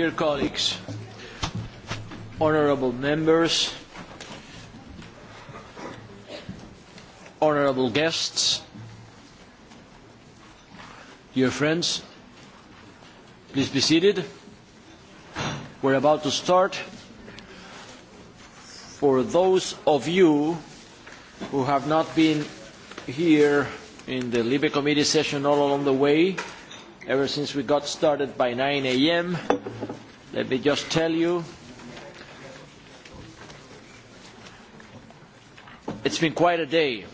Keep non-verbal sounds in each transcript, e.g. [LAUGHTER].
Dear colleagues, honorable members, honorable guests, dear friends, please be seated. We're about to start. For those of you who have not been here in the Libe Committee session all along the way, ever since we got started by 9 a.m., Let me just tell you, it's been quite a day.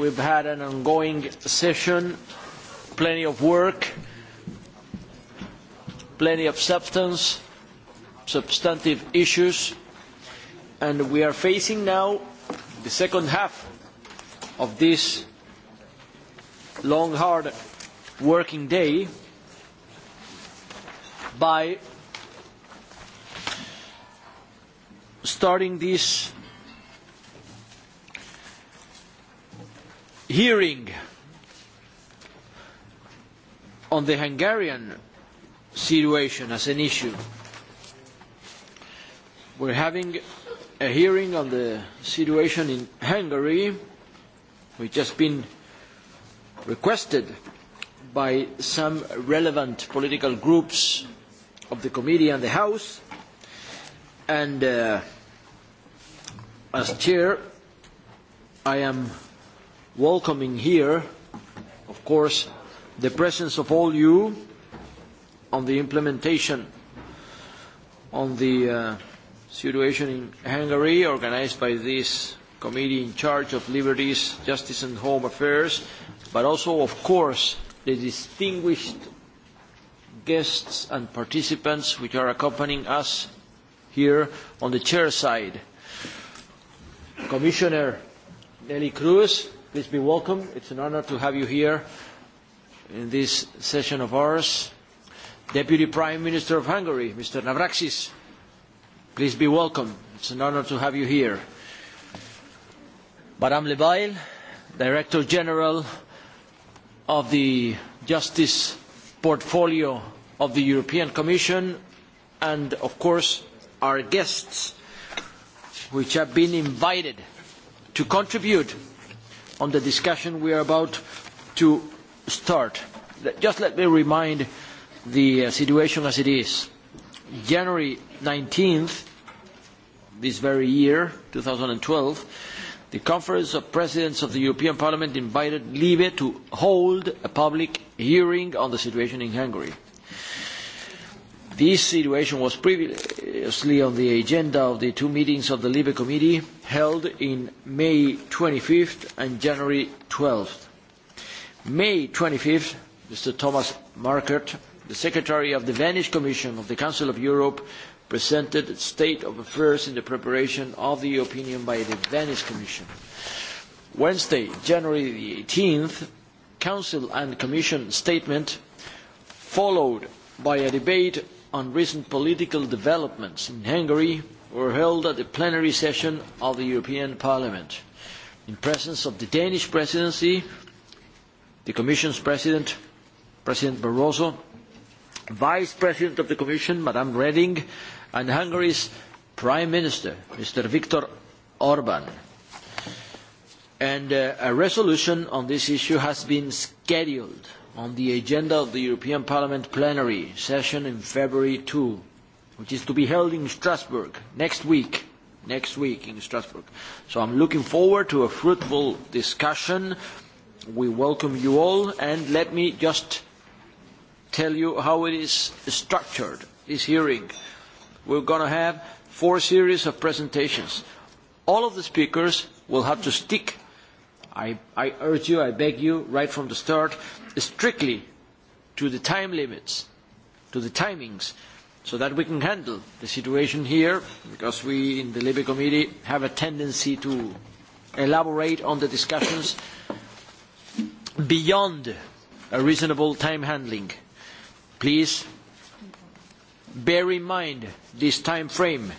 We've had an ongoing session, plenty of work, plenty of substance, substantive issues, and we are facing now the second half of this long, hard working day by starting this hearing on the Hungarian situation as an issue. We're having a hearing on the situation in Hungary, which has been requested by some relevant political groups of the committee and the House. And uh, as chair, I am welcoming here, of course, the presence of all you on the implementation on the uh, situation in Hungary organized by this committee in charge of liberties, justice and home affairs, but also, of course, the distinguished guests and participants which are accompanying us here on the chair side. Commissioner Nelly Cruz, please be welcome. It's an honor to have you here in this session of ours. Deputy Prime Minister of Hungary, Mr. Navraxis, please be welcome. It's an honor to have you here. Madame Bail, Director General of the Justice Portfolio of the European Commission and, of course, our guests, which have been invited to contribute on the discussion we are about to start. Just let me remind the uh, situation as it is. January 19th, this very year, 2012, the Conference of Presidents of the European Parliament invited Libe to hold a public hearing on the situation in Hungary. This situation was previously on the agenda of the two meetings of the Libe Committee held in May 25th and January 12th. May 25th, Mr. Thomas Markert, the Secretary of the Venice Commission of the Council of Europe, presented the state of affairs in the preparation of the opinion by the Venice Commission. Wednesday, January the 18th, Council and Commission statement followed by a debate on recent political developments in Hungary were held at the plenary session of the European Parliament. In presence of the Danish presidency, the Commission's President, President Barroso, Vice President of the Commission, Madame Reding, and Hungary's Prime Minister, Mr. Viktor Orban. And uh, a resolution on this issue has been scheduled on the agenda of the European Parliament plenary session in February 2, which is to be held in Strasbourg next week. Next week in Strasbourg. So I'm looking forward to a fruitful discussion. We welcome you all, and let me just tell you how it is structured, this hearing. We're going to have four series of presentations. All of the speakers will have to stick. I, I urge you, I beg you, right from the start, strictly to the time limits, to the timings, so that we can handle the situation here, because we in the Libe Committee have a tendency to elaborate on the discussions beyond a reasonable time handling. Please bear in mind this time frame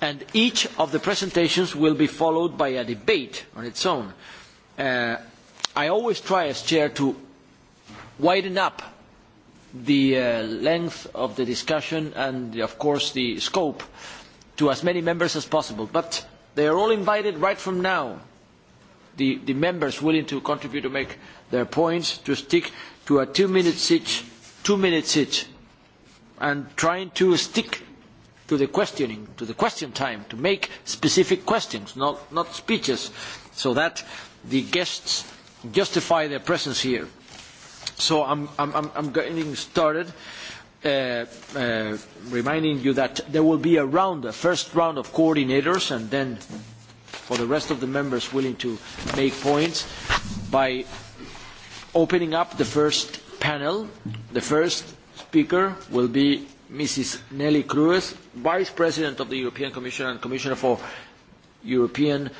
and each of the presentations will be followed by a debate on its own. Uh, I always try as chair to widen up the uh, length of the discussion and, of course, the scope to as many members as possible. But they are all invited right from now, the, the members willing to contribute to make their points, to stick to a two minute each, two minutes each, and trying to stick to the questioning, to the question time, to make specific questions, not, not speeches, so that the guests justify their presence here. So I'm, getting started. Uh, uh, reminding you that there will be a round, a first round of coordinators, and then for the rest of the members willing to make points by opening up the first panel. The first speaker will be Mrs. Nelly Cruz, Vice President of the European Commission and Commissioner for European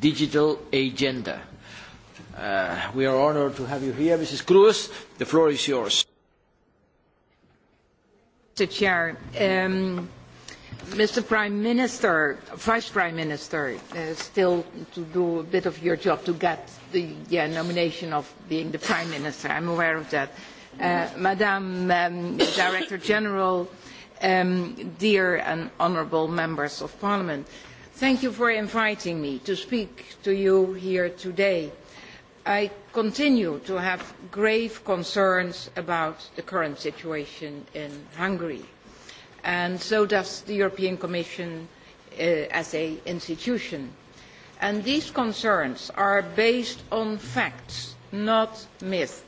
Digital Agenda. Uh, we are honored to have you here. Mrs. Cruz, the floor is yours. Mr. Chair, um, Mr. Prime Minister, Vice Prime Minister, uh, still to do a bit of your job to get the yeah, nomination of being the Prime Minister. I'm aware of that. Uh, Madam um, Director General, um, dear and honourable members of Parliament, thank you for inviting me to speak to you here today. I continue to have grave concerns about the current situation in Hungary, and so does the European Commission uh, as an institution. And these concerns are based on facts, not myths.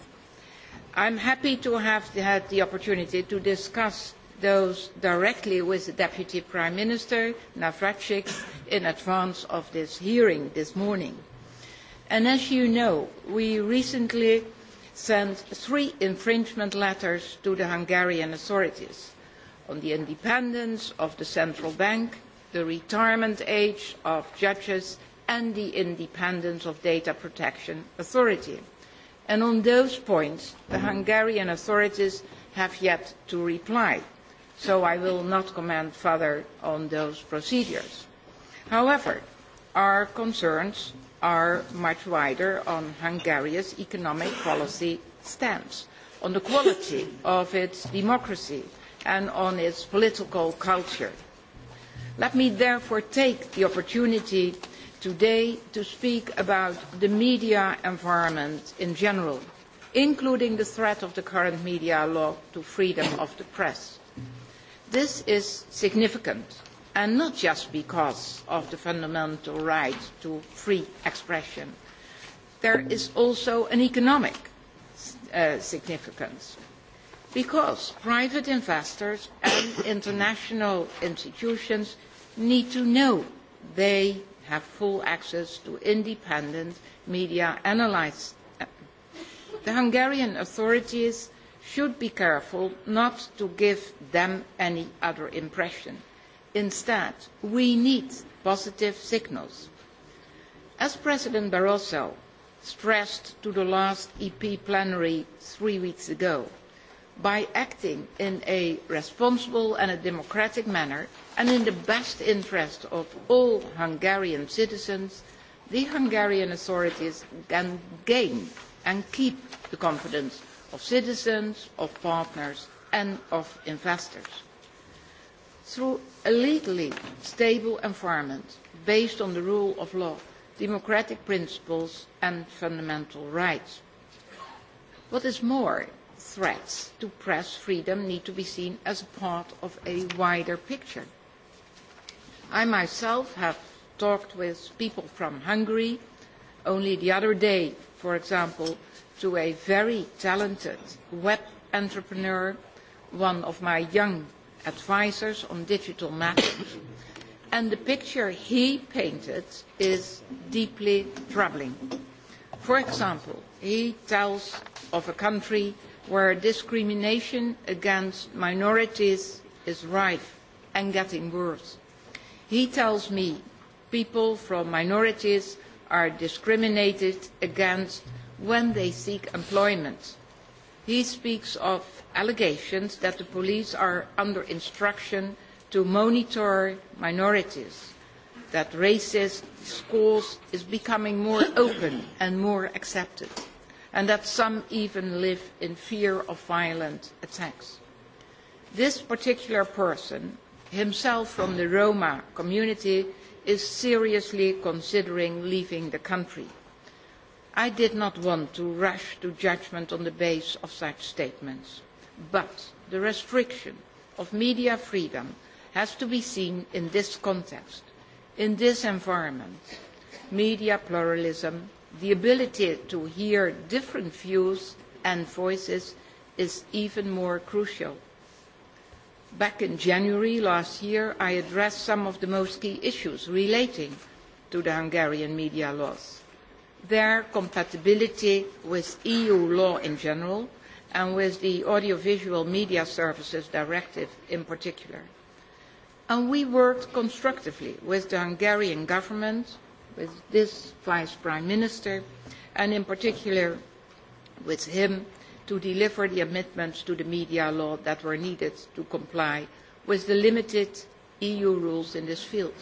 am happy to have had the opportunity to discuss those directly with the Deputy Prime Minister, Navracsics, in advance of this hearing this morning And as you know, we recently sent three infringement letters to the Hungarian authorities on the independence of the central bank, the retirement age of judges and the independence of data protection authority. And on those points, the Hungarian authorities have yet to reply, so I will not comment further on those procedures. However, our concerns are much wider on Hungary's economic policy stance, on the quality [LAUGHS] of its democracy and on its political culture. Let me therefore take the opportunity today to speak about the media environment in general, including the threat of the current media law to freedom of the press. This is significant and not just because of the fundamental right to free expression. There is also an economic uh, significance because private investors and international institutions need to know they have full access to independent media analysis. The Hungarian authorities should be careful not to give them any other impression Instead, we need positive signals. As President Barroso stressed to the last EP plenary three weeks ago, by acting in a responsible and a democratic manner and in the best interest of all Hungarian citizens, the Hungarian authorities can gain and keep the confidence of citizens, of partners and of investors. Through a legally stable environment based on the rule of law, democratic principles and fundamental rights. What is more, threats to press freedom need to be seen as part of a wider picture. I myself have talked with people from Hungary only the other day, for example, to a very talented web entrepreneur, one of my young advisers on digital matters, and the picture he painted is deeply troubling. For example, he tells of a country where discrimination against minorities is rife and getting worse. He tells me people from minorities are discriminated against when they seek employment he speaks of allegations that the police are under instruction to monitor minorities, that racist schools is becoming more open and more accepted, and that some even live in fear of violent attacks. This particular person, himself from the Roma community, is seriously considering leaving the country I did not want to rush to judgment on the basis of such statements, but the restriction of media freedom has to be seen in this context. In this environment, media pluralism, the ability to hear different views and voices is even more crucial. Back in January last year, I addressed some of the most key issues relating to the Hungarian media laws their compatibility with EU law in general and with the Audiovisual Media Services Directive in particular. And we worked constructively with the Hungarian government, with this Vice Prime Minister, and in particular with him to deliver the amendments to the media law that were needed to comply with the limited EU rules in this field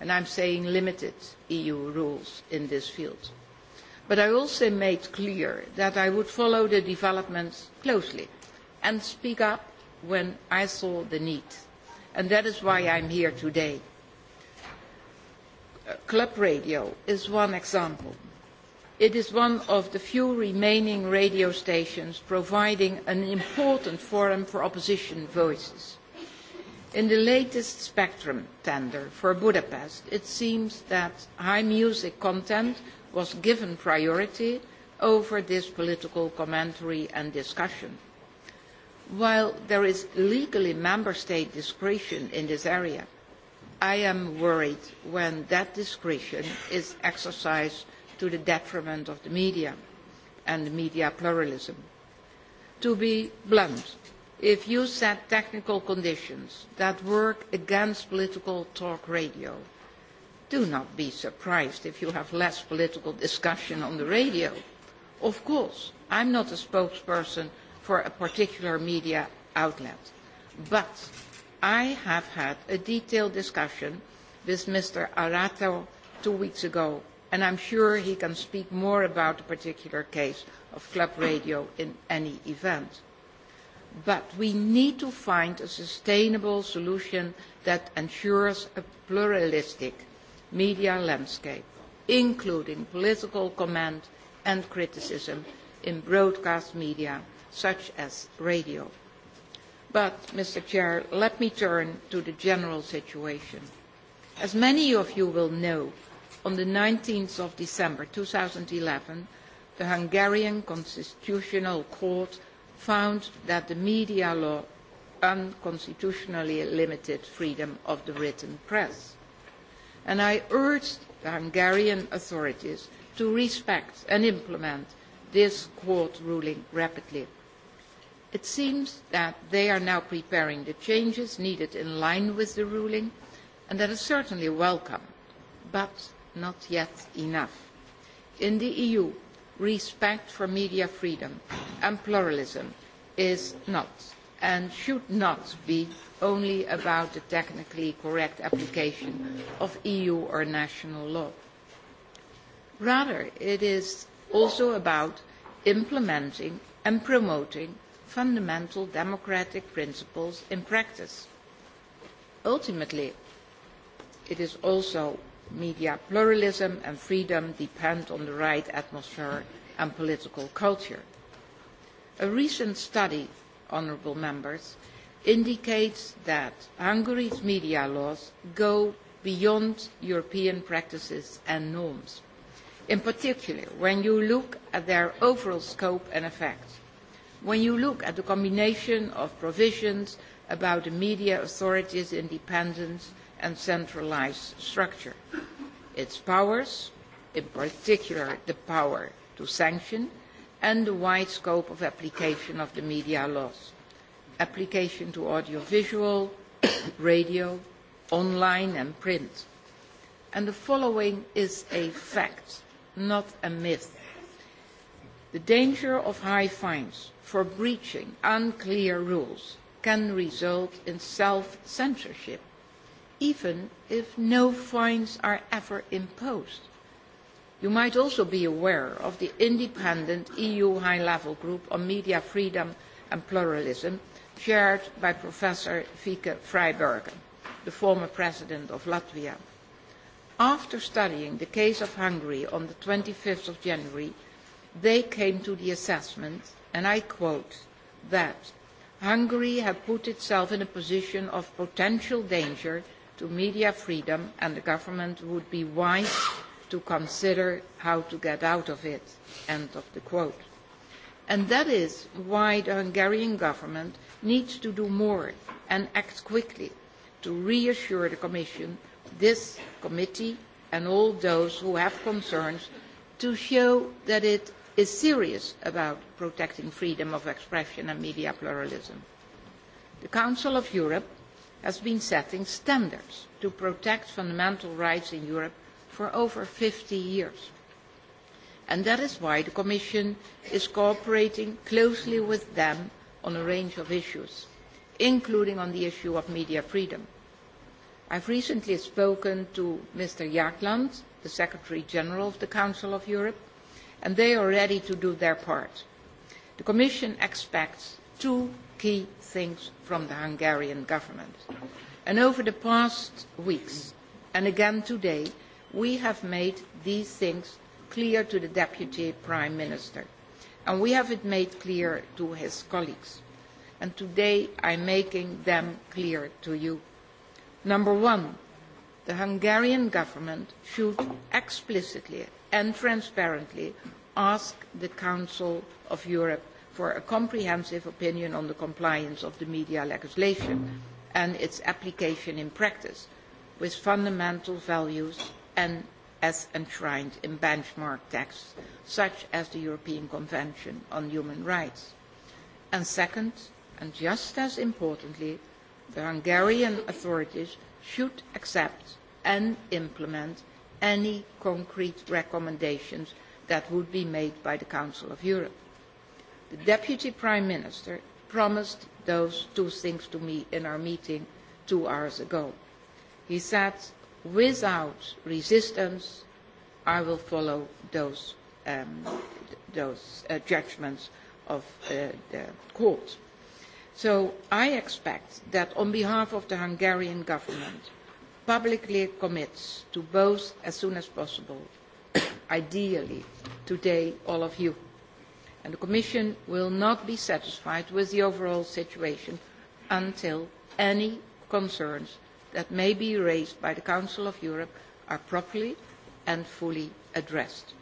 and I'm saying limited EU rules in this field. But I also made clear that I would follow the developments closely and speak up when I saw the need. And that is why I'm here today. Uh, Club radio is one example. It is one of the few remaining radio stations providing an important forum for opposition voices In the latest Spectrum tender for Budapest, it seems that high music content was given priority over this political commentary and discussion. While there is legally member state discretion in this area, I am worried when that discretion is exercised to the detriment of the media and media pluralism. To be blunt, if you set technical conditions that work against political talk radio, do not be surprised if you have less political discussion on the radio. Of course, I'm not a spokesperson for a particular media outlet, but I have had a detailed discussion with Mr. Arato two weeks ago, and I'm sure he can speak more about the particular case of club radio in any event but we need to find a sustainable solution that ensures a pluralistic media landscape, including political comment and criticism in broadcast media such as radio. But, Mr. Chair, let me turn to the general situation. As many of you will know, on the 19th of December 2011, the Hungarian Constitutional Court found that the media law unconstitutionally limited freedom of the written press. And I urged the Hungarian authorities to respect and implement this court ruling rapidly. It seems that they are now preparing the changes needed in line with the ruling, and that is certainly welcome, but not yet enough. In the EU, respect for media freedom and pluralism is not and should not be only about the technically correct application of EU or national law. Rather, it is also about implementing and promoting fundamental democratic principles in practice. Ultimately, it is also media pluralism and freedom depend on the right atmosphere and political culture. A recent study, honourable members, indicates that Hungary's media laws go beyond European practices and norms. In particular, when you look at their overall scope and effect, when you look at the combination of provisions about the media authorities' independence and centralised structure. Its powers, in particular the power to sanction, and the wide scope of application of the media laws. Application to audiovisual, [COUGHS] radio, online and print. And the following is a fact, not a myth. The danger of high fines for breaching unclear rules can result in self-censorship even if no fines are ever imposed. You might also be aware of the independent EU high-level group on media freedom and pluralism chaired by Professor Fieke Freibergen, the former president of Latvia. After studying the case of Hungary on the 25th of January, they came to the assessment, and I quote, that Hungary had put itself in a position of potential danger to media freedom and the government would be wise to consider how to get out of it. End of the quote. And that is why the Hungarian government needs to do more and act quickly to reassure the Commission, this committee and all those who have concerns to show that it is serious about protecting freedom of expression and media pluralism. The Council of Europe has been setting standards to protect fundamental rights in Europe for over fifty years. And that is why the Commission is cooperating closely with them on a range of issues, including on the issue of media freedom. i have recently spoken to Mr. Jagland, the Secretary General of the Council of Europe, and they are ready to do their part. The Commission expects two key things from the Hungarian government. And over the past weeks, and again today, we have made these things clear to the Deputy Prime Minister, and we have it made clear to his colleagues. And today I'm making them clear to you. Number one, the Hungarian government should explicitly and transparently ask the Council of Europe for a comprehensive opinion on the compliance of the media legislation and its application in practice with fundamental values and as enshrined in benchmark texts such as the European Convention on Human Rights. And second, and just as importantly, the Hungarian authorities should accept and implement any concrete recommendations that would be made by the Council of Europe The Deputy Prime Minister promised those two things to me in our meeting two hours ago. He said, without resistance, I will follow those, um, those uh, judgments of uh, the court. So I expect that on behalf of the Hungarian government, publicly commits to both as soon as possible, [COUGHS] ideally today all of you and the commission will not be satisfied with the overall situation until any concerns that may be raised by the council of europe are properly and fully addressed.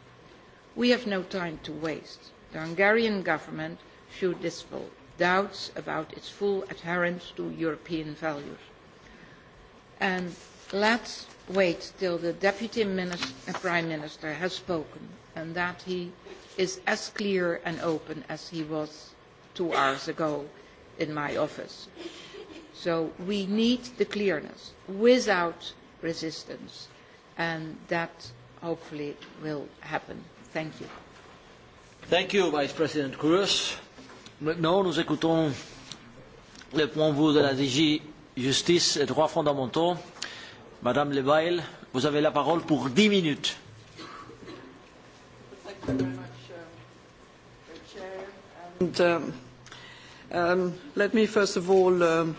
we have no time to waste. the hungarian government should dispel doubts about its full adherence to european values. and us wait till the deputy minister, prime minister has spoken and that he is as clear and open as he was two hours ago in my office. So we need the clearness without resistance, and that hopefully will happen. Thank you. Thank you, Vice President Cruz. Maintenant, nous écoutons le point de vue de la DG Justice et Droits fondamentaux. Madame Lebail, vous avez la parole pour 10 minutes. Thank you very much. Um, um, let me first of all um,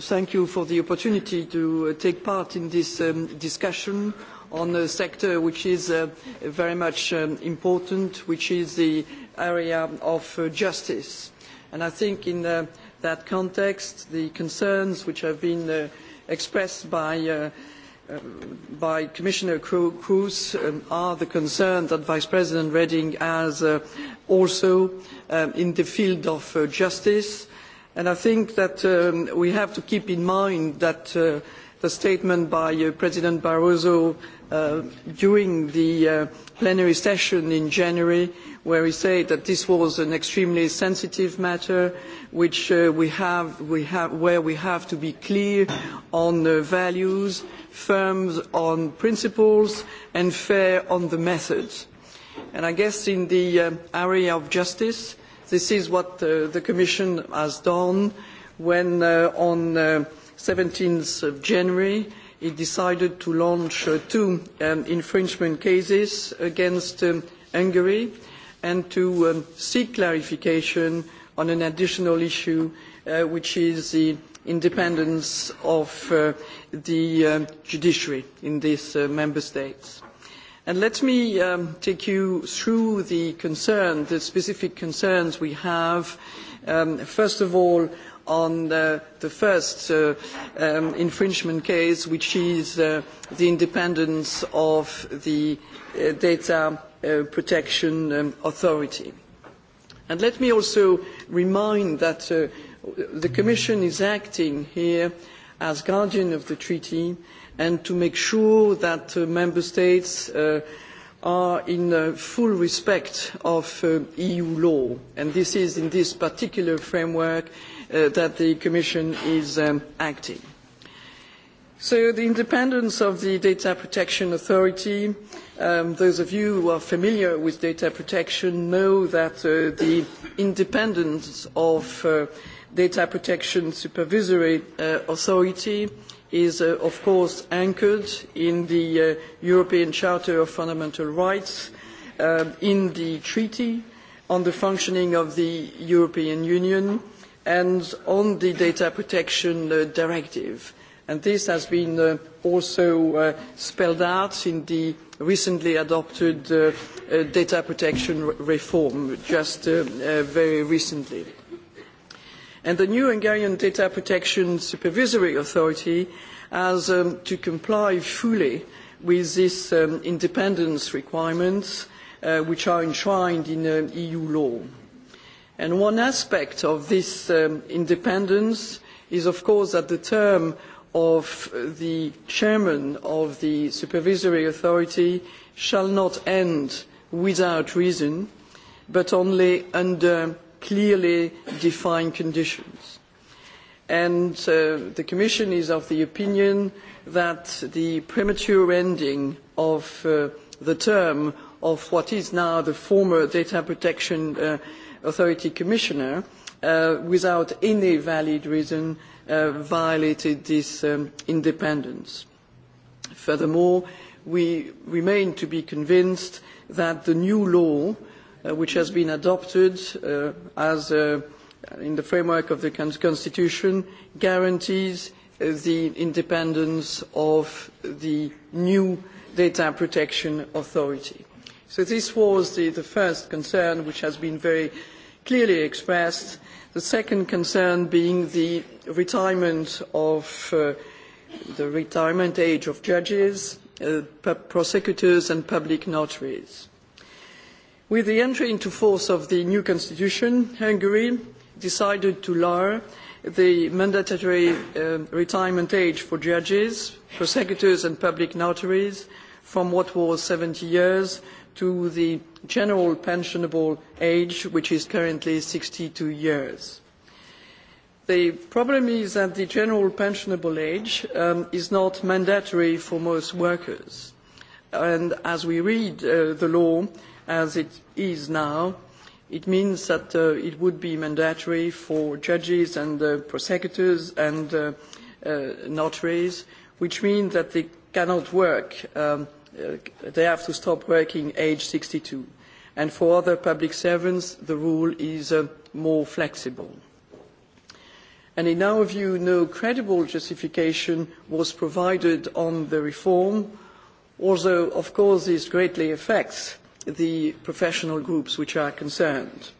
thank you for the opportunity to uh, take part in this discussion on a sector which is uh, very much important, which is the area of uh, justice. And I think in that context, the concerns which have been expressed by um, by Commissioner Kroes um, are the concerns that Vice President Reding has uh, also um, in the field of uh, justice. And I think that um, we have to keep in mind that uh, the statement by uh, President Barroso uh, during the uh, plenary session in January where he said that this was an extremely sensitive matter, which uh, we have, we have, where we have to be clear on uh, values, firm on principles, and fair on the methods. And I guess in the um, area of justice, this is what uh, the Commission has done when uh, on uh, 17th of January it decided to launch uh, two um, infringement cases against um, Hungary and to um, seek clarification on an additional issue, uh, which is the independence of uh, the um, judiciary in these uh, member states. And let me um, take you through the concern, the specific concerns we have, um, first of all, on the, the first uh, um, infringement case, which is uh, the independence of the uh, data Uh, protection um, authority. And let me also remind that uh, the Commission is acting here as guardian of the treaty and to make sure that uh, member states uh, are in uh, full respect of uh, EU law. And this is in this particular framework uh, that the Commission is um, acting. So the independence of the Data Protection Authority uh, Um, those of you who are familiar with data protection know that uh, the independence of uh, data protection supervisory uh, authority is uh, of course anchored in the uh, European Charter of Fundamental Rights, um, in the Treaty on the Functioning of the European Union and on the Data Protection uh, Directive. And this has been uh, also uh, spelled out in the recently adopted uh, uh data protection reform just uh, uh, very recently. And the new Hungarian Data Protection Supervisory Authority has um, to comply fully with these um, independence requirements uh, which are enshrined in uh, EU law. And one aspect of this um, independence is of course that the term of the chairman of the supervisory authority shall not end without reason, but only under clearly defined conditions. And uh, the Commission is of the opinion that the premature ending of uh, the term of what is now the former Data Protection uh, Authority Commissioner uh, without any valid reason Uh, violated this um, independence. Furthermore, we remain to be convinced that the new law, uh, which has been adopted uh, as uh, in the framework of the Constitution, guarantees uh, the independence of the new data protection authority. So this was the, the first concern which has been very clearly expressed The second concern being the retirement of uh, the retirement age of judges, uh, prosecutors and public notaries. With the entry into force of the new constitution, Hungary decided to lower the mandatory uh, retirement age for judges, prosecutors and public notaries from what was 70 years to the general pensionable age, which is currently 62 years. The problem is that the general pensionable age um, is not mandatory for most workers. And as we read uh, the law as it is now, it means that uh, it would be mandatory for judges and uh, prosecutors and uh, uh, notaries, which means that they cannot work um, Uh, they have to stop working age 62. And for other public servants, the rule is uh, more flexible. And in our view, no credible justification was provided on the reform, although, of course, this greatly affects the professional groups which are concerned.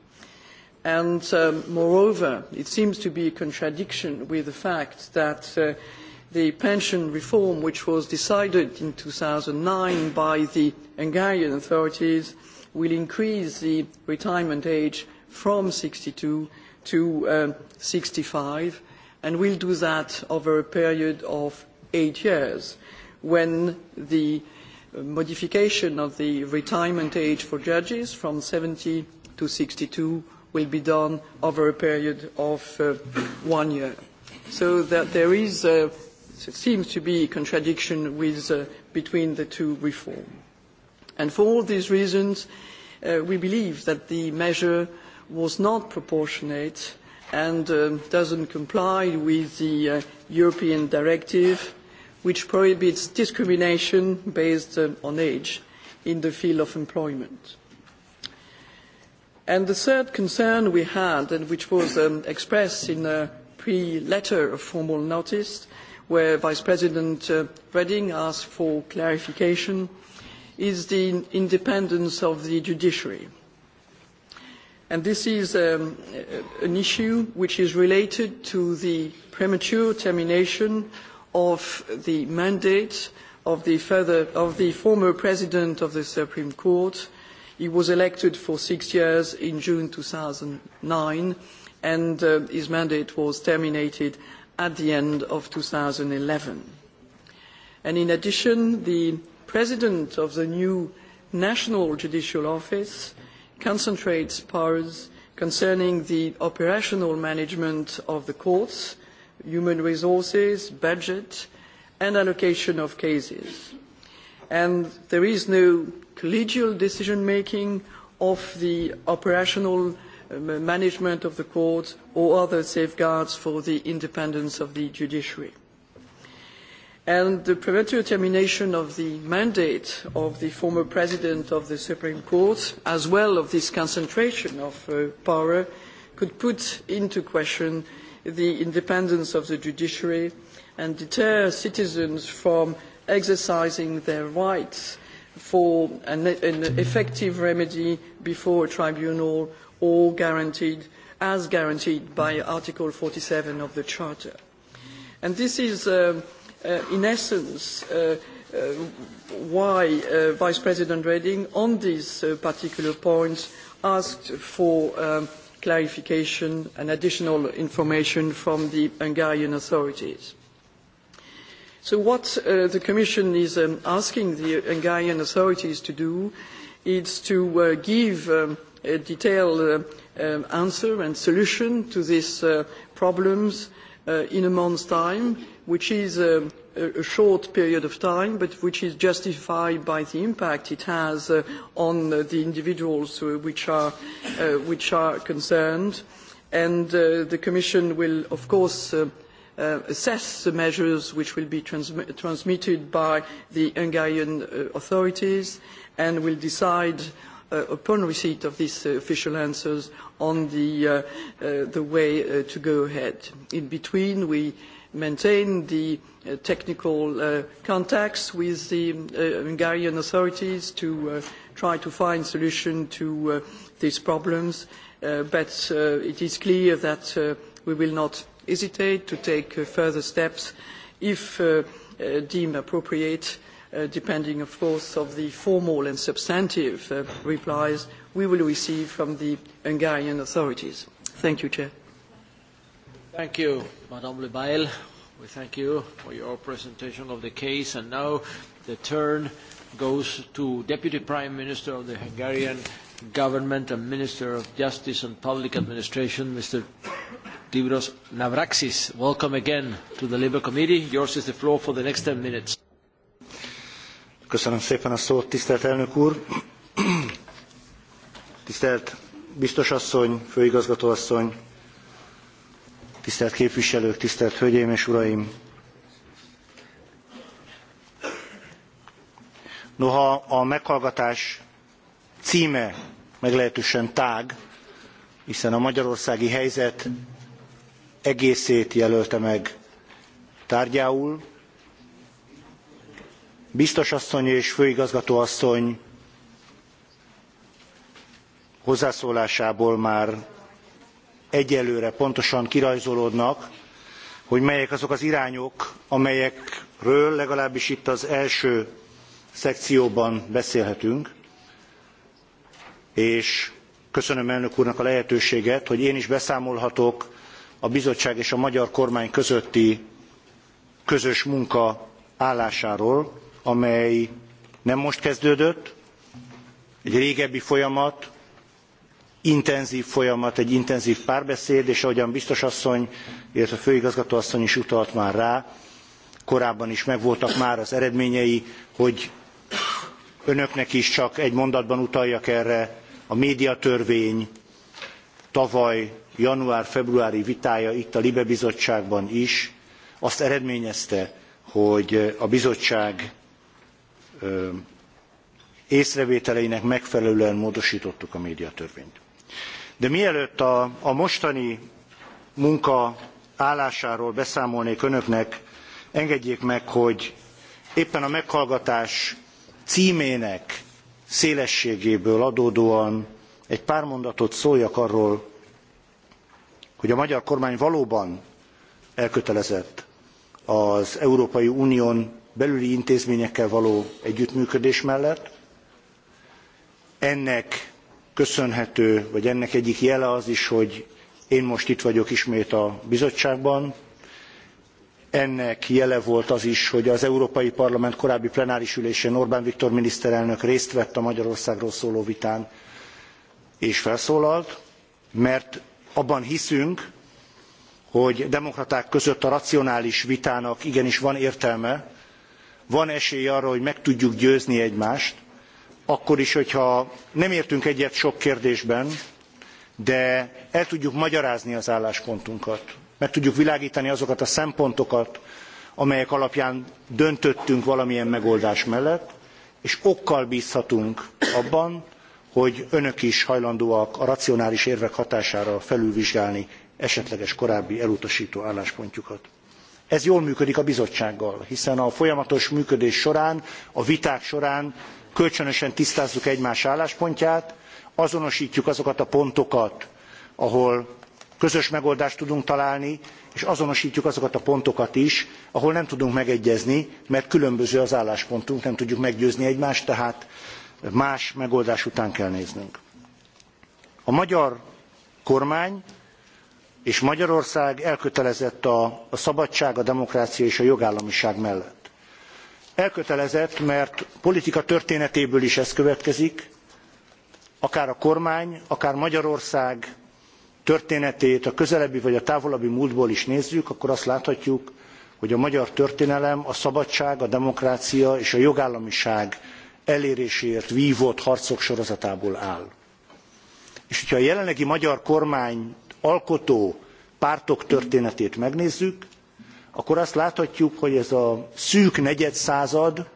And um, moreover, it seems to be a contradiction with the fact that uh, the pension reform which was decided in 2009 by the Hungarian authorities will increase the retirement age from 62 to um, 65 and will do that over a period of eight years when the modification of the retirement age for judges from 70 to 62 will be done over a period of uh, one year. So that there is uh, So it seems to be a contradiction with, uh, between the two reforms. And for all these reasons, uh, we believe that the measure was not proportionate and um, doesn't comply with the uh, European directive, which prohibits discrimination based um, on age in the field of employment. And the third concern we had, and which was um, expressed in a pre-letter of formal notice, where Vice President uh, Redding asked for clarification, is the independence of the judiciary. And this is um, an issue which is related to the premature termination of the mandate of the, further, of the former president of the Supreme Court. He was elected for six years in June 2009, and uh, his mandate was terminated at the end of 2011. And in addition, the president of the new National Judicial Office concentrates powers concerning the operational management of the courts, human resources, budget, and allocation of cases. And there is no collegial decision making of the operational Uh, management of the courts or other safeguards for the independence of the judiciary. And the premature termination of the mandate of the former president of the Supreme Court, as well of this concentration of uh, power, could put into question the independence of the judiciary and deter citizens from exercising their rights for an, an effective remedy before a tribunal or guaranteed as guaranteed by Article 47 of the Charter. And this is, uh, uh, in essence, uh, uh why uh, Vice President Reding, on these uh, particular points, asked for um, clarification and additional information from the Hungarian authorities. So what the Commission is um, asking the Hungarian authorities to do is to give um, a detailed uh, um, answer and solution to these uh, problems uh, in a month's time, which is um, a, a short period of time, but which is justified by the impact it has on the individuals which are, which are concerned. And the Commission will, of course, Uh, assess the measures which will be trans transmitted by the Hungarian uh, authorities and will decide uh, upon receipt of these uh, official answers on the, uh, uh the way uh, to go ahead. In between, we maintain the uh, technical contacts with the Hungarian authorities to try to find solution to these problems. but it is clear that we will not hesitate to take further steps if deemed appropriate uh, uh, depending of course of the formal and substantive uh, replies we will receive from the Hungarian authorities. Thank you, Chair. Thank you, Madame Le Bail. We thank you for your presentation of the case and now the turn goes to Deputy Prime Minister of the Hungarian Government and Minister of Justice and Public Administration, Mr. Divros Navraxis. Welcome again to the Labour Committee. Yours is the floor for the next 10 minutes. Köszönöm szépen a szót, tisztelt elnök úr! Tisztelt biztos asszony, főigazgató asszony, tisztelt képviselők, tisztelt hölgyeim és uraim! Noha a meghallgatás címe meglehetősen tág, hiszen a magyarországi helyzet egészét jelölte meg tárgyául, biztos asszony és főigazgató asszony hozzászólásából már egyelőre pontosan kirajzolódnak, hogy melyek azok az irányok, amelyekről legalábbis itt az első szekcióban beszélhetünk, és köszönöm elnök úrnak a lehetőséget, hogy én is beszámolhatok a bizottság és a magyar kormány közötti közös munka állásáról amely nem most kezdődött, egy régebbi folyamat, intenzv folyamat, egy intenzv párbeszéd, és ahogyan biztos asszony, illetve főigazgató asszony is utalt már rá, korábban is megvoltak már az eredményei, hogy önöknek is csak egy mondatban utaljak erre, a médiatörvény tavaly január-februári vitája itt a Libe bizottságban is azt eredményezte, hogy a bizottság észrevételeinek megfelelően módostottuk a médiatörvényt. De mielőtt a, a mostani munka állásáról beszámolnék önöknek, engedjék meg, hogy éppen a meghallgatás címének szélességéből adódóan egy pár mondatot szóljak arról, hogy a magyar kormány valóban elkötelezett az Európai Unión belüli intézményekkel való együttműködés mellett. Ennek köszönhető, vagy ennek egyik jele az is, hogy én most itt vagyok ismét a bizottságban. Ennek jele volt az is, hogy az Európai Parlament korábbi plenáris ülésén Orbán Viktor miniszterelnök részt vett a Magyarországról szóló vitán, és felszólalt, mert abban hiszünk, hogy demokraták között a racionális vitának igenis van értelme, van esély arra, hogy meg tudjuk győzni egymást, akkor is, hogyha nem értünk egyet sok kérdésben, de el tudjuk magyarázni az álláspontunkat, meg tudjuk világítani azokat a szempontokat, amelyek alapján döntöttünk valamilyen megoldás mellett, és okkal bízhatunk abban, hogy önök is hajlandóak a racionális érvek hatására felülvizsgálni esetleges korábbi elutasító álláspontjukat. Ez jól működik a bizottsággal, hiszen a folyamatos működés során, a viták során kölcsönösen tisztázzuk egymás álláspontját, azonostjuk azokat a pontokat, ahol közös megoldást tudunk találni, és azonostjuk azokat a pontokat is, ahol nem tudunk megegyezni, mert különböző az álláspontunk, nem tudjuk meggyőzni egymást, tehát más megoldás után kell néznünk. A magyar kormány és Magyarország elkötelezett a, szabadság, a demokrácia és a jogállamiság mellett. Elkötelezett, mert politika történetéből is ez következik, akár a kormány, akár Magyarország történetét a közelebbi vagy a távolabbi múltból is nézzük, akkor azt láthatjuk, hogy a magyar történelem a szabadság, a demokrácia és a jogállamiság eléréséért vívott harcok sorozatából áll. És hogyha a jelenlegi magyar kormány alkotó pártok történetét megnézzük, akkor azt láthatjuk, hogy ez a szűk negyedszázad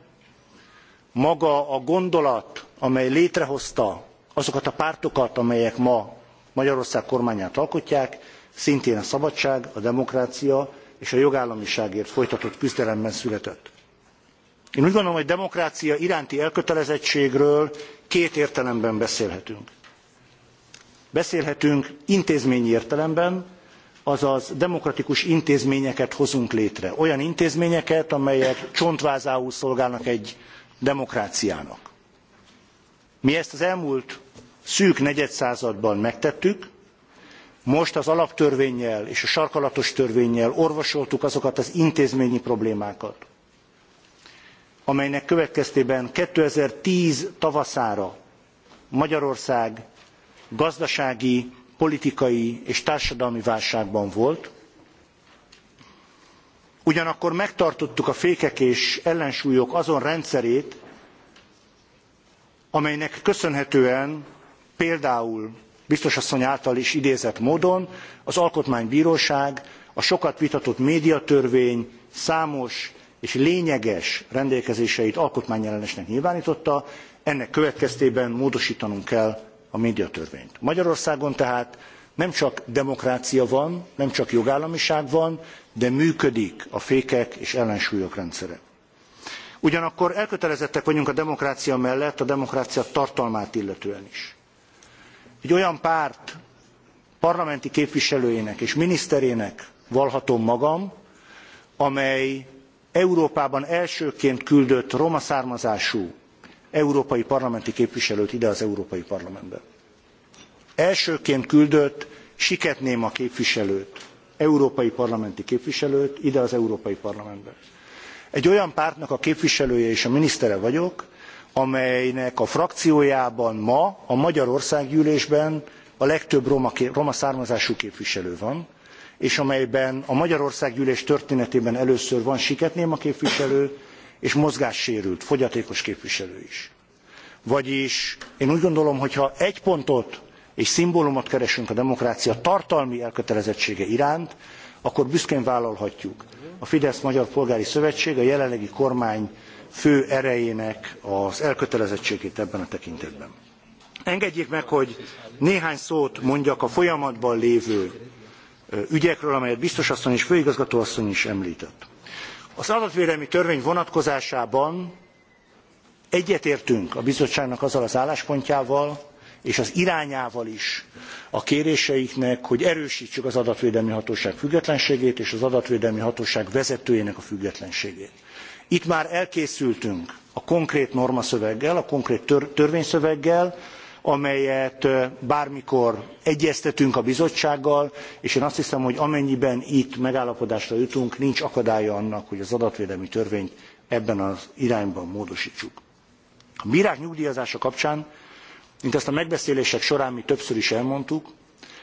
maga a gondolat, amely létrehozta azokat a pártokat, amelyek ma Magyarország kormányát alkotják, szintén a szabadság, a demokrácia és a jogállamiságért folytatott küzdelemben született. Én úgy gondolom, hogy demokrácia iránti elkötelezettségről két értelemben beszélhetünk. Beszélhetünk intézményi értelemben, azaz demokratikus intézményeket hozunk létre. Olyan intézményeket, amelyek csontvázául szolgálnak egy demokráciának. Mi ezt az elmúlt szűk negyedszázadban megtettük, most az alaptörvényel és a sarkalatos törvényel orvosoltuk azokat az intézményi problémákat, amelynek következtében 2010 tavaszára Magyarország gazdasági, politikai és társadalmi válságban volt, ugyanakkor megtartottuk a fékek és ellensúlyok azon rendszerét, amelynek köszönhetően például biztos asszony által is idézett módon az alkotmánybíróság, a sokat vitatott médiatörvény számos és lényeges rendelkezéseit alkotmányellenesnek nyilvántotta ennek következtében módosítanunk kell a médiatörvényt. Magyarországon tehát nem csak demokrácia van, nem csak jogállamiság van, de működik a fékek és ellensúlyok rendszere. Ugyanakkor elkötelezettek vagyunk a demokrácia mellett, a demokrácia tartalmát illetően is. Egy olyan párt parlamenti képviselőjének és miniszterének vallhatom magam, amely Európában elsőként küldött roma származású európai parlamenti képviselőt ide az Európai Parlamentbe. Elsőként küldött Siketnéma képviselőt, európai parlamenti képviselőt ide az Európai Parlamentbe. Egy olyan pártnak a képviselője és a minisztere vagyok, amelynek a frakciójában ma a Magyar Országgyűlésben a legtöbb roma, roma származású képviselő van, és amelyben a Magyarország gyűlés történetében először van Siketnéma képviselő, és mozgássérült, fogyatékos képviselő is. Vagyis én úgy gondolom, hogy ha egy pontot és szimbólumot keresünk a demokrácia tartalmi elkötelezettsége iránt, akkor büszkén vállalhatjuk. A Fidesz Magyar Polgári Szövetség a jelenlegi kormány fő erejének az elkötelezettségét ebben a tekintetben. Engedjék meg, hogy néhány szót mondjak a folyamatban lévő ügyekről, amelyet biztos asszony és főigazgató asszony is említett. Az adatvédelmi törvény vonatkozásában egyetértünk a bizottságnak azzal az álláspontjával, és az irányával is a kéréseiknek, hogy erősítsük az adatvédelmi hatóság függetlenségét és az adatvédelmi hatóság vezetőjének a függetlenségét. Itt már elkészültünk a konkrét normaszöveggel, a konkrét törvényszöveggel, amelyet bármikor egyeztetünk a bizottsággal, és én azt hiszem, hogy amennyiben itt megállapodásra jutunk, nincs akadálya annak, hogy az adatvédelmi törvényt ebben az irányban módostsuk. A brák nyugdjazása kapcsán, mint ezt a megbeszélések során mi többször is elmondtuk,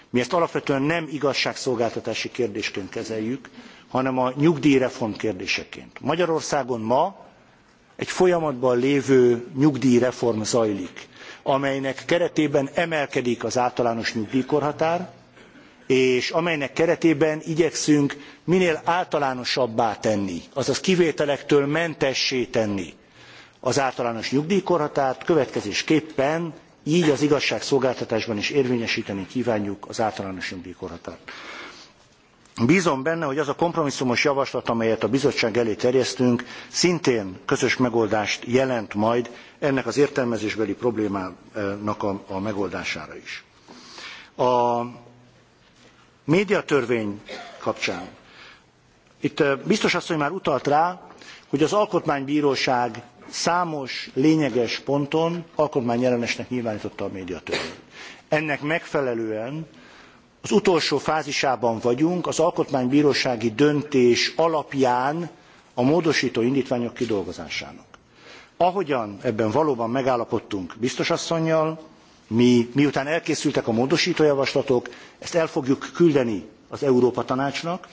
mi ezt alapvetően nem igazságszolgáltatási kérdésként kezeljük, hanem a nyugdjreform kérdéseként. Magyarországon ma egy folyamatban lévő nyugdjreform zajlik amelynek keretében emelkedik az általános nyugdjkorhatár és amelynek keretében igyekszünk minél általánosabbá tenni, azaz kivételektől mentessé tenni az általános nyugdjkorhatárt következésképpen gy az igazságszolgáltatásban is érvényesteni kvánjuk az általános nyugdjkorhatárt bzom benne, hogy az a kompromisszumos javaslat, amelyet a bizottság elé terjesztünk, szintén közös megoldást jelent majd ennek az értelmezésbeli problémának a, a megoldására is. A médiatörvény kapcsán itt biztos asszony már utalt rá, hogy az alkotmánybíróság számos lényeges ponton alkotmányellenesnek nyilvánította a médiatörvényt. Ennek megfelelően az utolsó fázisában vagyunk, az alkotmánybírósági döntés alapján a módosító indítványok kidolgozásának. Ahogyan ebben valóban megállapodtunk biztos asszonynal, mi, miután elkészültek a módosító javaslatok, ezt el fogjuk küldeni az Európa Tanácsnak,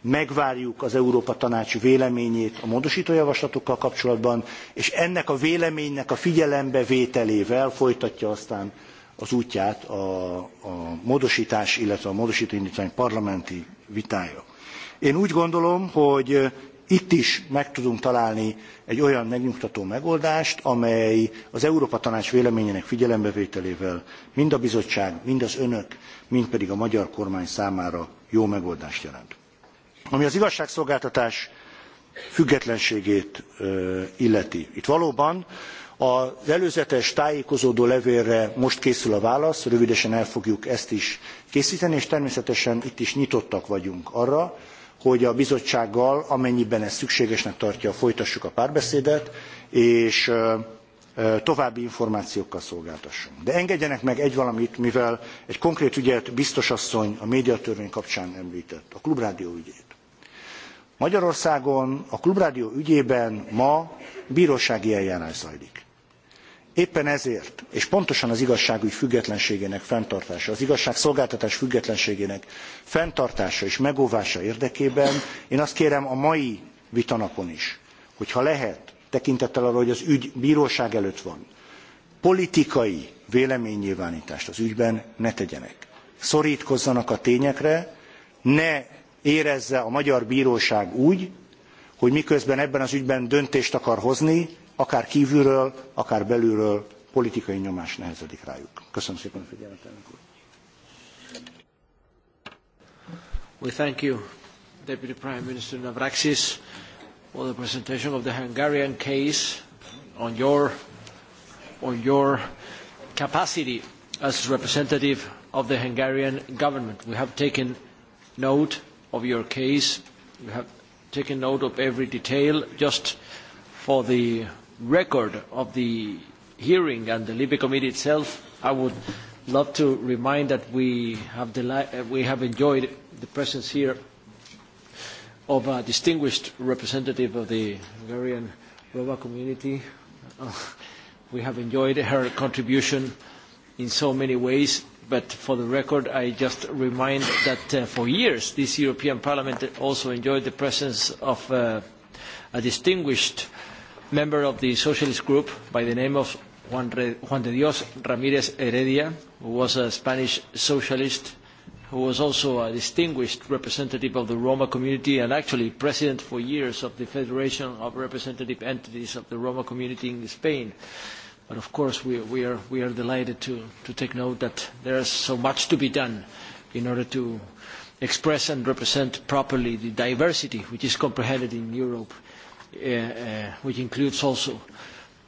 megvárjuk az Európa Tanács véleményét a módosító javaslatokkal kapcsolatban, és ennek a véleménynek a figyelembevételével folytatja aztán az útját a, a módosítás, illetve a módosító indítvány parlamenti vitája. Én úgy gondolom, hogy itt is meg tudunk találni egy olyan megnyugtató megoldást, amely az Európa Tanács véleményének figyelembevételével mind a bizottság, mind az önök, mind pedig a magyar kormány számára jó megoldást jelent. Ami az igazságszolgáltatás függetlenségét illeti. Itt valóban Az előzetes tájékozódó levélre most készül a válasz, rövidesen el fogjuk ezt is készíteni, és természetesen itt is nyitottak vagyunk arra, hogy a bizottsággal, amennyiben ez szükségesnek tartja, folytassuk a párbeszédet, és további információkkal szolgáltassunk. De engedjenek meg egy valamit, mivel egy konkrét ügyet biztos asszony a médiatörvény kapcsán említett, a klubrádió ügyét. Magyarországon a klubrádió ügyében ma bírósági eljárás zajlik éppen ezért és pontosan az igazságügy függetlenségének fenntartása az igazságszolgáltatás függetlenségének fenntartása és megóvása érdekében én azt kérem a mai vitanapon is hogy ha lehet tekintettel arra hogy az ügy bróság előtt van politikai véleménynyilvántást az ügyben ne tegyenek szortkozzanak a tényekre ne érezze a magyar bróság úgy hogy miközben ebben az ügyben döntést akar hozni akár kívülről, akár belülről politikai nyomás nehezedik rájuk. Köszönöm szépen a figyelmet, elnök úr. We thank you, Deputy Prime Minister Navraxis, for the presentation of the Hungarian case on your, on your capacity as representative of the Hungarian government. We have taken note of your case. We have taken note of every detail. Just for the record of the hearing and the Libe Committee itself, I would love to remind that we have, uh, we have enjoyed the presence here of a distinguished representative of the Hungarian Roma community. Uh, we have enjoyed her contribution in so many ways, but for the record, I just remind that uh, for years this European Parliament also enjoyed the presence of uh, a distinguished uh, member of the socialist group by the name of Juan, Re Juan de Dios Ramírez Heredia, who was a Spanish socialist, who was also a distinguished representative of the Roma community and actually president for years of the Federation of Representative Entities of the Roma Community in Spain. But of course, we, we, are, we are delighted to, to take note that there is so much to be done in order to express and represent properly the diversity which is comprehended in Europe Uh, uh, which includes also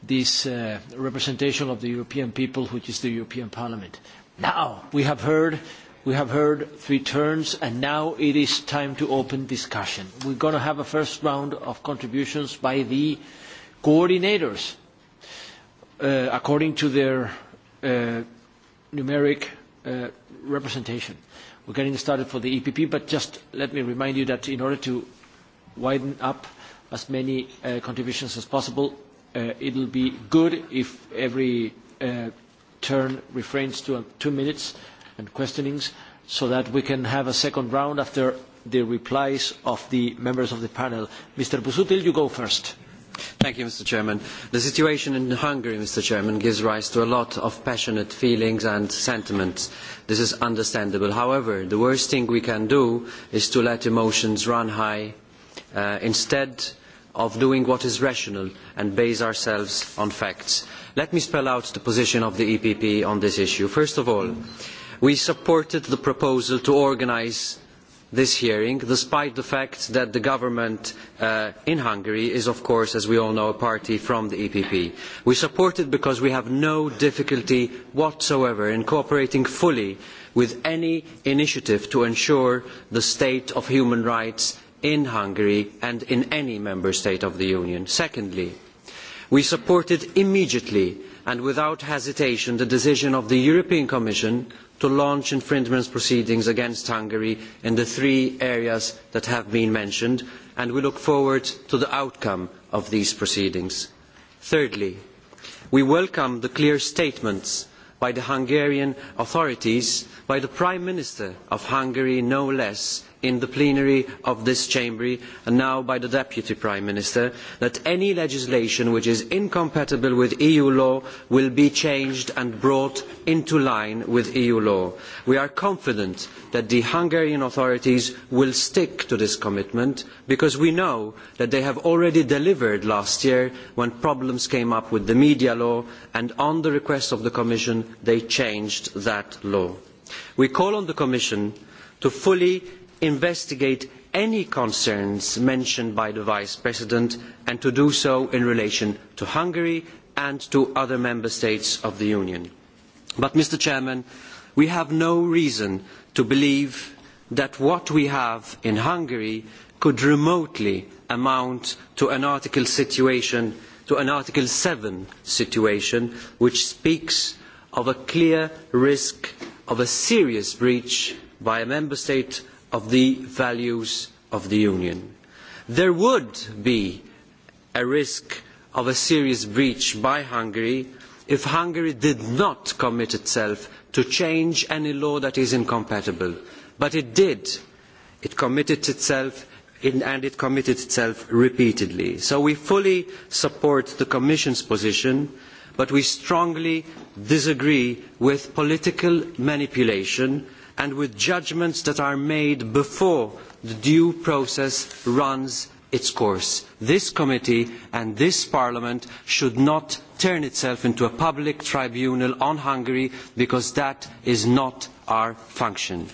this uh, representation of the European people, which is the European Parliament. Now, we have heard we have heard three turns, and now it is time to open discussion. We're going to have a first round of contributions by the coordinators uh, according to their uh, numeric uh, representation. We're getting started for the EPP, but just let me remind you that in order to widen up as many uh, contributions as possible. Uh, it'll be good if every uh, turn refrains to uh, two minutes and questionings so that we can have a second round after the replies of the members of the panel. Mr. Busuttil, you go first. Thank you, Mr. Chairman. The situation in Hungary, Mr. Chairman, gives rise to a lot of passionate feelings and sentiments. This is understandable. However, the worst thing we can do is to let emotions run high. Uh, instead, of doing what is rational and base ourselves on facts. Let me spell out the position of the EPP on this issue. First of all, we supported the proposal to organise this hearing, despite the fact that the government uh, in Hungary is, of course, as we all know, a party from the EPP. We support it because we have no difficulty whatsoever in cooperating fully with any initiative to ensure the state of human rights in Hungary and in any member state of the Union. Secondly, we supported immediately and without hesitation the decision of the European Commission to launch infringement proceedings against Hungary in the three areas that have been mentioned, and we look forward to the outcome of these proceedings. Thirdly, we welcome the clear statements by the Hungarian authorities, by the Prime Minister of Hungary no less, in the plenary of this chamber and now by the Deputy Prime Minister that any legislation which is incompatible with EU law will be changed and brought into line with EU law. We are confident that the Hungarian authorities will stick to this commitment because we know that they have already delivered last year when problems came up with the media law and on the request of the Commission they changed that law. We call on the Commission to fully investigate any concerns mentioned by the vice president and to do so in relation to hungary and to other member states of the union. but Mr. Chairman, we have no reason to believe that what we have in hungary could remotely amount to an article situation to an article 7 situation which speaks of a clear risk of a serious breach by a member state of the values of the Union. There would be a risk of a serious breach by Hungary if Hungary did not commit itself to change any law that is incompatible. But it did. It committed itself in, and it committed itself repeatedly. So we fully support the Commission's position, but we strongly disagree with political manipulation and with judgments that are made before the due process runs its course. This committee and this parliament should not turn itself into a public tribunal on Hungary because that is not our function.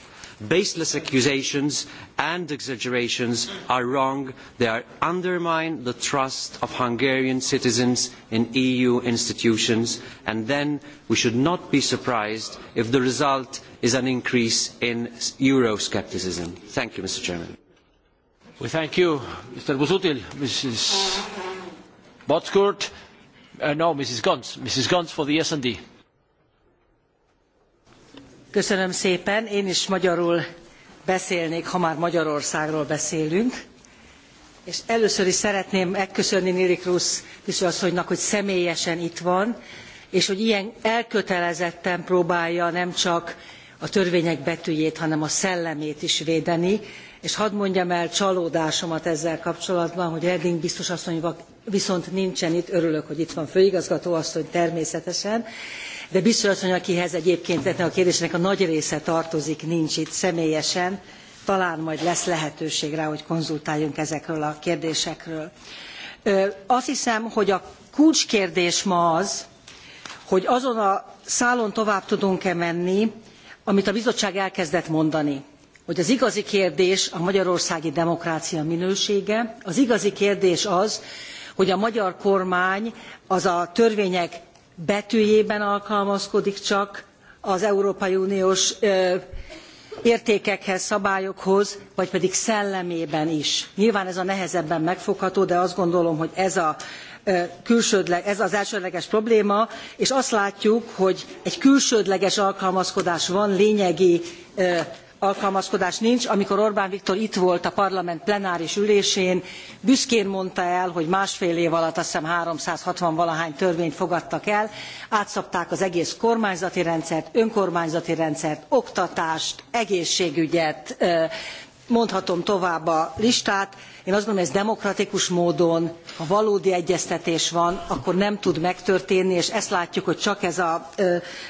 Baseless accusations and exaggerations are wrong. They undermine the trust of Hungarian citizens in EU institutions, and then we should not be surprised if the result is an increase in Euroscepticism. Thank you, Mr. Chairman. We thank you, Mr. Busutil, Mrs. Botskurt, uh, no, Mrs. Gons, Mrs. Gons for the S&D. Köszönöm szépen, én is magyarul beszélnék, ha már Magyarországról beszélünk. És először is szeretném megköszönni Nili Krusz asszonynak, hogy személyesen itt van, és hogy ilyen elkötelezetten próbálja nem csak a törvények betűjét, hanem a szellemét is védeni, és hadd mondjam el csalódásomat ezzel kapcsolatban, hogy Reding biztos asszony viszont nincsen itt, örülök, hogy itt van főigazgató asszony természetesen, de biztos asszony, akihez egyébként ennek a kérdésnek a nagy része tartozik, nincs itt személyesen, talán majd lesz lehetőség rá, hogy konzultáljunk ezekről a kérdésekről. Azt hiszem, hogy a kulcskérdés ma az, hogy azon a szálon tovább tudunk-e menni, amit a bizottság elkezdett mondani hogy az igazi kérdés a magyarországi demokrácia minősége, az igazi kérdés az, hogy a magyar kormány az a törvények betűjében alkalmazkodik csak az Európai Uniós értékekhez, szabályokhoz, vagy pedig szellemében is. Nyilván ez a nehezebben megfogható, de azt gondolom, hogy ez a külsődleg, ez az elsődleges probléma, és azt látjuk, hogy egy külsődleges alkalmazkodás van lényegi alkalmazkodás nincs. Amikor Orbán Viktor itt volt a parlament plenáris ülésén, büszkén mondta el, hogy másfél év alatt azt hiszem 360 valahány törvényt fogadtak el, átszabták az egész kormányzati rendszert, önkormányzati rendszert, oktatást, egészségügyet, mondhatom tovább a listát Én azt gondolom, hogy ez demokratikus módon, ha valódi egyeztetés van, akkor nem tud megtörténni, és ezt látjuk, hogy csak ez a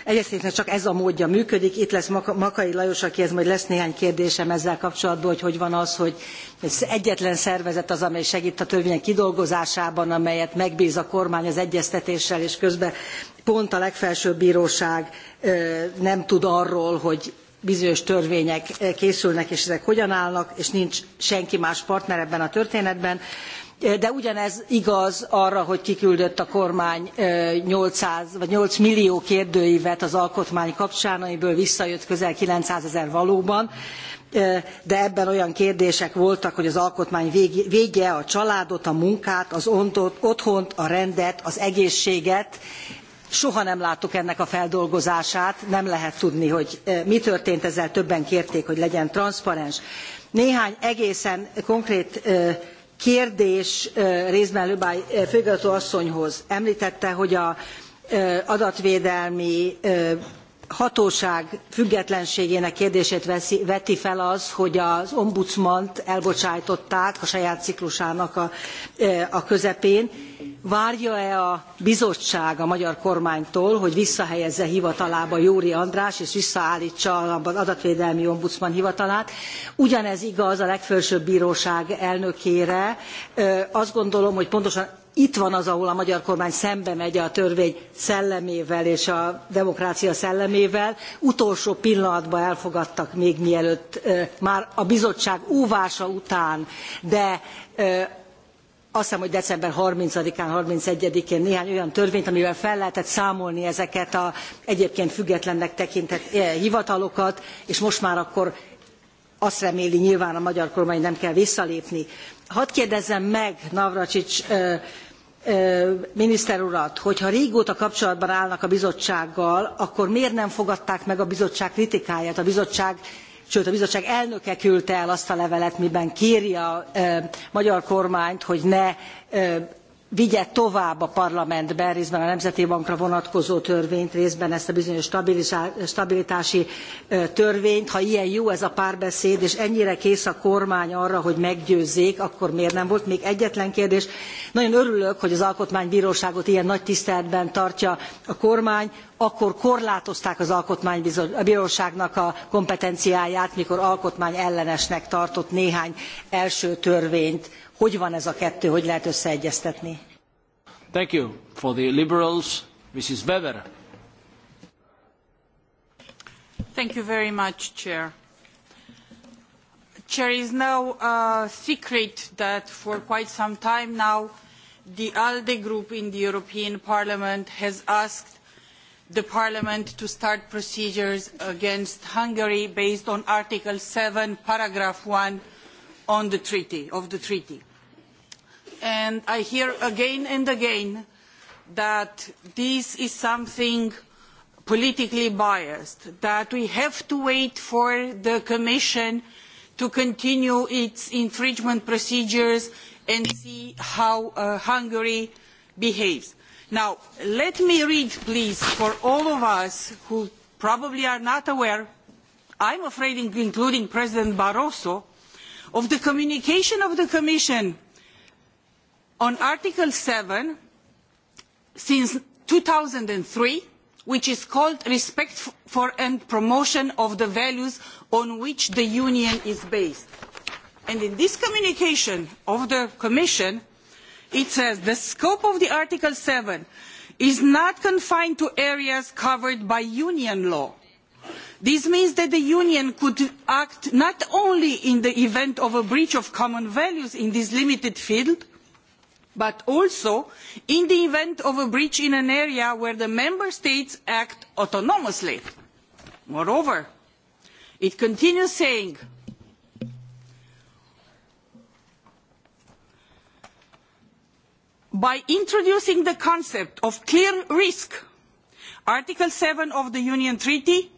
egyeztetésnek csak ez a módja működik. Itt lesz Makai Lajos, akihez majd lesz néhány kérdésem ezzel kapcsolatban, hogy hogy van az, hogy ez egyetlen szervezet az, amely segít a törvények kidolgozásában, amelyet megbíz a kormány az egyeztetéssel, és közben pont a legfelsőbb bíróság nem tud arról, hogy bizonyos törvények eh, készülnek, és ezek hogyan állnak, és nincs senki más partner ebben a történetben eh, de ugyanez igaz arra hogy kiküldött a kormány eight vagy eight millió kérdővet az alkotmány kapcsán amiből visszajött közel nine hundred ezer valóban eh, de ebben olyan kérdések voltak hogy az alkotmány védje a családot a munkát az otthont a rendet az egészséget Soha nem láttuk ennek a feldolgozását, nem lehet tudni, hogy eh, mi történt ezzel, többen kérték, hogy legyen transzparens. Néhány egészen konkrét eh, kérdés eh, részben Löbály főigazgató asszonyhoz említette, hogy a adatvédelmi hatóság függetlenségének kérdését veszi, veti fel az, hogy az ombudsmant elbocsájtották a saját ciklusának a, a közepén várja-e a bizottság a magyar kormánytól, hogy visszahelyezze hivatalába Jóri András, és visszaállítsa az adatvédelmi ombudsman hivatalát. Ugyanez igaz a legfelsőbb bíróság elnökére. Azt gondolom, hogy pontosan itt van az, ahol a magyar kormány szembe megy a törvény szellemével és a demokrácia szellemével. Utolsó pillanatban elfogadtak még mielőtt már a bizottság óvása után, de azt hiszem, hogy december 30-án, 31-én néhány olyan törvényt, amivel fel lehetett számolni ezeket a egyébként függetlennek tekintett eh, hivatalokat, és most már akkor azt reméli nyilván a magyar kormány nem kell visszalépni. Hadd kérdezzem meg Navracsics eh, eh, miniszter urat, hogy ha régóta kapcsolatban állnak a bizottsággal, akkor miért nem fogadták meg a bizottság kritikáját? A bizottság sőt a bizottság elnöke küldte el azt a levelet miben kéri a magyar kormányt hogy ne vigye tovább a parlamentben, részben a Nemzeti Bankra vonatkozó törvényt, részben ezt a bizonyos stabilitási törvényt. Ha ilyen jó ez a párbeszéd, és ennyire kész a kormány arra, hogy meggyőzzék, akkor miért nem volt még egyetlen kérdés? Nagyon örülök, hogy az Alkotmánybíróságot ilyen nagy tiszteletben tartja a kormány akkor korlátozták az alkotmánybróságnak a kompetenciáját mikor alkotmányellenesnek tartott néhány első törvényt Hogy van ez a kettő, hogy lehet összeegyeztetni? Thank you for the liberals, Mrs. Weber. Thank you very much, Chair. Chair, it is no uh, secret that for quite some time now, the ALDE group in the European Parliament has asked the Parliament to start procedures against Hungary based on Article 7, Paragraph 1 on the treaty, of the treaty. And I hear again and again that this is something politically biased, that we have to wait for the Commission to continue its infringement procedures and see how uh, Hungary behaves. Now, let me read, please, for all of us who probably are not aware, I'm afraid including President Barroso, of the communication of the Commission on Article 7 since 2003, which is called Respect for and Promotion of the Values on which the Union is based. And in this communication of the Commission, it says the scope of the Article 7 is not confined to areas covered by Union law this means that the union could act not only in the event of a breach of common values in this limited field but also in the event of a breach in an area where the member states act autonomously. moreover it continues saying by introducing the concept of clear risk article seven of the union treaty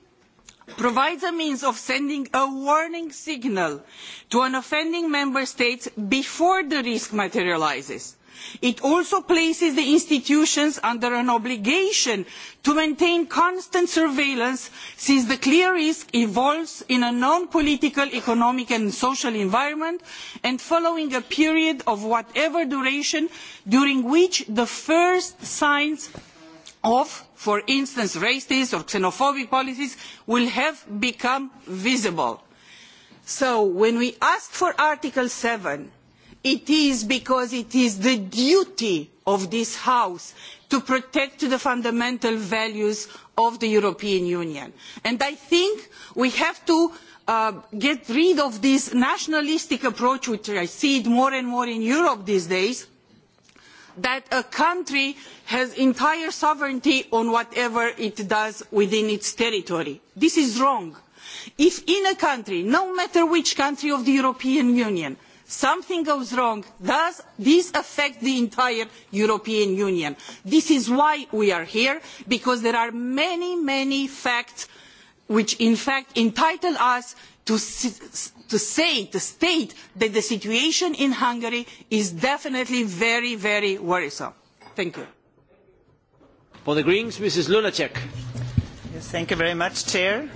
provides a means of sending a warning signal to an offending member state before the risk materialises. It also places the institutions under an obligation to maintain constant surveillance since the clear risk evolves in a non-political, economic and social environment and following a period of whatever duration during which the first signs of, for instance, racist or xenophobic policies will have become visible. So when we ask for Article 7, it is because it is the duty of this House to protect the fundamental values of the European Union. And I think we have to uh, get rid of this nationalistic approach, which I see it more and more in Europe these days, that a country has entire sovereignty on whatever it does within its territory. This is wrong. If in a country, no matter which country of the European Union, something goes wrong, does this affect the entire European Union? This is why we are here, because there are many, many facts which in fact entitle us to, to say, to state that the situation in Hungary is definitely very, very worrisome. Thank you. For the Greens, Mrs. Lunacek. Yes, thank you very much, Chair.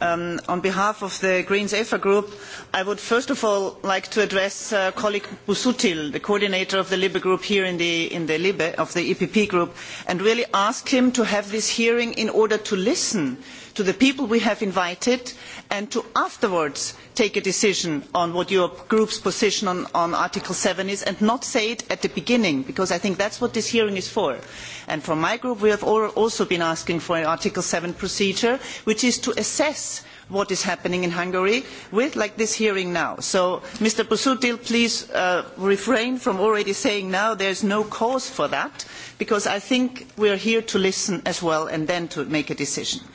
Um, on behalf of the Greens EFA group, I would first of all like to address uh, colleague Busutil, the coordinator of the Libe group here in the, in the Libe, of the EPP group, and really ask him to have this hearing in order to listen uh, to the people we have invited and to afterwards take a decision on what your group's position on, on Article 7 is and not say it at the beginning because I think that's what this hearing is for. And from my group we have also been asking for an Article 7 procedure which is to assess what is happening in Hungary with like this hearing now. So Mr. Busutil, please uh, refrain from already saying now there is no cause for that because I think we are here to listen as well and then to make a decision. Uh,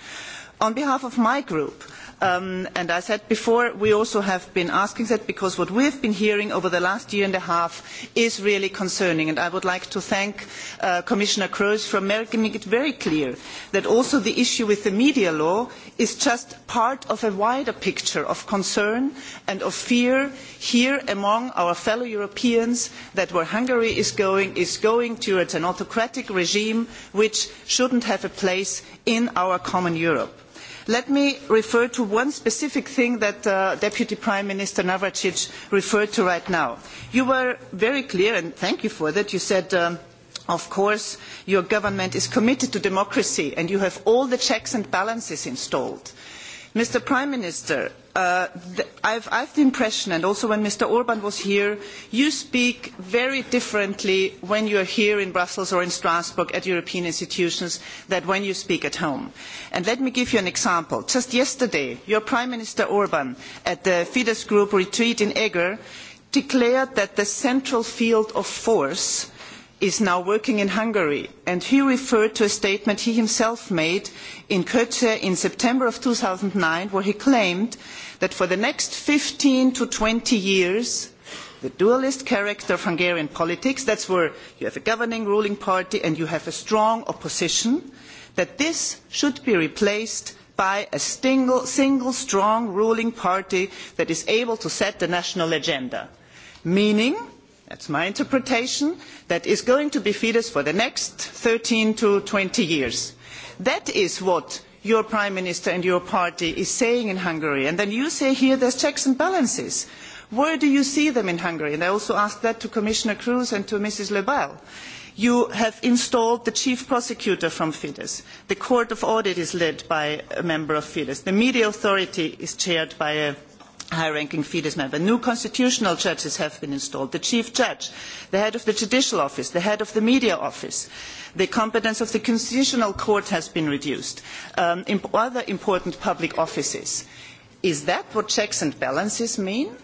on behalf of my group um, and i said before we also have been asking that because what we have been hearing over the last year and a half is really concerning and i would like to thank uh, commissioner kroes for making it very clear that also the issue with the media law is just part of a wider picture of concern and of fear here among our fellow europeans that where hungary is going is going towards an autocratic regime which should not have a place in our common europe Let me refer to one specific thing that uh, Deputy Prime Minister navracsics referred to right now. You were very clear, and thank you for that. You said, um, of course, your government is committed to democracy, and you have all the checks and balances installed Mr. Prime Minister, uh, i have the impression, and also when Mr. orbn was here, that you speak very differently when you are here in Brussels or in Strasbourg at European institutions than when you speak at home. let me give you an example. Just yesterday, your Prime Minister orbn at the Fidesz Group retreat in Eger declared that the central field of force is now working in Hungary, and he referred to a statement he himself made in Kötze in September two thousand and nine where he claimed that for the next fifteen to twenty years, the dualist character of Hungarian politics, that is where you have a governing ruling party and you have a strong opposition, that this should be replaced by a single, single strong ruling party that is able to set the national agenda. Meaning, that is my interpretation that is going to be fidesz for the next thirteen to twenty years. that is what your prime minister and your party are saying in hungary and then you say here there are checks and balances. where do you see them in hungary? And i also ask that to commissioner kroes and to mrs lebel. you have installed the chief prosecutor from fidesz the court of audit is led by a member of fidesz the media authority is chaired by a high-ranking Fidesz member. New constitutional judges have been installed, the chief judge, the head of the judicial office, the head of the media office. The competence of the constitutional court has been reduced. Um, imp other important public offices. Is that what checks and balances mean?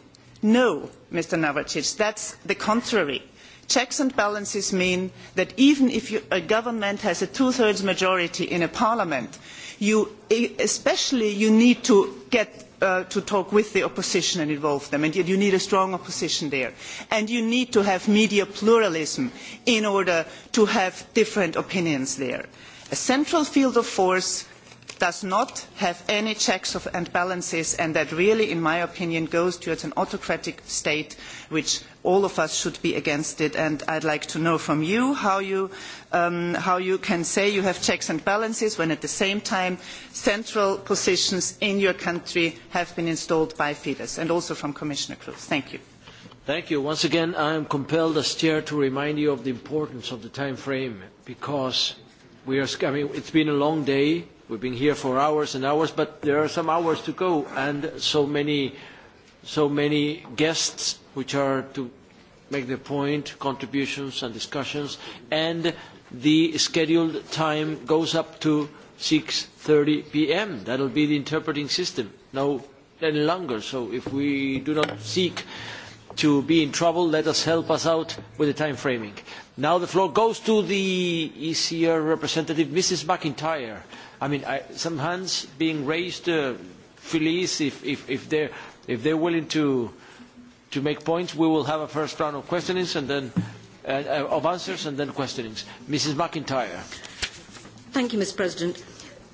No, Mr. Navracic, that's the contrary. Checks and balances mean that even if you, a government has a two-thirds majority in a parliament, you, e-, especially you need to get Uh, to talk with the opposition and involve them and yet you need a strong opposition there and you need to have media pluralism in order to have different opinions there. a central field of force does not have any checks and balances and that really in my opinion goes towards an autocratic state which all of us should be against it and I'd like to know from you how you, um, how you can say you have checks and balances when at the same time central positions in your country have been installed by Fidesz and also from Commissioner Cruz. Thank you. Thank you. Once again, I am compelled as chair to remind you of the importance of the time frame because we are, I mean, it's been a long day We've been here for hours and hours, but there are some hours to go, and so many, so many guests which are to make the point, contributions and discussions, and the scheduled time goes up to 6.30 p.m. That will be the interpreting system, no any longer. So if we do not seek to be in trouble, let us help us out with the time framing. Now the floor goes to the ECR representative, Mrs. McIntyre. I mean, I, some hands being raised, uh, Feliz, if, if, if, they're, if they're willing to, to make points, we will have a first round of questionings and then uh, uh of answers and then questionings. Mrs. McIntyre. Thank you, Mr. President.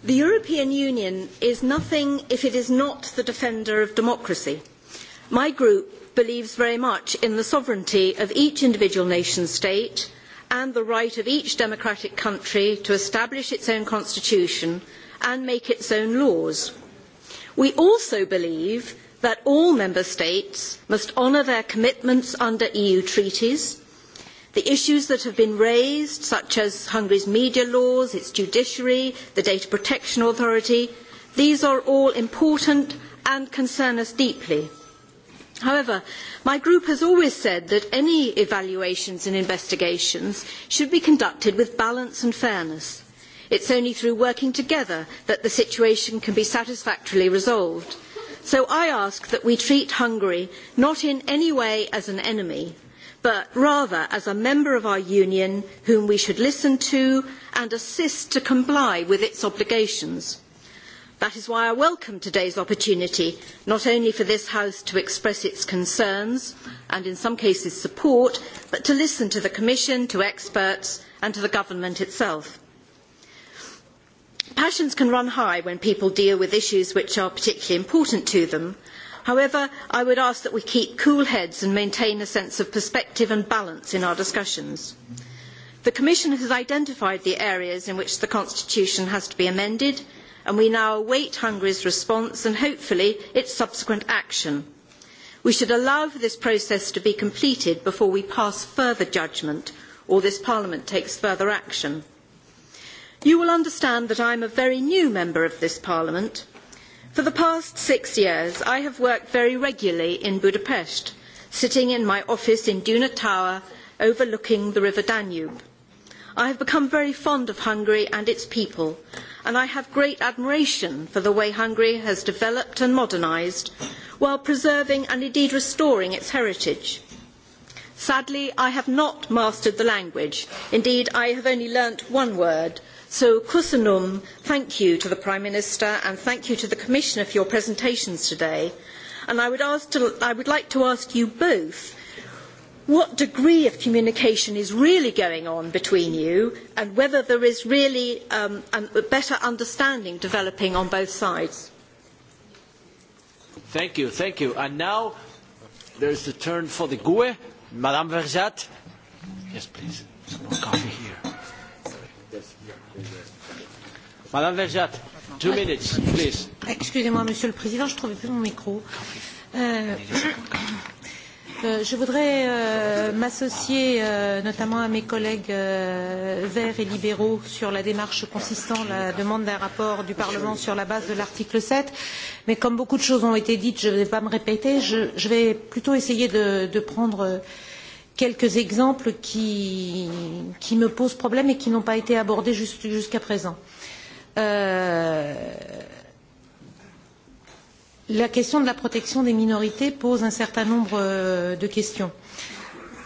The European Union is nothing if it is not the defender of democracy. My group believes very much in the sovereignty of each individual nation state and the right of each democratic country to establish its own constitution and make its own laws. We also believe that all member states must honour their commitments under EU treaties. The issues that have been raised, such as Hungary's media laws, its judiciary, the Data Protection Authority, these are all important and concern us deeply. However, my group has always said that any evaluations and investigations should be conducted with balance and fairness. It's only through working together that the situation can be satisfactorily resolved. So I ask that we treat Hungary not in any way as an enemy, but rather as a member of our union whom we should listen to and assist to comply with its obligations. That is why I welcome today's opportunity not only for this House to express its concerns and in some cases support, but to listen to the Commission, to experts and to the government itself. Passions can run high when people deal with issues which are particularly important to them. However, I would ask that we keep cool heads and maintain a sense of perspective and balance in our discussions. The Commission has identified the areas in which the Constitution has to be amended – and we now await Hungary's response and hopefully its subsequent action. We should allow for this process to be completed before we pass further judgment or this Parliament takes further action. You will understand that I am a very new member of this Parliament. For the past six years, I have worked very regularly in Budapest, sitting in my office in Duna Tower overlooking the River Danube. I have become very fond of Hungary and its people, and I have great admiration for the way Hungary has developed and modernised while preserving and indeed restoring its heritage. Sadly, I have not mastered the language. Indeed, I have only learnt one word. So, kusunum, thank you to the Prime Minister and thank you to the Commissioner for your presentations today. And I would, ask to, I would like to ask you both what degree of communication is really going on between you and whether there is really um, a better understanding developing on both sides. Thank you, thank you. And now there's the turn for the GUE. Madame Verzat. Yes, please. There's no coffee here. Madame Verzat, two minutes, please. Excusez-moi, Monsieur le Président, je ne trouvais plus mon micro. Euh... Euh, je voudrais euh, m'associer euh, notamment à mes collègues euh, verts et libéraux sur la démarche consistant à la demande d'un rapport du Parlement sur la base de l'article 7. Mais comme beaucoup de choses ont été dites, je ne vais pas me répéter. Je, je vais plutôt essayer de, de prendre quelques exemples qui, qui me posent problème et qui n'ont pas été abordés jusqu'à présent. Euh, la question de la protection des minorités pose un certain nombre euh, de questions.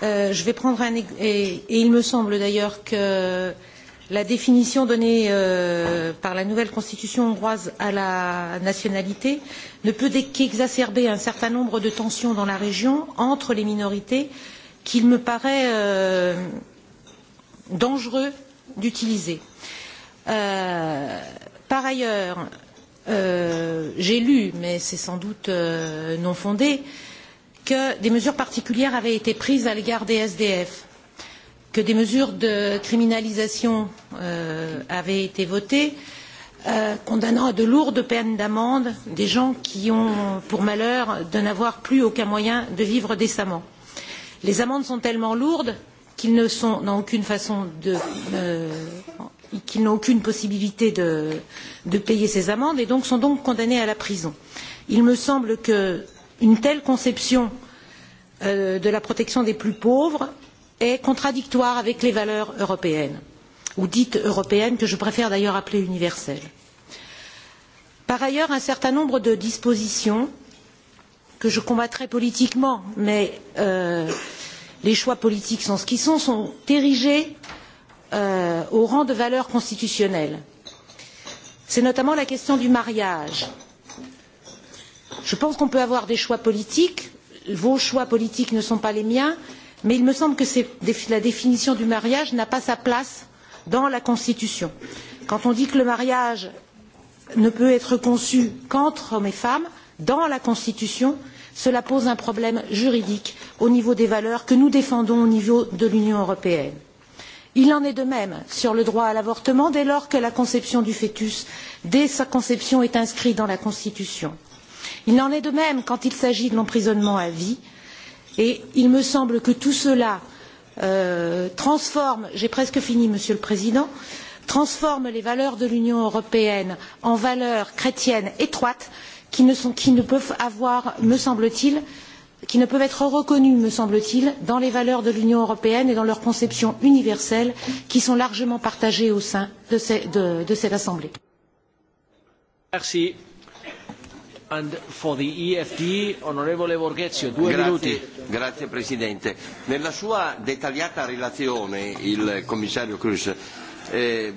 Euh, je vais prendre un et, et il me semble d'ailleurs que la définition donnée euh, par la nouvelle constitution hongroise à la nationalité ne peut qu'exacerber un certain nombre de tensions dans la région entre les minorités qu'il me paraît euh, dangereux d'utiliser. Euh, par ailleurs, euh, j'ai lu, mais c'est sans doute euh, non fondé, que des mesures particulières avaient été prises à l'égard des SDF, que des mesures de criminalisation euh, avaient été votées, euh, condamnant à de lourdes peines d'amende des gens qui ont pour malheur de n'avoir plus aucun moyen de vivre décemment. Les amendes sont tellement lourdes qu'ils ne sont en aucune façon de, euh, qu'ils n'ont aucune possibilité de, de payer ces amendes et donc sont donc condamnés à la prison. Il me semble qu'une telle conception euh, de la protection des plus pauvres est contradictoire avec les valeurs européennes ou dites européennes que je préfère d'ailleurs appeler universelles. Par ailleurs, un certain nombre de dispositions que je combattrai politiquement, mais euh, les choix politiques sont ce qu'ils sont, sont érigées Euh, au rang de valeur constitutionnelle. C'est notamment la question du mariage. Je pense qu'on peut avoir des choix politiques. Vos choix politiques ne sont pas les miens, mais il me semble que la définition du mariage n'a pas sa place dans la Constitution. Quand on dit que le mariage ne peut être conçu qu'entre hommes et femmes, dans la Constitution, cela pose un problème juridique au niveau des valeurs que nous défendons au niveau de l'Union européenne il en est de même sur le droit à l'avortement dès lors que la conception du fœtus dès sa conception est inscrite dans la constitution. il en est de même quand il s'agit de l'emprisonnement à vie et il me semble que tout cela euh, transforme j'ai presque fini monsieur le président transforme les valeurs de l'union européenne en valeurs chrétiennes étroites qui ne, sont, qui ne peuvent avoir me semble t il qui ne peuvent être reconnus, me semble-t-il, dans les valeurs de l'Union européenne et dans leur conception universelle, qui sont largement partagées au sein de, ces, de, de cette Assemblée. Merci. And for the EFD, onorevole Borghezio, due grazie, minuti. Grazie Presidente. Nella sua dettagliata relazione il commissario Cruz eh,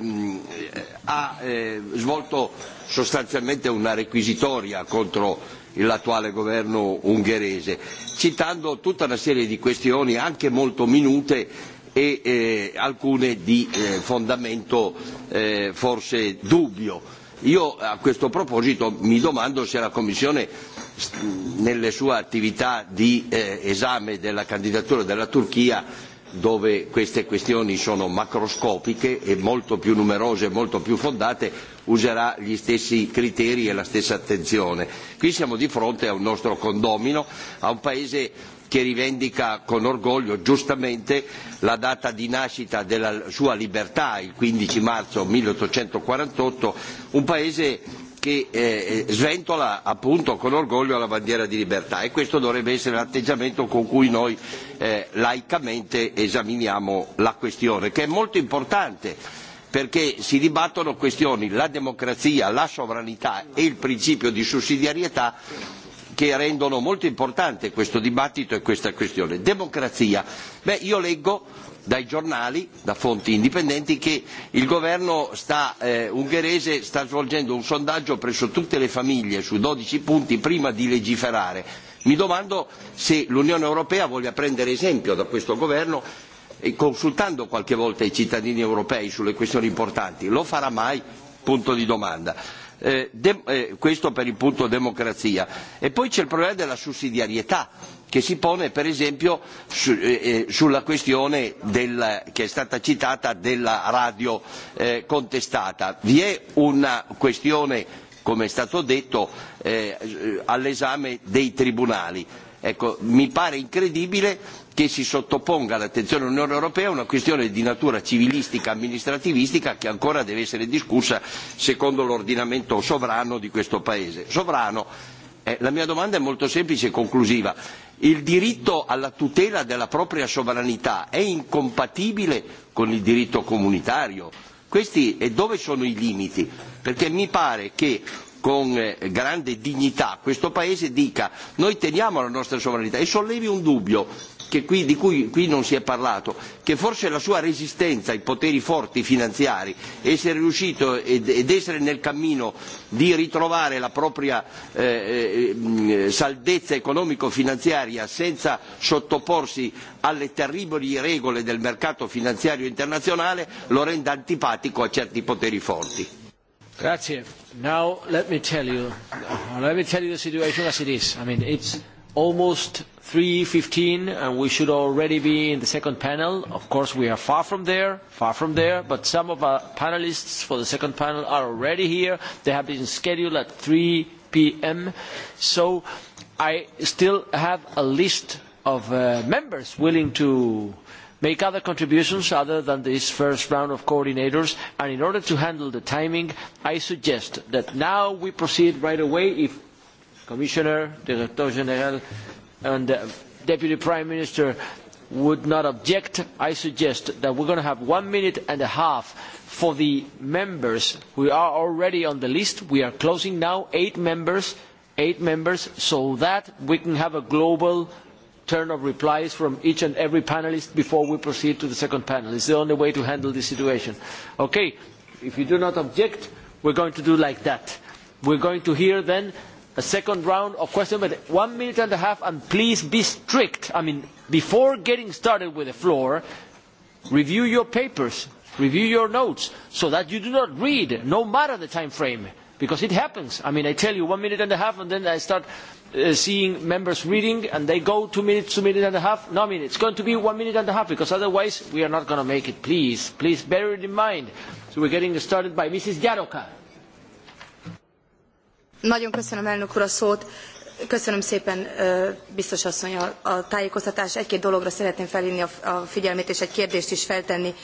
ha eh, svolto sostanzialmente una requisitoria contro l'attuale governo ungherese, citando tutta una serie di questioni anche molto minute e eh, alcune di eh, fondamento eh, forse dubbio. Io a questo proposito mi domando se la Commissione nelle sue attività di eh, esame della candidatura della Turchia, dove queste questioni sono macroscopiche e molto più numerose e molto più fondate, userà gli stessi criteri e la stessa attenzione. Qui siamo di fronte a un nostro condomino, a un paese che rivendica con orgoglio giustamente la data di nascita della sua libertà, il 15 marzo 1848, un paese che eh, sventola appunto con orgoglio la bandiera di libertà e questo dovrebbe essere l'atteggiamento con cui noi eh, laicamente esaminiamo la questione, che è molto importante perché si dibattono questioni la democrazia, la sovranità e il principio di sussidiarietà che rendono molto importante questo dibattito e questa questione. Democrazia. Beh, io leggo dai giornali, da fonti indipendenti, che il governo sta, eh, ungherese sta svolgendo un sondaggio presso tutte le famiglie su 12 punti prima di legiferare. Mi domando se l'Unione Europea voglia prendere esempio da questo governo E consultando qualche volta i cittadini europei sulle questioni importanti. Lo farà mai? Punto di domanda. Eh, de- eh, questo per il punto democrazia. E poi c'è il problema della sussidiarietà che si pone per esempio su, eh, eh, sulla questione del, che è stata citata della radio eh, contestata. Vi è una questione, come è stato detto, eh, all'esame dei tribunali Ecco, mi pare incredibile che si sottoponga all'attenzione dell'Unione Europea una questione di natura civilistica amministrativistica che ancora deve essere discussa secondo l'ordinamento sovrano di questo Paese. Sovrano, eh, la mia domanda è molto semplice e conclusiva. Il diritto alla tutela della propria sovranità è incompatibile con il diritto comunitario? Questi, e dove sono i limiti? Perché mi pare che con eh, grande dignità questo Paese dica noi teniamo la nostra sovranità e sollevi un dubbio che qui, di cui qui non si è parlato, che forse la sua resistenza ai poteri forti finanziari, essere riuscito ed, ed essere nel cammino di ritrovare la propria eh, eh mm, saldezza economico-finanziaria senza sottoporsi alle terribili regole del mercato finanziario internazionale lo renda antipatico a certi poteri forti. Now let me tell you, let me tell you the situation as it is. I mean, it's almost 3.15 and we should already be in the second panel. Of course, we are far from there, far from there, but some of our panelists for the second panel are already here. They have been scheduled at 3 p.m. So I still have a list of uh, members willing to uh, make other contributions other than this first round of coordinators and in order to handle the timing i suggest that now we proceed right away if commissioner director general and uh, deputy prime minister would not object i suggest that we're going to have one minute and a half for the members who are already on the list we are closing now eight members eight members so that we can have a global turn of replies from each and every panelist before we proceed to the second panel. It's the only way to handle this situation. Okay, if you do not object, we're going to do like that. We're going to hear then a second round of questions, but one minute and a half, and please be strict. I mean, before getting started with the floor, review your papers, review your notes, so that you do not read, no matter the time frame, because it happens. I mean, I tell you one minute and a half, and then I start Uh, seeing members reading and they go two minutes, two minutes and a half. No, I mean, it's going to be one minute and a half because otherwise we are not going to make it. Please, please bear it in mind. So we're getting started by Mrs. Jaroka. Nagyon köszönöm elnök úr a szót. Köszönöm szépen, biztos asszony, a, a tájékoztatás. Egy-két dologra szeretném felhívni a, a figyelmét, és egy kérdést is feltenni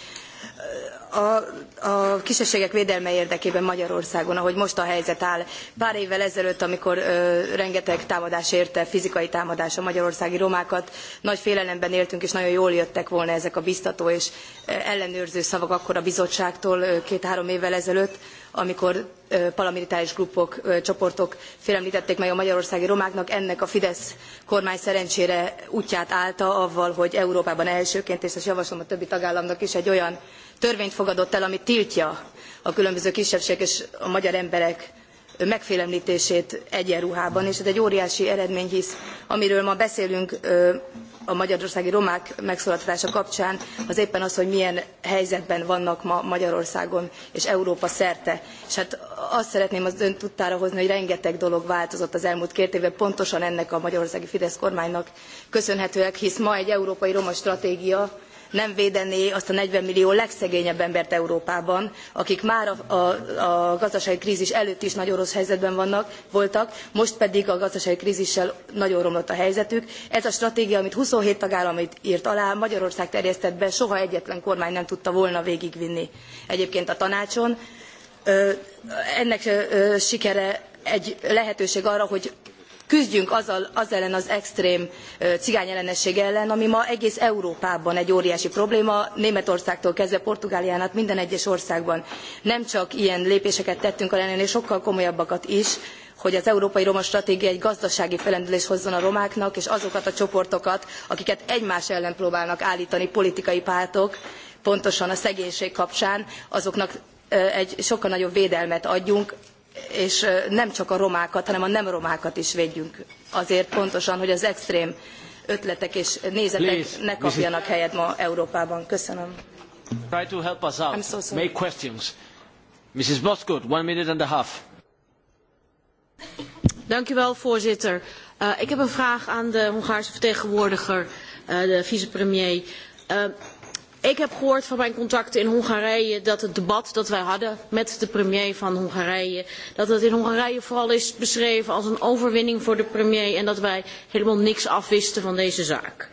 a, a kisebbségek védelme érdekében Magyarországon, ahogy most a helyzet áll. Pár évvel ezelőtt, amikor ö, rengeteg támadás érte, fizikai támadás a magyarországi romákat, nagy félelemben éltünk, és nagyon jól jöttek volna ezek a biztató és ellenőrző szavak akkor a bizottságtól két-három évvel ezelőtt amikor paramilitáris grupok, csoportok félemlítették meg a magyarországi romáknak, ennek a Fidesz kormány szerencsére útját állta avval, hogy Európában elsőként, és ezt javaslom a többi tagállamnak is, egy olyan törvényt fogadott el, ami tiltja a különböző kisebbségek és a magyar emberek megfélemlítését egyenruhában, és ez egy óriási eredmény, hisz amiről ma beszélünk, a magyarországi romák megszólaltatása kapcsán, az éppen az, hogy milyen helyzetben vannak ma Magyarországon és Európa szerte. És hát azt szeretném az ön tudtára hozni, hogy rengeteg dolog változott az elmúlt két évben, pontosan ennek a magyarországi Fidesz kormánynak köszönhetőek, hisz ma egy európai roma stratégia, nem védené azt a 40 millió legszegényebb embert Európában, akik már a, a, a gazdasági krízis előtt is nagyon rossz helyzetben vannak, voltak, most pedig a gazdasági krízissel nagyon romlott a helyzetük. Ez a stratégia, amit 27 tagállam írt alá, Magyarország terjesztett be, soha egyetlen kormány nem tudta volna végigvinni egyébként a tanácson. Ennek sikere egy lehetőség arra, hogy küzdjünk az ellen az extrém cigányellenesség ellen, ami ma egész Európában egy óriási probléma, Németországtól kezdve Portugálián át minden egyes országban. Nem csak ilyen lépéseket tettünk a lenni, sokkal komolyabbakat is, hogy az Európai Roma Stratégia egy gazdasági felendülés hozzon a romáknak, és azokat a csoportokat, akiket egymás ellen próbálnak állítani politikai pártok, pontosan a szegénység kapcsán, azoknak egy sokkal nagyobb védelmet adjunk, és nem csak a romákat, hanem a nem romákat is védjünk. Azért pontosan, hogy az extrém ötletek és nézetek Please, ne kapjanak is... helyet ma Európában. Köszönöm. Try to help us out. I'm so sorry. Make questions. Mrs. Boscoot, one minute and a half. Dank u wel, voorzitter. Uh, ik heb een vraag aan de Hongaarse vertegenwoordiger, uh, de vicepremier. Uh, Ik heb gehoord van mijn contacten in Hongarije dat het debat dat wij hadden met de premier van Hongarije, dat het in Hongarije vooral is beschreven als een overwinning voor de premier en dat wij helemaal niks afwisten van deze zaak.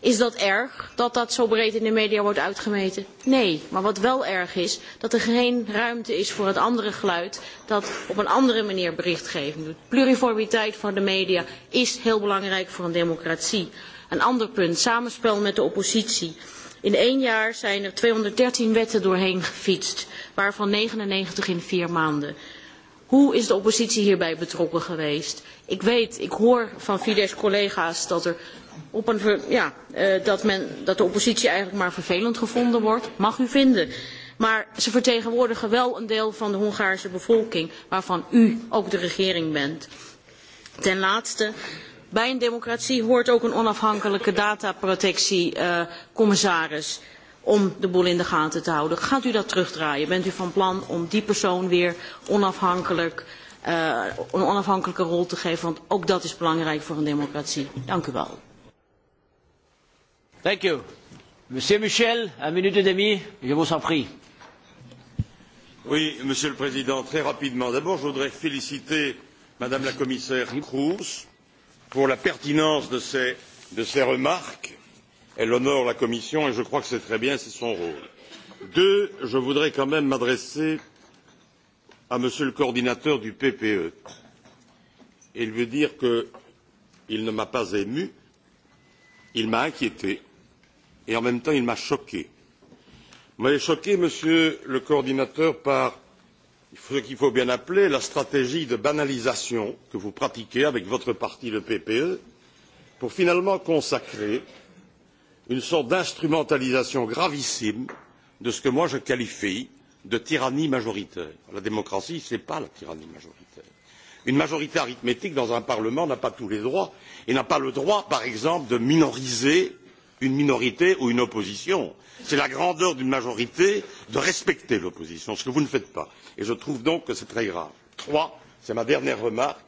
Is dat erg dat dat zo breed in de media wordt uitgemeten? Nee, maar wat wel erg is, dat er geen ruimte is voor het andere geluid dat op een andere manier berichtgeving doet. Pluriformiteit van de media is heel belangrijk voor een democratie. Een ander punt, samenspel met de oppositie. In één jaar zijn er 213 wetten doorheen gefietst, waarvan 99 in vier maanden. Hoe is de oppositie hierbij betrokken geweest? Ik weet, ik hoor van Fidesz-collega's dat, er op een, ja, eh, dat, men, dat de oppositie eigenlijk maar vervelend gevonden wordt. Mag u vinden. Maar ze vertegenwoordigen wel een deel van de Hongaarse bevolking, waarvan u ook de regering bent. Ten laatste, bij een democratie hoort ook een onafhankelijke dataprotectiecommissaris eh, om de boel in de gaten te houden. Gaat u dat terugdraaien? Bent u van plan om die persoon weer onafhankelijk, uh, een onafhankelijke rol te geven? Want ook dat is belangrijk voor een democratie. Dank u wel. Michel, een minuut en demi, je vous en prie. Oui, Monsieur le Président, très rapidement. D'abord, je voudrais féliciter Madame la Commissaire Kroes pour la pertinence de ses, remarques. Elle honore la Commission et je crois que c'est très bien, c'est son rôle. Deux, je voudrais quand même m'adresser à Monsieur le coordinateur du PPE et lui dire qu'il ne m'a pas ému, il m'a inquiété et en même temps il m'a choqué. Vous m'avez choqué, Monsieur le coordinateur, par ce qu'il faut bien appeler la stratégie de banalisation que vous pratiquez avec votre parti le ppe pour finalement consacrer une sorte d'instrumentalisation gravissime de ce que moi je qualifie de tyrannie majoritaire. la démocratie ce n'est pas la tyrannie majoritaire. une majorité arithmétique dans un parlement n'a pas tous les droits et n'a pas le droit par exemple de minoriser une minorité ou une opposition. c'est la grandeur d'une majorité de respecter l'opposition ce que vous ne faites pas et je trouve donc que c'est très grave. troisièmement c'est ma dernière remarque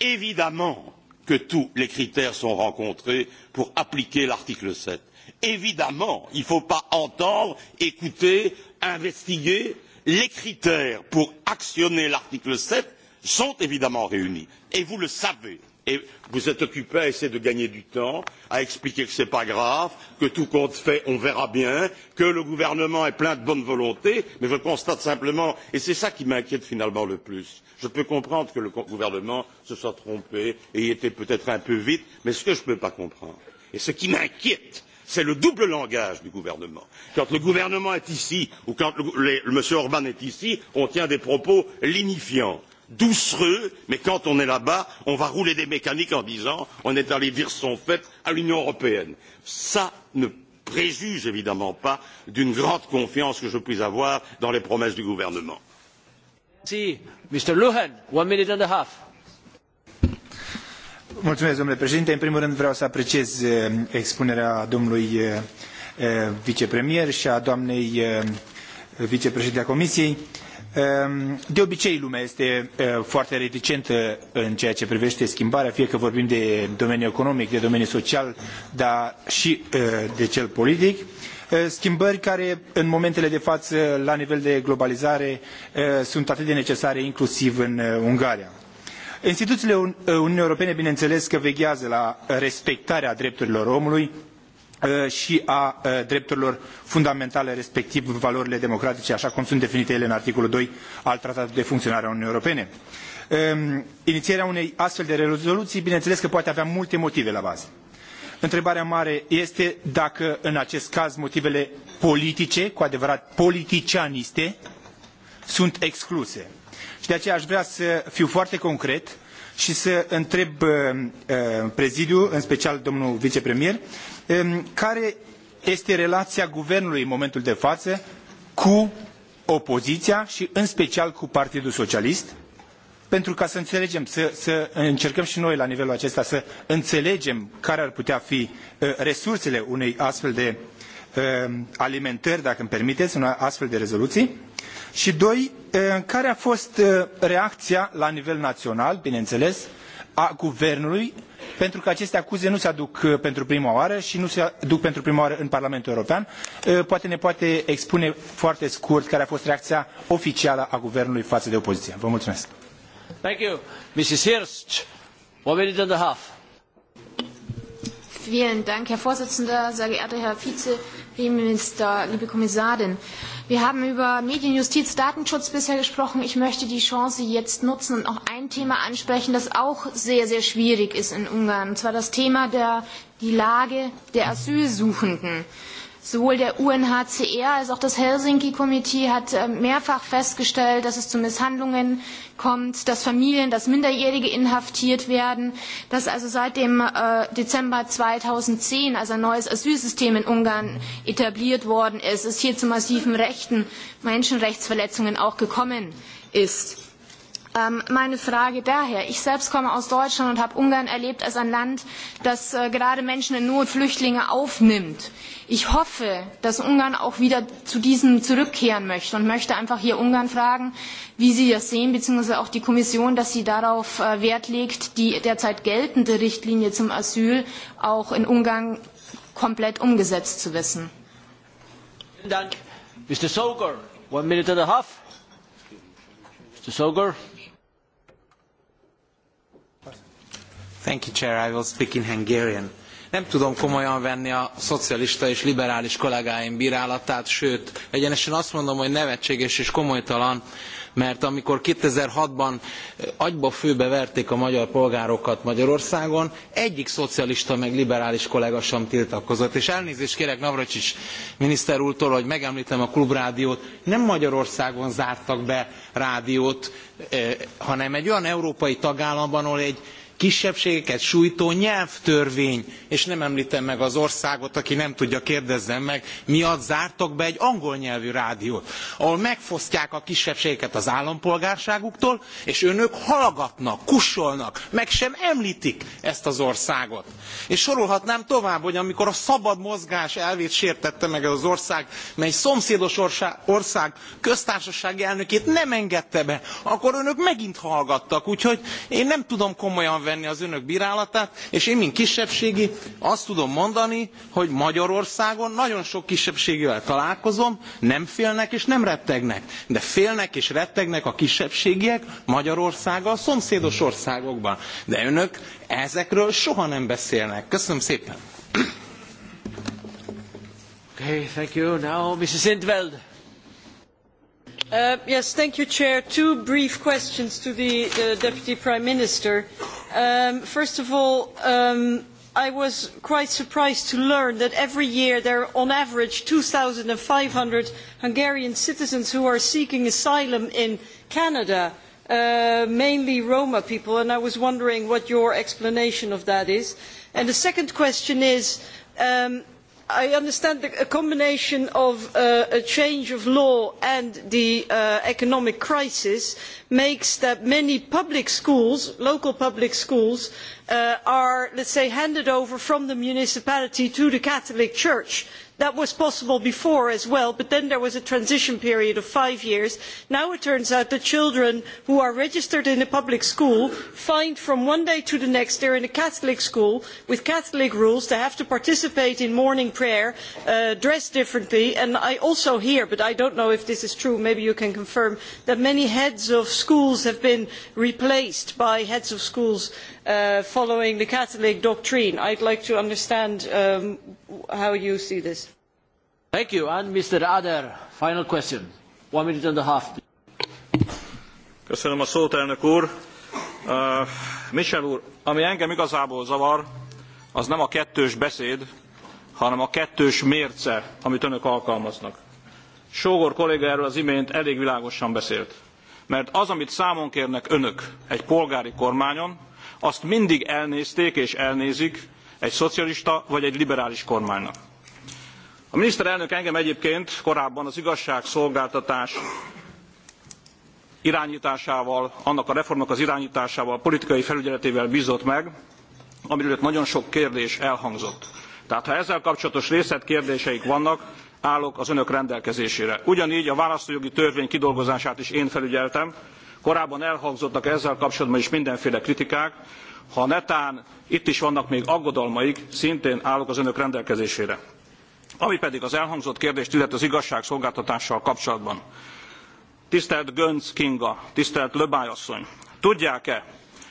évidemment que tous les critères sont rencontrés pour appliquer l'article sept évidemment il ne faut pas entendre écouter investiguer les critères pour actionner l'article sept sont évidemment réunis et vous le savez et vous êtes occupé à essayer de gagner du temps à expliquer que ce n'est pas grave que tout compte fait on verra bien que le gouvernement est plein de bonne volonté mais je constate simplement et c'est ça qui m'inquiète finalement le plus je peux comprendre que le gouvernement se soit trompé et y était peut être un peu vite mais ce que je ne peux pas comprendre et ce qui m'inquiète c'est le double langage du gouvernement. Quand le gouvernement est ici ou quand le, les, M. Orban est ici, on tient des propos lignifiants doucereux, mais quand on est là-bas, on va rouler des mécaniques en disant on est allé dire son fait à l'Union européenne. Ça ne préjuge évidemment pas d'une grande confiance que je puisse avoir dans les promesses du gouvernement. Merci. Mr. Luhan, one minute and a half. Mulțumesc, domnule președinte. În primul rând vreau să apreciez eh, expunerea domnului eh, eh, vicepremier și a doamnei vicepreședinte a Comisiei. Ehm, de obicei lumea este e, foarte reticentă în ceea ce privește schimbarea, fie că vorbim de domeniul economic, de domeniul social, dar și e, de cel politic. E, schimbări care în momentele de față, la nivel de globalizare, sunt atât de necesare inclusiv în Ungaria. Instituțiile Uniunii Europene, bineînțeles că veghează la respectarea drepturilor omului, Uh, și a uh, drepturilor fundamentale, respectiv valorile democratice, așa cum sunt definite ele în articolul 2 al Tratatului de Funcționare a Uniunii Europene. Um, inițierea unei astfel de rezoluții, bineînțeles că poate avea multe motive la bază. Întrebarea mare este dacă în acest caz motivele politice, cu adevărat politicianiste, sunt excluse. Și de aceea aș vrea să fiu foarte concret și să întreb uh, prezidiu, în special domnul vicepremier, care este relaia guvernului în momentul de faă cu opoziia i în special cu Partidul Socialist, pentru ca să înelegem să, să încercăm i noi la nivelul acesta să înelegem care ar putea fi e, resursele unei astfel de e, alimentări, dacă îmi permiteți, în astfel de rezoluții. Și doi, e, care a fost reacția la nivel național, bineînțeles, a guvernului pentru că aceste acuze nu se aduc uh, pentru prima oară și nu se aduc pentru prima oară în Parlamentul European. Uh, poate ne poate expune foarte scurt care a fost reacția oficială a guvernului față de opoziție. Vă mulțumesc. Thank you. Mrs. Hirst, one minute and a half. Vielen Dank, Herr Vorsitzender, sehr geehrter Herr Vizeminister, liebe Kommissarin. Wir haben über Medienjustiz, Datenschutz bisher gesprochen. Ich möchte die Chance jetzt nutzen und noch ein Thema ansprechen, das auch sehr, sehr schwierig ist in Ungarn, und zwar das Thema der die Lage der Asylsuchenden. Sowohl der UNHCR als auch das Helsinki-Komitee hat äh, mehrfach festgestellt, dass es zu Misshandlungen kommt, dass Familien, dass Minderjährige inhaftiert werden, dass also seit dem äh, Dezember 2010 also ein neues Asylsystem in Ungarn etabliert worden ist, es hier zu massiven Rechten, Menschenrechtsverletzungen auch gekommen ist. Ähm, meine Frage daher. Ich selbst komme aus Deutschland und habe Ungarn erlebt als ein Land, das äh, gerade Menschen in Not, Flüchtlinge aufnimmt. Ich hoffe, dass Ungarn auch wieder zu diesem zurückkehren möchte und möchte einfach hier Ungarn fragen, wie Sie das sehen, beziehungsweise auch die Kommission, dass sie darauf äh, Wert legt, die derzeit geltende Richtlinie zum Asyl auch in Ungarn komplett umgesetzt zu wissen. Vielen Dank. Mr. Soger, one minute and a half. Mr. Soger. Nem tudom komolyan venni a szocialista és liberális kollégáim brálatát, sőt, egyenesen azt mondom, hogy nevetséges és komolytalan, mert amikor 2006-ban agyba főbe verték a magyar polgárokat Magyarországon, egyik szocialista meg liberális kollega sem tiltakozott. És elnézést kérek Navracsics miniszter úrtól, hogy megemlítem a klubrádiót. Nem Magyarországon zártak be rádiót, eh, hanem egy olyan európai tagállamban, ahol egy kisebbségeket sújtó nyelvtörvény, és nem emltem meg az országot, aki nem tudja, kérdezzen meg, miatt zártak be egy angol nyelvű rádiót, ahol megfosztják a kisebbségeket az állampolgárságuktól, és önök hallgatnak, kusolnak, meg sem említik ezt az országot. És sorolhatnám tovább, hogy amikor a szabad mozgás elvét sértette meg az ország, mely szomszédos ország köztársasági elnökét nem engedte be, akkor önök megint hallgattak, úgyhogy én nem tudom komolyan venni venni az önök brálatát és én mint kisebbségi azt tudom mondani hogy magyarországon nagyon sok kisebbségivel találkozom nem félnek és nem rettegnek de félnek és rettegnek a kisebbségiek magyarországgal szomszédos országokban de önök ezekről soha nem beszélnek. köszönöm szépen! Okay, thank you. Now, Mrs. Intveld. Uh, two brief questions to the Deputy Prime Minister. Um, first of all, um, I was quite surprised to learn that every year there are on average two five hundred Hungarian citizens who are seeking asylum in Canada, uh, mainly Roma people, and I was wondering what your explanation of that is. And the second question is, um, i understand a combination of uh, a change of law and the uh, economic crisis makes that many public schools local public schools uh, are let us say handed over from the municipality to the catholic church that was possible before as well but then there was a transition period of five years. now it turns out that children who are registered in a public school find from one day to the next they are in a catholic school with catholic rules they have to participate in morning prayer and uh, dress differently and i also hear but i do not know if this is true maybe you can confirm that many heads of schools have been replaced by heads of schools Uh, following the Catholic doctrine. would like to understand um, how you see this. Thank you. And Mr. Ader, final question. One minute and a half. Köszönöm a szót, elnök úr. Uh, Michel úr, ami engem igazából zavar, az nem a kettős beszéd, hanem a kettős mérce, amit önök alkalmaznak. Sógor kolléga erről az imént elég világosan beszélt. Mert az, amit számon kérnek önök egy polgári kormányon, azt mindig elnézték és elnézik egy szocialista vagy egy liberális kormánynak. A miniszterelnök engem egyébként korábban az igazságszolgáltatás irányításával, annak a reformnak az irányításával, politikai felügyeletével bízott meg, amiről itt nagyon sok kérdés elhangzott. Tehát ha ezzel kapcsolatos részletkérdéseik vannak, állok az önök rendelkezésére. Ugyanígy a választójogi törvény kidolgozását is én felügyeltem, Korábban elhangzottak ezzel kapcsolatban is mindenféle kritikák, ha netán itt is vannak még aggodalmaik, szintén állok az önök rendelkezésére. Ami pedig az elhangzott kérdést illet az igazságszolgáltatással kapcsolatban. Tisztelt Gönc Kinga, tisztelt Löbály asszony, tudják-e,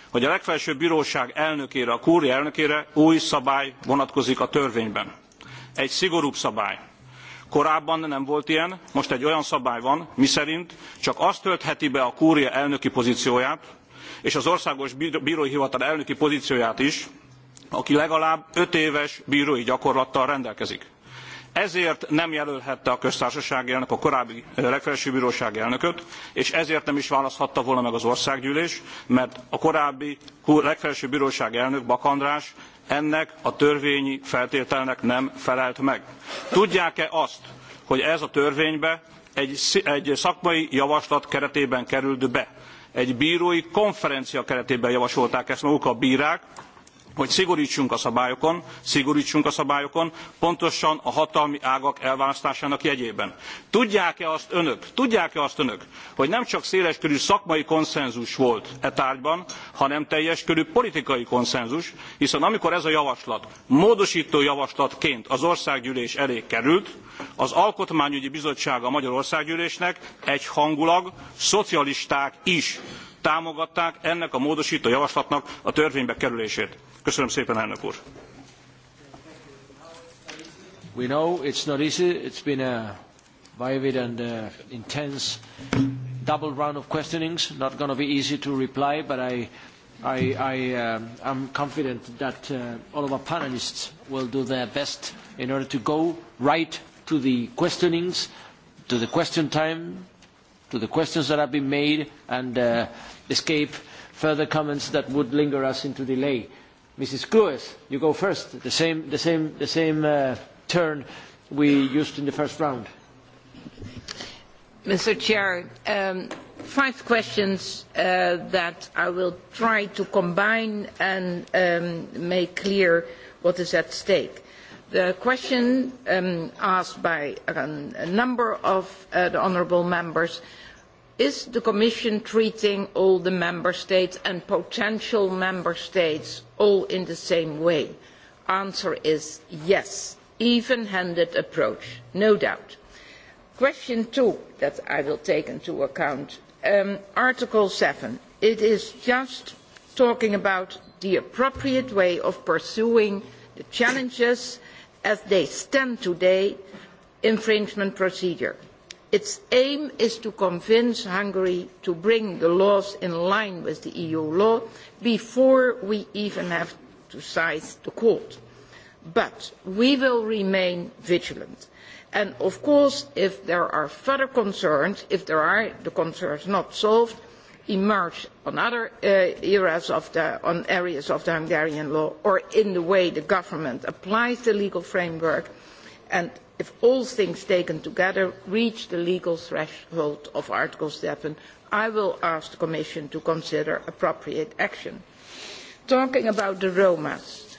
hogy a legfelsőbb bíróság elnökére, a kúri elnökére új szabály vonatkozik a törvényben? Egy szigorúbb szabály korábban nem volt ilyen most egy olyan szabály van miszerint csak az töltheti be a kúria elnöki pozícióját és az országos brói hivatal elnöki pozícióját is aki legalább öt éves brói gyakorlattal rendelkezik. ezért nem jelölhette a köztársasági elnök a korábbi eh, legfelsőbb bróság elnököt és ezért nem is választhatta volna meg az országgyűlés mert a korábbi legfelsőbb bróság elnök bak andrás ennek a törvényi feltételnek nem felelt meg. Tudják-e azt, hogy ez a törvénybe egy, egy szakmai javaslat keretében került be? Egy bírói konferencia keretében javasolták ezt maguk a bírák, hogy szigorítsunk a szabályokon, szigorítsunk a szabályokon, pontosan a hatalmi ágak elválasztásának jegyében. Tudják-e azt önök, tudják-e azt önök, hogy nem csak széleskörű szakmai konszenzus volt e tárgyban, hanem teljeskörű politikai konszenzus, hiszen amikor ez a javaslat módosító javaslatként az országgyűlés elé került, az Alkotmányügyi Bizottsága a Magyar Országgyűlésnek egyhangulag szocialisták is támogatták ennek a módostó javaslatnak a törvénybe kerülését. Köszönöm szépen, elnök úr! We know it's not easy. It's been a vivid and uh, intense double round of questionings. Not going to be easy to reply, but I, I, I uh, I'm confident that uh, all of our panelists will do their best in order to go right to the questionings, to the question time, to the questions that have been made and uh, escape further comments that would linger us into delay. Mrs. Clues, you go first. The same, the same, the same uh, turn we used in the first round. Mr. Chair, um, five questions uh, that I will try to combine and um, make clear what is at stake. The question um, asked by um, a number of uh, the honourable members is the Commission treating all the member states and potential member states all in the same way? Answer is yes. Even-handed approach, no doubt. Question two that I will take into account. Um, Article 7. It is just talking about the appropriate way of pursuing the challenges as they stand today infringement procedure. Its aim is to convince Hungary to bring the laws in line with the EU law before we even have to size the court. But we will remain vigilant. And of course, if there are further concerns, if there are the concerns not solved, emerge on other areas uh, of the, on areas of the Hungarian law or in the way the government applies the legal framework and if all things taken together reach the legal threshold of Article 7, I will ask the Commission to consider appropriate action. Talking about the Romas,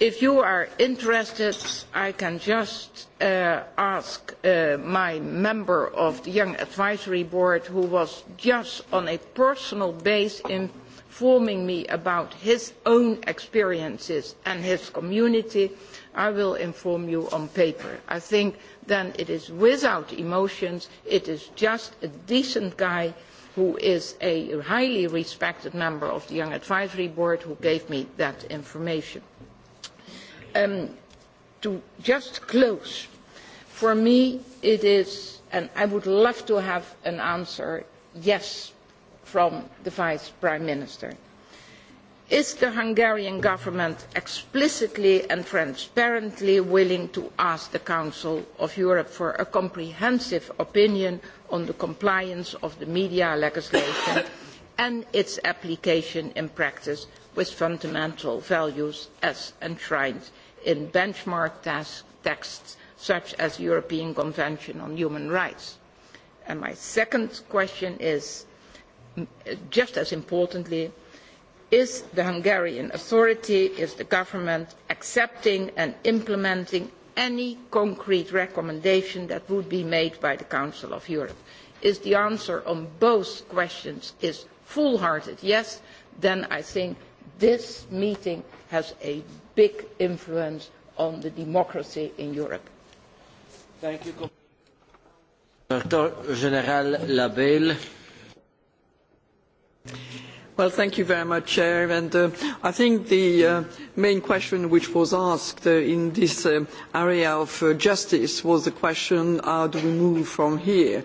if you are interested, I can just uh, ask uh, my member of the Young Advisory Board, who was just on a personal base informing me about his own experiences and his community. I will inform you on paper. I think then it is without emotions. It is just a decent guy who is a highly respected member of the Young Advisory Board who gave me that information. Um, to just close for me it is and i would love to have an answer yes from the vice prime minister is the hungarian government explicitly and transparently willing to ask the council of europe for a comprehensive opinion on the compliance of the media legislation [COUGHS] and its application in practice with fundamental values as enshrined in benchmark texts such as the European Convention on Human Rights? And my second question is, just as importantly, is the Hungarian authority, is the government accepting and implementing any concrete recommendation that would be made by the Council of Europe? If the answer on both questions is full-hearted yes, then I think this meeting has a big influence on the democracy in Europe. Thank you. General Labelle. Well, thank you very much, Chair. And uh, I think the uh, main question which was asked uh, in this uh, area of uh, justice was the question, how do we move from here?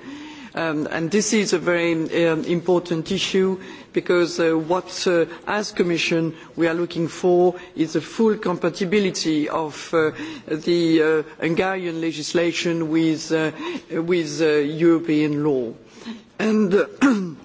Um, and this is a very um, important issue because uh, what, uh, as Commission, we are looking for is the full compatibility of uh, the uh, Hungarian legislation with, uh, with uh, European law. And [CLEARS THROAT]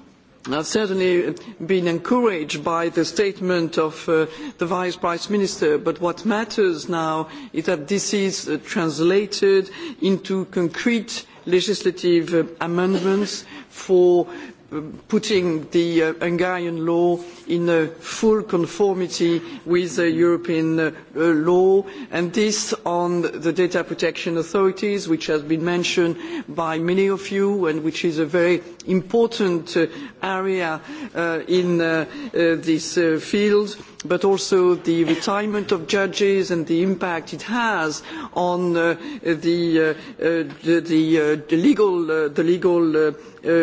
I've certainly been encouraged by the statement of uh, the Vice Prime Minister, but what matters now is that this is uh, translated into concrete legislative amendments for um, putting the uh, Hungarian law in full conformity with European uh, law, and this on the data protection authorities, which has been mentioned by many of you, and which is a very important uh, area uh, in uh, this field but also the retirement of judges and the impact it has on the, the, the legal, the legal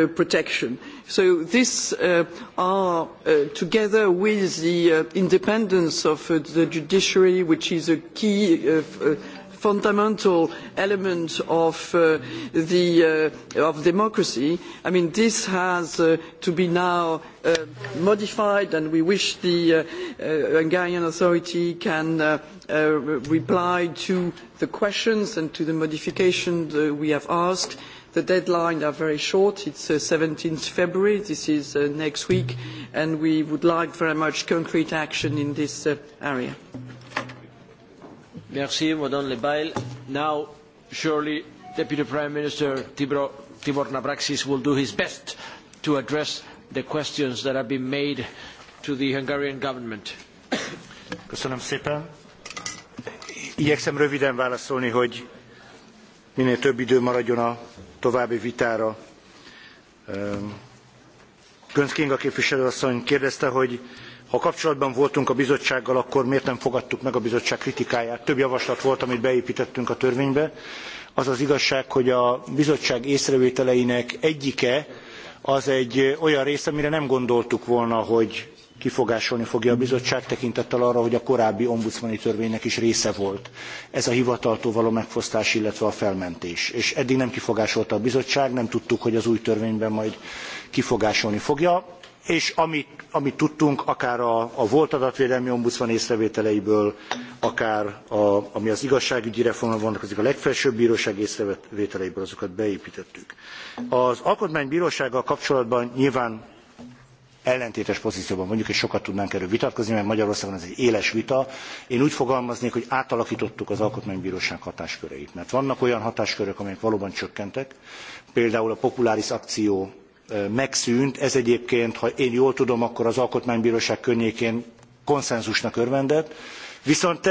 protection. So this uh, are, uh, together with the uh, independence of the judiciary, which is a key fundamental element of, uh, the, uh, of democracy, I mean, this has uh, to be now uh, modified, and we wish the uh, uh, Hungarian authority can reply to the questions and to the modifications we have asked. The deadline are very short. It's uh, 17th February. This is next week, and we would like very much concrete action in this area. Merci, Madame Le Bail. Now, surely, Deputy Prime Minister Tibor, Tibor Nabraxis will do his best to address the questions that have been made to the Hungarian government. Köszönöm szépen. Igyekszem röviden válaszolni, hogy minél több idő maradjon a további vitára. Ehm, Gönc Kinga asszony kérdezte, hogy ha kapcsolatban voltunk a bizottsággal, akkor miért nem fogadtuk meg a bizottság kritikáját? Több javaslat volt, amit beépítettünk a törvénybe. Az az igazság, hogy a bizottság észrevételeinek egyike az egy olyan része, amire nem gondoltuk volna, hogy kifogásolni fogja a bizottság tekintettel arra, hogy a korábbi ombudsmani törvénynek is része volt ez a hivataltól való megfosztás, illetve a felmentés. És eddig nem kifogásolta a bizottság, nem tudtuk, hogy az új törvényben majd kifogásolni fogja és amit, tudtunk, akár a, volt adatvédelmi ombudsman észrevételeiből, akár a, ami az igazságügyi reformra vonatkozik, a legfelsőbb bíróság észrevételeiből, azokat beépítettük. Az alkotmánybírósággal kapcsolatban nyilván ellentétes pozícióban vagyunk, és sokat tudnánk erről vitatkozni, mert Magyarországon ez egy éles vita. Én úgy fogalmaznék, hogy átalakítottuk az Alkotmánybíróság hatásköreit, mert vannak olyan hatáskörök, amelyek valóban csökkentek, például a populáris akció megszűnt, ez egyébként, ha én jól tudom, akkor az Alkotmánybíróság környékén konszenzusnak örvendett, viszont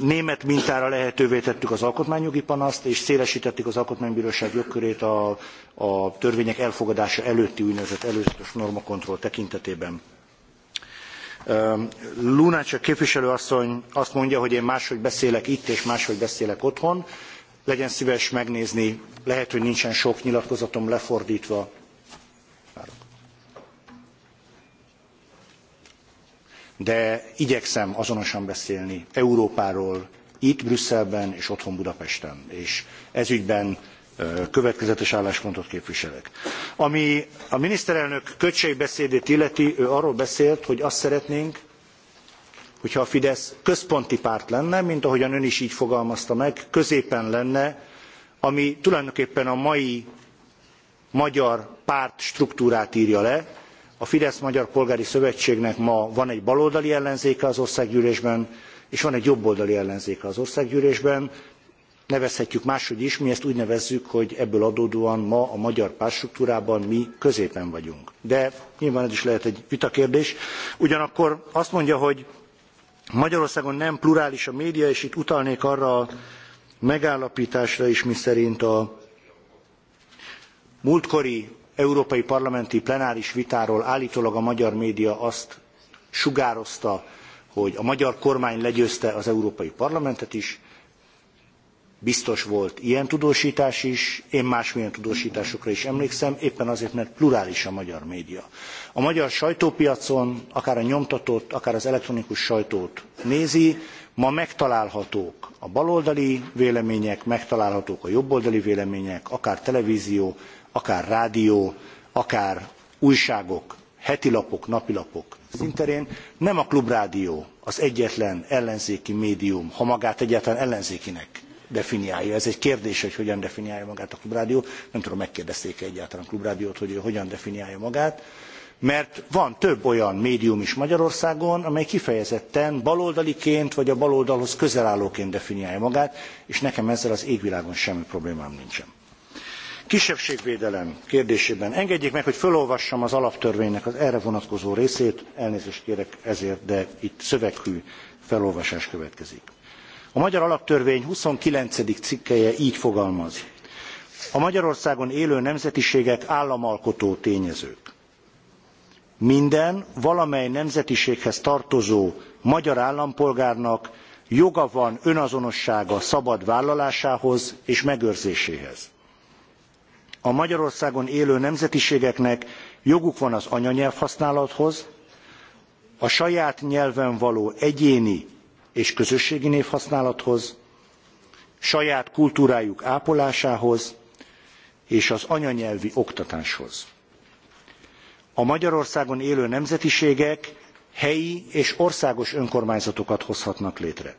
német mintára lehetővé tettük az alkotmányjogi panaszt, és szélesítettük az alkotmánybíróság jogkörét a, a törvények elfogadása előtti úgynevezett előzetes normakontroll tekintetében. Lunácsak képviselő asszony azt mondja, hogy én máshogy beszélek itt és máshogy beszélek otthon legyen szíves megnézni, lehet, hogy nincsen sok nyilatkozatom lefordítva. De igyekszem azonosan beszélni Európáról, itt Brüsszelben és otthon Budapesten, és ezügyben következetes álláspontot képviselek. Ami a miniszterelnök költségbeszédét illeti, ő arról beszélt, hogy azt szeretnénk, hogyha a Fidesz központi párt lenne, mint ahogyan ön is így fogalmazta meg, középen lenne, ami tulajdonképpen a mai magyar párt struktúrát írja le. A Fidesz Magyar Polgári Szövetségnek ma van egy baloldali ellenzéke az országgyűlésben, és van egy jobboldali ellenzéke az országgyűlésben. Nevezhetjük máshogy is, mi ezt úgy nevezzük, hogy ebből adódóan ma a magyar pártstruktúrában mi középen vagyunk. De nyilván ez is lehet egy vitakérdés. Ugyanakkor azt mondja, hogy magyarországon nem plurális a média és itt utalnék arra a megállaptásra is miszerint a múltkori európai parlamenti plenáris vitáról állítólag a magyar média azt sugározta hogy a magyar kormány legyőzte az európai parlamentet is biztos volt ilyen tudósítás is, én másmilyen tudósításokra is emlékszem, éppen azért, mert plurális a magyar média. A magyar sajtópiacon akár a nyomtatott, akár az elektronikus sajtót nézi, ma megtalálhatók a baloldali vélemények, megtalálhatók a jobboldali vélemények, akár televízió, akár rádió, akár újságok, hetilapok, napilapok szinterén. Nem a klubrádió az egyetlen ellenzéki médium, ha magát egyáltalán ellenzékinek definiálja. Ez egy kérdés, hogy hogyan definiálja magát a klubrádió. Nem tudom, megkérdezték -e egyáltalán a klubrádiót, hogy hogyan definiálja magát. Mert van több olyan médium is Magyarországon, amely kifejezetten baloldaliként vagy a baloldalhoz közel állóként definiálja magát, és nekem ezzel az égvilágon semmi problémám nincsen. Kisebbségvédelem kérdésében engedjék meg, hogy felolvassam az alaptörvénynek az erre vonatkozó részét, elnézést kérek ezért, de itt szöveghű felolvasás következik A magyar alaptörvény 29. cikkelye így fogalmaz. A Magyarországon élő nemzetiségek államalkotó tényezők. Minden valamely nemzetiséghez tartozó magyar állampolgárnak joga van önazonossága szabad vállalásához és megőrzéséhez. A Magyarországon élő nemzetiségeknek joguk van az anyanyelvhasználathoz, a saját nyelven való egyéni és közösségi névhasználathoz, saját kultúrájuk ápolásához és az anyanyelvi oktatáshoz. A Magyarországon élő nemzetiségek helyi és országos önkormányzatokat hozhatnak létre.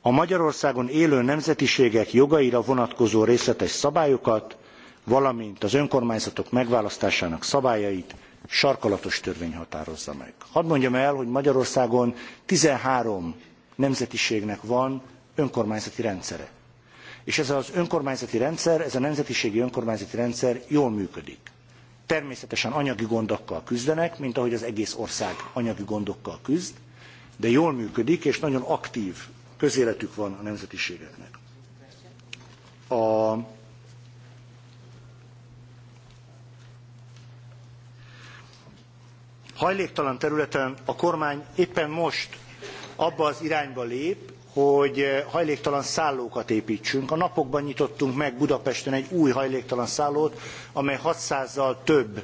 A Magyarországon élő nemzetiségek jogaira vonatkozó részletes szabályokat, valamint az önkormányzatok megválasztásának szabályait sarkalatos törvény határozza meg. Hadd mondjam el, hogy Magyarországon 13 nemzetiségnek van önkormányzati rendszere. És ez az önkormányzati rendszer, ez a nemzetiségi önkormányzati rendszer jól működik. Természetesen anyagi gondokkal küzdenek, mint ahogy az egész ország anyagi gondokkal küzd, de jól működik, és nagyon aktív közéletük van a nemzetiségeknek. A hajléktalan területen a kormány éppen most abba az irányba lép, hogy eh, hajléktalan szállókat építsünk. A napokban nyitottunk meg Budapesten egy új hajléktalan szállót, amely 600-zal több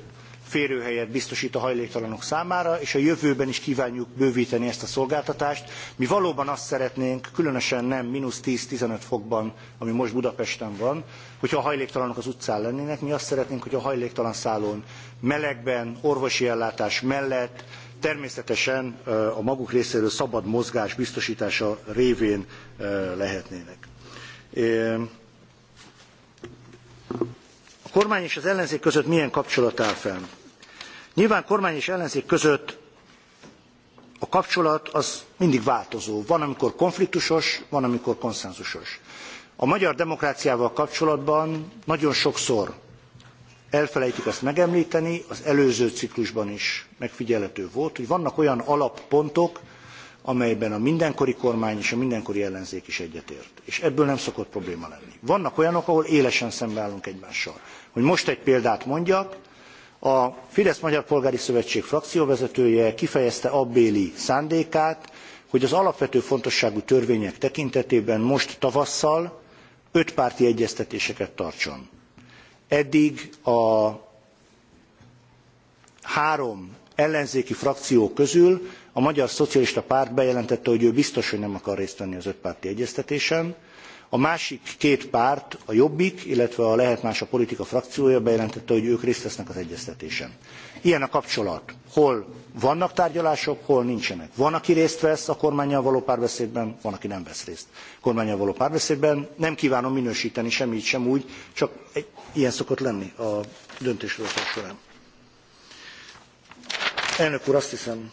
férőhelyet biztosít a hajléktalanok számára, és a jövőben is kívánjuk bővíteni ezt a szolgáltatást. Mi valóban azt szeretnénk, különösen nem mínusz 10-15 fokban, ami most Budapesten van, hogyha a hajléktalanok az utcán lennének, mi azt szeretnénk, hogy a hajléktalan szállón melegben, orvosi ellátás mellett, természetesen a maguk részéről szabad mozgás biztosítása révén lehetnének. A kormány és az ellenzék között milyen kapcsolat áll fenn? Nyilván kormány és ellenzék között a kapcsolat az mindig változó. Van, amikor konfliktusos, van, amikor konszenzusos. A magyar demokráciával kapcsolatban nagyon sokszor elfelejtik azt megemlíteni, az előző ciklusban is megfigyelhető volt, hogy vannak olyan alappontok, amelyben a mindenkori kormány és a mindenkori ellenzék is egyetért. És ebből nem szokott probléma lenni. Vannak olyanok, ahol élesen szembeállunk egymással. Hogy most egy példát mondjak, a Fidesz Magyar Polgári Szövetség frakcióvezetője kifejezte abbéli szándékát, hogy az alapvető fontosságú törvények tekintetében most tavasszal öt párti egyeztetéseket tartson. Eddig a három ellenzéki frakció közül a Magyar Szocialista Párt bejelentette, hogy ő biztos, hogy nem akar részt venni az ötpárti egyeztetésen. A másik két párt, a Jobbik, illetve a Lehet Más a Politika frakciója bejelentette, hogy ők részt vesznek az egyeztetésen. Ilyen a kapcsolat. Hol vannak tárgyalások, hol nincsenek. Van, aki részt vesz a kormányjal való párbeszédben, van, aki nem vesz részt a kormányjal való párbeszédben. Nem kívánom minősíteni semmit sem úgy, csak ilyen szokott lenni a döntéshozatal során. Elnök úr, azt hiszem,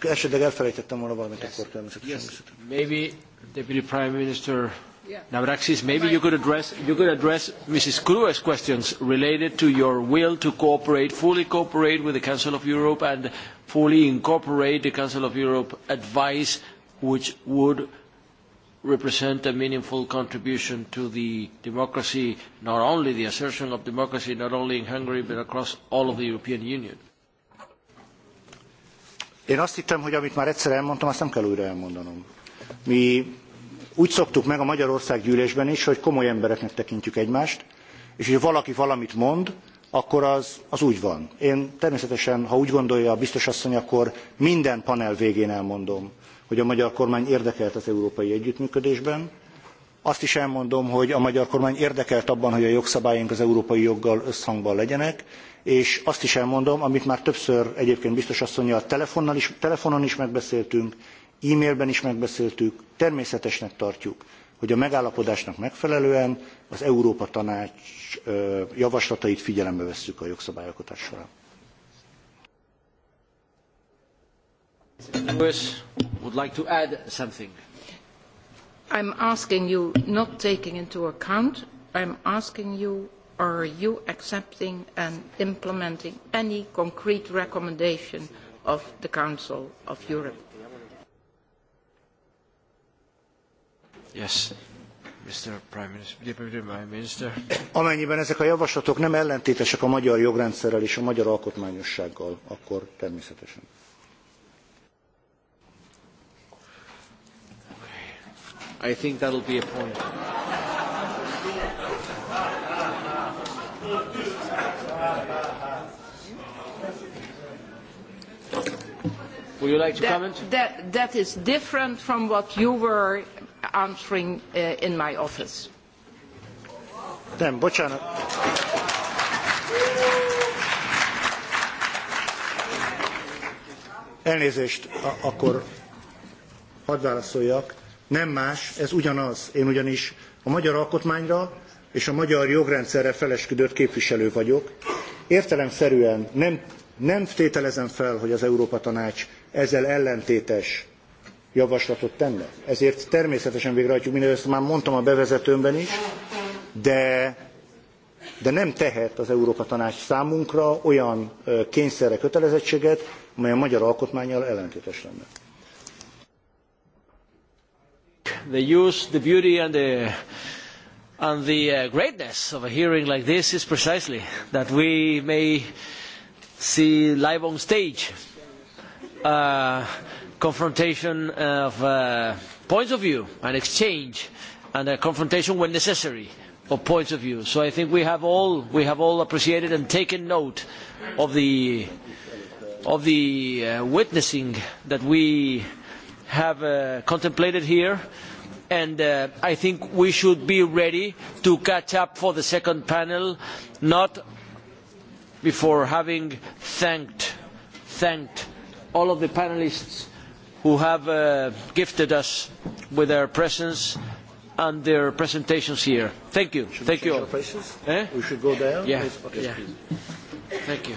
ha esetleg elfelejtettem volna valamit, yes. akkor természetesen. Yes. Maybe Deputy Prime Minister navracsics maybe you could address you could address Mrs. kruse's questions related to your will to cooperate, fully cooperate with the Council of Europe and fully incorporate the Council of Europe advice, which would represent a meaningful contribution to the democracy, not only the assertion of democracy, not only in Hungary, but across all of the European Union. Én azt hittem, hogy amit már egyszer elmondtam, azt nem kell újra elmondanom. Mi Úgy szoktuk meg a Magyarország gyűlésben is, hogy komoly embereknek tekintjük egymást, és hogyha valaki valamit mond, akkor az, az úgy van. Én természetesen, ha úgy gondolja a biztos asszony, akkor minden panel végén elmondom, hogy a magyar kormány érdekelt az európai együttműködésben. Azt is elmondom, hogy a magyar kormány érdekelt abban, hogy a jogszabályaink az európai joggal összhangban legyenek, és azt is elmondom, amit már többször egyébként biztos asszonyjal telefonon is, telefonon is megbeszéltünk, e-mailben is megbeszéltük, természetesnek tartjuk, hogy a megállapodásnak megfelelően az Európa Tanács javaslatait figyelembe vesszük a jogszabályalkotás során. would like to add something. I'm asking you not taking into account, I'm asking you are you accepting and implementing any concrete recommendation of the Council of Europe? Yes. Mr. Prime Minister, Prime Minister. Amennyiben ezek a javaslatok nem ellentétesek a magyar jogrendszerrel és a magyar alkotmányossággal, akkor természetesen. I think that'll be a point. Would you like to that, comment? That, that is different from what you were answering uh, in my office. Nem, bocsánat. Elnézést, akkor hadd válaszoljak. Nem más, ez ugyanaz. Én ugyanis a magyar alkotmányra és a magyar jogrendszerre felesküdött képviselő vagyok. Értelemszerűen nem, nem tételezem fel, hogy az Európa Tanács ezzel ellentétes javaslatot tenne. Ezért természetesen végrehajtjuk mindezt, ezt már mondtam a bevezetőmben is, de, de nem tehet az Európa Tanács számunkra olyan kényszerre kötelezettséget, amely a magyar alkotmányjal ellentétes lenne. The use, the beauty and the and the uh, greatness of a hearing like this is precisely that we may see live on stage uh, confrontation of uh, points of view and exchange and a confrontation when necessary of points of view. So I think we have all, we have all appreciated and taken note of the, of the uh, witnessing that we have uh, contemplated here and uh, I think we should be ready to catch up for the second panel, not before having thanked, thanked all of the panelists who have uh, gifted us with their presence and their presentations here. Thank you. Should Thank you all. Eh? We should go there? Yeah. Yes, yeah. Thank you.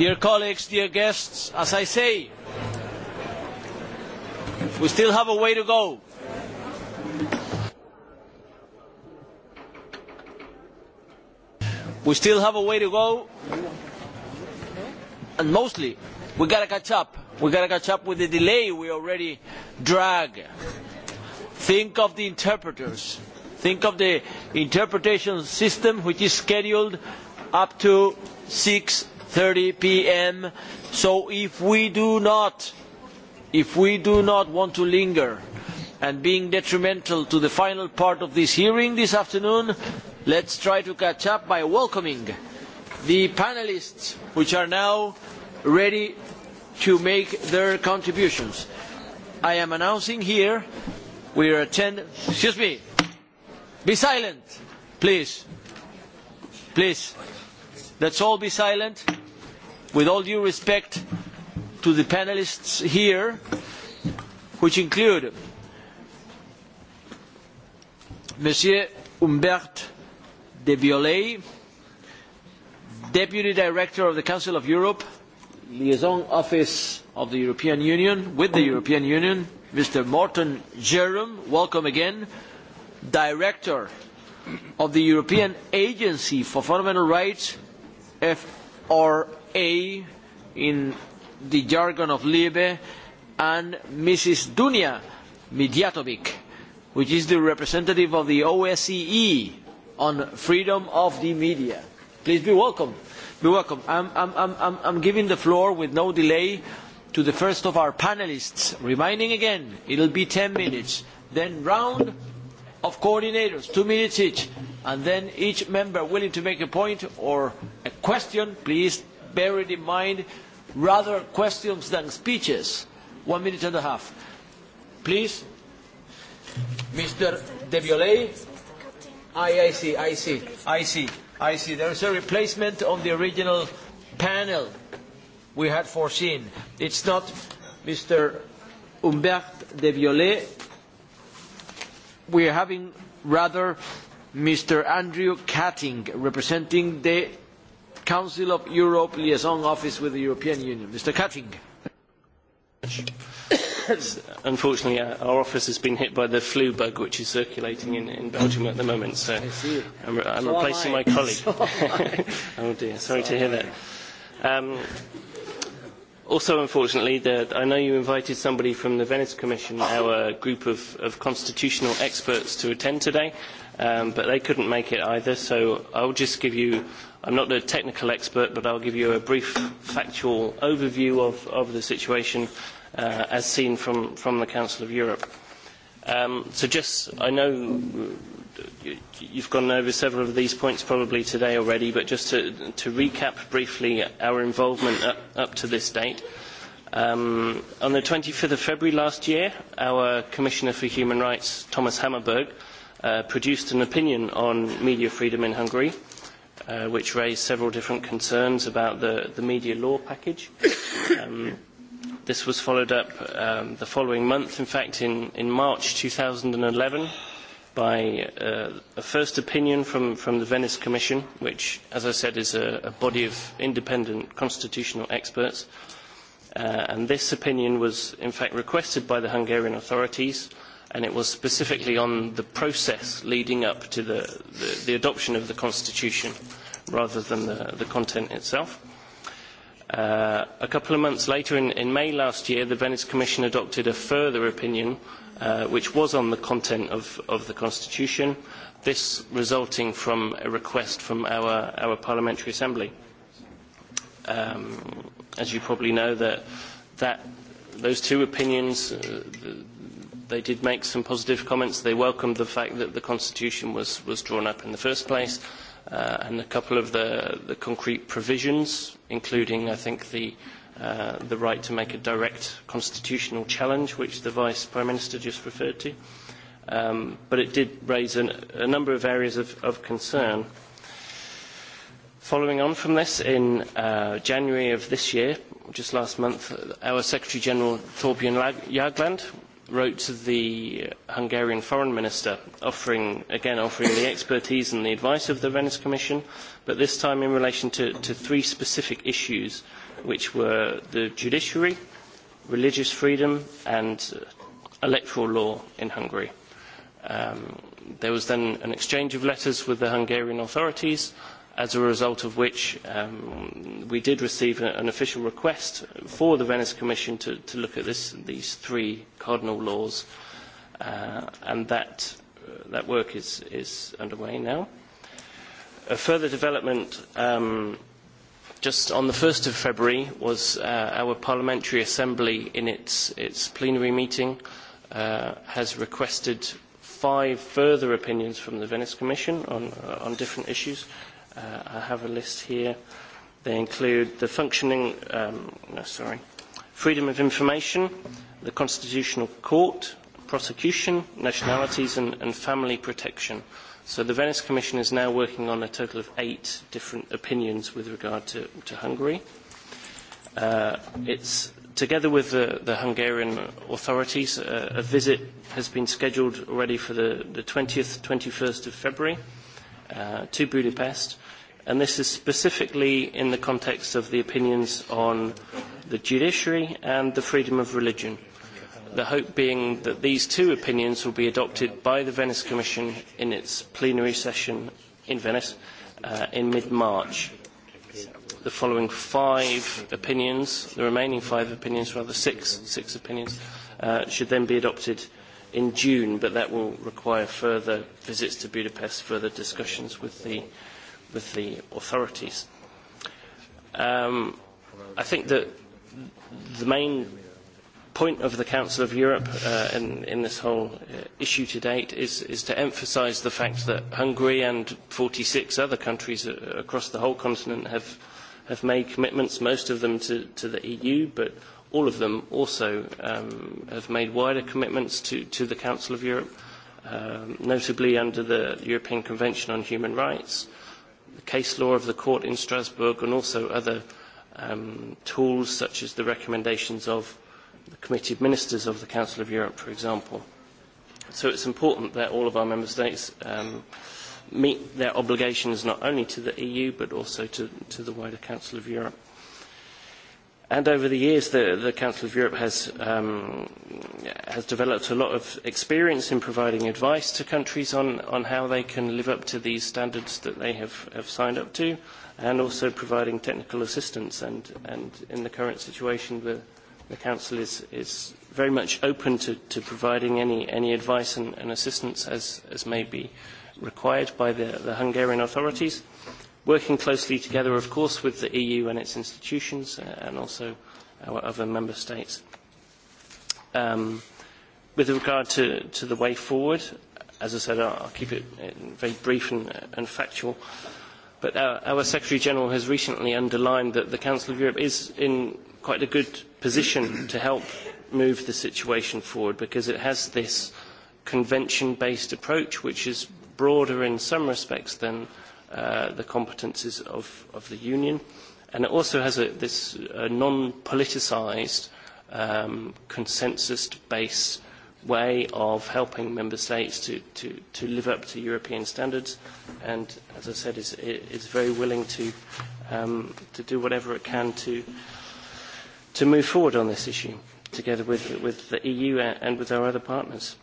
Dear colleagues, dear guests, as I say, we still have a way to go. We still have a way to go. And mostly, we gotta catch up. We gotta catch up with the delay we already drag. Think of the interpreters. Think of the interpretation system which is scheduled up to 6 30 p.m. So if we do not, if we do not want to linger and being detrimental to the final part of this hearing this afternoon, let's try to catch up by welcoming the panelists, which are now ready to make their contributions. I am announcing here we are attend. Excuse me. Be silent, please. Please. Let's all be silent, with all due respect to the panelists here, which include Monsieur Humbert de Violet, Deputy Director of the Council of Europe, Liaison Office of the European Union, with the European Union, Mr. Morten Jerome, welcome again, Director of the European Agency for Fundamental Rights FRA in the jargon of LIBE, and Mrs. Dunja Midjatovic, which is the representative of the OSCE on freedom of the media. Please be welcome. Be welcome. I'm, I'm, I'm, I'm giving the floor with no delay to the first of our panelists, reminding again, it'll be 10 minutes. Then round of coordinators, two minutes each, and then each member willing to make a point or a question, please bear it in mind, rather questions than speeches, one minute and a half. Please, Mr. De Violet. I, I see, I see, I see, I see. There is a replacement on the original panel we had foreseen. It's not Mr. Humbert de Violet, we are having rather Mr. Andrew Katting representing the Council of Europe liaison office with the European Union. Mr. Katting. [COUGHS] Unfortunately, our office has been hit by the flu bug, which is circulating in, in Belgium at the moment. So I see. I'm, I'm so replacing my colleague. [LAUGHS] so [LAUGHS] oh dear, sorry so to hear that. Um, Also, unfortunately, the, I know you invited somebody from the Venice Commission, our group of, of constitutional experts, to attend today, um, but they couldn't make it either. So I'll just give you, I'm not a technical expert, but I'll give you a brief factual overview of, of the situation uh, as seen from, from the Council of Europe. Um, so just, I know you've gone over several of these points probably today already, but just to, to recap briefly our involvement up, up to this date. Um, on the 25th of February last year, our Commissioner for Human Rights, Thomas Hammerberg, uh, produced an opinion on media freedom in Hungary, uh, which raised several different concerns about the, the media law package. Um, this was followed up um, the following month, in fact, in, in March 2011 by uh, a first opinion from, from the Venice Commission, which, as I said, is a, a body of independent constitutional experts. Uh, and this opinion was, in fact, requested by the Hungarian authorities, and it was specifically on the process leading up to the, the, the adoption of the constitution rather than the, the content itself. Uh, a couple of months later, in, in May last year, the Venice Commission adopted a further opinion Uh, which was on the content of, of the Constitution, this resulting from a request from our, our Parliamentary Assembly. Um, as you probably know, that, that those two opinions, uh, they did make some positive comments. They welcomed the fact that the Constitution was, was drawn up in the first place, uh, and a couple of the, the concrete provisions, including, I think, the, Uh, the right to make a direct constitutional challenge, which the Vice Prime Minister just referred to. Um, but it did raise an, a number of areas of, of concern. Following on from this, in uh, January of this year, just last month, our Secretary General Torbjörn Jagland wrote to the Hungarian Foreign Minister, offering again offering the expertise and the advice of the Venice Commission, but this time in relation to, to three specific issues which were the judiciary, religious freedom, and uh, electoral law in Hungary. Um, there was then an exchange of letters with the Hungarian authorities, as a result of which um, we did receive an official request for the Venice Commission to, to look at this, these three cardinal laws, uh, and that, uh, that work is, is underway now. A further development um, just on the 1st of February was uh, our Parliamentary Assembly in its, its plenary meeting uh, has requested five further opinions from the Venice Commission on, uh, on different issues. Uh, I have a list here. They include the functioning, um, no, sorry, freedom of information, the Constitutional Court, prosecution, nationalities and, and family protection. So the Venice Commission is now working on a total of eight different opinions with regard to, to Hungary. Uh, it's together with the, the Hungarian authorities, uh, a visit has been scheduled already for the, the 20th, 21st of February uh, to Budapest. And this is specifically in the context of the opinions on the judiciary and the freedom of religion the hope being that these two opinions will be adopted by the Venice Commission in its plenary session in Venice uh, in mid-March. The following five opinions, the remaining five opinions, rather six, six opinions, uh, should then be adopted in June, but that will require further visits to Budapest, further discussions with the, with the authorities. Um, I think that the main point of the Council of Europe uh, in, in this whole uh, issue to date is, is to emphasise the fact that Hungary and 46 other countries uh, across the whole continent have, have made commitments, most of them to, to the EU, but all of them also um, have made wider commitments to, to the Council of Europe, um, notably under the European Convention on Human Rights, the case law of the court in Strasbourg, and also other um, tools such as the recommendations of the Committee of Ministers of the Council of Europe, for example. So it's important that all of our member states um, meet their obligations not only to the EU but also to, to the wider Council of Europe. And over the years, the, the Council of Europe has, um, has developed a lot of experience in providing advice to countries on, on how they can live up to these standards that they have, have signed up to, and also providing technical assistance. And, and in the current situation, the, the Council is, is very much open to, to providing any, any advice and, and assistance as, as may be required by the, the Hungarian authorities, working closely together, of course, with the EU and its institutions uh, and also our other member states. Um, with regard to, to the way forward, as I said, I'll, I'll keep it very brief and, and factual. But our, our Secretary General has recently underlined that the Council of Europe is in quite a good position to help move the situation forward because it has this convention-based approach which is broader in some respects than uh, the competences of, of the union and it also has a, this uh, non-politicized um, consensus-based way of helping member states to, to, to live up to European standards and as I said is, is very willing to, um, to do whatever it can to to move forward on this issue together with, with the EU and with our other partners.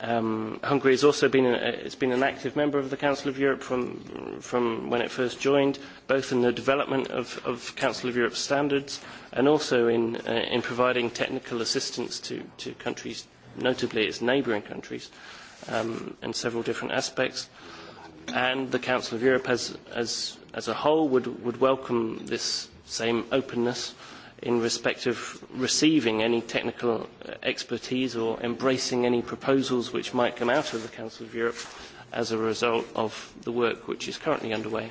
Um, Hungary has also been, a, it's been an active member of the Council of Europe from, from when it first joined, both in the development of, of Council of Europe standards and also in, uh, in providing technical assistance to, to countries, notably its neighbouring countries, um, in several different aspects. And the Council of Europe as, as, as a whole would, would welcome this same openness uh, in respect of receiving any technical expertise or embracing any proposals which might come out of the Council of Europe as a result of the work which is currently underway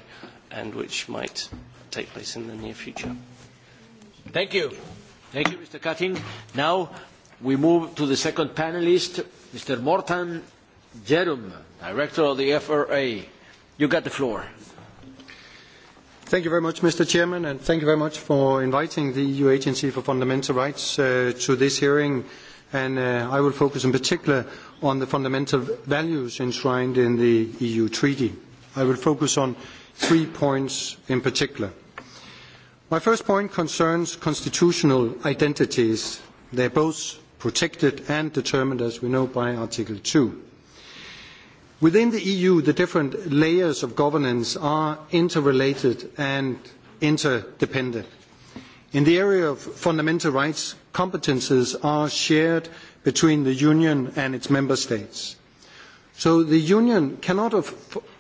and which might take place in the near future. Thank you. Thank you, Mr. Cutting. Now we move to the second panelist, Mr. Morten Jerum, Director of the FRA. You got the floor. Thank you very much, Mr. Chairman, and thank you very much for inviting the EU Agency for Fundamental Rights uh, to this hearing. Uh, I will focus in particular on the fundamental values enshrined in the EU treaty. I will focus on three points in particular. My first point concerns constitutional identities. They are both protected and determined, as we know, by Article 2. Within the EU, the different layers of governance are interrelated and interdependent. In the area of fundamental rights, competences are shared between the Union and its member states. So the Union cannot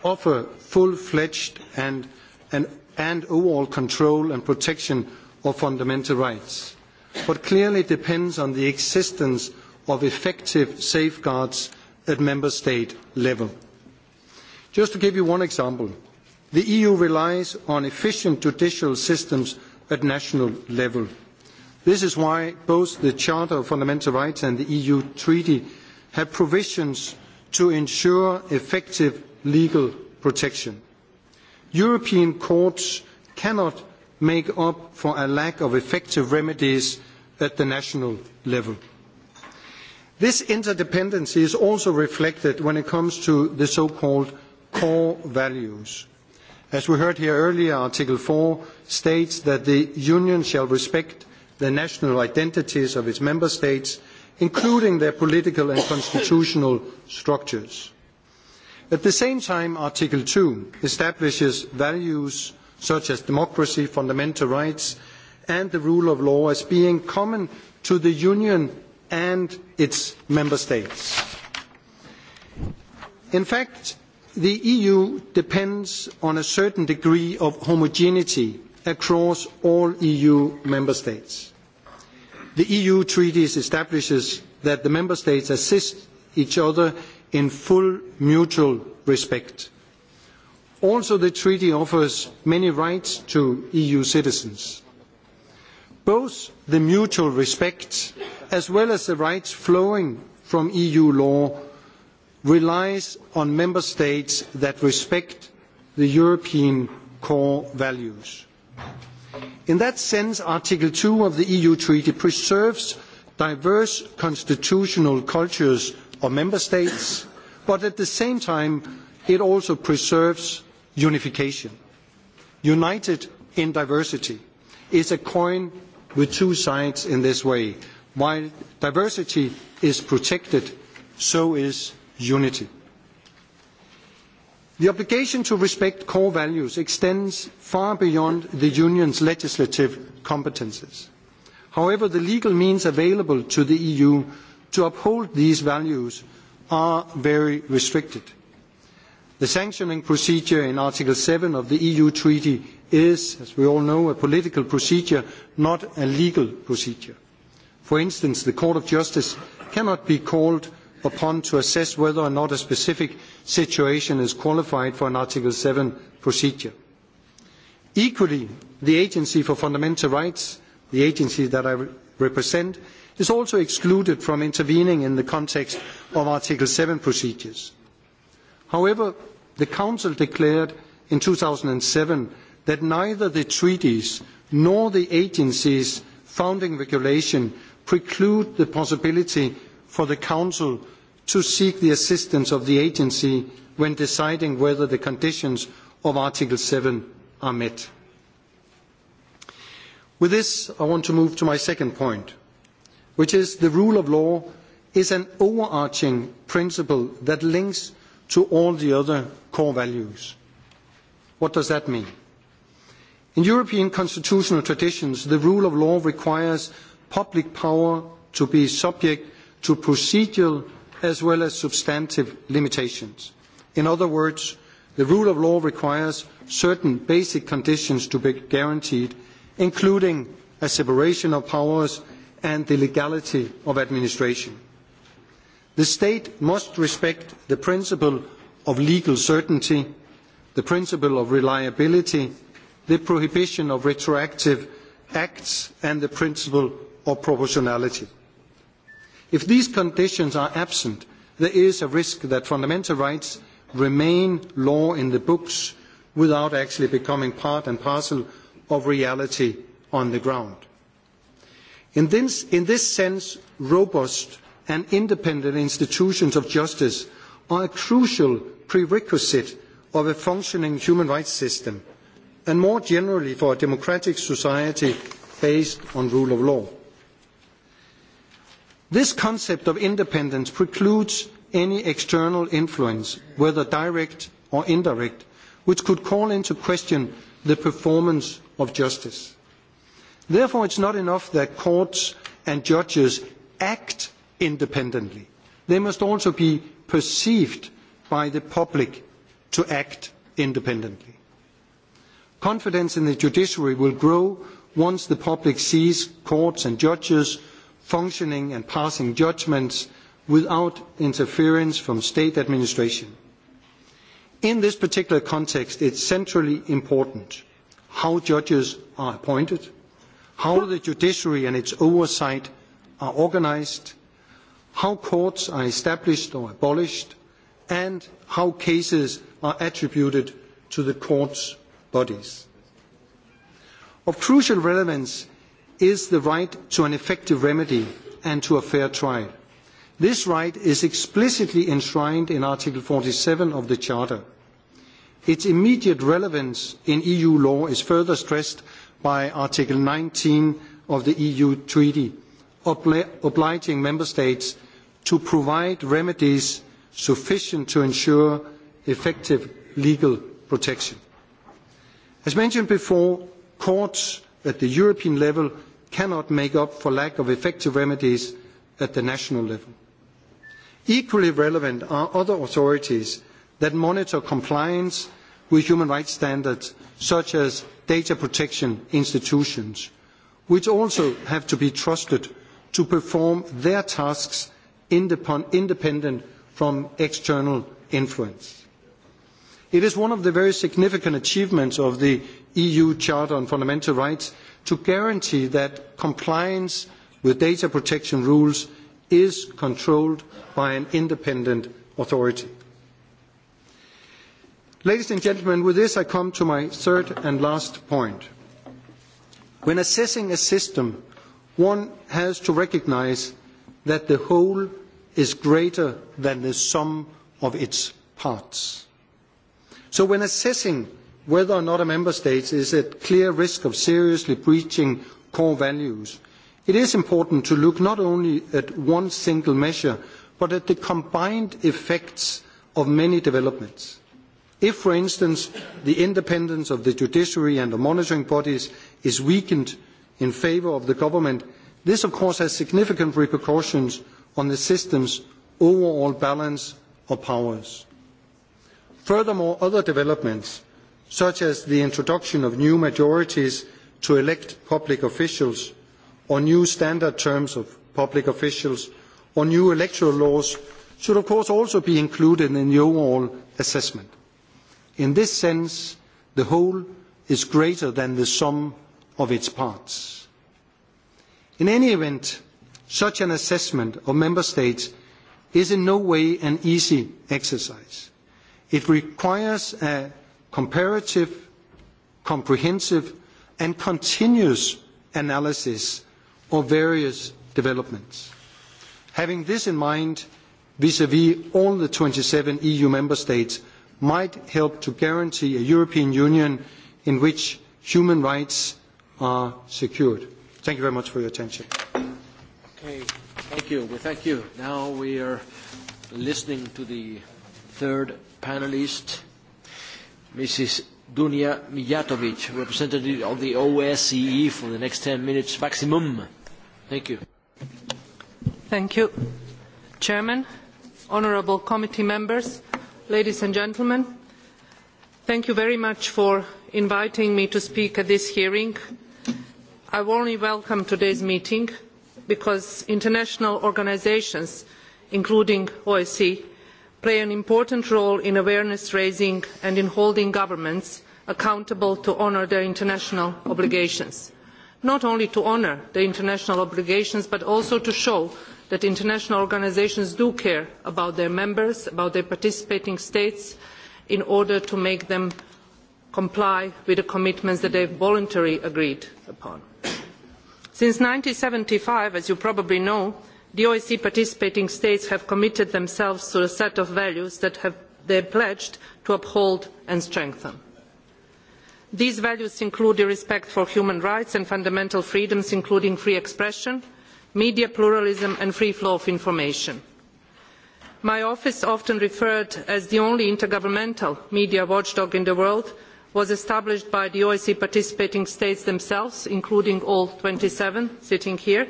offer full-fledged and, and, and overall control and protection of fundamental rights, but clearly depends on the existence of effective safeguards at member state level. Just to give you one example, the EU relies on efficient judicial systems at national level. This is why both the Charter of Fundamental Rights and the EU Treaty have provisions to ensure effective legal protection. European courts cannot make up for a lack of effective remedies at the national level. This interdependency is also reflected when it comes to the so-called core values. As we heard here earlier, Article 4 states that the Union shall respect the national identities of its member states, including their political and constitutional structures. At the same time, Article 2 establishes values such as democracy, fundamental rights, and the rule of law as being common to the Union and its member states. In fact, the EU depends on a certain degree of homogeneity across all EU member states. The EU treaties establishes that the member states assist each other in full mutual respect. Also, the treaty offers many rights to EU citizens both the mutual respect as well as the rights flowing from EU law relies on member states that respect the European core values. In that sense, Article 2 of the EU Treaty preserves diverse constitutional cultures of member states, but at the same time, it also preserves unification. United in diversity is a coin with two sides in this way. While diversity is protected, so is unity. The obligation to respect core values extends far beyond the Union's legislative competences. However, the legal means available to the EU to uphold these values are very restricted. The sanctioning procedure in Article 7 of the EU Treaty is, as we all know, a political procedure, not a legal procedure. For instance, the Court of Justice cannot be called upon to assess whether or not a specific situation is qualified for an Article 7 procedure. Equally, the Agency for Fundamental Rights, the agency that I represent, is also excluded from intervening in the context of Article 7 procedures. However, the Council declared in 2007 that neither the treaties nor the agency's founding regulation preclude the possibility for the Council to seek the assistance of the agency when deciding whether the conditions of Article 7 are met. With this, I want to move to my second point, which is the rule of law is an overarching principle that links to all the other core values. What does that mean? In European constitutional traditions, the rule of law requires public power to be subject to procedural as well as substantive limitations. In other words, the rule of law requires certain basic conditions to be guaranteed, including a separation of powers and the legality of administration. The state must respect the principle of legal certainty, the principle of reliability, the prohibition of retroactive acts and the principle of proportionality. If these conditions are absent, there is a risk that fundamental rights remain law in the books without actually becoming part and parcel of reality on the ground. In this, in this sense, robust and independent institutions of justice are a crucial prerequisite of a functioning human rights system and more generally for a democratic society based on rule of law. This concept of independence precludes any external influence, whether direct or indirect, which could call into question the performance of justice. Therefore, it's not enough that courts and judges act independently. They must also be perceived by the public to act independently. Confidence in the judiciary will grow once the public sees courts and judges functioning and passing judgments without interference from state administration. In this particular context, it's centrally important how judges are appointed, how the judiciary and its oversight are organised, how courts are established or abolished, and how cases are attributed to the courts bodies. Of crucial relevance is the right to an effective remedy and to a fair trial. This right is explicitly enshrined in Article 47 of the Charter. Its immediate relevance in EU law is further stressed by Article 19 of the EU Treaty, obliging Member States to provide remedies sufficient to ensure effective legal protection. As mentioned before, courts at the European level cannot make up for lack of effective remedies at the national level. Equally relevant are other authorities that monitor compliance with human rights standards, such as data protection institutions, which also have to be trusted to perform their tasks independent from external influence. It is one of the very significant achievements of the EU Charter on Fundamental Rights to guarantee that compliance with data protection rules is controlled by an independent authority. Ladies and gentlemen, with this I come to my third and last point. When assessing a system, one has to recognise that the whole is greater than the sum of its parts. So when assessing whether or not a member state is at clear risk of seriously breaching core values, it is important to look not only at one single measure, but at the combined effects of many developments. If, for instance, the independence of the judiciary and the monitoring bodies is weakened in favour of the government, this of course has significant repercussions on the system's overall balance of powers. Furthermore, other developments, such as the introduction of new majorities to elect public officials, or new standard terms of public officials, or new electoral laws, should of course also be included in the overall assessment. In this sense, the whole is greater than the sum of its parts. In any event, such an assessment of member states is in no way an easy exercise. It requires a comparative, comprehensive, and continuous analysis of various developments. Having this in mind, vis-à-vis -vis all the 27 EU member states, might help to guarantee a European Union in which human rights are secured. Thank you very much for your attention. Okay, thank you. Well, thank you. Now we are listening to the third panelists, Mrs. Dunja Mijatovic, representative of the OSCE for the next 10 minutes maximum. Thank you. Thank you. Chairman, honourable committee members, ladies and gentlemen, thank you very much for inviting me to speak at this hearing. I warmly welcome today's meeting because international organizations, including OSCE, play an important role in awareness raising and in holding governments accountable to honour their international obligations not only to honour the international obligations but also to show that international organisations do care about their members about their participating states in order to make them comply with the commitments that they have voluntarily agreed upon. since one thousand nine hundred and seventy five as you probably know the osce participating states have committed themselves to a set of values that they have pledged to uphold and strengthen. these values include respect for human rights and fundamental freedoms including free expression media pluralism and free flow of information. my office often referred to as the only intergovernmental media watchdog in the world was established by the osce participating states themselves including all twenty seven sitting here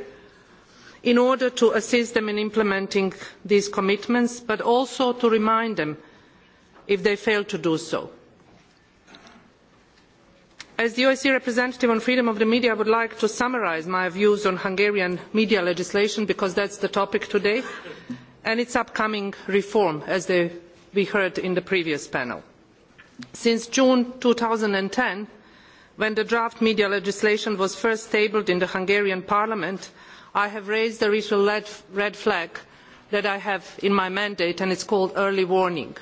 in order to assist them in implementing these commitments but also to remind them if they fail to do so. as the osce representative on freedom of the media i would like to summarise my views on hungarian media legislation because that is the topic today and its upcoming reform as we heard in the previous panel. since june two thousand and ten when the draft media legislation was first tabled in the hungarian parliament i have raised the ritual red flag that i have in my mandate and it is called early warning.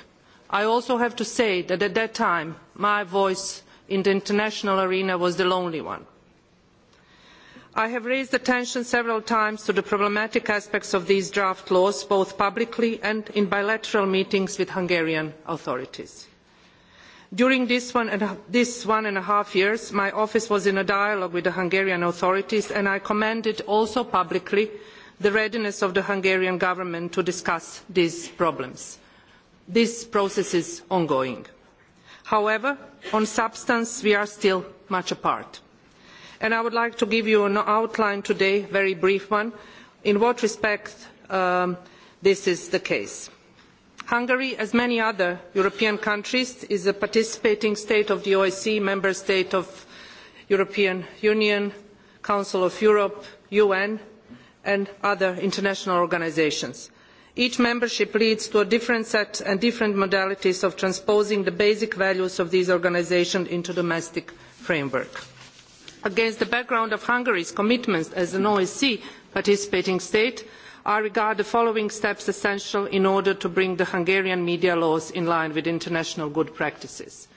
i also have to say that at that time my voice in the international arena was the lonely one. i have raised attention several times to the problematic aspects of these draft laws both publicly and in bilateral meetings with hungarian authorities during these one, and a half years my office was in a dialogue with the hungarian authorities and i commended also publicly the readiness of the hungarian government to discuss these problems. this process is ongoing. however on substance we are still much apart and i would like to give you an outline today a very brief one in what respect um, this is the case. Hungary, as many other European countries, is a participating state of the OSCE, member state of European Union, Council of Europe, UN and other international organisations. Each membership leads to a different set and different modalities of transposing the basic values of these organisations into domestic framework. Against the background of Hungary's commitments as an OSCE participating state, i regard the following steps as essential in order to bring the hungarian media laws in line with international good practices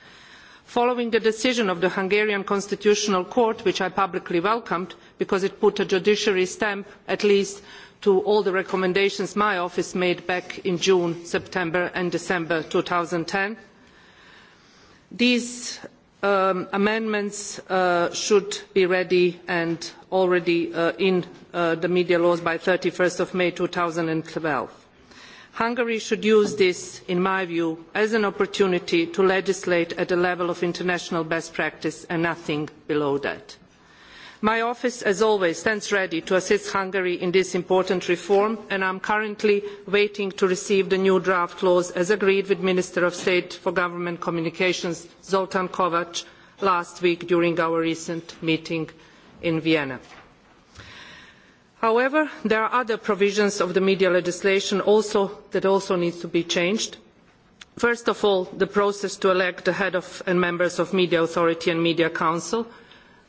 following the decision of the hungarian constitutional court which i publicly welcomed because it put a judiciary stamp at least to all the recommendations my office made back in june september and december two thousand and ten these Um, amendments uh, should be ready and already uh, in uh, the media laws by 31st of May 2012. Hungary should use this, in my view, as an opportunity to legislate at the level of international best practice and nothing below that my office as always stands ready to assist hungary in this important reform and i am currently waiting to receive the new draft laws as agreed with minister of state for government communications zoltan kovacs last week during our recent meeting in vienna. however there are other provisions of the media legislation also, that also need to be changed first of all the process to elect the head of and members of the media authority and media council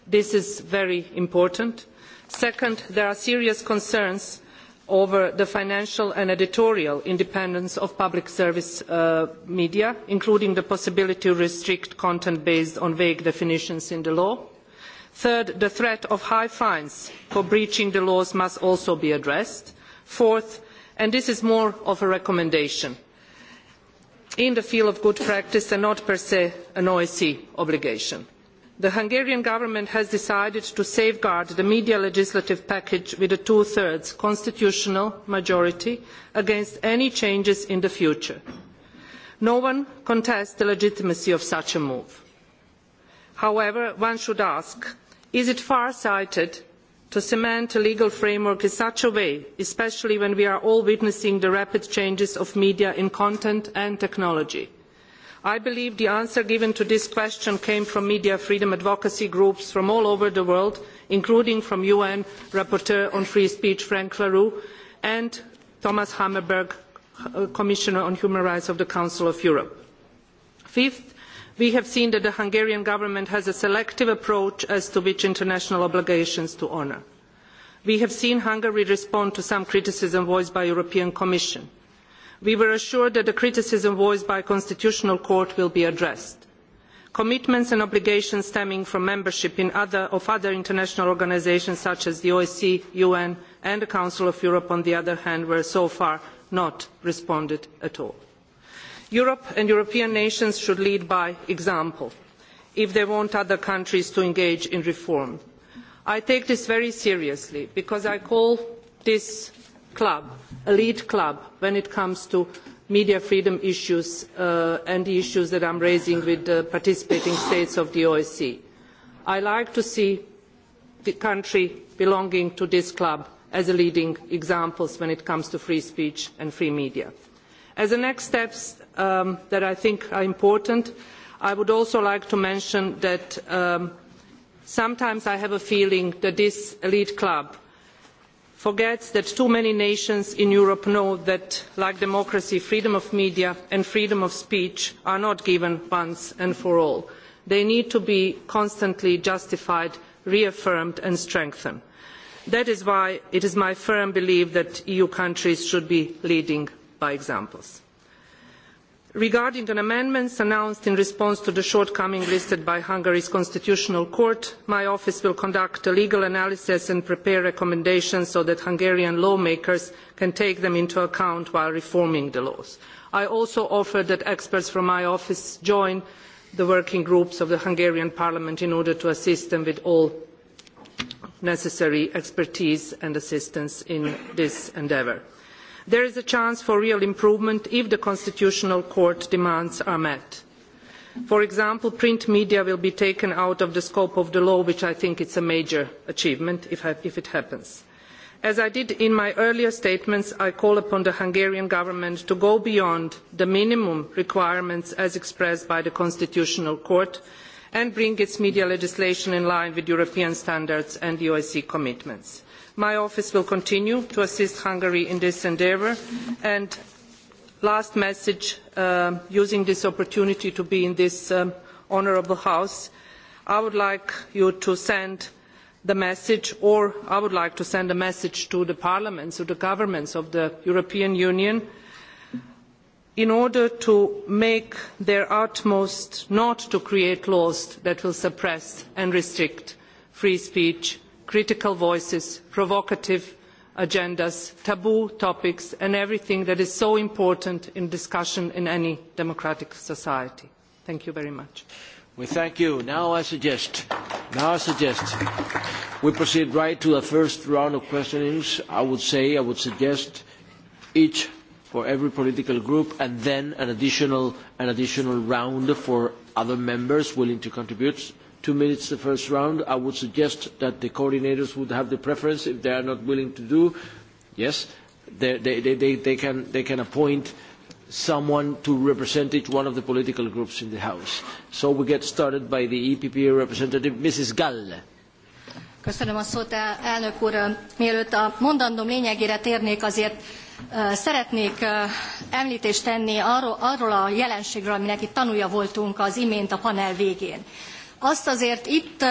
This is very important. Second, there are serious concerns over the financial and editorial independence of public service uh, media, including the possibility to restrict content based on vague definitions in the law. Third, the threat of high fines for breaching the laws must also be addressed. Fourth, and this is more of a recommendation, in the field of good practice and not per se an OSCE obligation the hungarian government has decided to safeguard the media legislative package with a two thirds constitutional majority against any changes in the future. no one contests the legitimacy of such a move. however one should ask is it far sighted to cement a legal framework in such a way especially when we are all witnessing the rapid changes of media in content and technology? i believe the answer given to this question came from media freedom advocacy groups from all over the world including from un rapporteur on free speech frank la rue and thomas hammarberg uh, commissioner on human rights of the council of europe. fifth we have seen that the hungarian government has a selective approach as to which international obligations to honour. we have seen hungary respond to some criticism voiced by the european commission we were assured that the criticism voiced by the constitutional court will be addressed. commitments and obligations stemming from membership other, of other international organisations such as the osce the un and the council of europe on the other hand were so far not responded to at all. europe and european nations should lead by example if they want other countries to engage in reform. i take this very seriously because i call this club, a lead club when it comes to media freedom issues uh, and the issues that I am raising with the participating states of the OSCE. I like to see the country belonging to this club as a leading example when it comes to free speech and free media. As the next steps um, that I think are important, I would also like to mention that um, sometimes I have a feeling that this elite club forgets that too many nations in europe know that like democracy freedom of the media and freedom of speech are not given once and for all. they need to be constantly justified reaffirmed and strengthened. that is why it is my firm belief that eu countries should be leading by example regarding an amendment announced in response to the shortcoming listed by hungary's constitutional court my office will conduct a legal analysis and prepare recommendations so that hungarian lawmakers can take them into account while reforming the laws. i also offer that experts from my office join the working groups of the hungarian parliament in order to assist them with all necessary expertise and assistance in this endeavour there is a chance for real improvement if the constitutional court demands are met. for example print media will be taken out of the scope of the law which i think is a major achievement if, if it happens. as i did in my earlier statements i call upon the hungarian government to go beyond the minimum requirements as expressed by the constitutional court and bring its media legislation in line with european standards and the osce commitments my office will continue to assist hungary in this endeavour and last message uh, using this opportunity to be in this um, honourable house i would like you to send the message or i would like to send a message to the parliaments or the governments of the european union in order to make their utmost not to create laws that will suppress and restrict free speech critical voices provocative agendas taboo topics and everything that is so important in discussion in any democratic society. thank you very much. we thank you. now i suggest, now I suggest we proceed right to the first round of questionings. i would say, i would suggest each for every political group and then an additional, an additional round for other members willing to contribute two minutes the first round. I would suggest that the coordinators would have the preference if they are not willing to do. Yes, they, they, they, they, can, they can appoint someone to represent each one of the political groups in the House. So we get started by the EPP representative, Mrs. Gall. Köszönöm a szót, elnök úr. Mielőtt a mondandóm lényegére térnék, azért Szeretnék említést tenni arról, arról a jelenségről, aminek itt tanulja voltunk az imént a panel végén. Azt azért itt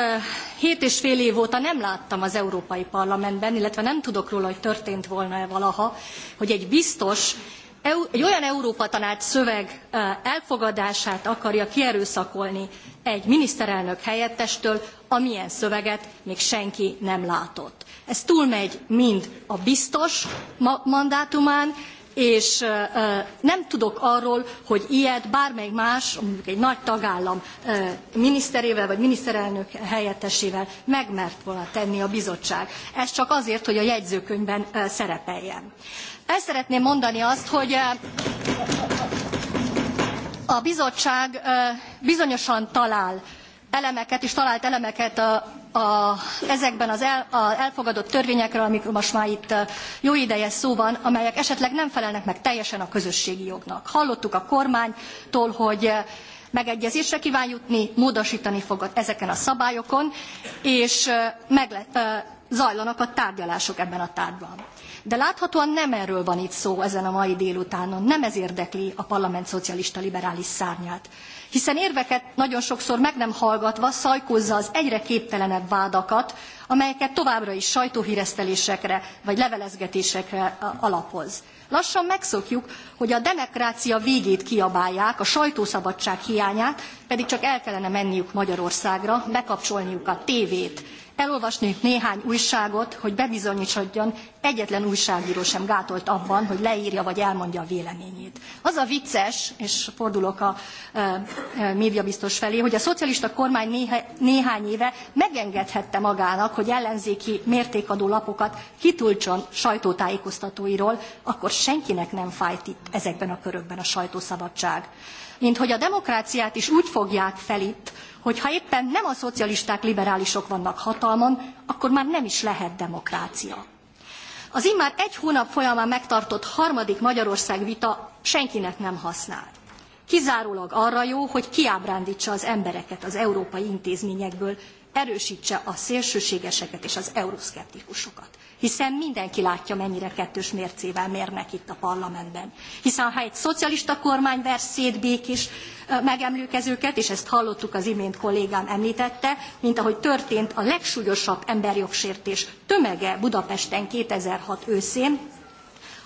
hét és fél év óta nem láttam az Európai Parlamentben, illetve nem tudok róla, hogy történt volna-e valaha, hogy egy biztos egy olyan Európa Tanács szöveg elfogadását akarja kierőszakolni egy miniszterelnök helyettestől, amilyen szöveget még senki nem látott. Ez túlmegy mind a biztos mandátumán, és nem tudok arról, hogy ilyet bármely más, mondjuk egy nagy tagállam miniszterével vagy miniszterelnök helyettesével megmert volna tenni a bizottság. Ez csak azért, hogy a jegyzőkönyvben szerepeljen. El szeretném mondani azt, hogy a bizottság bizonyosan talál elemeket, és talált elemeket a, a, ezekben az el, a elfogadott törvényekről, amikről most már itt jó ideje szó van, amelyek esetleg nem felelnek meg teljesen a közösségi jognak. Hallottuk a kormánytól, hogy megegyezésre kíván jutni, módosítani fog ezeken a szabályokon, és meg, zajlanak a tárgyalások ebben a tárgyban. De láthatóan nem erről van itt szó ezen a mai délutánon, nem ez érdekli a parlament szocialista liberális szárnyát hiszen érveket nagyon sokszor meg nem hallgatva szajkózza az egyre képtelenebb vádakat, amelyeket továbbra is sajtóhíresztelésekre vagy levelezgetésekre alapoz. Lassan megszokjuk, hogy a demokrácia végét kiabálják, a sajtószabadság hiányát, pedig csak el kellene menniük Magyarországra, bekapcsolniuk a tévét, elolvasnék néhány újságot, hogy bebizonyítsadjon, egyetlen újságíró sem gátolt abban, hogy leírja vagy elmondja a véleményét. Az a vicces, és fordulok a e, e, médiabiztos felé, hogy a szocialista kormány néha, néhány éve megengedhette magának, hogy ellenzéki mértékadó lapokat kitulcson sajtótájékoztatóiról, akkor senkinek nem fájt itt ezekben a körökben a sajtószabadság. Mint hogy a demokráciát is úgy fogják fel itt, hogy ha éppen nem a szocialisták, liberálisok vannak hatalmon, akkor már nem is lehet demokrácia. Az immár egy hónap folyamán megtartott harmadik Magyarország vita senkinek nem használ. Kizárólag arra jó, hogy kiábrándítsa az embereket az európai intézményekből, erősítse a szélsőségeseket és az euroszkeptikusokat hiszen mindenki látja, mennyire kettős mércével mérnek itt a parlamentben. Hiszen ha egy szocialista kormány vers békés megemlőkezőket, és ezt hallottuk az imént kollégám említette, mint ahogy történt a legsúlyosabb emberjogsértés tömege Budapesten 2006 őszén,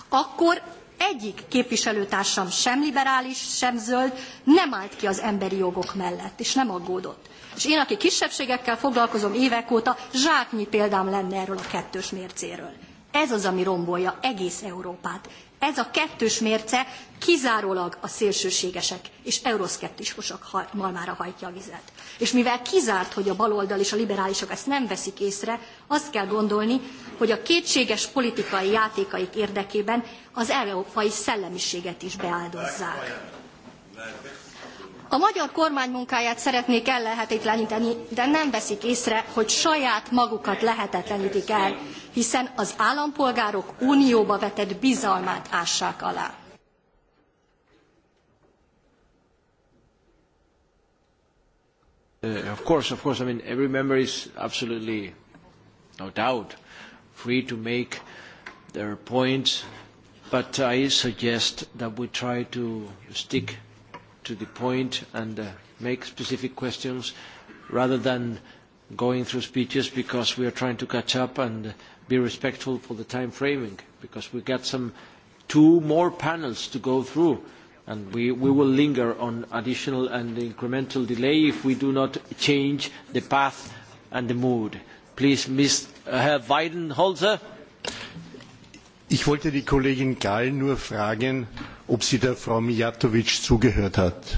akkor egyik képviselőtársam sem liberális, sem zöld nem állt ki az emberi jogok mellett, és nem aggódott. És én, aki kisebbségekkel foglalkozom évek óta, zsáknyi példám lenne erről a kettős mércéről. Ez az, ami rombolja egész Európát. Ez a kettős mérce kizárólag a szélsőségesek és euroszkeptikusok malmára hajtja a vizet. És mivel kizárt, hogy a baloldal és a liberálisok ezt nem veszik észre, azt kell gondolni, hogy a kétséges politikai játékaik érdekében az európai szellemiséget is beáldozzák. A magyar kormány munkáját szeretnék ellehetetleníteni, de nem veszik észre, hogy saját magukat lehetetlenítik el, hiszen az állampolgárok unióba vetett bizalmát ássák alá. Uh, of course, of course. I mean, every member is absolutely, no doubt, free to make their points, but I suggest that we try to stick to the point and uh, make specific questions rather than going through speeches because we are trying to catch up and be respectful for the time framing because we got some two more panels to go through and we, we will linger on additional and incremental delay if we do not change the path and the mood. Please, Ms. Uh, Herr Weidenholzer. Ich wollte die Kollegin Gall nur fragen, ob sie der Frau mijatovi zugehört hat.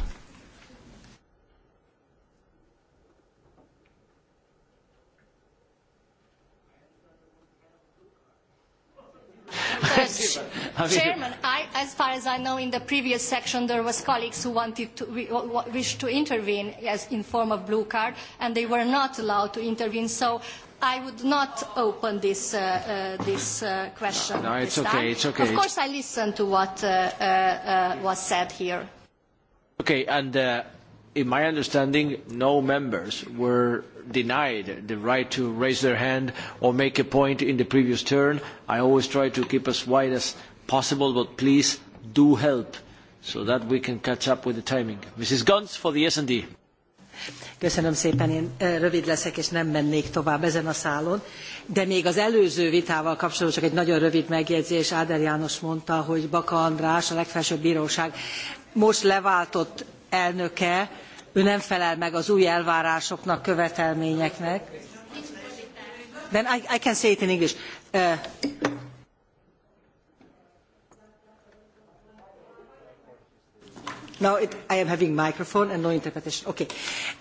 Chairman, I, as far as I know, in the previous section there was colleagues who wanted to re, wished to intervene as in form of blue card, and they were not allowed to intervene. So I would not open this, uh, uh, this uh, question. No, no it's okay. Time. It's okay. Of course, I listen to what uh, uh, uh, was said here. Okay, and uh, in my understanding, no members were denied the right to raise their hand or make a point in the previous turn. I always try to keep as wide as possible, but please do help so that we can catch up with the timing. Mrs. Guns for the S&D. Köszönöm szépen, én eh, rövid leszek, és nem mennék tovább ezen a szálon. De még az előző vitával kapcsolatban csak egy nagyon rövid megjegyzés. Áder János mondta, hogy Baka András, a legfelsőbb bíróság most leváltott elnöke, ő nem felel meg az új elvárásoknak, követelményeknek. Then I, I can say it in English. Uh, Now it, I am having microphone and no interpretation. Okay.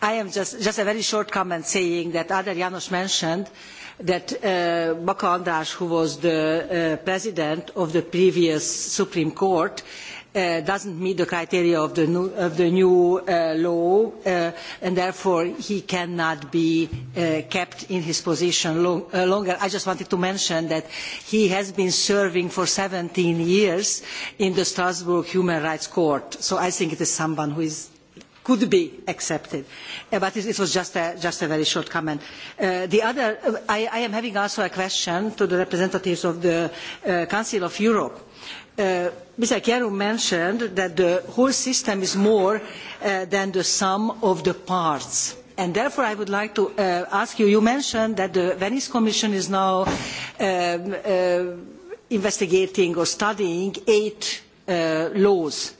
I am just, just a very short comment saying that Adel Janos mentioned that uh, Baka András, who was the uh, president of the previous Supreme Court, uh, does uh, doesn't meet the criteria of the new, uh, law uh, and therefore he cannot be kept in his position longer. I just wanted to mention that he has been serving for 17 years in the Strasbourg Human Rights Court. So I think it is someone who could be accepted. but this was just a, very short comment. the other, I, am having also a question to the representatives of the Council of Europe. Uh, Mr. Chiaro mentioned that the whole system is more uh, than the sum of the parts. And therefore, I would like to uh, ask you, you mentioned that the Venice Commission is now um, investigating or studying eight laws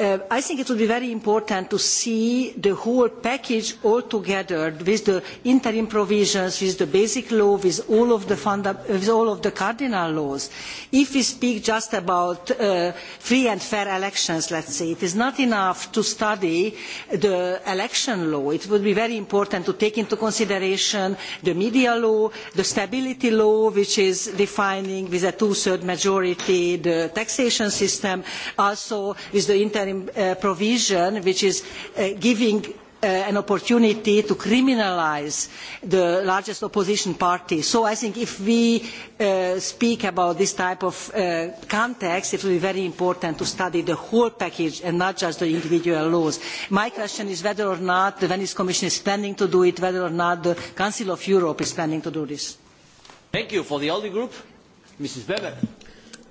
Uh, I think it would be very important to see the whole package all together with the interim provisions, with the basic law, with all of the, cardinal laws. If we speak just about uh, free and fair elections, let's say, it is not enough to study the election law. It would be very important to take into consideration the media law, the stability law, which is defining with a two thirds majority the taxation system, also with the interim Uh, provision which is uh, giving uh, an opportunity to criminalise the largest opposition party. So I think if we speak about this type of context, it will be very important to study the whole package and not just the individual laws. My question is whether or not the Venice Commission is planning to do it, whether or not the Council of Europe is planning to do this. Thank you. For the ALDE Group, Mrs. Weber.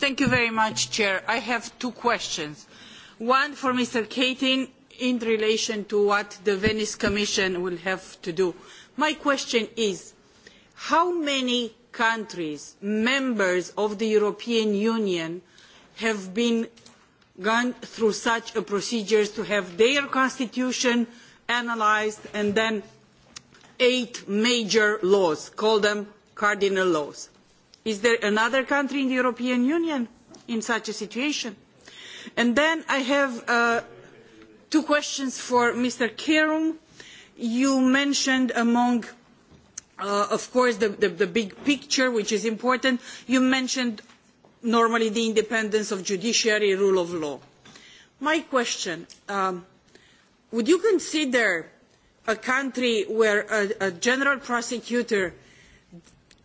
Thank you very much, Chair. I have two questions One for Mr. Keating in relation to what the Venice Commission will have to do. My question is, how many countries, members of the European Union, have been gone through such a procedure to have their constitution analysed and then eight major laws, call them cardinal laws. Is there another country in the European Union in such a situation? And then I have uh, two questions for Mr. Kerum. You mentioned among, uh, of course, the, the, the big picture, which is important. You mentioned normally the independence of judiciary, rule of law. My question, um, would you consider a country where a, a general prosecutor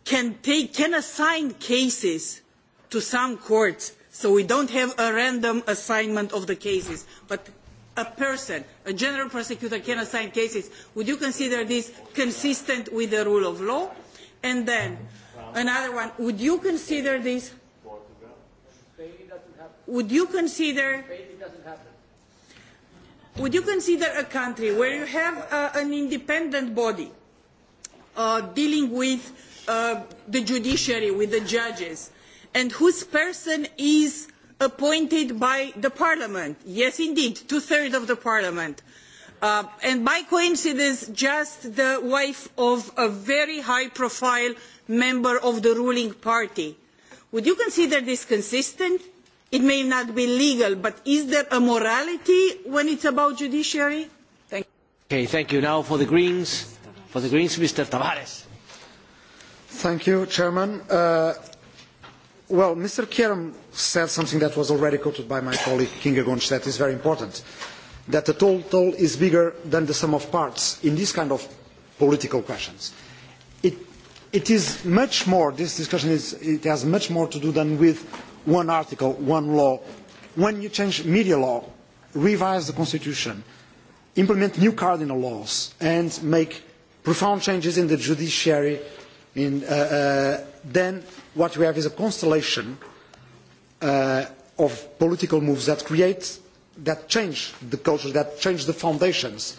can, take, can assign cases to some courts So we don't have a random assignment of the cases, but a person, a general prosecutor can assign cases. Would you consider this consistent with the rule of law? And then another one, would you consider this? Would you consider? Would you consider a country where you have uh, an independent body uh, dealing with uh, the judiciary, with the judges, and whose person is appointed by the parliament. Yes, indeed, two-thirds of the parliament. Uh, and by coincidence, just the wife of a very high-profile member of the ruling party. Would you consider this consistent? It may not be legal, but is there a morality when it's about judiciary? Thank you. Okay, thank you. Now for the Greens, for the Greens, Mr. Tavares. Thank you, Chairman. Uh, Well, Mr. Kerem said something that was already quoted by my colleague Kinga Gonch that is very important, that the total is bigger than the sum of parts in these kind of political questions. It, it is much more, this discussion is, it has much more to do than with one article, one law. When you change media law, revise the constitution, implement new cardinal laws, and make profound changes in the judiciary, in, uh, uh, then what we have is a constellation uh, of political moves that create, that change the culture, that change the foundations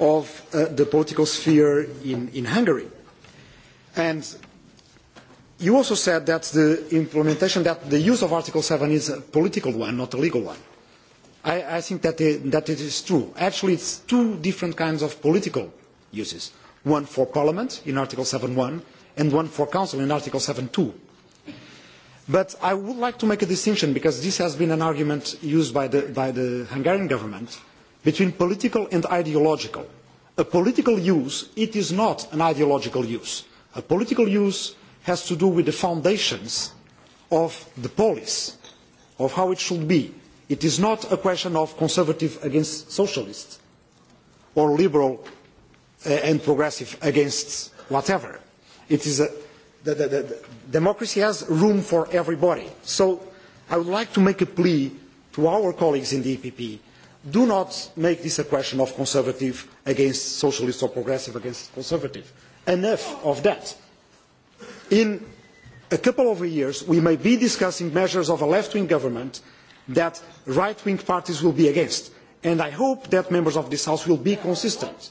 of uh, the political sphere in, in Hungary. And you also said that the implementation, that the use of Article 7 is a political one, not a legal one. I, I think that it, that it is true. Actually, it's two different kinds of political uses. One for Parliament in Article 7.1, and one for Council in Article 7.2. But I would like to make a distinction, because this has been an argument used by the, by the Hungarian government, between political and ideological. A political use, it is not an ideological use. A political use has to do with the foundations of the polis, of how it should be. It is not a question of conservative against socialist or liberal uh, and progressive against whatever. It is a, the, the, the, the democracy has room for everybody. So I would like to make a plea to our colleagues in the EPP. Do not make this a question of conservative against socialist or progressive against conservative. Enough of that. In a couple of years, we may be discussing measures of a left-wing government that right-wing parties will be against. And I hope that members of this House will be consistent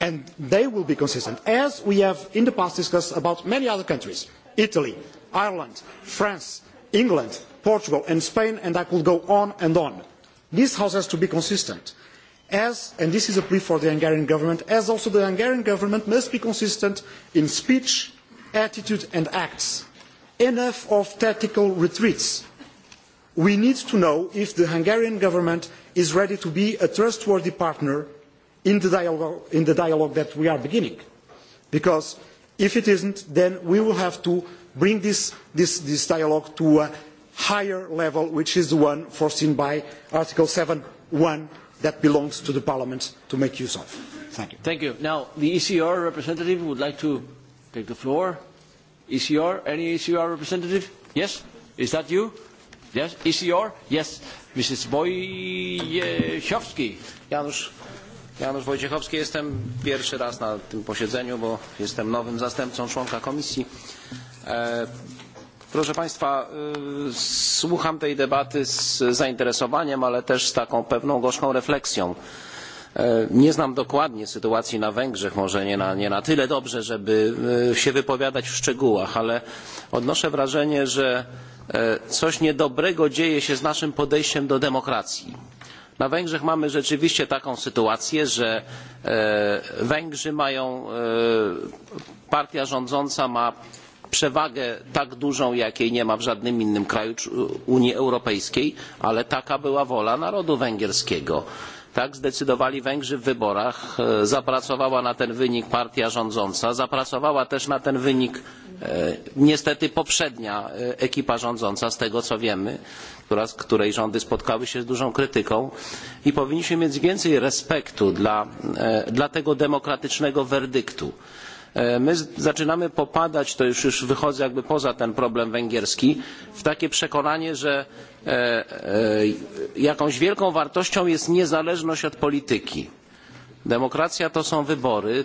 and they will be consistent, as we have in the past discussed about many other countries, Italy, Ireland, France, England, Portugal and Spain, and I could go on and on. This house has to be consistent. As, and this is a plea for the Hungarian government, as also the Hungarian government must be consistent in speech, attitude and acts. Enough of tactical retreats. We need to know if the Hungarian government is ready to be a trustworthy partner in the, dialogue, in the dialogue that we are beginning. Because if it isn't, then we will have to bring this, this, this dialogue to a higher level, which is the one foreseen by Article 7.1 that belongs to the Parliament to make use of. Thank you. Thank you. Now, the ECR representative would like to take the floor. ECR, any ECR representative? Yes? Is that you? Yes? ECR? Yes. Mrs. Wojciechowski. Janusz. Janusz Wojciechowski. Jestem pierwszy raz na tym posiedzeniu, bo jestem nowym zastępcą członka komisji. E, proszę Państwa, e, słucham tej debaty z zainteresowaniem, ale też z taką pewną gorzką refleksją. E, nie znam dokładnie sytuacji na Węgrzech, może nie na, nie na tyle dobrze, żeby się wypowiadać w szczegółach, ale odnoszę wrażenie, że coś niedobrego dzieje się z naszym podejściem do demokracji Na Węgrzech mamy rzeczywiście taką sytuację, że e, Węgrzy mają, e, partia rządząca ma przewagę tak dużą, jakiej nie ma w żadnym innym kraju e, Unii Europejskiej, ale taka była wola narodu węgierskiego. Tak zdecydowali Węgrzy w wyborach, zapracowała na ten wynik partia rządząca, zapracowała też na ten wynik E, niestety poprzednia e, ekipa rządząca, z tego co wiemy, która, której rządy spotkały się z dużą krytyką i powinniśmy mieć więcej respektu dla, e, dla tego demokratycznego werdyktu my zaczynamy popadać to już, już wychodzę jakby poza ten problem węgierski w takie przekonanie że e, e, jakąś wielką wartością jest niezależność od polityki Demokracja to są wybory,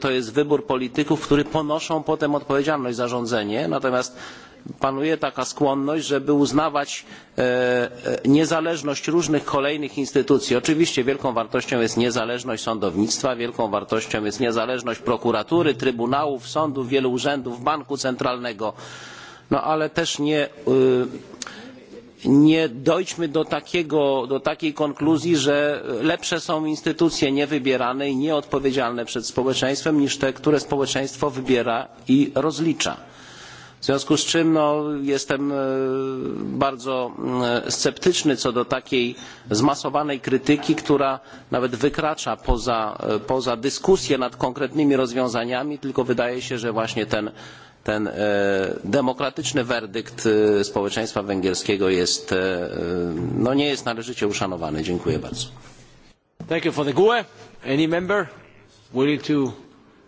to, jest wybór polityków, którzy ponoszą potem odpowiedzialność za rządzenie, natomiast panuje taka skłonność żeby uznawać e, e, niezależność różnych kolejnych instytucji. oczywiście wielką wartością jest niezależność sądownictwa wielką wartością jest niezależność prokuratury trybunałów sądów wielu urzędów banku centralnego no ale też nie nie dojdźmy do, takiej konkluzji że lepsze są instytucje niewybierane i nieodpowiedzialne przed społeczeństwem niż te które społeczeństwo wybiera i rozlicza. w związku z czym no, jestem e, bardzo e, sceptyczny co do takiej zmasowanej krytyki która nawet wykracza poza, e, poza dyskusję nad konkretnymi rozwiązaniami tylko wydaje się że właśnie ten ten e, demokratyczny werdykt e, społeczeństwa węgierskiego jest, e, no nie jest należycie uszanowany. Dziękuję bardzo. Thank you for the GUE. Any member willing to?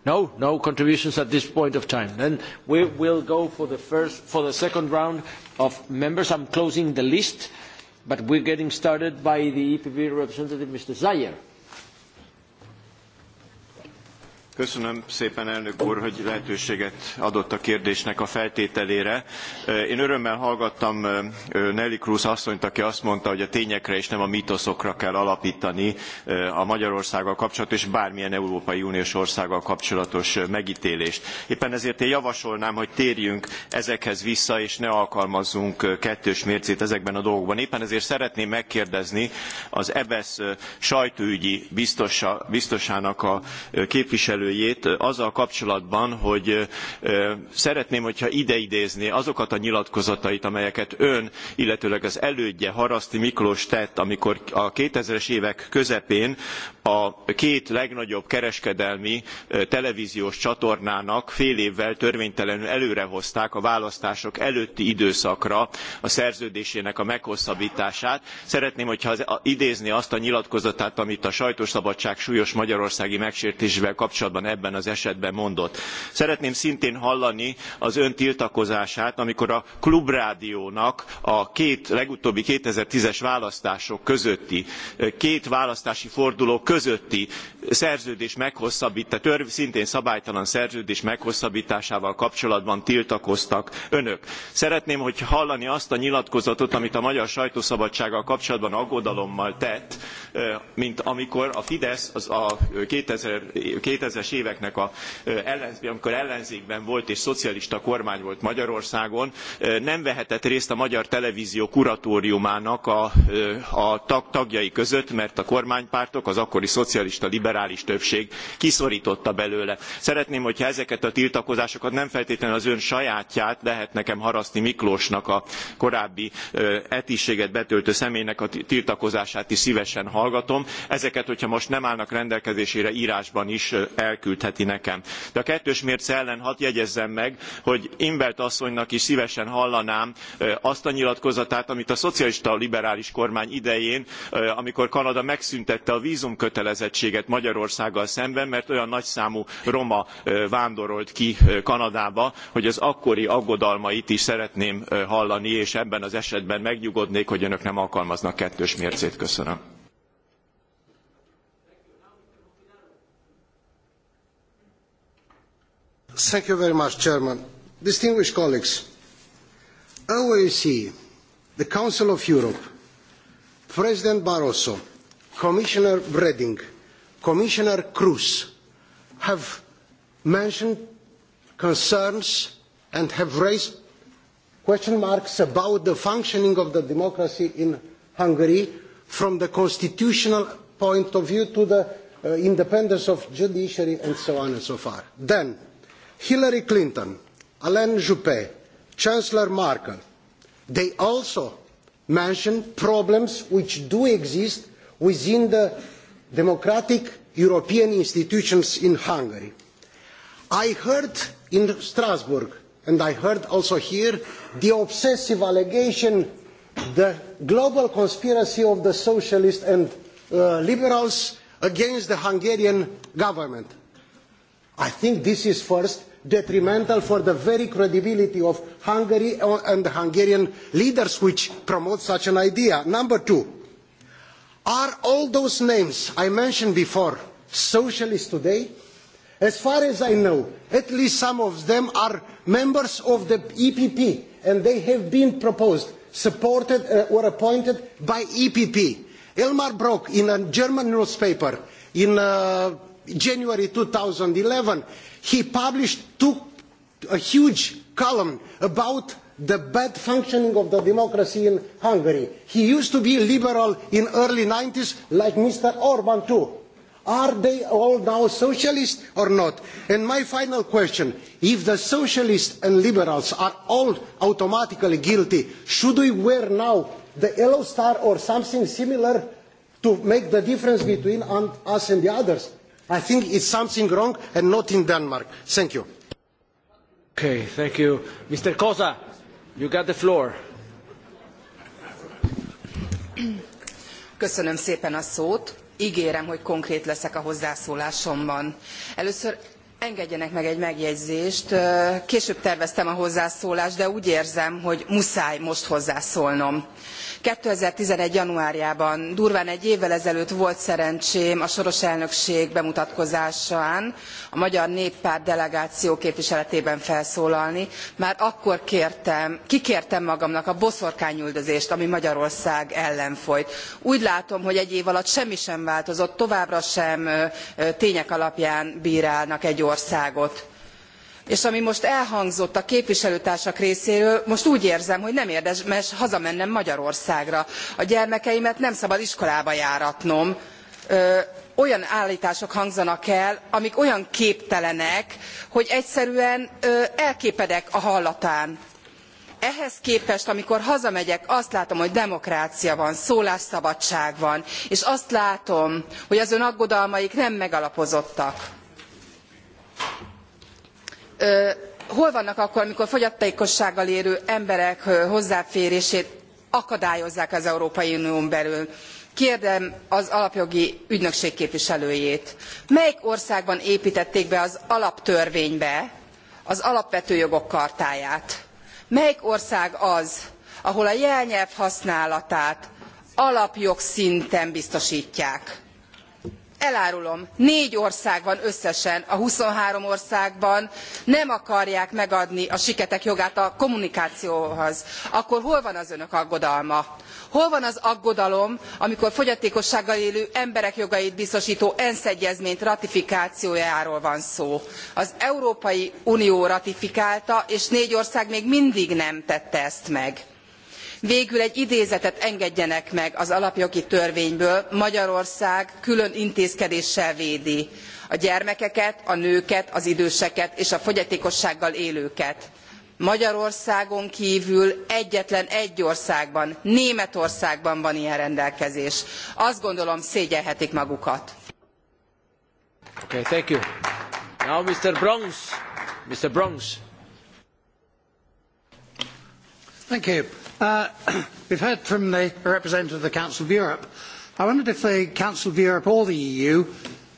No, no contributions at this point of time. Then we will go for the first, for the second round of members. I'm closing the list, but we're getting started by the EPP representative, Mr. Zayer. Köszönöm szépen, elnök úr, hogy lehetőséget adott a kérdésnek a feltételére. Én örömmel hallgattam Nelly Cruz asszonyt, aki azt mondta, hogy a tényekre és nem a mitoszokra kell alapítani a Magyarországgal kapcsolatos és bármilyen Európai Uniós országgal kapcsolatos megítélést. Éppen ezért én javasolnám, hogy térjünk ezekhez vissza, és ne alkalmazzunk kettős mércét ezekben a dolgokban. Éppen ezért szeretném megkérdezni az EBESZ sajtóügyi biztosa, biztosának a képviselő képviselőjét azzal kapcsolatban, hogy szeretném, hogyha ideidézné azokat a nyilatkozatait, amelyeket ön, illetőleg az elődje Haraszti Miklós tett, amikor a 2000-es évek közepén a két legnagyobb kereskedelmi televíziós csatornának fél évvel törvénytelenül előrehozták a választások előtti időszakra a szerződésének a meghosszabbítását. Szeretném, hogyha idézni azt a nyilatkozatát, amit a sajtószabadság súlyos magyarországi megsértésével kapcsolatban ebben az esetben mondott. Szeretném szintén hallani az ön tiltakozását, amikor a klubrádiónak a két legutóbbi 2010-es választások közötti két választási forduló között közötti szerződés meghosszabbítása, szintén szabálytalan szerződés meghosszabbításával kapcsolatban tiltakoztak önök. Szeretném, hogy hallani azt a nyilatkozatot, amit a magyar sajtószabadsággal kapcsolatban aggodalommal tett, mint amikor a Fidesz az a 2000, 2000-es éveknek a, amikor ellenzékben volt és szocialista kormány volt Magyarországon, nem vehetett részt a magyar televízió kuratóriumának a, a tag, tagjai között, mert a kormánypártok, az akkor akkori szocialista liberális többség kiszorította belőle. Szeretném, hogyha ezeket a tiltakozásokat nem feltétlenül az ön sajátját, lehet nekem Haraszti Miklósnak a korábbi etiséget betöltő személynek a tiltakozását is szívesen hallgatom. Ezeket, hogyha most nem állnak rendelkezésére, írásban is elküldheti nekem. De a kettős mérce ellen hadd jegyezzem meg, hogy Imbert asszonynak is szívesen hallanám azt a nyilatkozatát, amit a szocialista liberális kormány idején, amikor Kanada megszüntette a vízumkötelezettséget, kötelezettséget Magyarországgal szemben, mert olyan nagyszámú roma vándorolt ki Kanadába, hogy az akkori aggodalmait is szeretném hallani, és ebben az esetben megnyugodnék, hogy önök nem alkalmaznak kettős mércét. Köszönöm. Thank you very much, Chairman. Distinguished colleagues, OAC, the Council of Europe, President Barroso, Commissioner Reding, Commissioner Cruz have mentioned concerns and have raised question marks about the functioning of the democracy in Hungary from the constitutional point of view to the uh, independence of judiciary and so on and so far. Then, Hillary Clinton, Alain Juppé, Chancellor Merkel, they also mentioned problems which do exist within the democratic European institutions in Hungary. I heard in Strasbourg, and I heard also here, the obsessive allegation, the global conspiracy of the socialists and uh, liberals against the Hungarian government. I think this is first detrimental for the very credibility of Hungary uh, and the Hungarian leaders which promote such an idea. Number two, Are all those names I mentioned before socialists today? As far as I know, at least some of them are members of the EPP and they have been proposed, supported uh, or appointed by EPP. Elmar Brok in a German newspaper in uh, January 2011, he published two, a huge column about the bad functioning of the democracy in Hungary. He used to be liberal in early 90s, like Mr. Orban too. Are they all now socialists or not? And my final question, if the socialists and liberals are all automatically guilty, should we wear now the yellow star or something similar to make the difference between us and the others? I think it's something wrong and not in Denmark. Thank you. Okay, thank you. Mr. Cosa, You Köszönöm szépen a szót. Ígérem, hogy konkrét leszek a hozzászólásomban. Először engedjenek meg egy megjegyzést. Később terveztem a hozzászólást, de úgy érzem, hogy muszáj most hozzászólnom two thousand and eleven januárjában durván egy évvel ezelőtt volt szerencsém a soros elnökség bemutatkozásán a magyar néppárt delegáció képviseletében felszólalni már akkor kértem kikértem magamnak a boszorkányüldözést ami magyarország ellen folyt. úgy látom hogy egy év alatt semmi sem változott továbbra sem tények alapján brálnak egy országot és ami most elhangzott a képviselőtársak részéről most úgy érzem hogy nem érdemes hazamennem magyarországra a gyermekeimet nem szabad iskolába járatnom olyan álltások hangzanak el amik olyan képtelenek hogy egyszerűen elképedek a hallatán. ehhez képest amikor hazamegyek azt látom hogy demokrácia van szólásszabadság van és azt látom hogy az ön aggodalmaik nem megalapozottak hol vannak akkor, amikor fogyatékossággal élő emberek hozzáférését akadályozzák az Európai Unión belül? Kérdem az alapjogi ügynökség képviselőjét. Melyik országban építették be az alaptörvénybe az alapvető jogok chartáját? Melyik ország az, ahol a jelnyelv használatát alapjogszinten biztostják? elárulom négy ország van összesen a twenty three országban nem akarják megadni a siketek jogát a kommunikációhoz akkor hol van az önök aggodalma? hol van az aggodalom amikor fogyatékossággal élő emberek jogait biztostó ensz egyezmény ratifikációjáról van szó? az európai unió ratifikálta és négy ország még mindig nem tette ezt meg végül egy idézetet engedjenek meg az alapjogi törvényből magyarország külön intézkedéssel védi a gyermekeket a nőket az időseket és a fogyatékossággal élőket. magyarországon kvül egyetlen egy országban németországban van ilyen rendelkezés. azt gondolom szégyelhetik magukat. Okay, thank you. Now Mr. Bronx. Mr. Bronx. Thank you we uh, [CLEARS THROAT] we've heard from the representative of the Council of Europe. I wondered if the Council of Europe or the EU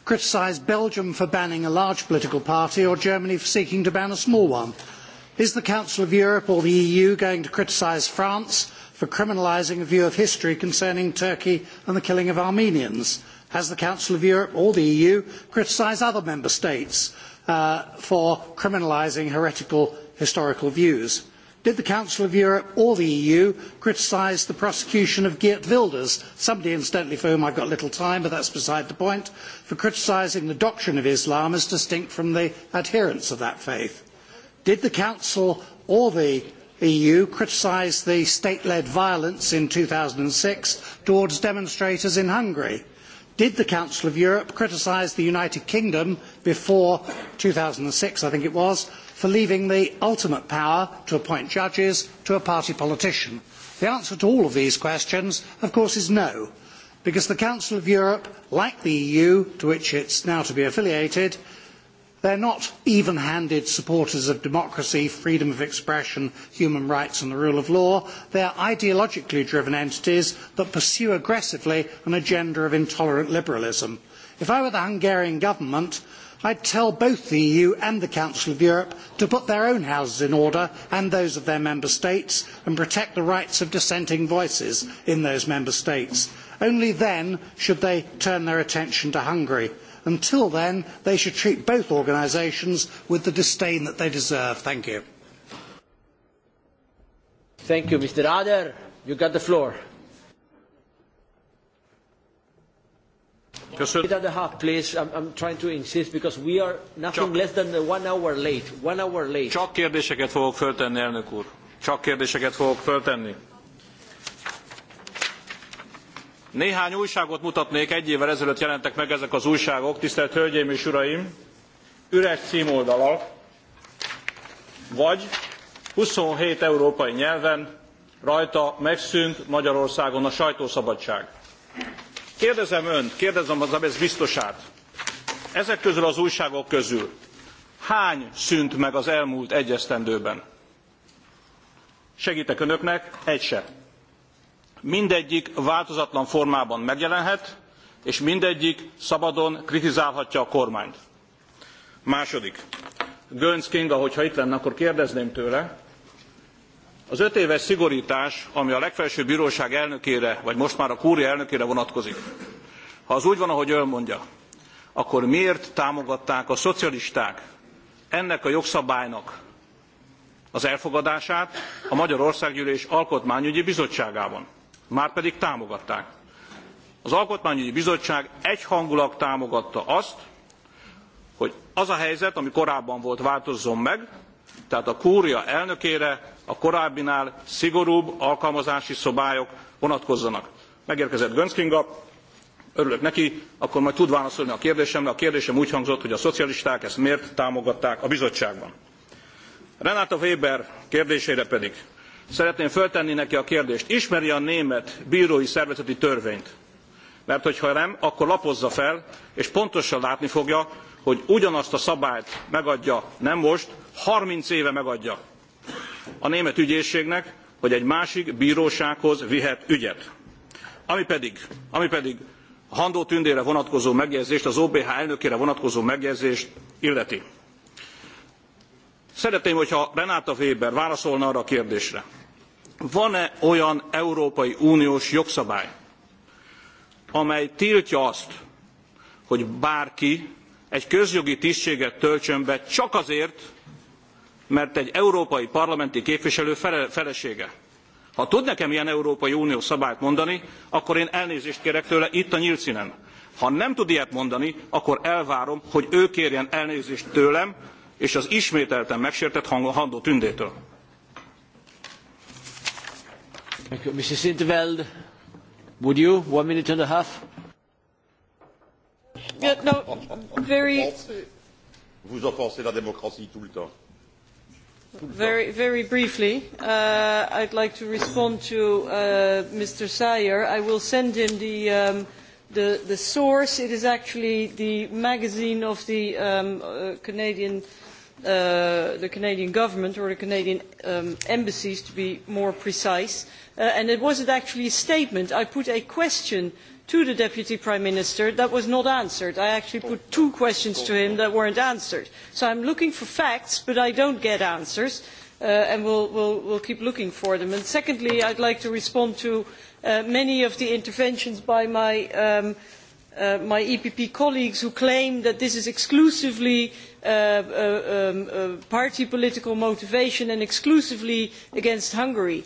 criticised Belgium for banning a large political party or Germany for seeking to ban a small one. Is the Council of Europe or the EU going to criticise France for criminalising a view of history concerning Turkey and the killing of Armenians? Has the Council of Europe or the EU criticised other member states uh, for criminalising heretical historical views? did the Council of Europe or the EU criticise the prosecution of Geert Wilders, somebody incidentally for whom I've got little time, but that's beside the point, for criticising the doctrine of Islam as distinct from the adherents of that faith? Did the Council or the EU criticise the state-led violence in 2006 towards demonstrators in Hungary. Did the Council of Europe criticise the United Kingdom before 2006, I think it was, for leaving the ultimate power to appoint judges to a party politician? The answer to all of these questions, of course, is no, because the Council of Europe, like the EU, to which it's now to be affiliated, they're not even-handed supporters of democracy, freedom of expression, human rights and the rule of law. They are ideologically driven entities that pursue aggressively an agenda of intolerant liberalism. If I were the Hungarian government, I'd tell both the EU and the Council of Europe to put their own houses in order and those of their member states and protect the rights of dissenting voices in those member states. Only then should they turn their attention to Hungary. Until then, they should treat both organisations with the disdain that they deserve. Thank you. Thank you, Mr. Ader. You got the floor. Give that a please. I'm, I'm trying to insist because we are nothing Csak. less than one hour late. One hour late. Csak kérdéseket fogok föltenni, elnök úr. Csak kérdéseket fogok föltenni. Néhány újságot mutatnék, egy évvel ezelőtt jelentek meg ezek az újságok, tisztelt Hölgyeim és Uraim, üres címoldalak, vagy 27 európai nyelven rajta megszűnt Magyarországon a sajtószabadság. Kérdezem önt, kérdezem az ABESZ biztosát, ezek közül az újságok közül hány szűnt meg az elmúlt egy esztendőben? Segítek önöknek, egy se. Mindegyik változatlan formában megjelenhet, és mindegyik szabadon kritizálhatja a kormányt. Második. Gönc Kinga, hogyha itt lenne, akkor kérdezném tőle, az öt éves szigortás ami a legfelsőbb bróság elnökére vagy most már a kúria elnökére vonatkozik ha az úgy van ahogy ön mondja akkor miért támogatták a szocialisták ennek a jogszabálynak az elfogadását a magyar országgyűlés alkotmányügyi bizottságában márpedig támogatták. az alkotmányügyi bizottság egyhangúlag támogatta azt hogy az a helyzet ami korábban volt változzon meg tehát a kúria elnökére a korábbinál szigorúbb alkalmazási szabályok vonatkozzanak. Megérkezett Gönc Kinga, örülök neki, akkor majd tud válaszolni a kérdésemre. A kérdésem úgy hangzott, hogy a szocialisták ezt miért támogatták a bizottságban. Renata Weber kérdésére pedig szeretném föltenni neki a kérdést. Ismeri a német bírói szervezeti törvényt? Mert hogyha nem, akkor lapozza fel, és pontosan látni fogja, hogy ugyanazt a szabályt megadja, nem most, 30 éve megadja a német ügyészségnek, hogy egy másik bírósághoz vihet ügyet. Ami pedig, ami pedig a Handó Tündére vonatkozó megjegyzést, az OBH elnökére vonatkozó megjegyzést illeti. Szeretném, hogyha Renáta Weber válaszolna arra a kérdésre. Van-e olyan Európai Uniós jogszabály, amely tiltja azt, hogy bárki egy közjogi tisztséget töltsön be csak azért, mert egy európai parlamenti képviselő felesége. Ha tud nekem ilyen Európai uniós szabályt mondani, akkor én elnézést kérek tőle itt a nylt színen. Ha nem tud ilyet mondani, akkor elvárom, hogy ő kérjen elnézést tőlem és az ismételten megsértett hangon Handó Tündétől. Very, very briefly, uh, I'd like to respond to uh, Mr. Sayer. I will send him the, um, the, the source. It is actually the magazine of the um, uh, Canadian Uh, the Canadian government or the Canadian um, embassies, to be more precise. Uh, and it wasn't actually a statement. I put a question to the deputy prime minister that was not answered. i actually put two questions to him that were not answered. so i am looking for facts but i do not get answers uh, and we will we'll, we'll keep looking for them. And secondly i would like to respond to uh, many of the interventions by my, um, uh, my epp colleagues who claim that this is exclusively uh, uh, um, uh, party political motivation and exclusively against hungary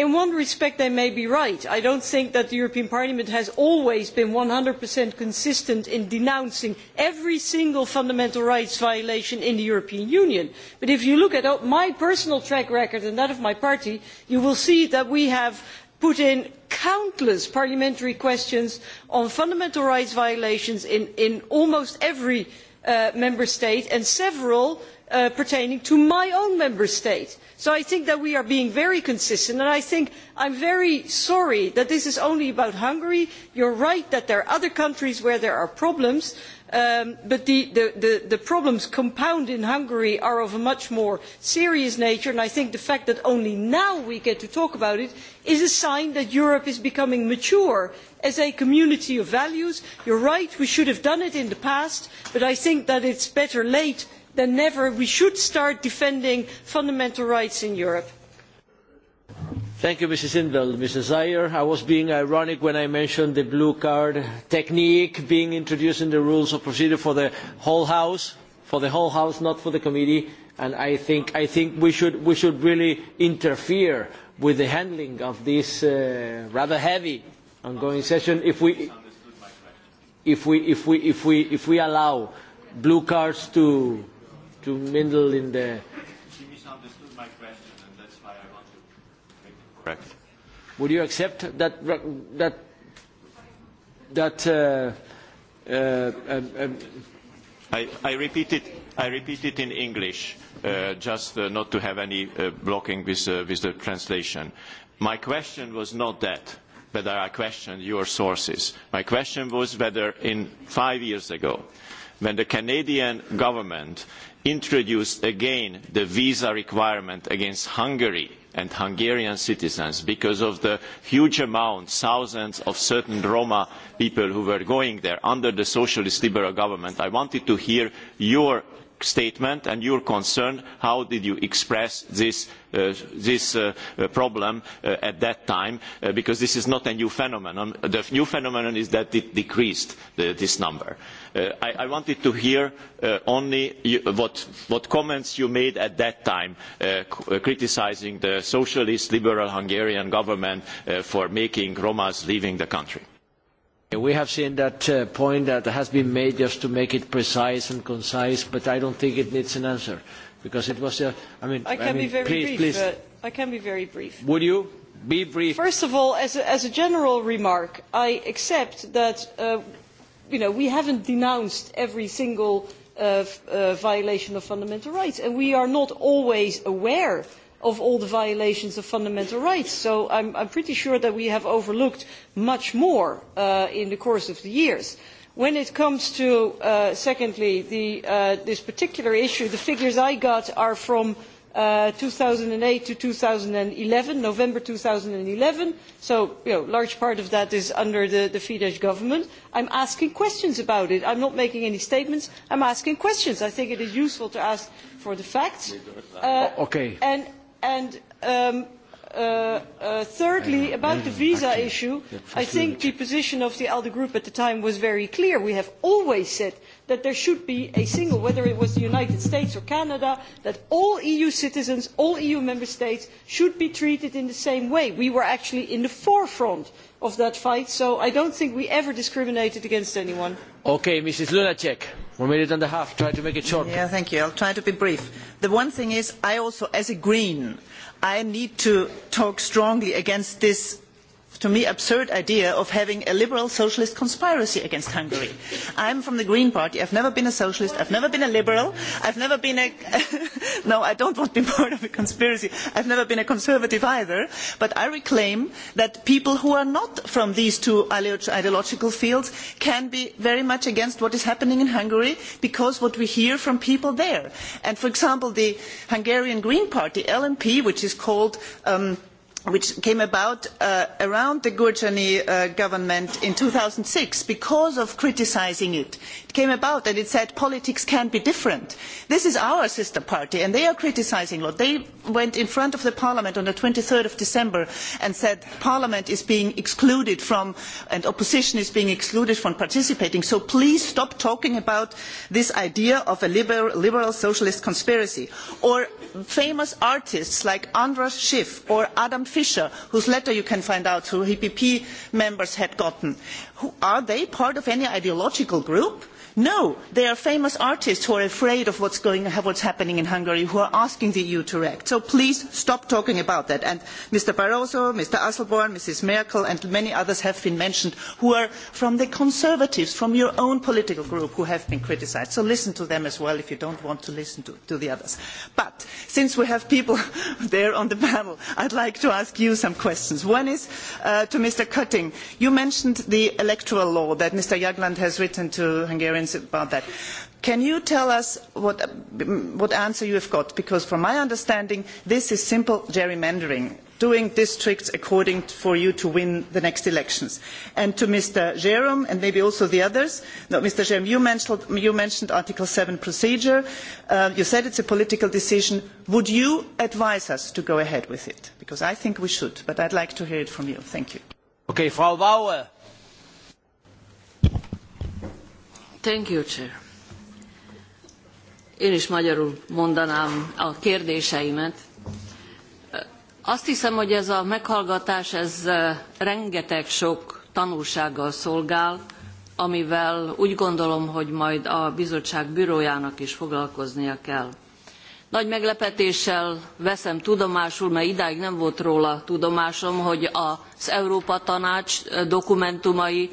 in one respect they may be right i do not think that the european parliament has always been one hundred consistent in denouncing every single fundamental rights violation in the european union but if you look at my personal track record and that of my party you will see that we have put in countless parliamentary questions on fundamental rights violations in, almost every uh, member state and several have Uh, pertaining to my own member state. so i think that we are being very consistent and i think i am very sorry that this is only about hungary. you are right that there are other countries where there are problems um, but the, problems compound in hungary are of a much more serious nature and i think the fact that only now we get to talk about it is a sign that europe is becoming mature as a community of values. you are right we should have done it in the past but i think that it is better late than than never we should start defending fundamental rights in europe. Thank you, Mrs. Indel. Mrs. Zayer, I was being ironic when I mentioned the blue card technique being introduced in the rules of procedure for the whole House, for the whole House, not for the committee. And I think, I think we, should, we should really interfere with the handling of this uh, rather heavy ongoing session if we, if we, if we, if we, if we allow blue cards to, to mingle in the. She misunderstood my question, and that's why I want to make it correct. Would you accept that that that? Uh, uh, um, um, I, I repeat it. I repeat it in English, uh, just uh, not to have any uh, blocking with, uh, with the translation. My question was not that whether I questioned your sources. My question was whether in five years ago, when the Canadian government introduced again the visa requirement against Hungary and Hungarian citizens because of the huge amount, thousands of certain Roma people who were going there under the socialist liberal government. I wanted to hear your statement and your concern how did you express this, uh, this uh, uh problem uh, at that time uh, because this is not a new phenomenon the new phenomenon is that it decreased the, this number uh, I, I, wanted to hear only you, what, what, comments you made at that time criticising the socialist liberal Hungarian government for making Romas leaving the country We have seen that uh, point that has been made just to make it precise and concise, but I don't think it needs an answer because it was. a, I mean, I can I mean, be very please, brief. Please. Uh, I can be very brief. Would you be brief? First of all, as a, as a general remark, I accept that uh, you know we haven't denounced every single uh, uh, violation of fundamental rights, and we are not always aware of all the violations of fundamental rights. So I'm, I'm pretty sure that we have overlooked much more uh, in the course of the years. When it comes to, uh, secondly, the, uh, this particular issue, the figures I got are from uh, 2008 to 2011, November 2011. So, you know, large part of that is under the, the Fidesz government. I'm asking questions about it. I'm not making any statements. I'm asking questions. I think it is useful to ask for the facts. Uh, okay. And And um, uh, uh, thirdly, about the visa issue, I think the position of the ALDE group at the time was very clear. We have always said that there should be a single, whether it was the United States or Canada, that all EU citizens, all EU member states should be treated in the same way. We were actually in the forefront of that fight. So I don't think we ever discriminated against anyone. Okay, Mrs. Lunacek, one minute and a half. Try to make it short. Yeah, thank you. I'll try to be brief. The one thing is, I also, as a Green, I need to talk strongly against this to me absurd idea of having a liberal socialist conspiracy against Hungary. I'm from the Green Party. I've never been a socialist. I've never been a liberal. I've never been a... [LAUGHS] no, I don't want to be [LAUGHS] part of a conspiracy. I've never been a conservative either. But I reclaim that people who are not from these two ideological fields can be very much against what is happening in Hungary because what we hear from people there. And for example, the Hungarian Green Party, lmp which is called... Um, which came about uh, around the Gurjani uh, government in 2006 because of criticising it came about and it said politics can be different. This is our sister party and they are criticising a lot. They went in front of parliament on twenty three December and said parliament is being excluded from and opposition is being excluded from participating so please stop talking about this idea of a liberal, liberal socialist conspiracy. Or famous artists like Andras Schiff or Adam Fischer whose letter you can find out who EPP members had gotten. Who, are they part of any ideological group? No, there are famous artists who are afraid of what's, going, what's happening in Hungary, who are asking the EU to react. So please stop talking about that. And Mr. Barroso, Mr. Asselborn, Mrs. Merkel, and many others have been mentioned who are from the conservatives, from your own political group, who have been criticised. So listen to them as well if you don't want to listen to, to the others. But since we have people [LAUGHS] there on the panel, I'd like to ask you some questions. One is uh, to Mr. Cutting. You mentioned the electoral law that Mr. Jagland has written to Hungarian things about that. Can you tell us what, what answer you have got? Because from my understanding, this is simple gerrymandering, doing districts according to, for you to win the next elections. And to Mr. Jerome, and maybe also the others, no, Mr. Jerome, you mentioned, you mentioned Article 7 procedure. Uh, you said it's a political decision. Would you advise us to go ahead with it? Because I think we should, but I'd like to hear it from you. Thank you. Okay, Frau Bauer. Thank you, Chair. Én is magyarul mondanám a kérdéseimet. Azt hiszem, hogy ez a meghallgatás ez rengeteg sok tanulsággal szolgál, amivel úgy gondolom, hogy majd a bizottság bürójának is foglalkoznia kell. Nagy meglepetéssel veszem tudomásul, mert idáig nem volt róla tudomásom, hogy az Európa Tanács dokumentumai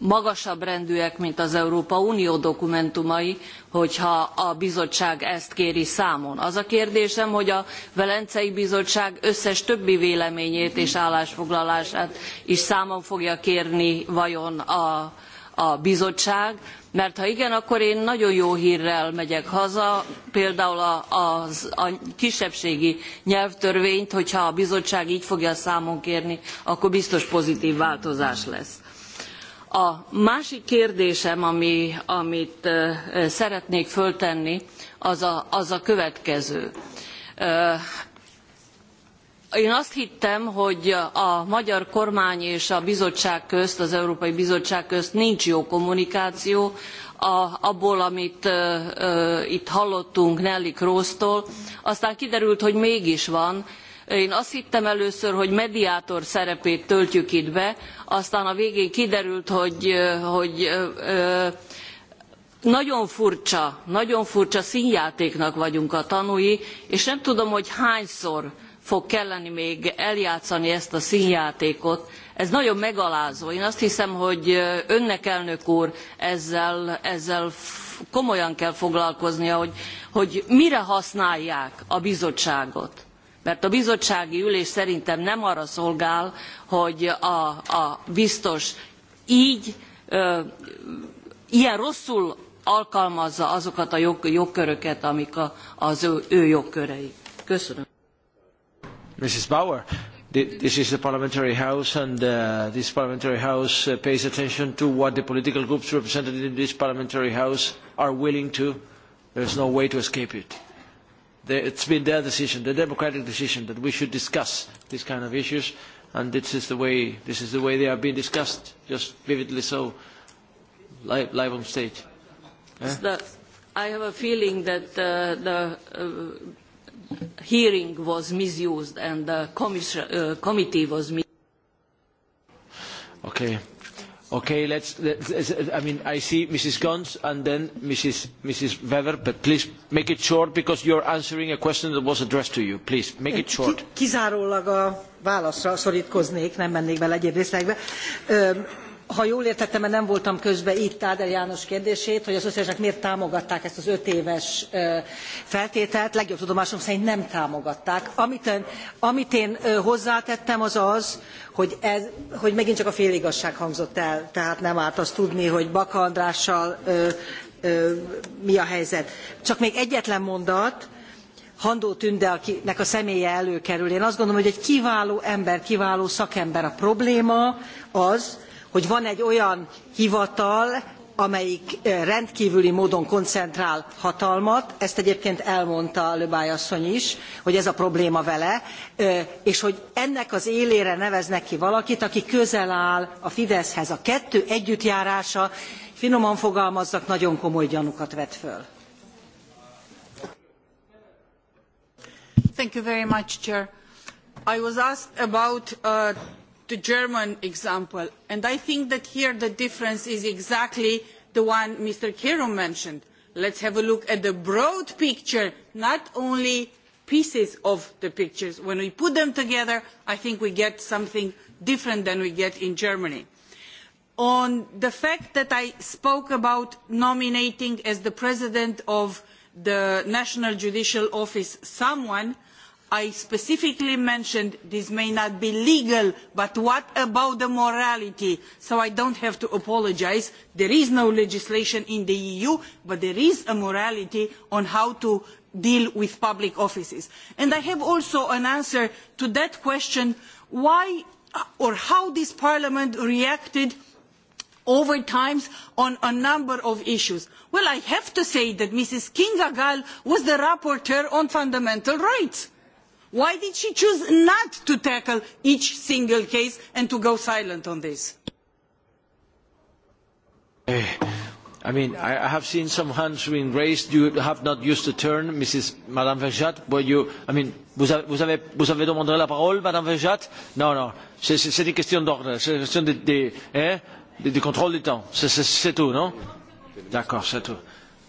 magasabb rendűek, mint az Európa Unió dokumentumai, hogyha a bizottság ezt kéri számon. Az a kérdésem, hogy a Velencei Bizottság összes többi véleményét és állásfoglalását is számon fogja kérni vajon a, a bizottság, mert ha igen, akkor én nagyon jó hírrel megyek haza, például a, a, a kisebbségi nyelvtörvényt, hogyha a bizottság így fogja számon kérni, akkor biztos pozitív változás lesz. A másik kérdésem, ami, amit szeretnék föltenni, az a, az a következő. Én azt hittem, hogy a magyar kormány és a bizottság közt, az Európai Bizottság közt nincs jó kommunikáció, a, abból, amit ö, ö, itt hallottunk Nelly Krósztól. Aztán kiderült, hogy mégis van, Én azt hittem először, hogy mediátor szerepét töltjük itt be, aztán a végén kiderült, hogy, hogy nagyon furcsa, nagyon furcsa színjátéknak vagyunk a tanúi, és nem tudom, hogy hányszor fog kelleni még eljátszani ezt a színjátékot. Ez nagyon megalázó. Én azt hiszem, hogy önnek, elnök úr, ezzel, ezzel komolyan kell foglalkoznia, hogy, hogy mire használják a bizottságot mert a bizottsági ülés szerintem nem arra szolgál, hogy a, a biztos így ö, ilyen rosszul alkalmazza azokat a jog, jogköröket, amik a, az ő, jogkörei. Köszönöm. Mrs. Bauer, this is the parliamentary house and uh, this parliamentary house uh, pays attention to what the political groups represented in this parliamentary house are willing to. There is no way to escape it it's been their decision, the democratic decision, that we should discuss these kind of issues, and this is the way this is the way they are being discussed, just vividly so, live, live on stage. Eh? The, I have a feeling that uh, the uh, hearing was misused and the uh, committee was misused. Okay. Okay, let's, let's, I mean, I see Mrs. Gons and then Mrs. Mrs. Weber, but please make it short because you're answering a question that was addressed to you. Please, make it short. Kizárólag a válaszra szorítkoznék, nem mennék bele egyéb részletekbe ha jól értettem, mert nem voltam közben itt Táder János kérdését, hogy a szociálisták miért támogatták ezt az ötéves feltételt, legjobb tudomásom szerint nem támogatták. Amit, én, amit én hozzátettem az az, hogy, ez, hogy megint csak a féligazság hangzott el, tehát nem árt azt tudni, hogy Baka Andrással ö, ö, mi a helyzet. Csak még egyetlen mondat, Handó Tünde, akinek a személye előkerül. Én azt gondolom, hogy egy kiváló ember, kiváló szakember. A probléma az, hogy van egy olyan hivatal, amelyik eh, rendkívüli módon koncentrál hatalmat, ezt egyébként elmondta Löbály asszony is, hogy ez a probléma vele, eh, és hogy ennek az élére neveznek ki valakit, aki közel áll a Fideszhez. A kettő együttjárása, finoman fogalmazzak, nagyon komoly gyanúkat vet föl. Thank you very much, Chair. I was asked about uh, the German example. And I think that here the difference is exactly the one Mr. Kero mentioned. Let's have a look at the broad picture, not only pieces of the pictures. When we put them together, I think we get something different than we get in Germany. On the fact that I spoke about nominating as the president of the National Judicial Office someone, I specifically mentioned this may not be legal, but what about the morality? So I don't have to apologise. There is no legislation in the EU, but there is a morality on how to deal with public offices. And I have also an answer to that question, why uh, or how this parliament reacted over time on a number of issues. Well, I have to say that Mrs. Kinga Gall was the rapporteur on fundamental rights Why did she choose not to tackle each single case and to go silent on this? Eh, I mean, I have seen some hands being raised. You have not used the turn, Mrs. Madame Verjat. Were you, I mean, vous avez, vous avez, vous avez demandé la parole, Madame Verjat No, no. C'est une question d'ordre. C'est une question de, de, hein, eh, de, de contrôle du temps. C'est tout, non D'accord, c'est tout.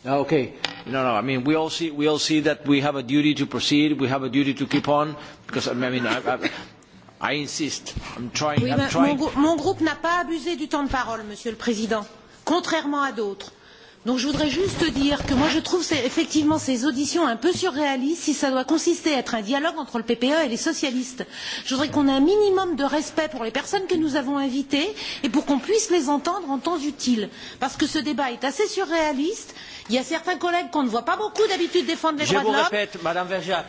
Ah, okay. No, no. I mean, we all see we all see that we have a duty to proceed. We have a duty to keep on because I mean, I, I, I insist. I'm trying. Oui, I'm trying. Mon, mon groupe n'a pas abusé du temps de parole, Monsieur le Président, contrairement à d'autres Donc je voudrais juste dire que moi je trouve effectivement ces auditions un peu surréalistes si ça doit consister à être un dialogue entre le PPE et les socialistes. Je voudrais qu'on ait un minimum de respect pour les personnes que nous avons invitées et pour qu'on puisse les entendre en temps utile. Parce que ce débat est assez surréaliste. Il y a certains collègues qu'on ne voit pas beaucoup d'habitude défendre les je droits de l'homme. Je vous répète, Madame Vergiat,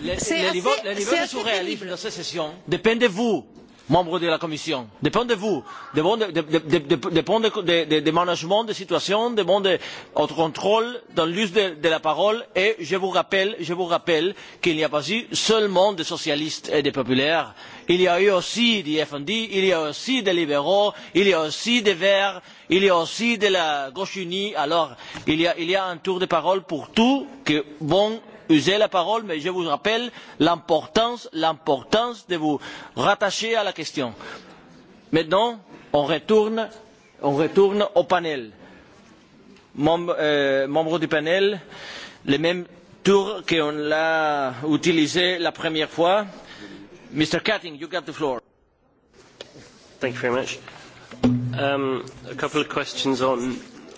le, niveau, le niveau de surréalisme de ces sessions dépend de vous membres de la commission dépend de vous dépend de, de, de, dépend du management des situations dépend de votre contrôle dans l'use de la parole et je vous rappelle, je vous rappelle qu'il n'y a pas eu seulement des socialistes et des populaires il y a eu aussi du fd il y a aussi des libéraux il y a aussi des verts il y a aussi de la gauche unie alors il y a, il y a un tour de parole pour tout bon usé la parole mais je vous rappelle l'importance de vous rattacher à la question. maintenant on retourne, au panel. Euh, membres du panel le même tour qu'on l'a utilisé la première fois. mr katting you got the floor. thank you very much. Um, a couple of questions on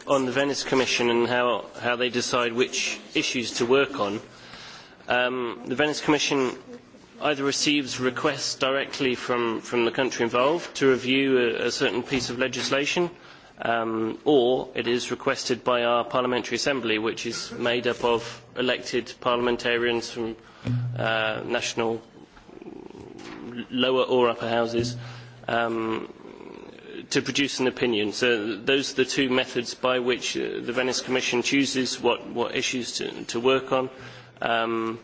on the Venice Commission and how, how they decide which issues to work on. Um, the Venice Commission either receives requests directly from, from the country involved to review a, a certain piece of legislation, um, or it is requested by our Parliamentary Assembly, which is made up of elected parliamentarians from uh, national lower or upper houses um, to produce an opinion. So those are the two methods by which uh, the Venice Commission chooses what, what issues to, to work on Um,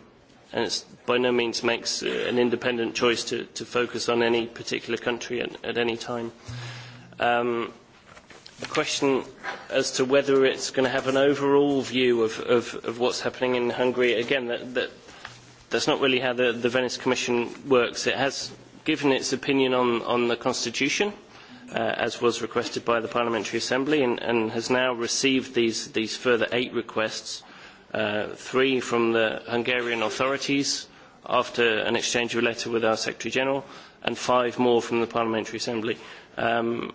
and it by no means makes uh, an independent choice to, to focus on any particular country at, at any time. Um, a question as to whether it's going to have an overall view of, of, of what's happening in Hungary. Again, that, that, that's not really how the, the Venice Commission works. It has given its opinion on, on the Constitution, uh, as was requested by the Parliamentary Assembly, and, and has now received these, these further eight requests Uh, three from the Hungarian authorities after an exchange of letter with our Secretary General, and five more from the Parliamentary Assembly. Um,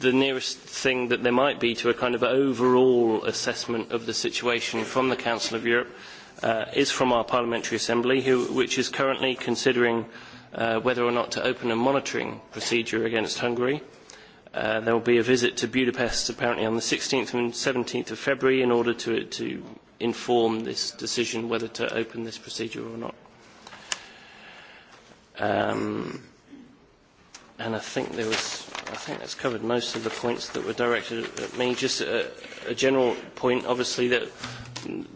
the nearest thing that there might be to a kind of overall assessment of the situation from the Council of Europe uh, is from our Parliamentary Assembly, who, which is currently considering uh, whether or not to open a monitoring procedure against Hungary. Uh, Uh, there will be a visit to Budapest apparently on the 16th and 17th of February in order to, to inform this decision whether to open this procedure or not. Um, and I think there was, I think that's covered most of the points that were directed at me. Just a, a general point, obviously, that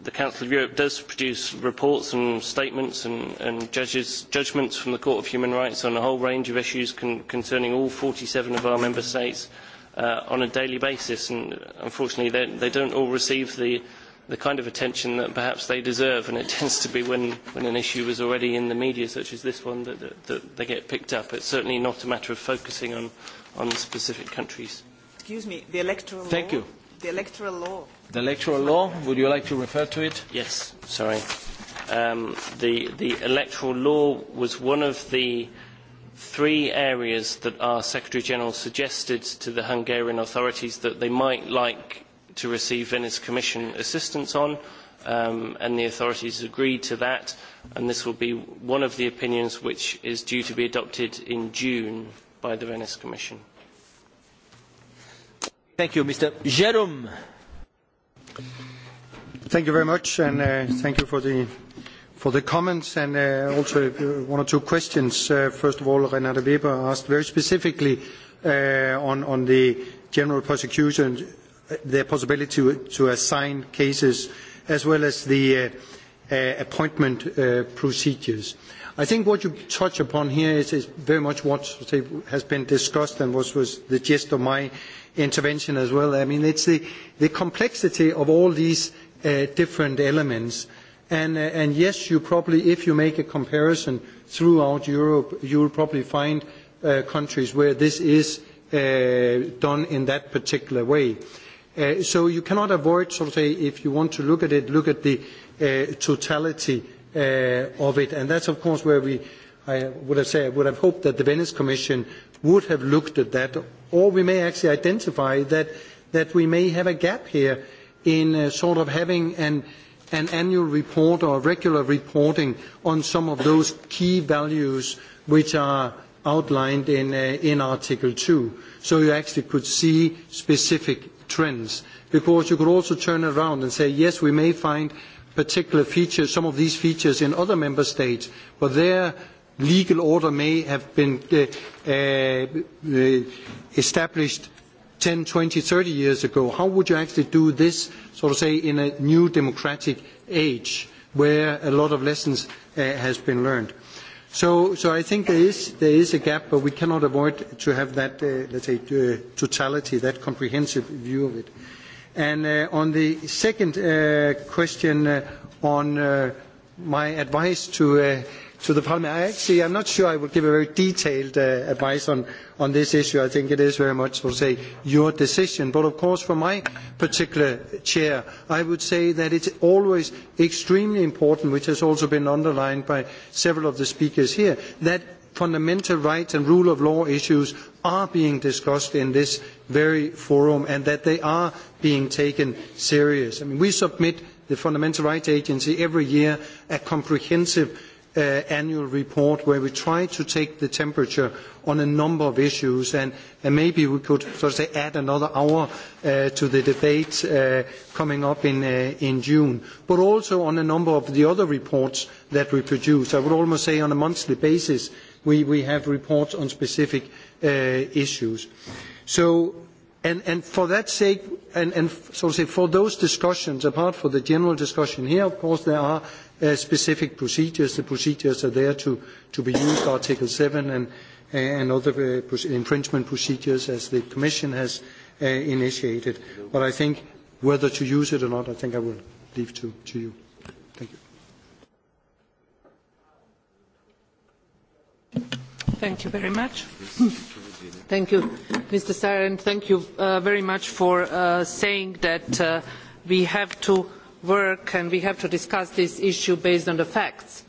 the Council of Europe does produce reports and statements and, and judges, judgments from the Court of Human Rights on a whole range of issues con concerning all 47 of our member states uh, on a daily basis. And unfortunately, they, they don't all receive the, the kind of attention that perhaps they deserve. And it [LAUGHS] tends to be when, when an issue is already in the media, such as this one, that, that, that they get picked up. It's certainly not a matter of focusing on, on specific countries. Excuse me, the electoral Thank law? Thank you. The electoral law The electoral law, would you like to refer to it? Yes, sorry. Um, the, the electoral law was one of the three areas that our Secretary General suggested to the Hungarian authorities that they might like to receive Venice Commission assistance on, um, and the authorities agreed to that, and this will be one of the opinions which is due to be adopted in June by the Venice Commission. Thank you, Mr. Jerome. Thank you very much, and uh, thank you for the, for the comments and uh, also uh, one or two questions. first of all, Renate Weber asked very specifically on, on the general prosecution, the possibility to, assign cases, as well as the appointment procedures. I think what you touch upon here is, very much what has been discussed and what was the gist of my intervention as well. I mean, it's the, the complexity of all these uh, different elements. And, uh, and yes, you probably, if you make a comparison throughout Europe, you will probably find uh, countries where this is uh, done in that particular way. Uh, so you cannot avoid, sort of say, if you want to look at it, look at the uh, totality uh, of it. And that's, of course, where we, I would have, said, would have hoped that the Venice Commission would have looked at that, or we may actually identify that, we may have a gap here in uh, sort of having an, annual report or regular reporting on some of those key values which are outlined in, uh, in Article 2. So you actually could see specific trends. Because you could also turn around and say, yes, we may find particular features, some of these features in other member states, but there legal order may have been uh, uh, established 10, 20, 30 years ago. How would you actually do this, sort of say, in a new democratic age where a lot of lessons uh, has been learned? So, so I think there is, there is a gap, but we cannot avoid to have that, uh, let's say, uh, totality, that comprehensive view of it. And uh, on the second uh, question uh, on uh, my advice to to the parliament. I actually, I'm not sure I would give a very detailed uh, advice on, on this issue. I think it is very much, we'll say, your decision. But of course, for my particular chair, I would say that it's always extremely important, which has also been underlined by several of the speakers here, that fundamental rights and rule of law issues are being discussed in this very forum and that they are being taken seriously. I mean, we submit the Fundamental Rights Agency every year a comprehensive Uh, annual report where we try to take the temperature on a number of issues and, maybe we could so to say add another hour uh, to the debate uh, coming up in, June, but also on a number of the other reports that we produce. I would almost say on a monthly basis we, have reports on specific issues. So And, for that sake, and, so to say for those discussions, apart from the general discussion here, of course, there are Uh, specific procedures. The procedures are there to, to be used, Article 7 and, and other uh, infringement procedures as the Commission has uh, initiated. But I think whether to use it or not, I think I will leave to, to you. Thank you. Thank you very much. [COUGHS] Thank you, Mr. Sayer, and thank you very much for saying that we have to work and we have to discuss this issue based on the facts.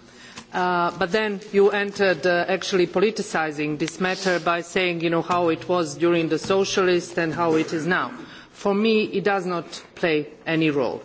Uh, but then you entered uh, actually politicising this matter by saying you know, how it was during the socialist and how it is now. For me, it does not play any role.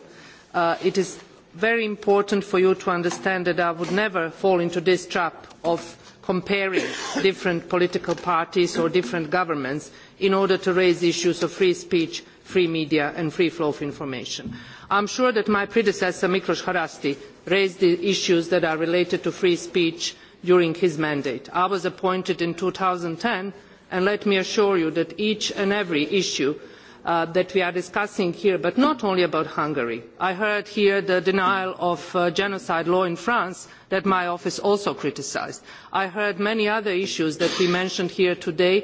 Uh, it is very important for you to understand that I would never fall into this trap of comparing [COUGHS] different political parties or different governments in order to raise issues of free speech, free media and free flow of information i am sure that my predecessor miklos hrasti raised the issues that are related to free speech during his mandate. i was appointed in two thousand and ten and let me assure you that each and every issue uh, that we are discussing here but not only about hungary i heard here the denial of uh, genocide law in france that my office also criticised i heard many other issues that we mentioned here today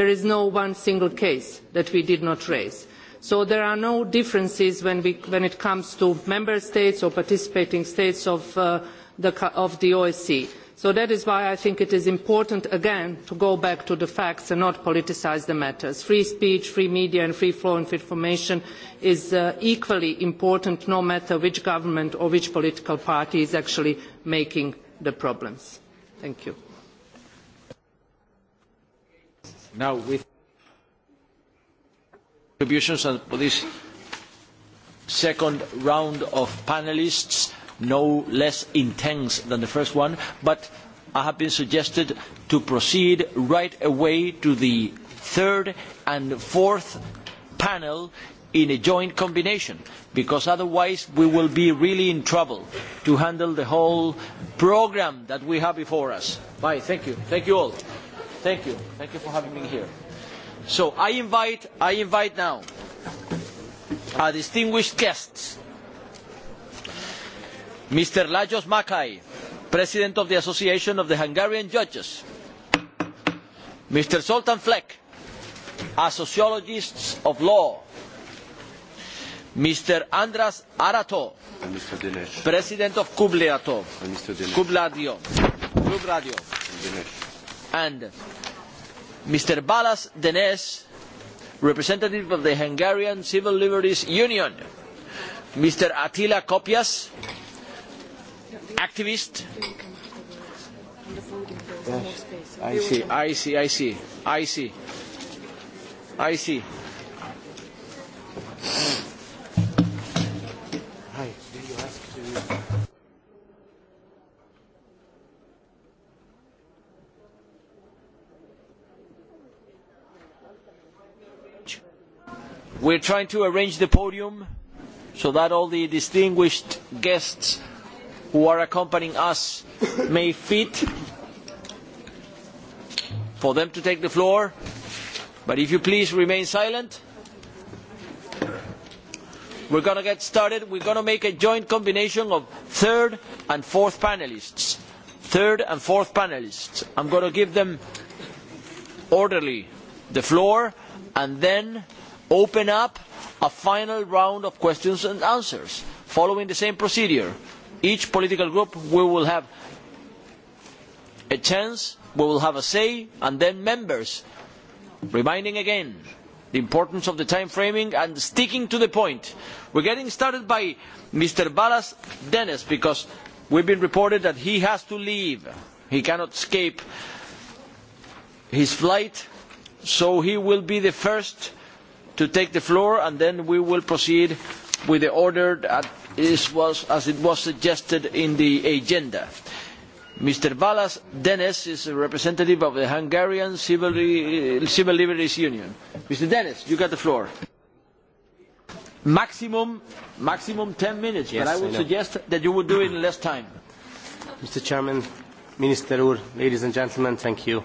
there is no one single case that we did not raise so there are no differences when, it comes to member states or participating states of, uh, the, osce so that is why i think it is important again to go back to the facts and not politicise the matters. free speech free media and free flow of information is uh, equally important no matter which government or which political party is actually making the problems. thank you contributions and for this second round of panelists, no less intense than the first one, but I have been suggested to proceed right away to the third and fourth panel in a joint combination, because otherwise we will be really in trouble to handle the whole program that we have before us. Bye, thank you. Thank you all. Thank you. Thank you for having me here. So I invite, I invite now our distinguished guests, Mr. Lajos Makai, President of the Association of the Hungarian Judges, Mr. Zoltan Fleck, as sociologists of law, Mr. Andras Arato, Mr. President of Kubladio, Kubladio, and Mr. Balas Denes, representative of the Hungarian Civil Liberties Union. Mr. Attila Kopias, activist. I see, I see, I see, I see, I see. We're trying to arrange the podium so that all the distinguished guests who are accompanying us may fit for them to take the floor. But if you please remain silent. We're going to get started. We're going to make a joint combination of third and fourth panelists. Third and fourth panelists. I'm going to give them orderly the floor and then open up a final round of questions and answers following the same procedure. Each political group we will have a chance, we will have a say, and then members. Reminding again the importance of the time framing and sticking to the point. We're getting started by Mr. Balas Dennis because we've been reported that he has to leave. He cannot escape his flight, so he will be the first to take the floor and then we will proceed with the order that is, was, as it was suggested in the agenda. Mr. Balas Denes is a representative of the Hungarian Civil, Civil Liberties Union. Mr. Denes, you got the floor. Maximum, maximum 10 minutes, yes, but I would I suggest that you would do it in less time. Mr. Chairman, Minister Ur, ladies and gentlemen, thank you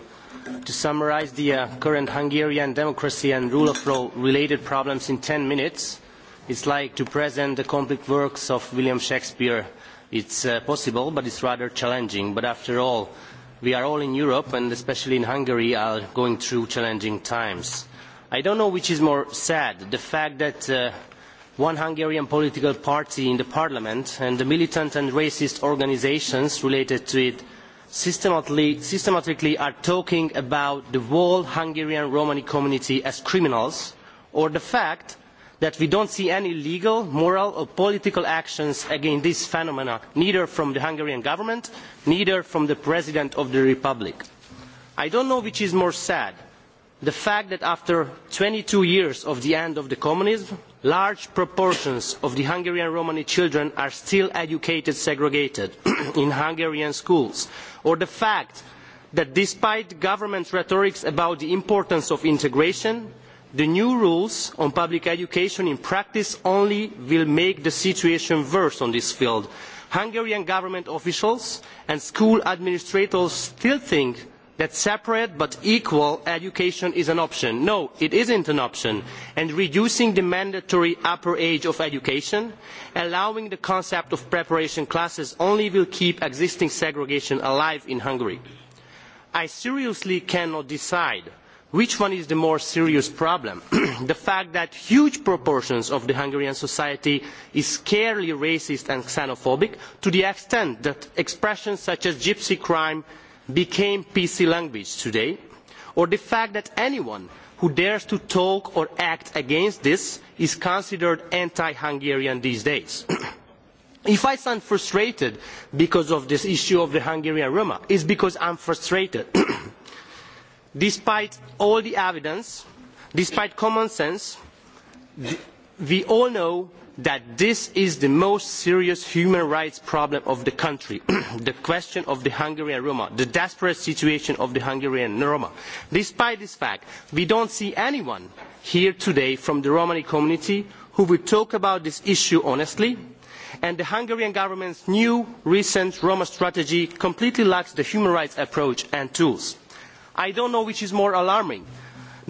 to summarize the uh, current Hungarian democracy and rule of law related problems in 10 minutes is like to present the complete works of William Shakespeare. It's uh, possible, but it's rather challenging. But after all, we are all in Europe, and especially in Hungary, are going through challenging times. I don't know which is more sad, the fact that uh, one Hungarian political party in the parliament and the militant and racist organizations related to it systematically are talking about the whole Hungarian Romani community as criminals or the fact that we do not see any legal, moral or political actions against this phenomenon, neither from the Hungarian government, neither from the President of the Republic. I do not know which is more sad, the fact that after twenty two years of the end of the communism, large proportions of the Hungarian Romani children are still educated segregated [CLEARS THROAT] in Hungarian schools, or the fact that despite government rhetoric about the importance of integration, the new rules on public education in practice only will make the situation worse on this field. Hungarian government officials and school administrators still think that separate but equal education is an option. no it is not an option and reducing the mandatory upper age of education allowing the concept of preparation classes only will keep existing segregation alive in hungary. i seriously cannot decide which one is the more serious problem [CLEARS THROAT] the fact that huge proportions of hungarian society is scarily racist and xenophobic to the extent that expressions such as gypsy crime' became PC language today, or the fact that anyone who dares to talk or act against this is considered anti-Hungarian these days. [CLEARS THROAT] if I sound frustrated because of this issue of the Hungarian Roma, it's because I'm frustrated. [CLEARS THROAT] despite all the evidence, despite common sense, we all know that this is the most serious human rights problem of the country [CLEARS THROAT] the question of the hungarian roma the desperate situation of the hungarian roma. despite this fact we do not see anyone here today from the romani community who would talk about this issue honestly and the hungarian government's new recent roma strategy completely lacks the human rights approach and tools. i do not know which is more alarming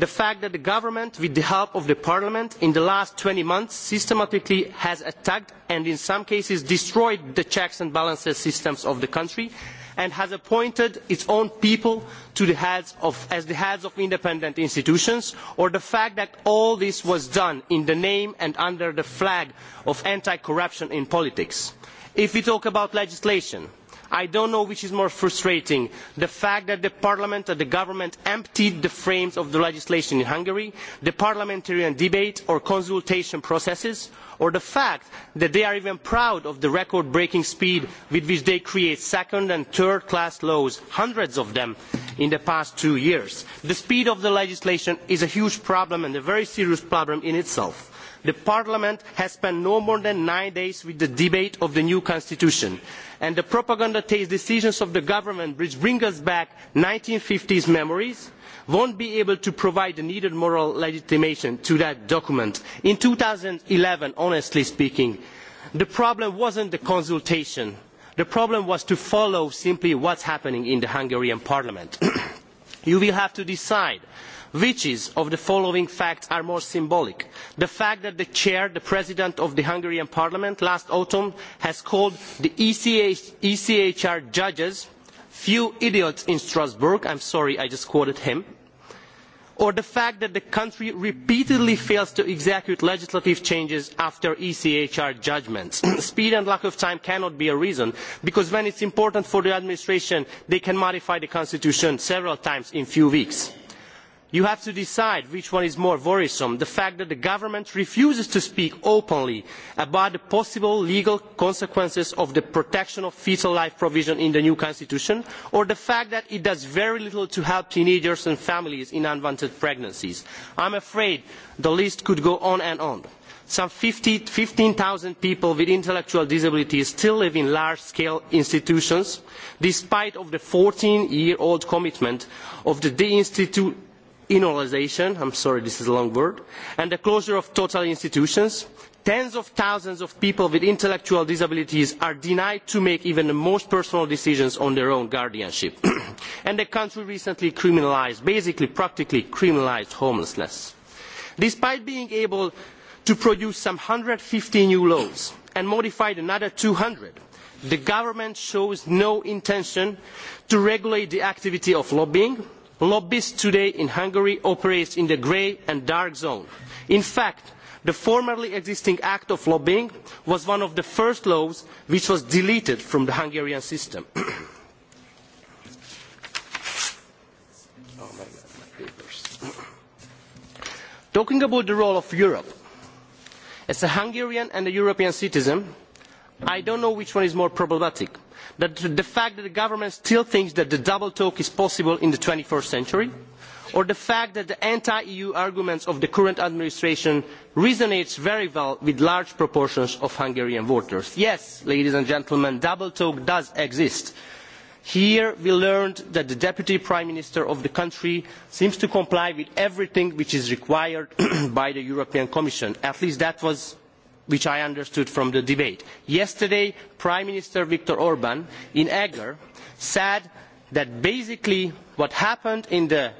the fact that the government with the help of the parliament in the last twenty months systematically has attacked and in some cases destroyed the checks and balances systems of the country and has appointed its own people as the heads of independent institutions or the fact that all this was done in the name and under the flag of anti corruption in politics. if we talk about legislation i do not know which is more frustrating the fact that parliament and the government emptied the frames of the legislation in hungary the parliamentary debate or consultation processes or the fact that they are even proud of the record breaking speed with which they create second and third class laws hundreds of them in the past two years. the speed of the legislation is a huge problem and a very serious problem in itself the parliament has spent no more than nine days with the debate of the new constitution and the propaganda based decisions of the government which bring us back to one thousand nine hundred and fifty s memories will not be able to provide the needed moral legitimation to that document. in two thousand and eleven honestly speaking the problem was not the consultation the problem was to follow simply what is happening in the hungarian parliament. [CLEARS THROAT] you will have to decide whether which of the following facts is more symbolic the fact that the chair the president of the hungarian parliament last autumn called the echr e judges few idiots in strasbourg' i am sorry i just quoted him or the fact that the country repeatedly fails to execute legislative changes after echr judgments. [CLEARS THROAT] speed and lack of time cannot be a reason because when it is important for the administration they can modify the constitution several times in a few weeks you have to decide which one is more worrisome the fact that the government refuses to speak openly about the possible legal consequences of the protection of foetal life provision in the new constitution or the fact that it does very little to help teenagers and families in unwanted pregnancies. i am afraid the list could go on and on. some fifteen zero people with intellectual disabilities still live in large scale institutions despite the fourteen year old commitment of the deinstitutionalisation internalisation am sorry this is a long word and the closure of total institutions tens of thousands of people with intellectual disabilities are denied to make even the most personal decisions on their own guardianship [CLEARS THROAT] and the country recently criminalised basically practically criminalised homelessness despite being able to produce some one hundred and fifty new laws and modify another two hundred the government shows no intention to regulate the activity of lobbying lobbyists today in hungary operate in the grey and dark zone. in fact the formerly existing act of lobbying was one of the first laws which was deleted from the hungarian system. [CLEARS THROAT] Oh talking about the role of europe as a hungarian and a european citizen i do not know which one is more problematic that the fact that the government still thinks that the double talk is possible in the twenty first century or the fact that the anti eu arguments of the current administration resonate very well with large proportions of hungarian voters. yes ladies and gentlemen double talk does exist. here we learned that the deputy prime minister of the country seems to comply with everything which is required [CLEARS THROAT] by the european commission at least that was which i understood from the debate. yesterday prime minister viktor orbn in agar said that basically what happened in the uh,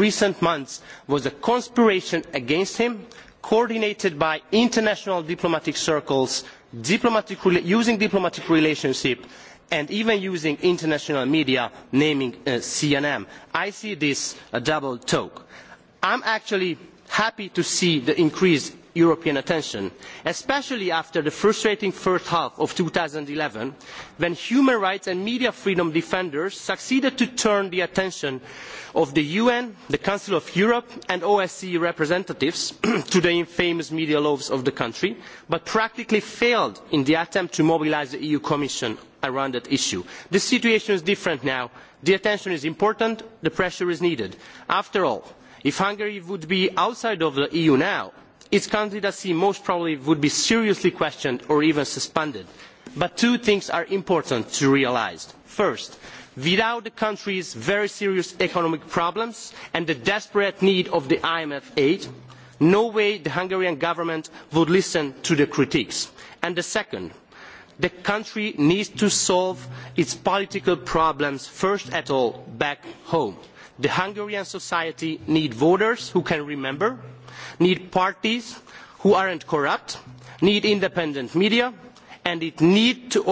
recent months was a conspiracy against him coordinated by international diplomatic circles diplomatic, using diplomatic relationships and even using international media naming uh, cnn. i see this as a double talk. i am actually happy to see the increase european attention especially after the frustrating first half of two thousand and eleven when human rights and media freedom defenders succeeded in turning the attention of the un the council of europe and osce representatives [CLEARS THROAT] to the infamous media laws of the country but practically failed in the attempt to mobilise the eu commission around that issue. the situation is different now. the attention is important the pressure is needed. after all if hungary were outside the eu now its candidacy most probably would be seriously questioned or even suspended. but two things are important to realise first without the country's very serious economic problems and the desperate need for the imf aid no way the hungarian government would listen to the critics and second the country needs to solve its political problems first of all back home. hungarian society needs voters who can remember need parties who aren't corrupt, need independent media, and it, needs to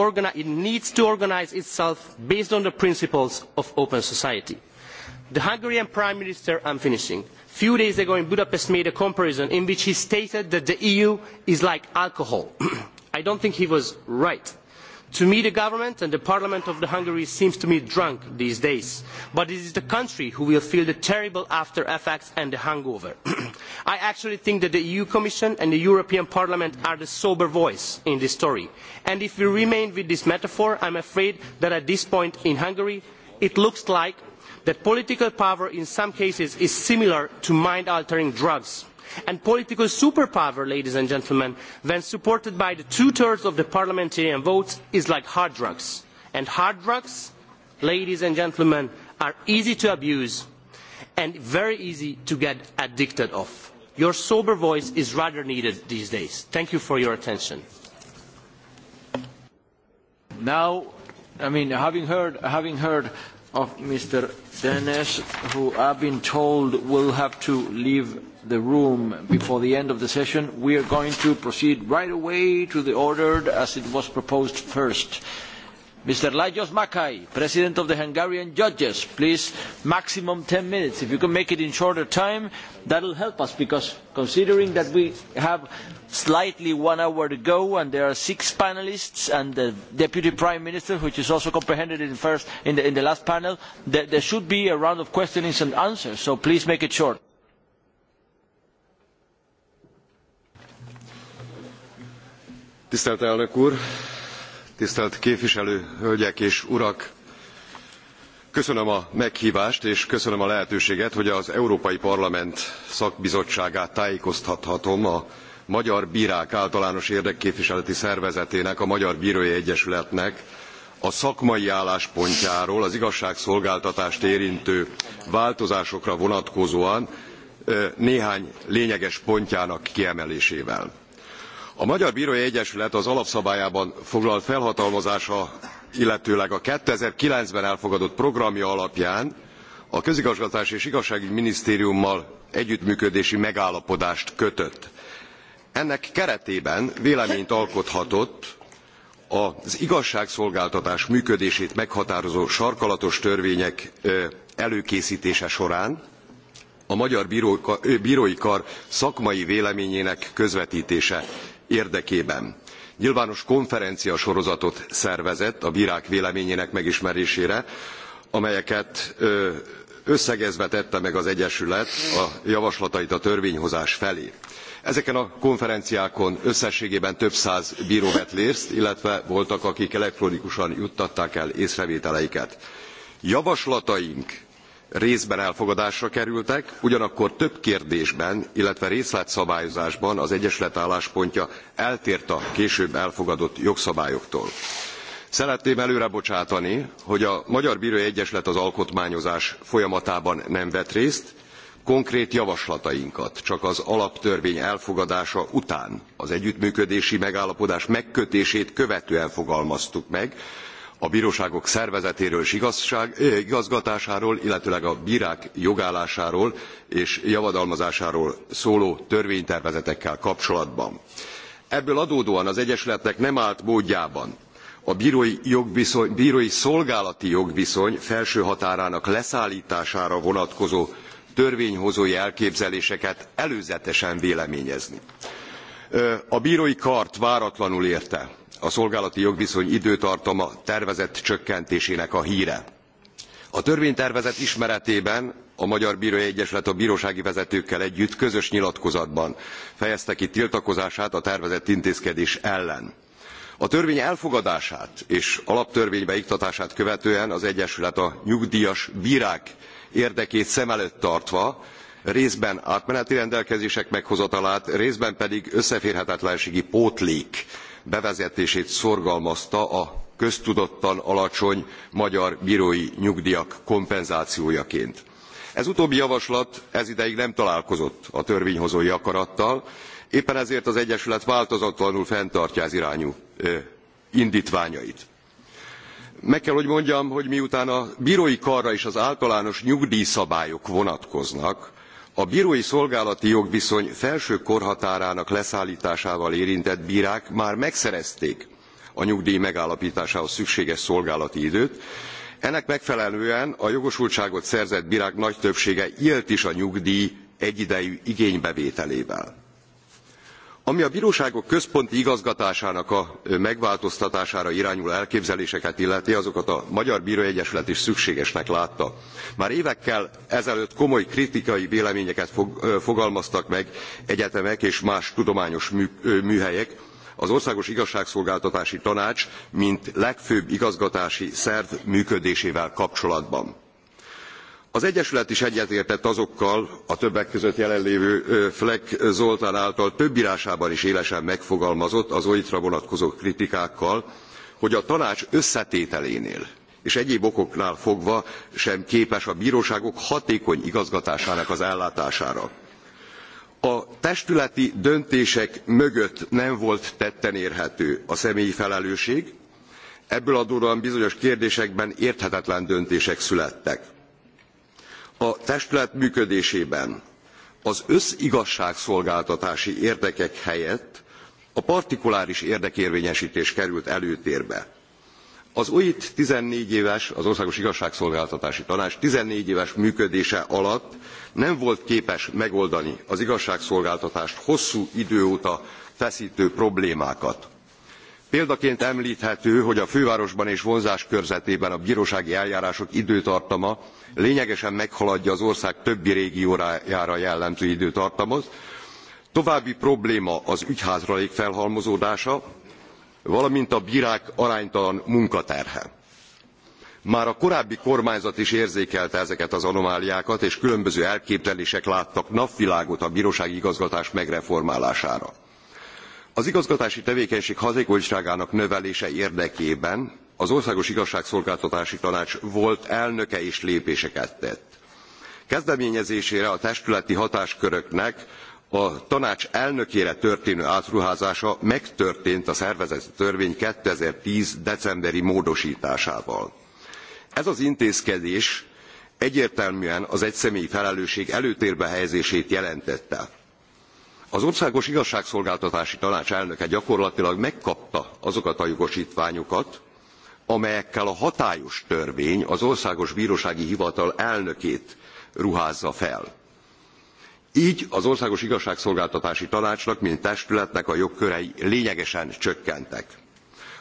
organise itself based on the principles of open society. The Hungarian Prime Minister, I'm finishing, few days ago in Budapest made a comparison in which he stated that the EU is like alcohol. [CLEARS THROAT] I don't think he was right to me the government and the parliament of hungary seem to be drunk these days but it is the country which will feel the terrible after effects and the hangover. [CLEARS THROAT] i actually think that the eu commission and the european parliament are the sober voice in this story and if we remain with this metaphor i am afraid that at this point in hungary it looks like political power in some cases is similar to mind altering drugs and political superpower ladies and gentlemen when supported by the two thirds of the parliamentarian votes is like hard drugs and hard drugs ladies and gentlemen are easy to abuse and very easy to get addicted to. your sober voice is rather needed these days. thank you for your attention. now I mean, having heard, having heard of Mr. Dennis, who I've been told will have to leave the room before the end of the session, we are going to proceed right away to the order as it was proposed first. Mr. Lajos Makai, President of the Hungarian Judges, please, maximum 10 minutes. If you can make it in shorter time, that will help us, because considering that we have slightly one hour to go, and there are six panelists, and the Deputy Prime Minister, which is also comprehended in, first, in, the, in the last panel, there, there should be a round of questionings and answers, so please make it short. Tisztelt elnök úr, tisztelt képviselő hölgyek és urak! Köszönöm a meghvást és köszönöm a lehetőséget, hogy az Európai Parlament szakbizottságát tájékoztathatom a Magyar Bírák Általános Érdekképviseleti Szervezetének, a Magyar Bírói Egyesületnek a szakmai álláspontjáról az igazságszolgáltatást érintő változásokra vonatkozóan néhány lényeges pontjának kiemelésével a magyar brói egyesület az alapszabályában foglalt felhatalmazása illetőleg a two thousand and nine ben elfogadott programja alapján a közigazgatási és igazságügyi minisztériummal együttműködési megállapodást kötött. ennek keretében véleményt alkothatott az igazságszolgáltatás működését meghatározó sarkalatos törvények előkésztése során a magyar brói kar szakmai véleményének közvettése érdekében. Nyilvános konferenciasorozatot szervezett a bírák véleményének megismerésére, amelyeket összegezve tette meg az Egyesület a javaslatait a törvényhozás felé. Ezeken a konferenciákon összességében több száz bíró vett részt, illetve voltak, akik elektronikusan juttatták el észrevételeiket. Javaslataink részben elfogadásra kerültek ugyanakkor több kérdésben illetve részletszabályozásban az egyesület álláspontja eltért a később elfogadott jogszabályoktól. szeretném előre bocsátani hogy a magyar brói egyesület az alkotmányozás folyamatában nem vett részt konkrét javaslatainkat csak az alaptörvény elfogadása után az együttműködési megállapodás megkötését követően fogalmaztuk meg a bróságok szervezetéről és igazgatásáról illetőleg a brák jogállásáról és javadalmazásáról szóló törvénytervezetekkel kapcsolatban. ebből adódóan az egyesületnek nem állt módjában a brói, szolgálati jogviszony felső határának leszálltására vonatkozó törvényhozói elképzeléseket előzetesen véleményezni. a brói kart váratlanul érte a szolgálati jogviszony időtartama tervezett csökkentésének a híre. A törvénytervezet ismeretében a Magyar brói Egyesület a brósági vezetőkkel együtt közös nyilatkozatban fejezte ki tiltakozását a tervezett intézkedés ellen. A törvény elfogadását és alaptörvénybe iktatását követően az Egyesület a nyugdíjas brák érdekét szem előtt tartva részben átmeneti rendelkezések meghozatalát, részben pedig összeférhetetlenségi pótlék bevezetését szorgalmazta a köztudottan alacsony magyar brói nyugdjak kompenzációjaként. ez utóbbi javaslat ezidáig nem találkozott a törvényhozói akarattal éppen ezért az egyesület változatlanul fenntartja ez irányú indtványait. meg kell hogy mondjam hogy miután a brói karra is az általános nyugdjszabályok vonatkoznak a brói szolgálati jogviszony felső korhatárának leszálltásával érintett brák már megszerezték a nyugdj megállaptásához szükséges szolgálati időt ennek megfelelően a jogosultságot szerzett brák nagy többsége élt is a nyugdj egyidejű igénybevételével ami a bróságok központi igazgatásának a megváltoztatására irányuló elképzeléseket illeti azokat a magyar bróegyesület is szükségesnek látta. már évekkel ezelőtt komoly kritikai véleményeket fogalmaztak meg egyetemek és más tudományos műhelyek az országos igazságszolgáltatási tanács mint legfőbb igazgatási szerv működésével kapcsolatban az egyesület is egyetértett azokkal a többek között jelenlévő flek zoltán által több rásában is élesen megfogalmazott az oit ra vonatkozó kritikákkal hogy a tanács összetételénél és egyéb okoknál fogva sem képes a bróságok hatékony igazgatásának az ellátására. a testületi döntések mögött nem volt tetten érhető a személyi felelősség ebből adódóan bizonyos kérdésekben érthetetlen döntések születtek a testület működésében az összigazságszolgáltatási érdekek helyett a partikuláris érdekérvényestés került előtérbe. Az OIT 14 éves, az Országos Igazságszolgáltatási Tanács 14 éves működése alatt nem volt képes megoldani az igazságszolgáltatást hosszú idő óta feszítő problémákat példaként emlthető hogy a fővárosban és vonzás körzetében a brósági eljárások időtartama lényegesen meghaladja az ország többi régiójára jellemző időtartamot további probléma az ügyhátralék felhalmozódása valamint a brák aránytalan munkaterhe. már a korábbi kormányzat is érzékelte ezeket az anomáliákat és különböző elképzelések láttak napvilágot a brósági igazgatás megreformálására az igazgatási tevékenység hatékonyságának növelése érdekében az országos igazságszolgáltatási tanács volt elnöke is lépéseket tett. kezdeményezésére a testületi hatásköröknek a tanács elnökére történő átruházása megtörtént a szervezeti törvény two thousand and ten decemberi módostásával. ez az intézkedés egyértelműen az egyszemélyi felelősség előtérbe helyezését jelentette Az Országos Igazságszolgáltatási Tanács elnöke gyakorlatilag megkapta azokat a jogosítványokat, amelyekkel a hatályos törvény az Országos Bírósági Hivatal elnökét ruházza fel. Így az Országos Igazságszolgáltatási Tanácsnak, mint testületnek a jogkörei lényegesen csökkentek.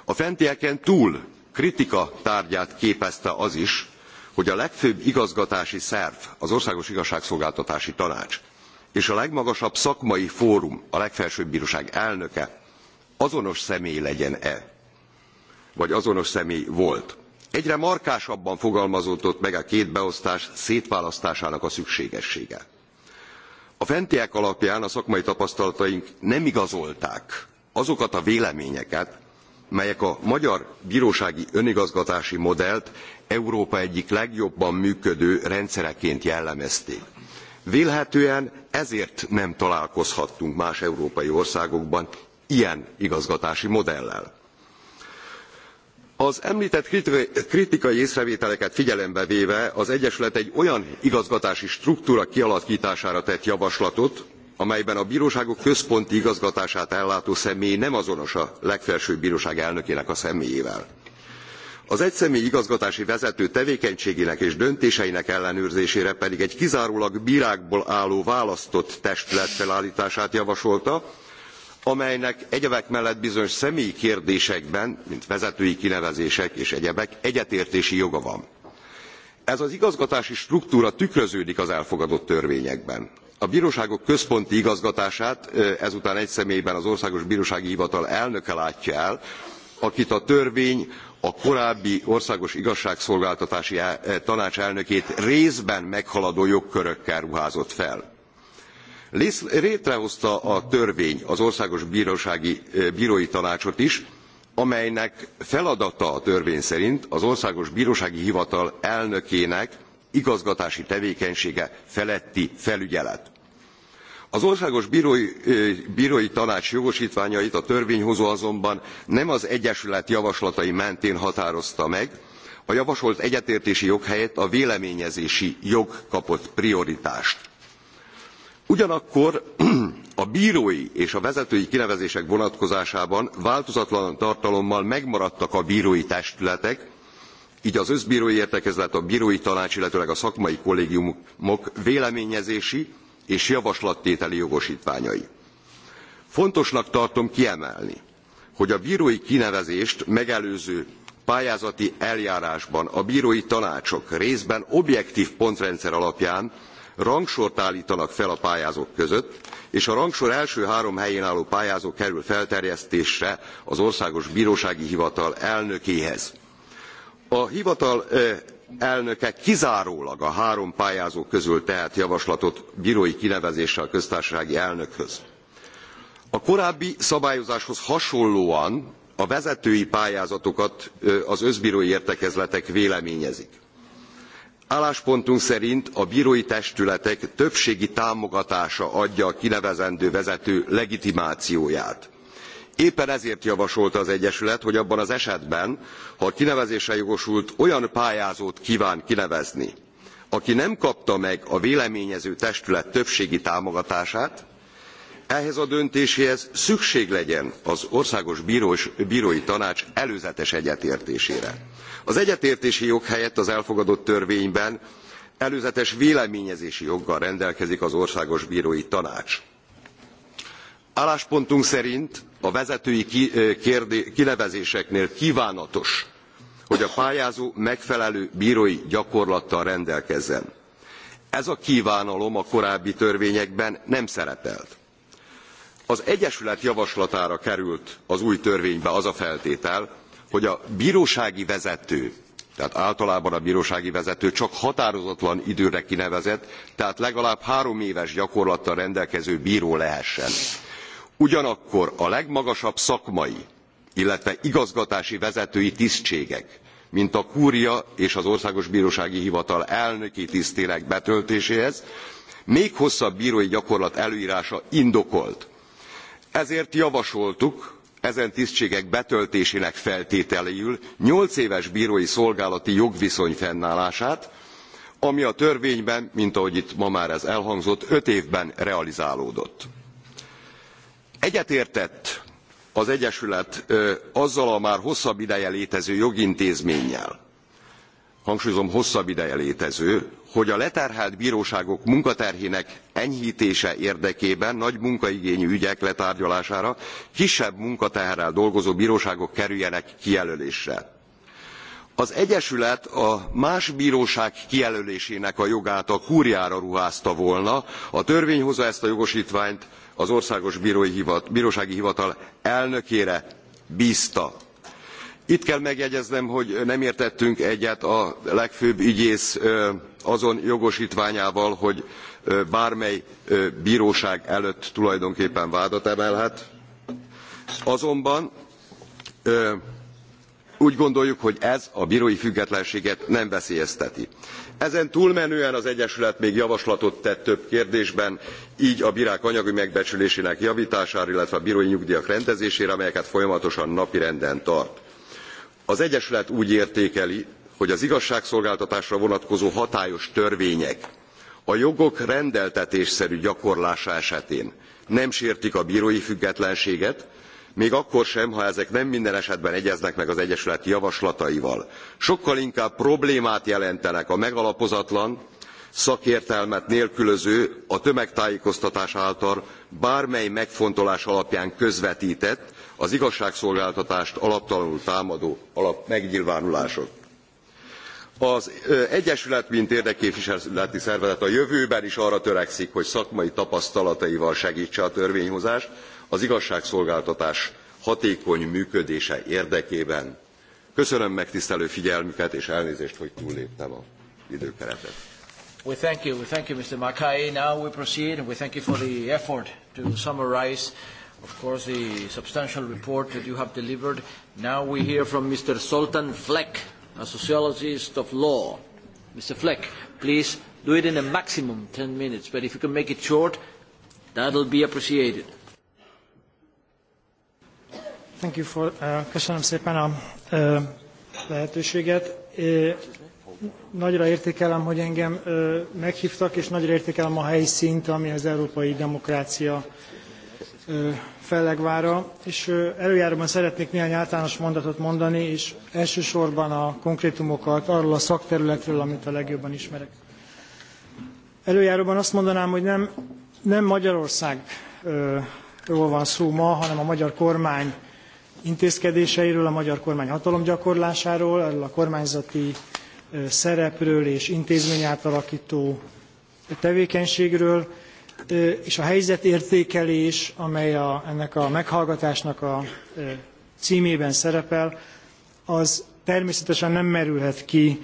A fentieken túl kritika tárgyát képezte az is, hogy a legfőbb igazgatási szerv, az Országos Igazságszolgáltatási Tanács és a legmagasabb szakmai fórum, a legfelsőbb bróság elnöke azonos személy legyen-e, vagy azonos személy volt. Egyre markásabban fogalmazódott meg a két beosztás szétválasztásának a szükségessége. A fentiek alapján a szakmai tapasztalataink nem igazolták azokat a véleményeket, melyek a magyar bírósági önigazgatási modellt Európa egyik legjobban működő rendszereként jellemezték. Vélhetően ezért nem találkozhattunk más európai országokban ilyen igazgatási modellel. Az említett kritikai észrevételeket figyelembe véve az Egyesület egy olyan igazgatási struktúra kialaktására tett javaslatot, amelyben a bróságok központi igazgatását ellátó személy nem azonos a legfelsőbb bróság elnökének a személyével az egyszemélyi igazgatási vezető tevékenységének és döntéseinek ellenőrzésére pedig egy kizárólag brákból álló választott testület felálltását javasolta amelynek egyebek mellett bizonyos személyi kérdésekben mint vezetői kinevezések és egyebek egyetértési joga van. ez az igazgatási struktúra tükröződik az elfogadott törvényekben. a bróságok központi igazgatását ezután egy személyben az országos brósági hivatal elnöke látja el akit a törvény a korábbi országos igazságszolgáltatási eh, eh, tanács elnökét részben meghaladó jogkörökkel ruházott fel. létrehozta a törvény az országos bírósági, eh, bírói tanácsot is amelynek feladata a törvény szerint az országos brósági hivatal elnökének igazgatási tevékenysége feletti felügyelet az országos brói, tanács jogostványait a törvényhozó azonban nem az egyesület javaslatai mentén határozta meg a javasolt egyetértési jog helyett a véleményezési jog kapott prioritást. ugyanakkor a brói és a vezetői kinevezések vonatkozásában változatlan tartalommal megmaradtak a brói testületek gy az összbrói értekezlet a brói tanács illetőleg a szakmai kollégiumok véleményezési és javaslattételi jogostványai. Fontosnak tartom kiemelni, hogy a brói kinevezést megelőző pályázati eljárásban a brói tanácsok részben objektv pontrendszer alapján rangsort álltanak fel a pályázók között és a rangsor első három helyén álló pályázó kerül felterjesztésre az országos brósági hivatal elnökéhez. a hivatal eh, elnöke kizárólag a három pályázó közül tehet javaslatot brói kinevezésre a köztársasági elnökhöz. a korábbi szabályozáshoz hasonlóan a vezetői pályázatokat az összbrói értekezletek véleményezik. álláspontunk szerint a brói testületek többségi támogatása adja a kinevezendő vezető legitimációját éppen ezért javasolta az egyesület hogy abban az esetben ha a kinevezésre jogosult olyan pályázót kván kinevezni aki nem kapta meg a véleményező testület többségi támogatását ehhez a döntéséhez szükség legyen az országos Bírós, brói tanács előzetes egyetértésére. az egyetértési jog helyett az elfogadott törvényben előzetes véleményezési joggal rendelkezik az országos brói tanács. álláspontunk szerint a vezetői kinevezéseknél kvánatos hogy a pályázó megfelelő brói gyakorlattal rendelkezzen. ez a kvánalom a korábbi törvényekben nem szerepelt. az egyesület javaslatára került az új törvénybe az a feltétel hogy a brósági vezető tehát általában a brósági vezető csak határozatlan időre kinevezett tehát legalább három éves gyakorlattal rendelkező bró lehessen ugyanakkor a legmagasabb szakmai illetve igazgatási vezetői tisztségek mint a kúria és az országos brósági hivatal elnöki tisztének betöltéséhez még hosszabb brói gyakorlat előrása indokolt ezért javasoltuk ezen tisztségek betöltésének feltételéül nyolc éves brói szolgálati jogviszony fennállását ami a törvényben mint ahogy itt ma már ez elhangzott öt évben realizálódott egyetértett az egyesület azzal a már hosszabb ideje létező jogintézménnyel hangsúlyozom hosszabb ideje létező hogy a leterhelt bróságok munkaterhének enyhtése érdekében nagy munkaigényű ügyek letárgyalására kisebb munkateherrel dolgozó bróságok kerüljenek kijelölésre. az egyesület a más bróság kijelölésének a jogát a kúriára ruházta volna a törvényhozó ezt a jogostványt az Országos brósági Hivatal elnökére bzta. Itt kell megjegyeznem, hogy nem értettünk egyet a legfőbb ügyész azon jogostványával hogy bármely bróság előtt tulajdonképpen vádat emelhet. Azonban úgy gondoljuk, hogy ez a brói függetlenséget nem veszélyezteti ezen túlmenően az egyesület még javaslatot tett több kérdésben gy a brák anyagi megbecsülésének javtására illetve a brói nyugdjak rendezésére amelyeket folyamatosan napirenden tart. az egyesület úgy értékeli hogy az igazságszolgáltatásra vonatkozó hatályos törvények a jogok rendeltetésszerű gyakorlása esetén nem sértik a brói függetlenséget még akkor sem ha ezek nem minden esetben egyeznek meg az egyesület javaslataival. sokkal inkább problémát jelentenek a megalapozatlan szakértelmet nélkülöző a tömegtájékoztatás által bármely megfontolás alapján közvettett az igazságszolgáltatást alaptalanul támadó megnyilvánulások. az egyesület mint érdekképviseleti szervezet a jövőben is arra törekszik hogy szakmai tapasztalataival segtse a törvényhozást az igazságszolgáltatás hatékony működése érdekében. Köszönöm megtisztelő figyelmüket, és elnézést, hogy túlléptem a időkeretet. We thank you. We thank you, Mr. Mackay. Now we proceed, and we thank you for the effort to summarize, of course, the substantial report that you have delivered. Now we hear from Mr. Sultan Fleck, a sociologist of law. Mr. Fleck, please do it in a maximum 10 minutes, but if you can make it short, that will be appreciated. Thank you for, uh, köszönöm szépen a lehetőséget. nagyra értékelem, hogy engem uh, meghívtak, és nagyra értékelem a helyszínt, ami az európai demokrácia fellegvára, és előjáróban szeretnék néhány általános mondatot mondani, és elsősorban a konkrétumokat arról a szakterületről, amit a legjobban ismerek. Előjáróban azt mondanám, hogy nem, nem Magyarországról van szó ma, hanem a magyar kormány intézkedéseiről, a magyar kormány hatalomgyakorlásáról, erről a kormányzati szerepről és intézmény átalakító tevékenységről, és a helyzetértékelés, amely a, ennek a meghallgatásnak a címében szerepel, az természetesen nem merülhet ki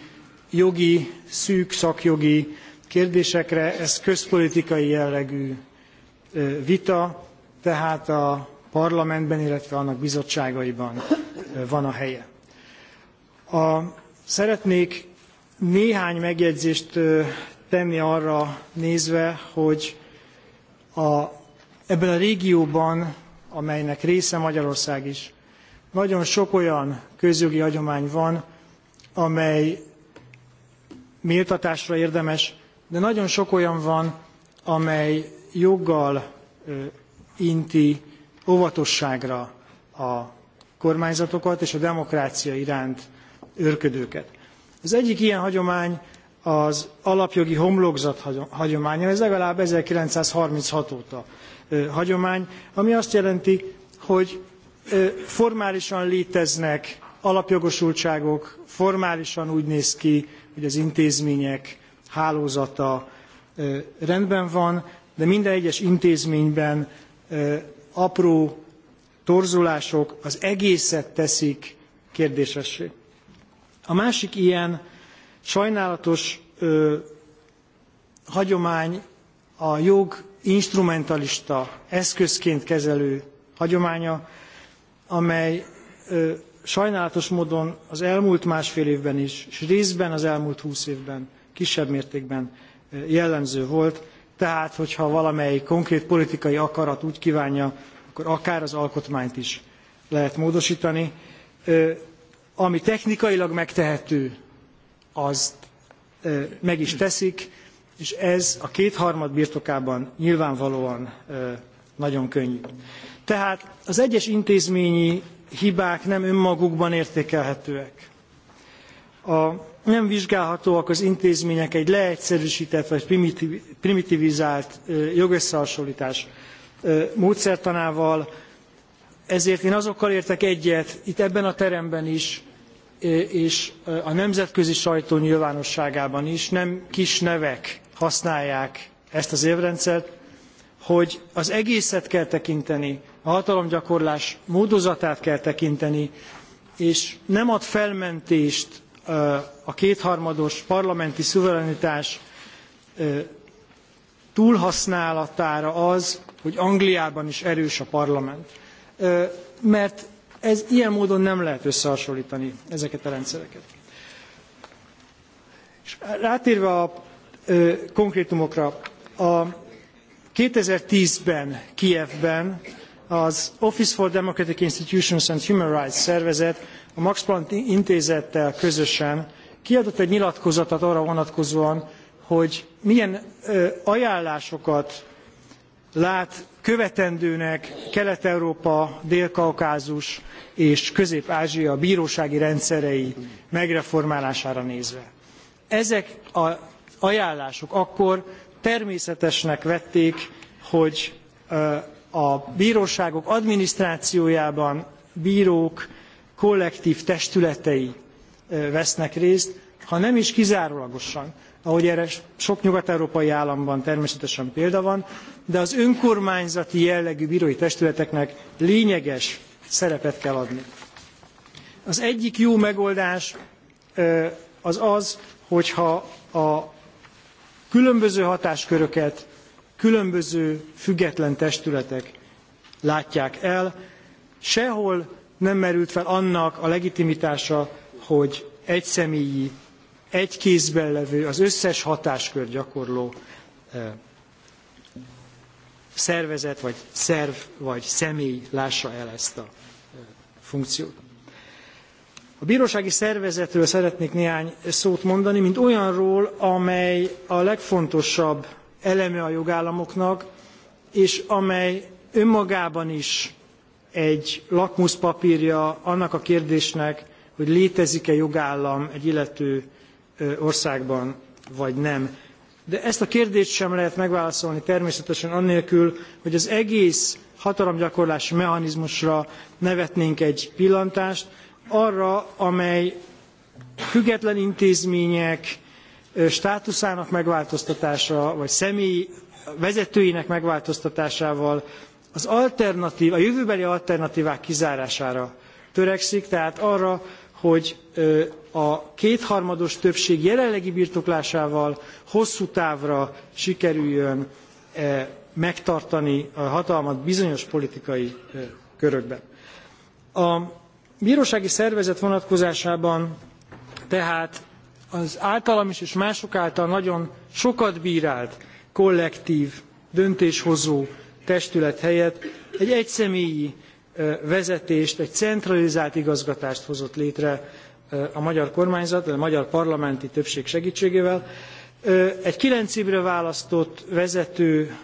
jogi, szűk szakjogi kérdésekre, ez közpolitikai jellegű vita, tehát a parlamentben, illetve annak bizottságaiban van a helye. A, szeretnék néhány megjegyzést tenni arra nézve, hogy a, ebben a régióban, amelynek része Magyarország is, nagyon sok olyan közjogi hagyomány van, amely méltatásra érdemes, de nagyon sok olyan van, amely joggal inti óvatosságra a kormányzatokat és a demokrácia iránt őrködőket. Az egyik ilyen hagyomány az alapjogi homlokzat hagyománya, ez legalább 1936 óta hagyomány, ami azt jelenti, hogy formálisan léteznek alapjogosultságok, formálisan úgy néz ki, hogy az intézmények hálózata rendben van, de minden egyes intézményben apró torzulások az egészet teszik kérdésessé. A másik ilyen sajnálatos ö, hagyomány a jog instrumentalista eszközként kezelő hagyománya, amely ö, sajnálatos módon az elmúlt másfél évben is, és részben az elmúlt húsz évben kisebb mértékben jellemző volt. Tehát, hogyha valamely konkrét politikai akarat úgy kívánja, akkor akár az alkotmányt is lehet módosítani. Ami technikailag megtehető, azt meg is teszik, és ez a kétharmad birtokában nyilvánvalóan nagyon könnyű. Tehát az egyes intézményi hibák nem önmagukban értékelhetőek. A nem vizsgálhatóak az intézmények egy leegyszerűsített vagy primitivizált jogösszehasonlítás módszertanával, ezért én azokkal értek egyet itt ebben a teremben is, és a nemzetközi sajtó nyilvánosságában is nem kis nevek használják ezt az évrendszert, hogy az egészet kell tekinteni, a hatalomgyakorlás módozatát kell tekinteni, és nem ad felmentést a kétharmados parlamenti szuverenitás túlhasználatára az, hogy Angliában is erős a parlament. Mert ez ilyen módon nem lehet összehasonlítani ezeket a rendszereket. És rátérve a ö, konkrétumokra, a 2010-ben Kijevben az Office for Democratic Institutions and Human Rights szervezet a Max Planck intézettel közösen kiadott egy nyilatkozatot arra vonatkozóan, hogy milyen ajánlásokat lát követendőnek Kelet-Európa, Dél-Kaukázus és Közép-Ázsia bírósági rendszerei megreformálására nézve. Ezek az ajánlások akkor természetesnek vették, hogy a bíróságok adminisztrációjában bírók kollektv testületei vesznek részt, ha nem is kizárólagosan, ahogy erre sok nyugat-európai államban természetesen példa van, de az önkormányzati jellegű bírói testületeknek lényeges szerepet kell adni. Az egyik jó megoldás az az, hogyha a különböző hatásköröket különböző független testületek látják el, sehol nem merült fel annak a legitimitása, hogy egyszemélyi, egy kézben levő, az összes hatáskör gyakorló szervezet, vagy szerv, vagy személy lássa el ezt a funkciót. A bírósági szervezetről szeretnék néhány szót mondani, mint olyanról, amely a legfontosabb eleme a jogállamoknak, és amely önmagában is egy lakmuszpapírja annak a kérdésnek, hogy létezik-e jogállam egy illető országban, vagy nem. De ezt a kérdést sem lehet megválaszolni természetesen annélkül, hogy az egész hatalomgyakorlási mechanizmusra nevetnénk egy pillantást, arra, amely független intézmények státuszának megváltoztatása, vagy személy vezetőinek megváltoztatásával az alternatív, a jövőbeli alternatívák kizárására törekszik, tehát arra, hogy a kétharmados többség jelenlegi birtoklásával hosszú távra sikerüljön e, megtartani a hatalmat bizonyos politikai körökben. A bírósági szervezet vonatkozásában tehát az általam is és mások által nagyon sokat bírált kollektív döntéshozó testület helyett egy egyszemélyi vezetést, egy centralizált igazgatást hozott létre a magyar kormányzat, a magyar parlamenti többség segítségével. Egy kilenc évre választott vezető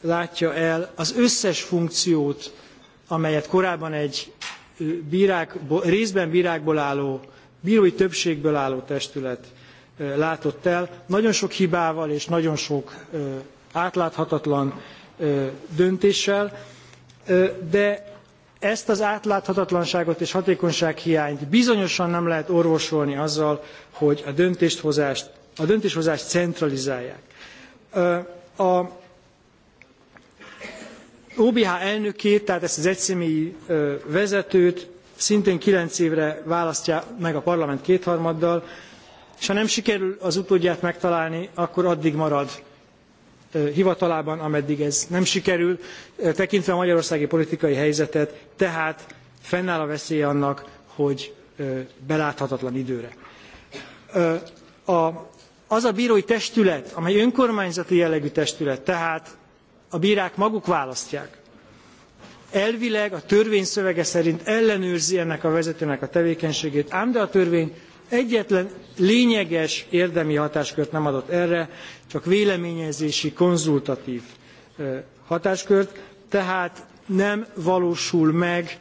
látja el az összes funkciót, amelyet korábban egy bírák, részben bírákból álló, bírói többségből álló testület látott el, nagyon sok hibával és nagyon sok átláthatatlan döntéssel, de ezt az átláthatatlanságot és hatékonysághiányt bizonyosan nem lehet orvosolni azzal, hogy a döntéshozást, a döntéshozást centralizálják. A OBH elnökét, tehát ezt az egyszemélyi vezetőt szintén 9 évre választja meg a parlament kétharmaddal, és ha nem sikerül az utódját megtalálni, akkor addig marad hivatalában, ameddig ez nem sikerül, tekintve a magyarországi politikai helyzetet, tehát fennáll a veszély annak, hogy beláthatatlan időre. az a bírói testület, amely önkormányzati jellegű testület, tehát a bírák maguk választják, elvileg a törvény szövege szerint ellenőrzi ennek a vezetőnek a tevékenységét, ám de a törvény egyetlen lényeges érdemi hatáskört nem adott erre, csak véleményezési, konzultatív hatáskört, tehát nem valósul meg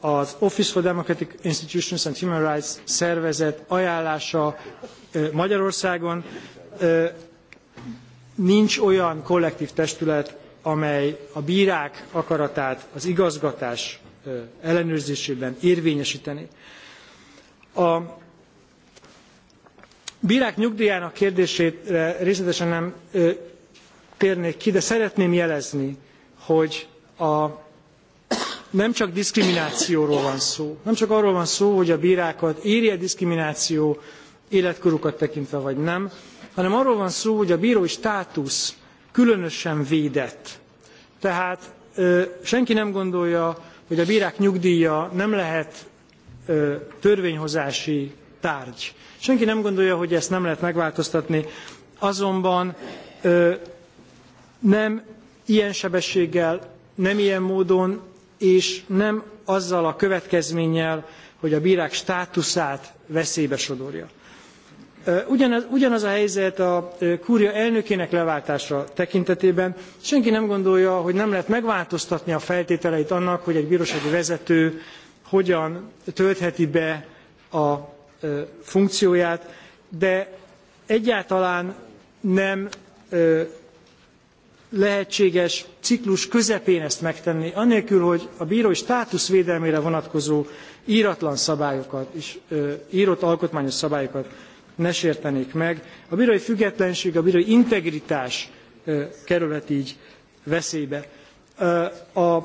az Office for Democratic Institutions and Human Rights szervezet ajánlása Magyarországon. Nincs olyan kollektív testület, amely a bírák akaratát az igazgatás ellenőrzésében érvényesíteni. A brák nyugdjának kérdésére részletesen nem térnék ki, de szeretném jelezni, hogy a, nem csak diszkriminációról van szó, nem csak arról van szó, hogy a bírákat éri a diszkrimináció életkorukat tekintve vagy nem, hanem arról van szó, hogy a bírói státusz különösen védett. Tehát senki nem gondolja, hogy a bírák nyugdíja nem lehet törvényhozási tárgy. Senki nem gondolja, hogy ezt nem lehet megváltoztatni, azonban nem ilyen sebességgel, nem ilyen módon, és nem azzal a következménnyel, hogy a bírák státuszát veszélybe sodorja. Ugyanaz, ugyanaz, a helyzet a kúria elnökének leváltása tekintetében. Senki nem gondolja, hogy nem lehet megváltoztatni a feltételeit annak, hogy egy bírósági vezető hogyan töltheti be a funkcióját, de egyáltalán nem lehetséges ciklus közepén ezt megtenni, anélkül, hogy a bírói státusz védelmére vonatkozó íratlan szabályokat és írott alkotmányos szabályokat ne sértenék meg. A bírói függetlenség, a bírói integritás kerülhet így veszélybe. A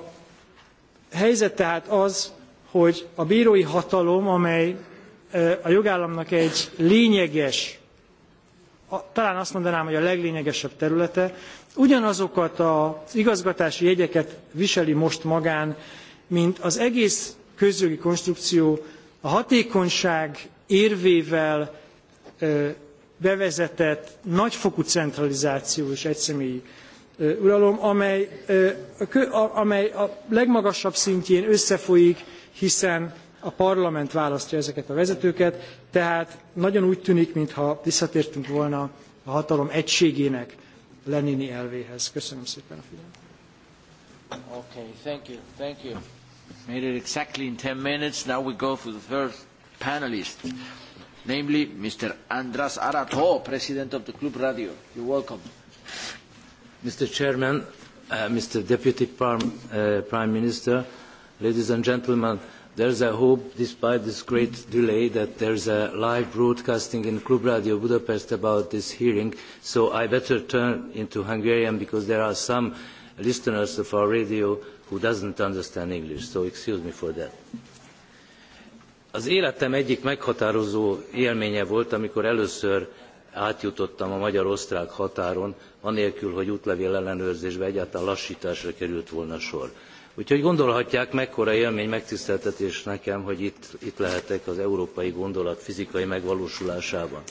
helyzet tehát az, hogy a bírói hatalom, amely a jogállamnak egy lényeges, talán azt mondanám, hogy a leglényegesebb területe, ugyanazokat az igazgatási jegyeket viseli most magán, mint az egész közjogi konstrukció a hatékonyság érvével bevezetett nagyfokú centralizáció és egyszemélyi uralom, amely, a legmagasabb szintjén összefolyik, hiszen a parlament választja ezeket a vezetőket, tehát nagyon úgy tűnik, mintha visszatértünk volna a hatalom egységének Lenini elvéhez. Köszönöm szépen a figyelmet. Okay, thank you, thank you. Made it exactly in 10 minutes. Now we go for the first panelist, namely Mr. Andras Arato, President of the Club Radio. You're welcome. Mr. Chairman, uh, Mr. Deputy Prime, uh, Prime Minister, ladies and gentlemen, there is a hope, despite this great delay, that there is a live broadcasting in Klub Radio Budapest about this hearing, so I better turn into Hungarian because there are some listeners of our radio who doesn't understand English, so excuse me for that. Az életem egyik meghatározó élménye volt, amikor először átjutottam a magyar-osztrák határon, anélkül, hogy útlevél ellenőrzésbe egyáltalán lassításra került volna sor Úgyhogy gondolhatják, mekkora élmény, megtiszteltetés nekem, hogy itt, itt lehetek az európai gondolat fizikai megvalósulásában.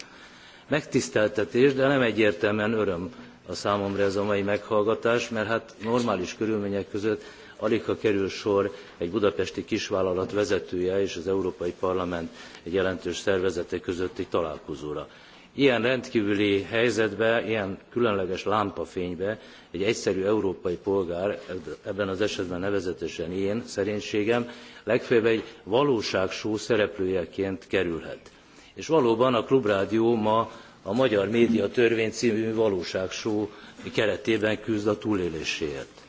Megtiszteltetés, de nem egyértelműen öröm a számomra ez a mai meghallgatás, mert hát normális körülmények között alig ha kerül sor egy budapesti kisvállalat vezetője és az Európai Parlament egy jelentős szervezete közötti találkozóra. Ilyen rendkvüli helyzetben, ilyen különleges lámpafényben egy egyszerű európai polgár, ebben az esetben nevezetesen én, szerénységem, legfeljebb egy valóságsó szereplőjeként kerülhet. És valóban a Klubrádió ma a Magyar médiatörvény cmű című valóságsó keretében küzd a túléléséért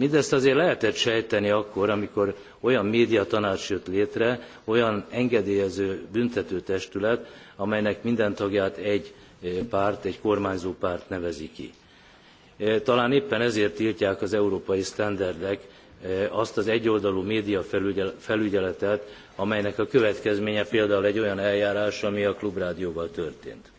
Mindezt azért lehetett sejteni akkor, amikor olyan médiatanács jött létre, olyan engedélyező büntetőtestület, amelynek minden tagját egy eh, párt, egy kormányzó párt nevezi ki. Eh, talán éppen ezért tiltják az európai sztenderdek eh, azt az egyoldalú média felügyeletet, amelynek a következménye például egy olyan eljárás, ami a klubrádióval történt.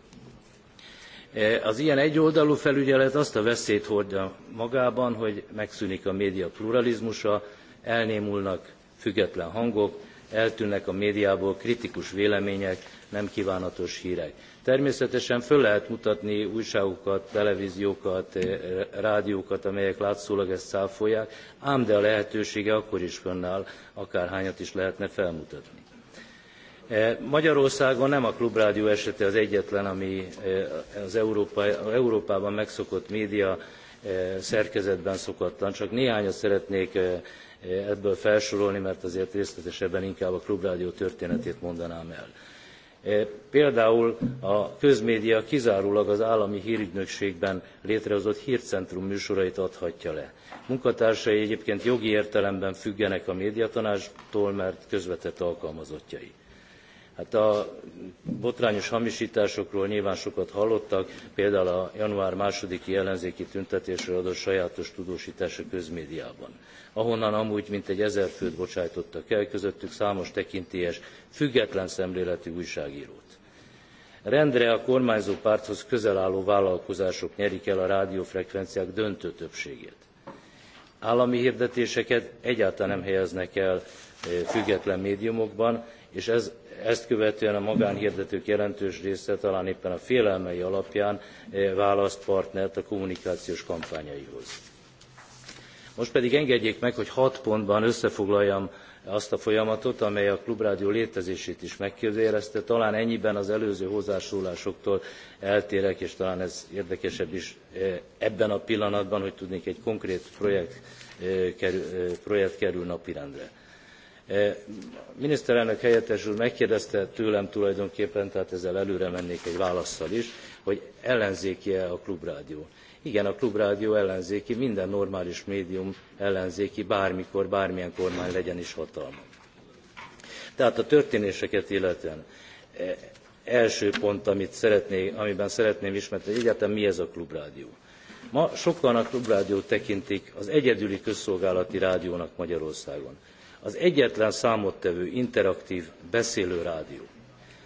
E, az ilyen egyoldalú felügyelet azt a veszélyt hordja magában, hogy megszűnik a média pluralizmusa, elnémulnak független hangok, eltűnnek a médiából kritikus vélemények, nem kívánatos hrek. Természetesen föl lehet mutatni újságokat, televziókat e, rádiókat, amelyek látszólag ezt cáfolják, ám de a lehetősége akkor is fönnáll, akárhányat is lehetne felmutatni Eh, Magyarországon nem a klubrádió esete az egyetlen, ami eh, az Európa, Európában megszokott média eh, szerkezetben szokatlan. Csak néhányat szeretnék ebből felsorolni, mert azért részletesebben inkább a klubrádió történetét mondanám el. Például a közmédia kizárólag az állami hírügynökségben létrehozott hírcentrum műsorait adhatja le. Munkatársai egyébként jogi értelemben függenek a médiatanácstól, mert közvetett alkalmazottjai. Hát a botrányos hamisításokról nyilván sokat hallottak, például a január másodiki ellenzéki tüntetésről adott sajátos tudósítás a közmédiában, ahonnan amúgy mintegy ezer főt bocsájtottak el, közöttük számos tekintélyes, független szemléletű újságírót. Rendre a kormányzó párthoz közel álló vállalkozások nyerik el a rádiófrekvenciák döntő többségét. Állami hirdetéseket egyáltalán nem helyeznek el eh, független médiumokban, és ezt követően a magánhirdetők jelentős része talán éppen a félelmei alapján eh, választ partnert a kommunikációs kampányaihoz. Most pedig engedjék meg, hogy hat pontban összefoglaljam azt a folyamatot, amely a klubrádió létezését is megkérdőjelezte. Talán ennyiben az előző hozzászólásoktól eltérek, és talán ez érdekesebb is eh, ebben a pillanatban, hogy tudnék egy konkrét projekt eh, projekt kerül napirendre Eh, miniszterelnök helyettes úr megkérdezte tőlem tulajdonképpen tehát ezzel előre mennék egy válasszal is hogy ellenzéki e a klubrádió. igen a klubrádió ellenzéki minden normális médium ellenzéki bármikor bármilyen kormány legyen is hatalmon. tehát a történéseket illetően eh, első pont amit szeretnék, amiben szeretném ismertetni egyáltalán mi ez a klubrádió. ma sokan a klubrádiót tekintik az egyedüli közszolgálati rádiónak magyarországon az egyetlen számottevő interaktív beszélő rádió.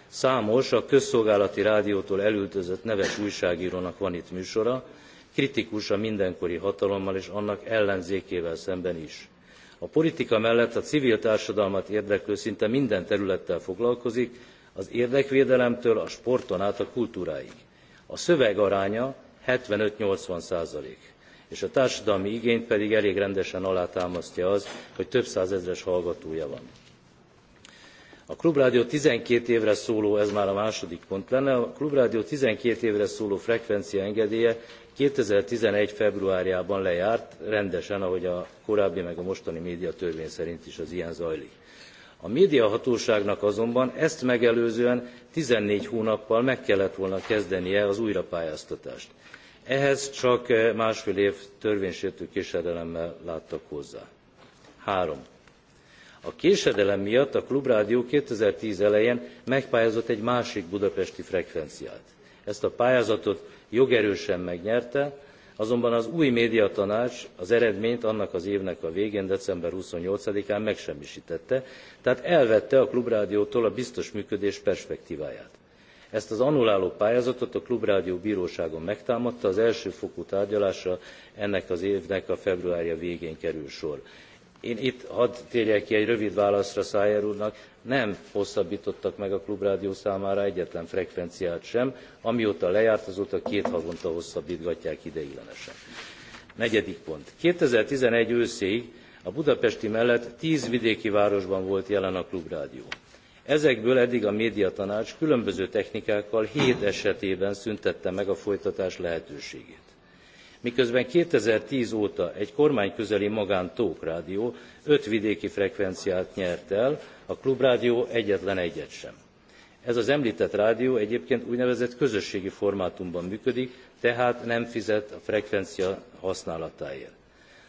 Számos a közszolgálati rádiótól elüldözött neves újságírónak van itt műsora, kritikus a mindenkori hatalommal és annak ellenzékével szemben is. A politika mellett a civil társadalmat érdeklő szinte minden területtel foglalkozik, az érdekvédelemtől a sporton át a kultúráig. A szöveg aránya 75-80 százalék és a társadalmi igényt pedig elég rendesen alátámasztja az, hogy több százezres hallgatója van. A Klubrádió 12 évre szóló, ez már a második pont lenne, a Klubrádió 12 évre szóló frekvencia engedélye 2011. februárjában lejárt, rendesen, ahogy a korábbi meg a mostani médiatörvény szerint is az ilyen zajlik. A médiahatóságnak azonban ezt megelőzően 14 hónappal meg kellett volna kezdenie az újrapályáztatást. Ehhez csak eh, másfél év törvénysértő késedelemmel láttak hozzá. Három. A késedelem miatt a Klubrádió 2010 elején megpályázott egy másik budapesti frekvenciát. Ezt a pályázatot jogerősen megnyerte, azonban az új médiatanács az eredményt annak az évnek a végén, december 28-án megsemmisítette, tehát elvette a Klubrádiótól a biztos működés perspektíváját ezt az annuláló pályázatot a klubrádió bróságon megtámadta az első fokú tárgyalásra ennek az évnek a februárja végén kerül sor. én itt hadd térjek ki egy rövid válaszra szájer úrnak nem hosszabbtottak meg a klubrádió számára egyetlen frekvenciát sem amióta lejárt azóta két havonta hosszabbtgatják ideiglenesen. negyedik pont two thousand and eleven őszéig a budapesti mellett tz vidéki városban volt jelen a klubrádió ezekből eddig a médiatanács különböző technikákkal hét esetében szüntette meg a folytatás lehetőségét miközben two thousand and ten óta egy kormányközeli magántók rádió öt vidéki frekvenciát nyert el a klubrádió egyetlen egyet sem. ez az emltett rádió egyébként úgynevezett közösségi formátumban működik tehát nem fizet a frekvencia használatáért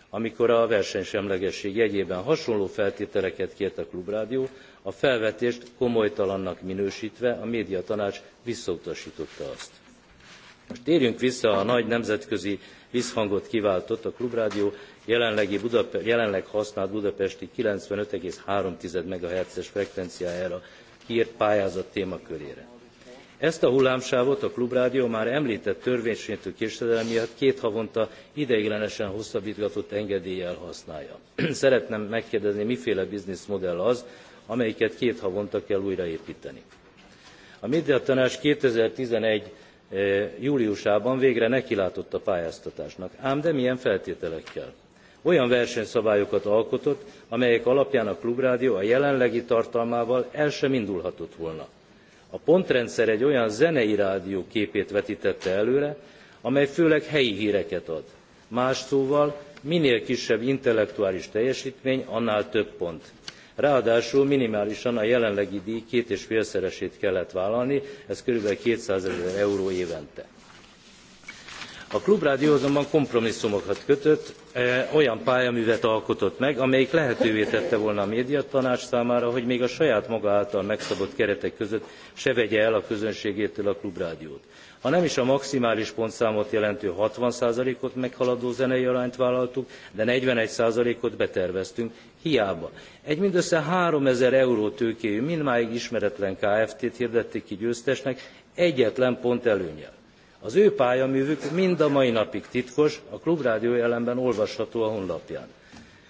amikor a versenysemlegesség jegyében hasonló feltételeket kért a klubrádió a felvetést komolytalannak minőstve a médiatanács visszautastotta azt. most térjünk vissza a nagy nemzetközi visszhangot kiváltott a klubrádió jelenlegi Budapest, jelenleg használt budapesti ninety five three mhz es frekvenciájára kirt pályázat témakörére Ezt a hullámsávot a Klubrádió már emltett törvénysértő késedelem miatt két havonta ideiglenesen hosszabbtgatott engedéllyel használja. [CLEARS THROAT] Szeretném megkérdezni, miféle bizniszmodell az, amelyiket két havonta kell újraépteni. A médiatanács 2011 eh, júliusában végre nekilátott a pályáztatásnak, ám de milyen feltételekkel? olyan versenyszabályokat alkotott amelyek alapján a klubrádió a jelenlegi tartalmával el sem indulhatott volna. A pontrendszer egy olyan zenei rádió képét vetítette előre, amely főleg helyi híreket ad. Más szóval, minél kisebb intellektuális teljestmény annál több pont. Ráadásul minimálisan a jelenlegi dj két és félszeresét kellett vállalni, ez körülbelül two hundred ezer euró évente A klubrádió azonban kompromisszumokat kötött, e, olyan pályaművet alkotott meg, amelyik lehetővé tette volna a médiatanács számára, hogy még a saját maga által megszabott keretek között se vegye el a közönségétől a klubrádiót. Ha nem is a maximális pontszámot jelentő sixty ot meghaladó zenei arányt vállaltuk, de one ot beterveztünk, hiába. Egy mindössze thousand euró tőkéjű, mindmáig ismeretlen KFT-t hirdették ki győztesnek, egyetlen pont előnnyel az ő pályaművük mind a mai napig titkos a klubrádió jelenben olvasható a honlapján.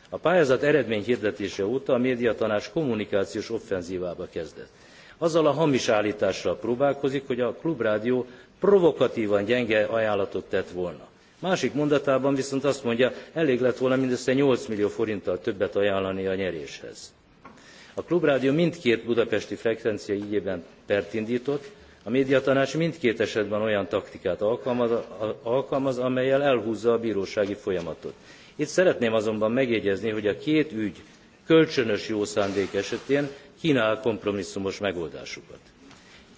a pályázat eredményhirdetése óta a médiatanács kommunikációs offenzívába kezdett. azzal a hamis álltással próbálkozik hogy a klubrádió provokatvan gyenge ajánlatot tett volna. másik mondatában viszont azt mondja elég lett volna mindössze eight millió forinttal többet ajánlani a nyeréshez. a klubrádió mindkét budapesti frekvencia ügyében pert indtott a médiatanács mindkét esetben olyan taktikát alkalmaz amellyel elhúzza a brósági folyamatot. itt szeretném azonban megjegyezni hogy a két ügy kölcsönös jó szándék esetén knál kompromisszumos megoldásokat.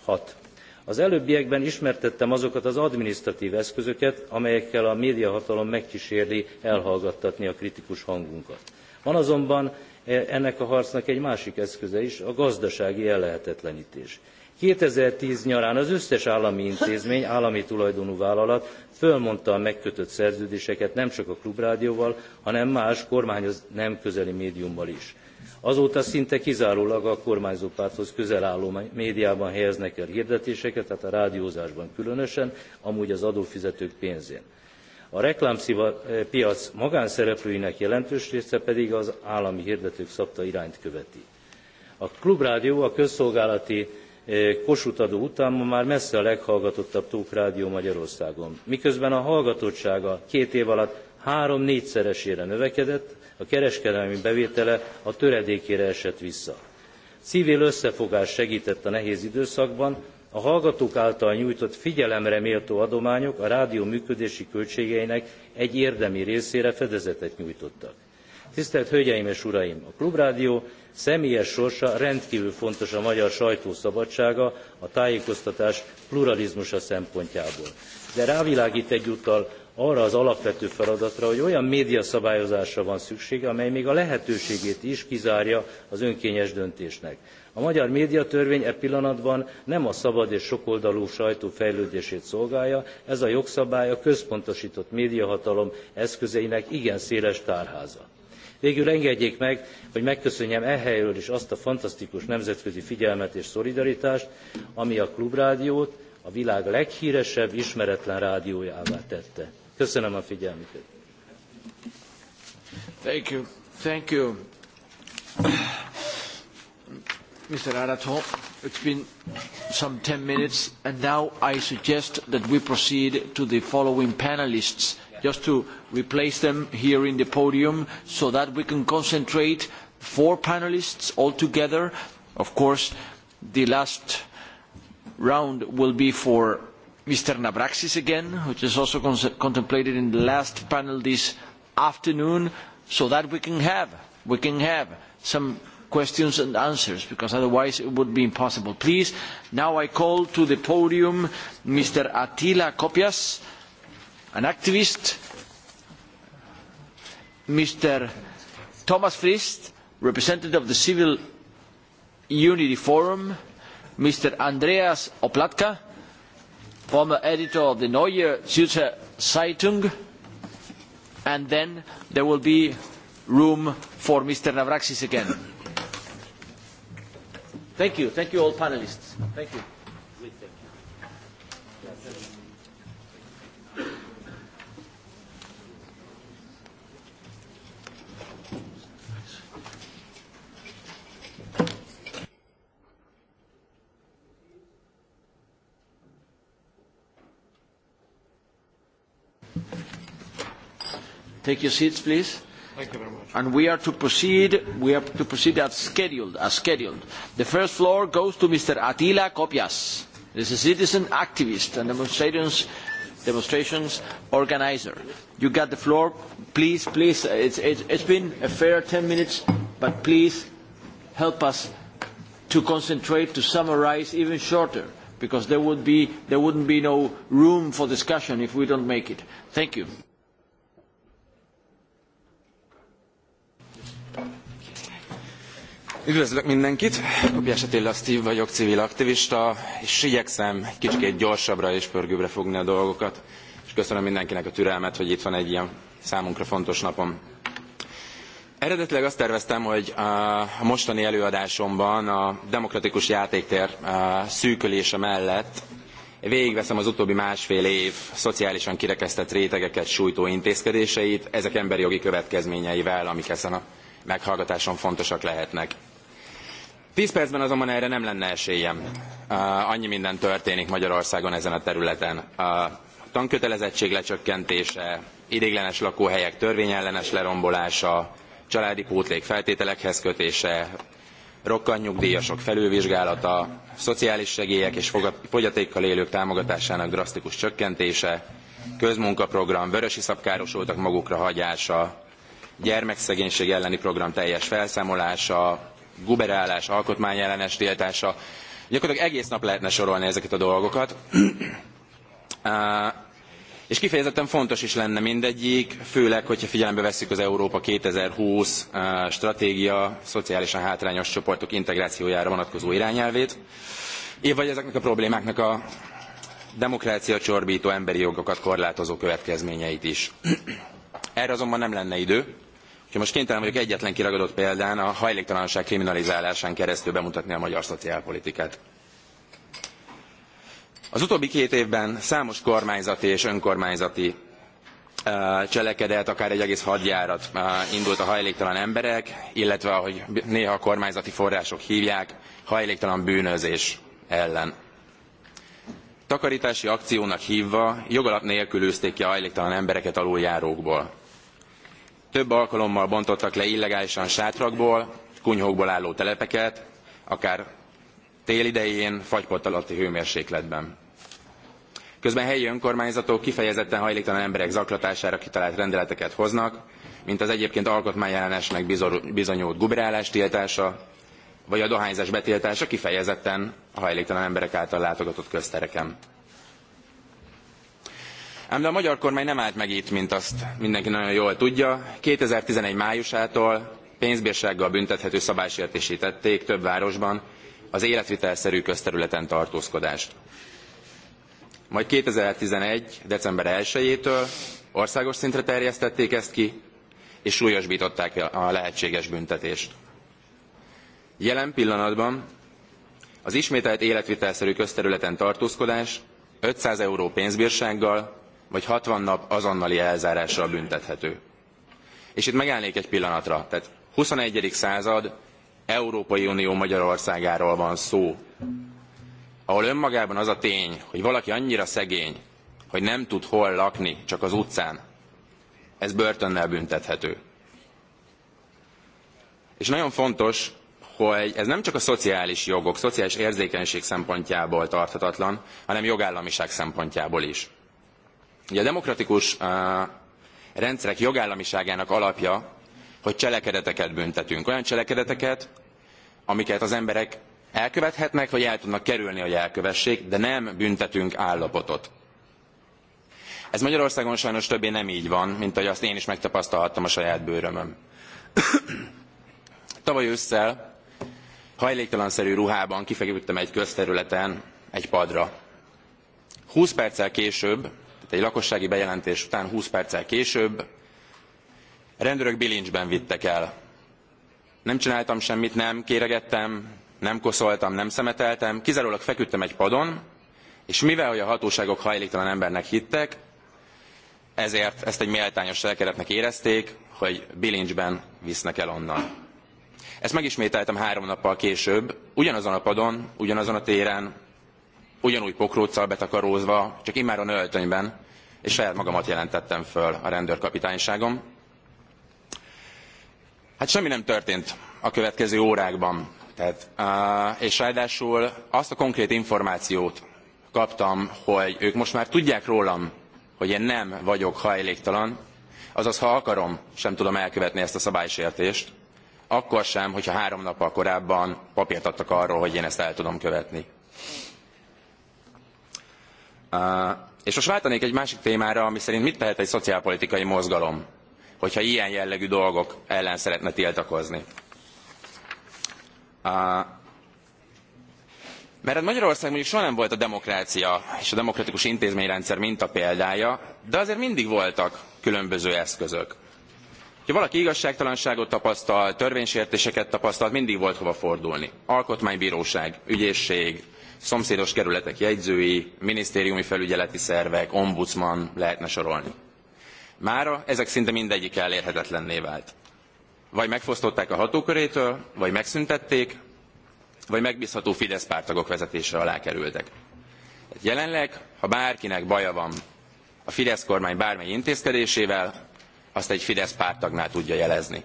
six az előbbiekben ismertettem azokat az adminisztratv eszközöket amelyekkel a médiahatalom megksérli elhallgattatni a kritikus hangunkat. van azonban e, ennek a harcnak egy másik eszköze is a gazdasági ellehetetlentés two thousand and ten nyarán az összes állami intézmény állami tulajdonú vállalat fölmondta a megkötött szerződéseket nemcsak a klubrádióval hanem más kormányhoz nem közeli médiummal is. azóta szinte kizárólag a kormányzó párthoz közel álló médiában helyeznek el hirdetéseket tehát a rádiózásban különösen amúgy az adófizetők pénzén. a reklámpiac eh, magánszereplőinek jelentős része pedig az állami hirdetők szabta irányt követi. a klubrádió a közszolgálati Kossuth adó után ma már messze a leghallgatottabb tókrádió Magyarországon. Miközben a hallgatottsága két év alatt három-négyszeresére növekedett, a kereskedelmi bevétele a töredékére esett vissza. Civil összefogás segtett a nehéz időszakban, a hallgatók által nyújtott figyelemre méltó adományok a rádió működési költségeinek egy érdemi részére fedezetet nyújtottak tisztelt hölgyeim és uraim! a klubrádió személyes sorsa rendkvül fontos a magyar sajtó szabadsága a tájékoztatás pluralizmusa szempontjából de rávilágt egyúttal arra az alapvető feladatra hogy olyan médiaszabályozásra van szükség amely még a lehetőségét is kizárja az önkényes döntésnek. a magyar médiatörvény e pillanatban nem a szabad és sokoldalú sajtó fejlődését szolgálja ez a jogszabály a központostott médiahatalom eszközeinek igen széles tárháza végül engedjék meg hogy megköszönjem e helyről is azt a fantasztikus nemzetközi figyelmet és szolidaritást ami a klubrádiót a világ leghresebb ismeretlen rádiójává tette. köszönöm a figyelmüket. Thank you. Thank you. Mr. Arato, it's been some 10 minutes, and now I suggest that we proceed to the following panelists just to replace them here in the podium so that we can concentrate four panelists all together. Of course, the last round will be for Mr. Nabraxis again, which is also contemplated in the last panel this afternoon, so that we can have, we can have some questions and answers, because otherwise it would be impossible. Please, now I call to the podium Mr. Attila Kopias, an activist, Mr. Thomas Frist, representative of the Civil Unity Forum, Mr. Andreas Oplatka, former editor of the Neue Zürcher Zeitung, and then there will be room for Mr. Navraxis again. Thank you. Thank you all panelists. Thank you. Take your seats, please. Thank you very much. And we are to proceed. We are to proceed as scheduled. As scheduled. The first floor goes to Mr. Atila Kopias. He's a citizen activist and demonstrations, demonstrations organizer. You got the floor. Please, please. It's, it's, it's been a fair ten minutes, but please help us to concentrate to summarize even shorter because there would be there wouldn't be no room for discussion if we don't make it thank you Üdvözlök mindenkit! Kopiás Attila Steve vagyok, civil aktivista, és igyekszem kicsikét gyorsabbra és pörgőbbre fogni a dolgokat, és köszönöm mindenkinek a türelmet, hogy itt van egy ilyen számunkra fontos napom. Eredetileg azt terveztem, hogy a mostani előadásomban a demokratikus játéktér szűkölése mellett végigveszem az utóbbi másfél év szociálisan kirekesztett rétegeket sújtó intézkedéseit, ezek emberi jogi következményeivel, amik ezen a meghallgatáson fontosak lehetnek. Tíz percben azonban erre nem lenne esélyem. Annyi minden történik Magyarországon ezen a területen. A tankötelezettség lecsökkentése, idéglenes lakóhelyek törvényellenes lerombolása, családi pótlék feltételekhez kötése, rokkantnyugdíjasok felülvizsgálata, szociális segélyek és fogyatékkal élők támogatásának drasztikus csökkentése, közmunkaprogram, vörösi szabkárosultak magukra hagyása, gyermekszegénység elleni program teljes felszámolása, guberálás, alkotmányellenes tiltása. Gyakorlatilag egész nap lehetne sorolni ezeket a dolgokat. [CLEARS THROAT] És kifejezetten fontos is lenne mindegyik, főleg, hogyha figyelembe vesszük az Európa 2020 stratégia szociálisan hátrányos csoportok integrációjára vonatkozó irányelvét, vagy ezeknek a problémáknak a demokrácia csorbító emberi jogokat korlátozó következményeit is. [CLEARS THROAT] Erre azonban nem lenne idő, Úgyhogy most kénytelen vagyok egyetlen kiragadott példán a hajléktalanság kriminalizálásán keresztül bemutatni a magyar szociálpolitikát. Az utóbbi két évben számos kormányzati és önkormányzati e, cselekedet, akár egy egész hadjárat e, indult a hajléktalan emberek, illetve ahogy néha a kormányzati források hívják, hajléktalan bűnözés ellen. Takarítási akciónak hívva jogalap nélkül űzték ki a hajléktalan embereket aluljárókból. Több alkalommal bontottak le illegálisan sátrakból, kunyhókból álló telepeket, akár tél idején, fagypott alatti hőmérsékletben. Közben helyi önkormányzatok kifejezetten hajléktalan emberek zaklatására kitalált rendeleteket hoznak, mint az egyébként alkotmányellenesnek bizonyult guberálás tiltása, vagy a dohányzás betiltása kifejezetten a hajléktalan emberek által látogatott köztereken. Ám de a magyar kormány nem állt meg itt, mint azt mindenki nagyon jól tudja. 2011 májusától pénzbírsággal büntethető szabálysértési tették több városban az életvitelszerű közterületen tartózkodást. Majd 2011. december 1-től országos szintre terjesztették ezt ki, és súlyosbították a lehetséges büntetést. Jelen pillanatban az ismételt életvitelszerű közterületen tartózkodás 500 euró pénzbírsággal vagy 60 nap azonnali elzárással büntethető. És itt megállnék egy pillanatra. Tehát 21. század Európai Unió Magyarországáról van szó, ahol önmagában az a tény, hogy valaki annyira szegény, hogy nem tud hol lakni, csak az utcán, ez börtönnel büntethető. És nagyon fontos, hogy ez nem csak a szociális jogok, szociális érzékenység szempontjából tarthatatlan, hanem jogállamiság szempontjából is. Ugye a demokratikus rendszerek jogállamiságának alapja, hogy cselekedeteket büntetünk. Olyan cselekedeteket, amiket az emberek elkövethetnek, vagy el tudnak kerülni, hogy elkövessék, de nem büntetünk állapotot. Ez Magyarországon sajnos többé nem így van, mint ahogy azt én is megtapasztalhattam a saját bőrömön. [COUGHS] Tavaly ősszel hajléktalanszerű ruhában kifeküdtem egy közterületen, egy padra. 20 perccel később egy lakossági bejelentés után 20 perccel később rendőrök bilincsben vittek el. Nem csináltam semmit, nem kéregettem, nem koszoltam, nem szemeteltem, kizárólag feküdtem egy padon, és mivel hogy a hatóságok hajléktalan embernek hittek, ezért ezt egy méltányos cselekedetnek érezték, hogy bilincsben visznek el onnan. Ezt megismételtem három nappal később, ugyanazon a padon, ugyanazon a téren, ugyanúgy pokróccal betakarózva, csak immáron öltönyben, és saját magamat jelentettem föl a rendőrkapitányságom. Hát semmi nem történt a következő órákban. Tehát, és ráadásul azt a konkrét információt kaptam, hogy ők most már tudják rólam, hogy én nem vagyok hajléktalan, azaz ha akarom, sem tudom elkövetni ezt a szabálysértést, akkor sem, hogyha három nappal korábban papírt adtak arról, hogy én ezt el tudom követni. És most váltanék egy másik témára, ami szerint mit tehet egy szociálpolitikai mozgalom, hogyha ilyen jellegű dolgok ellen szeretne tiltakozni. Mert Magyarország mondjuk soha nem volt a demokrácia és a demokratikus intézményrendszer mintapéldája, de azért mindig voltak különböző eszközök. Ha valaki igazságtalanságot tapasztal, törvénysértéseket tapasztalt, mindig volt hova fordulni. Alkotmánybíróság, ügyészség, szomszédos kerületek jegyzői, minisztériumi felügyeleti szervek, ombudsman lehetne sorolni. Mára ezek szinte mindegyik elérhetetlenné vált. Vagy megfosztották a hatókörétől, vagy megszüntették, vagy megbízható Fidesz pártagok vezetése alá kerültek. Jelenleg, ha bárkinek baja van a Fidesz kormány bármely intézkedésével, azt egy Fidesz pártagnál tudja jelezni.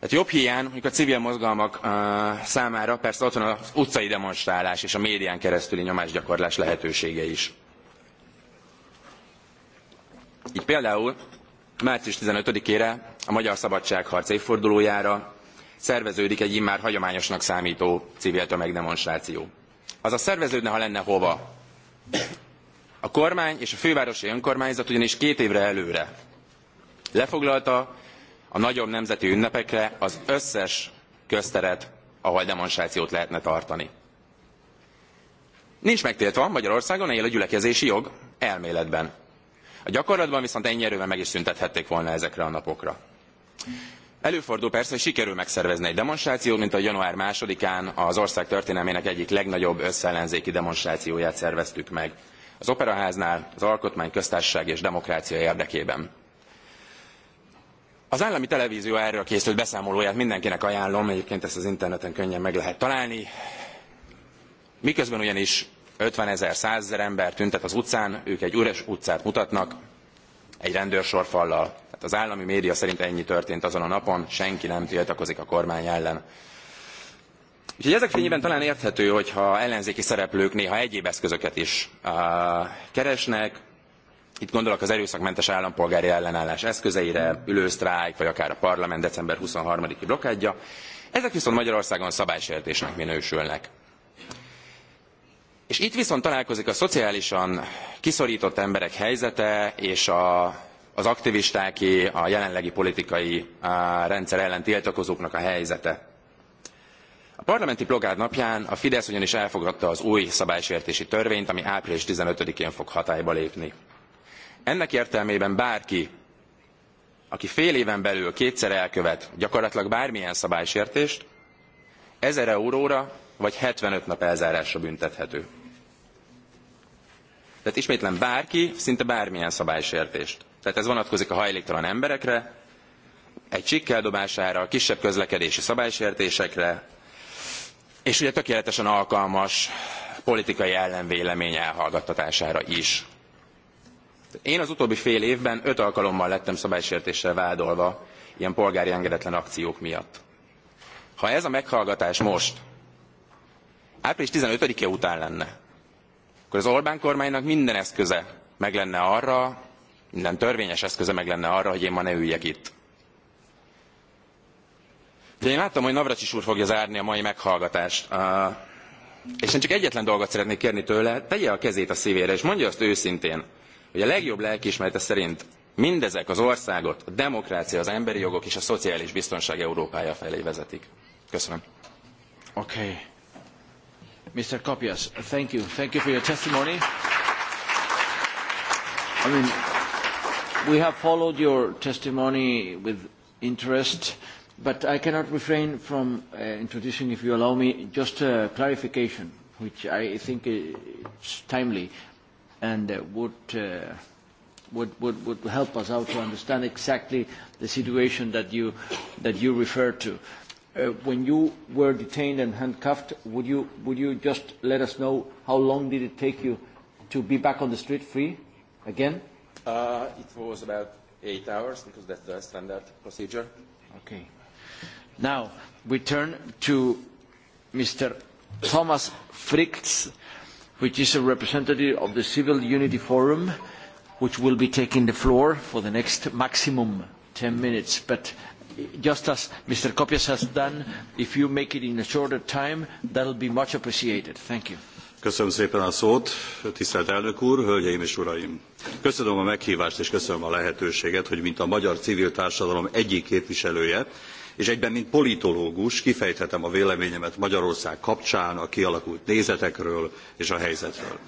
Tehát jobb hiány, mondjuk a civil mozgalmak számára persze ott van az utcai demonstrálás és a médián keresztüli nyomásgyakorlás lehetősége is. Így például március 15-ére a Magyar Szabadságharc évfordulójára szerveződik egy immár hagyományosnak számító civil tömegdemonstráció. Azaz szerveződne, ha lenne hova. A kormány és a fővárosi önkormányzat ugyanis két évre előre lefoglalta a nagyobb nemzeti ünnepekre az összes közteret, ahol demonstrációt lehetne tartani. Nincs megtiltva Magyarországon él a gyülekezési jog elméletben. A gyakorlatban viszont ennyi erővel meg is szüntethették volna ezekre a napokra. Előfordul persze, hogy sikerül megszervezni egy demonstrációt, mint a január másodikán az ország történelmének egyik legnagyobb összellenzéki demonstrációját szerveztük meg. Az Operaháznál az Alkotmány, Köztársaság és Demokrácia érdekében. Az állami televízió erről készült beszámolóját mindenkinek ajánlom, egyébként ezt az interneten könnyen meg lehet találni. Miközben ugyanis 50 ezer, 100 ezer ember tüntet az utcán, ők egy üres utcát mutatnak, egy rendőrsorfallal. Tehát az állami média szerint ennyi történt azon a napon, senki nem tiltakozik a kormány ellen. Úgyhogy ezek fényében talán érthető, hogyha ellenzéki szereplők néha egyéb eszközöket is uh, keresnek, Itt gondolok az erőszakmentes állampolgári ellenállás eszközeire, ülősztrájk, vagy akár a parlament december 23-i blokkádja. Ezek viszont Magyarországon szabálysértésnek minősülnek. És itt viszont találkozik a szociálisan kiszorított emberek helyzete és a, az aktivistáké, a jelenlegi politikai a rendszer ellen tiltakozóknak a helyzete. A parlamenti blogád napján a Fidesz ugyanis elfogadta az új szabálysértési törvényt, ami április 15-én fog hatályba lépni. Ennek értelmében bárki, aki fél éven belül kétszer elkövet gyakorlatilag bármilyen szabálysértést, 1000 euróra vagy 75 nap elzárásra büntethető. Tehát ismétlen bárki, szinte bármilyen szabálysértést. Tehát ez vonatkozik a hajléktalan emberekre, egy csikkeldobására, kisebb közlekedési szabálysértésekre, és ugye tökéletesen alkalmas politikai ellenvélemény elhallgattatására is. Én az utóbbi fél évben öt alkalommal lettem szabálysértéssel vádolva ilyen polgári engedetlen akciók miatt. Ha ez a meghallgatás most április 15-e után lenne, akkor az Orbán kormánynak minden eszköze meg lenne arra, minden törvényes eszköze meg lenne arra, hogy én ma ne üljek itt. Ugye én láttam, hogy Navracsis úr fogja zárni a mai meghallgatást. és én csak egyetlen dolgot szeretnék kérni tőle, tegye a kezét a szívére, és mondja azt őszintén, hogy a legjobb lelkiismerete szerint mindezek az országot a demokrácia, az emberi jogok és a szociális biztonság Európája felé vezetik. Köszönöm. Okay. Mr. Kopias, thank you. Thank you for your testimony. I mean, we have followed your testimony with interest, but I cannot refrain from uh, introducing, if you allow me, just a clarification, which I think is timely and would, uh, would, would, would help us out to understand exactly the situation that you, that you refer to. Uh, when you were detained and handcuffed, would you, would you just let us know how long did it take you to be back on the street free again? Uh, it was about eight hours because that's the standard procedure. Okay. Now we turn to Mr. Thomas Fricks which is a representative of the Civil Unity Forum, which will be taking the floor for the next maximum 10 minutes. But just as Mr. Copias has done, if you make it in a shorter time, that will be much appreciated. Thank you. Köszönöm szépen a szót, tisztelt elnök úr, hölgyeim és uraim! Köszönöm a meghívást és köszönöm a lehetőséget, hogy mint a magyar civil társadalom egyik képviselője, és egyben, mint politológus kifejthetem a véleményemet Magyarország kapcsán, a kialakult nézetekről és a helyzetről.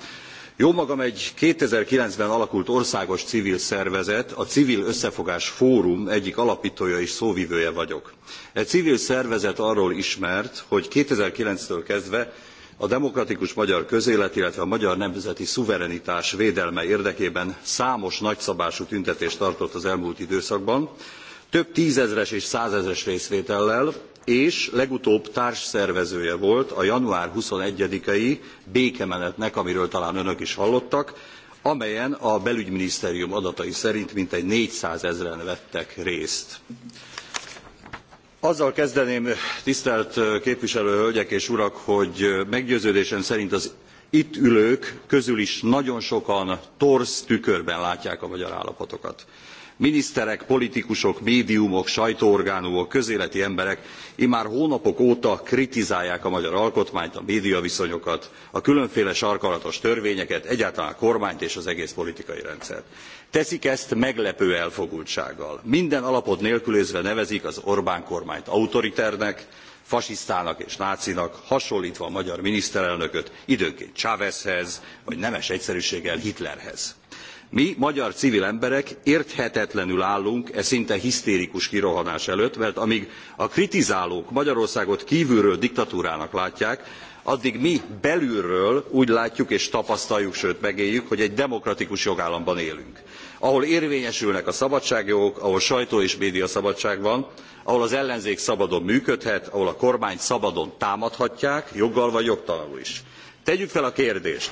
Jómagam egy 2009-ben alakult országos civil szervezet, a Civil Összefogás Fórum egyik alapítója és szóvivője vagyok. E civil szervezet arról ismert, hogy 2009-től kezdve a demokratikus magyar közélet, illetve a magyar nemzeti szuverenitás védelme érdekében számos nagyszabású tüntetést tartott az elmúlt időszakban, több tzezres és százezres részvétellel, és legutóbb társszervezője volt a január 21-i békemenetnek, amiről talán önök is hallottak, amelyen a belügyminisztérium adatai szerint mintegy 400 ezren vettek részt. Azzal kezdeném, tisztelt képviselő hölgyek és urak, hogy meggyőződésem szerint az itt ülők közül is nagyon sokan torz tükörben látják a magyar állapotokat. Miniszterek, politikusok, médiumok, sajtóorgánumok, közéleti emberek immár hónapok óta kritizálják a magyar alkotmányt, a médiaviszonyokat, a különféle sarkalatos törvényeket, egyáltalán a kormányt és az egész politikai rendszert. Teszik ezt meglepő elfogultsággal. Minden alapot nélkülözve nevezik az Orbán kormányt autoriternek, fasisztának és nácinak, hasonltva a magyar miniszterelnököt időnként Chávezhez, vagy nemes egyszerűséggel Hitlerhez Mi, magyar civil emberek érthetetlenül állunk e szinte hisztérikus kirohanás előtt, mert amíg a kritizálók Magyarországot kívülről diktatúrának látják, addig mi belülről úgy látjuk és tapasztaljuk, sőt megéljük, hogy egy demokratikus jogállamban élünk ahol érvényesülnek a szabadságjogok, ahol sajtó és médiaszabadság van, ahol az ellenzék szabadon működhet, ahol a kormányt szabadon támadhatják, joggal vagy jogtalanul is. Tegyük fel a kérdést,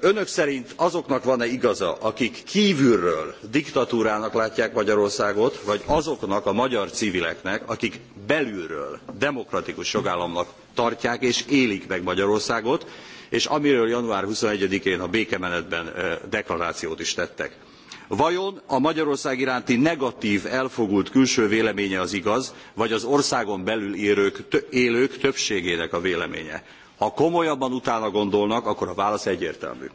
önök szerint azoknak van e igaza akik kvülről diktatúrának látják magyarországot vagy azoknak a magyar civileknek akik belülről demokratikus jogállamnak tartják és élik meg magyarországot és amiről január twenty one én a békemenetben deklarációt is tettek? vajon a magyarország iránti negatv elfogult külső véleménye az igaz vagy az országon belül élők, többségének a véleménye? Ha komolyabban utána gondolnak, akkor a válasz egyértelmű.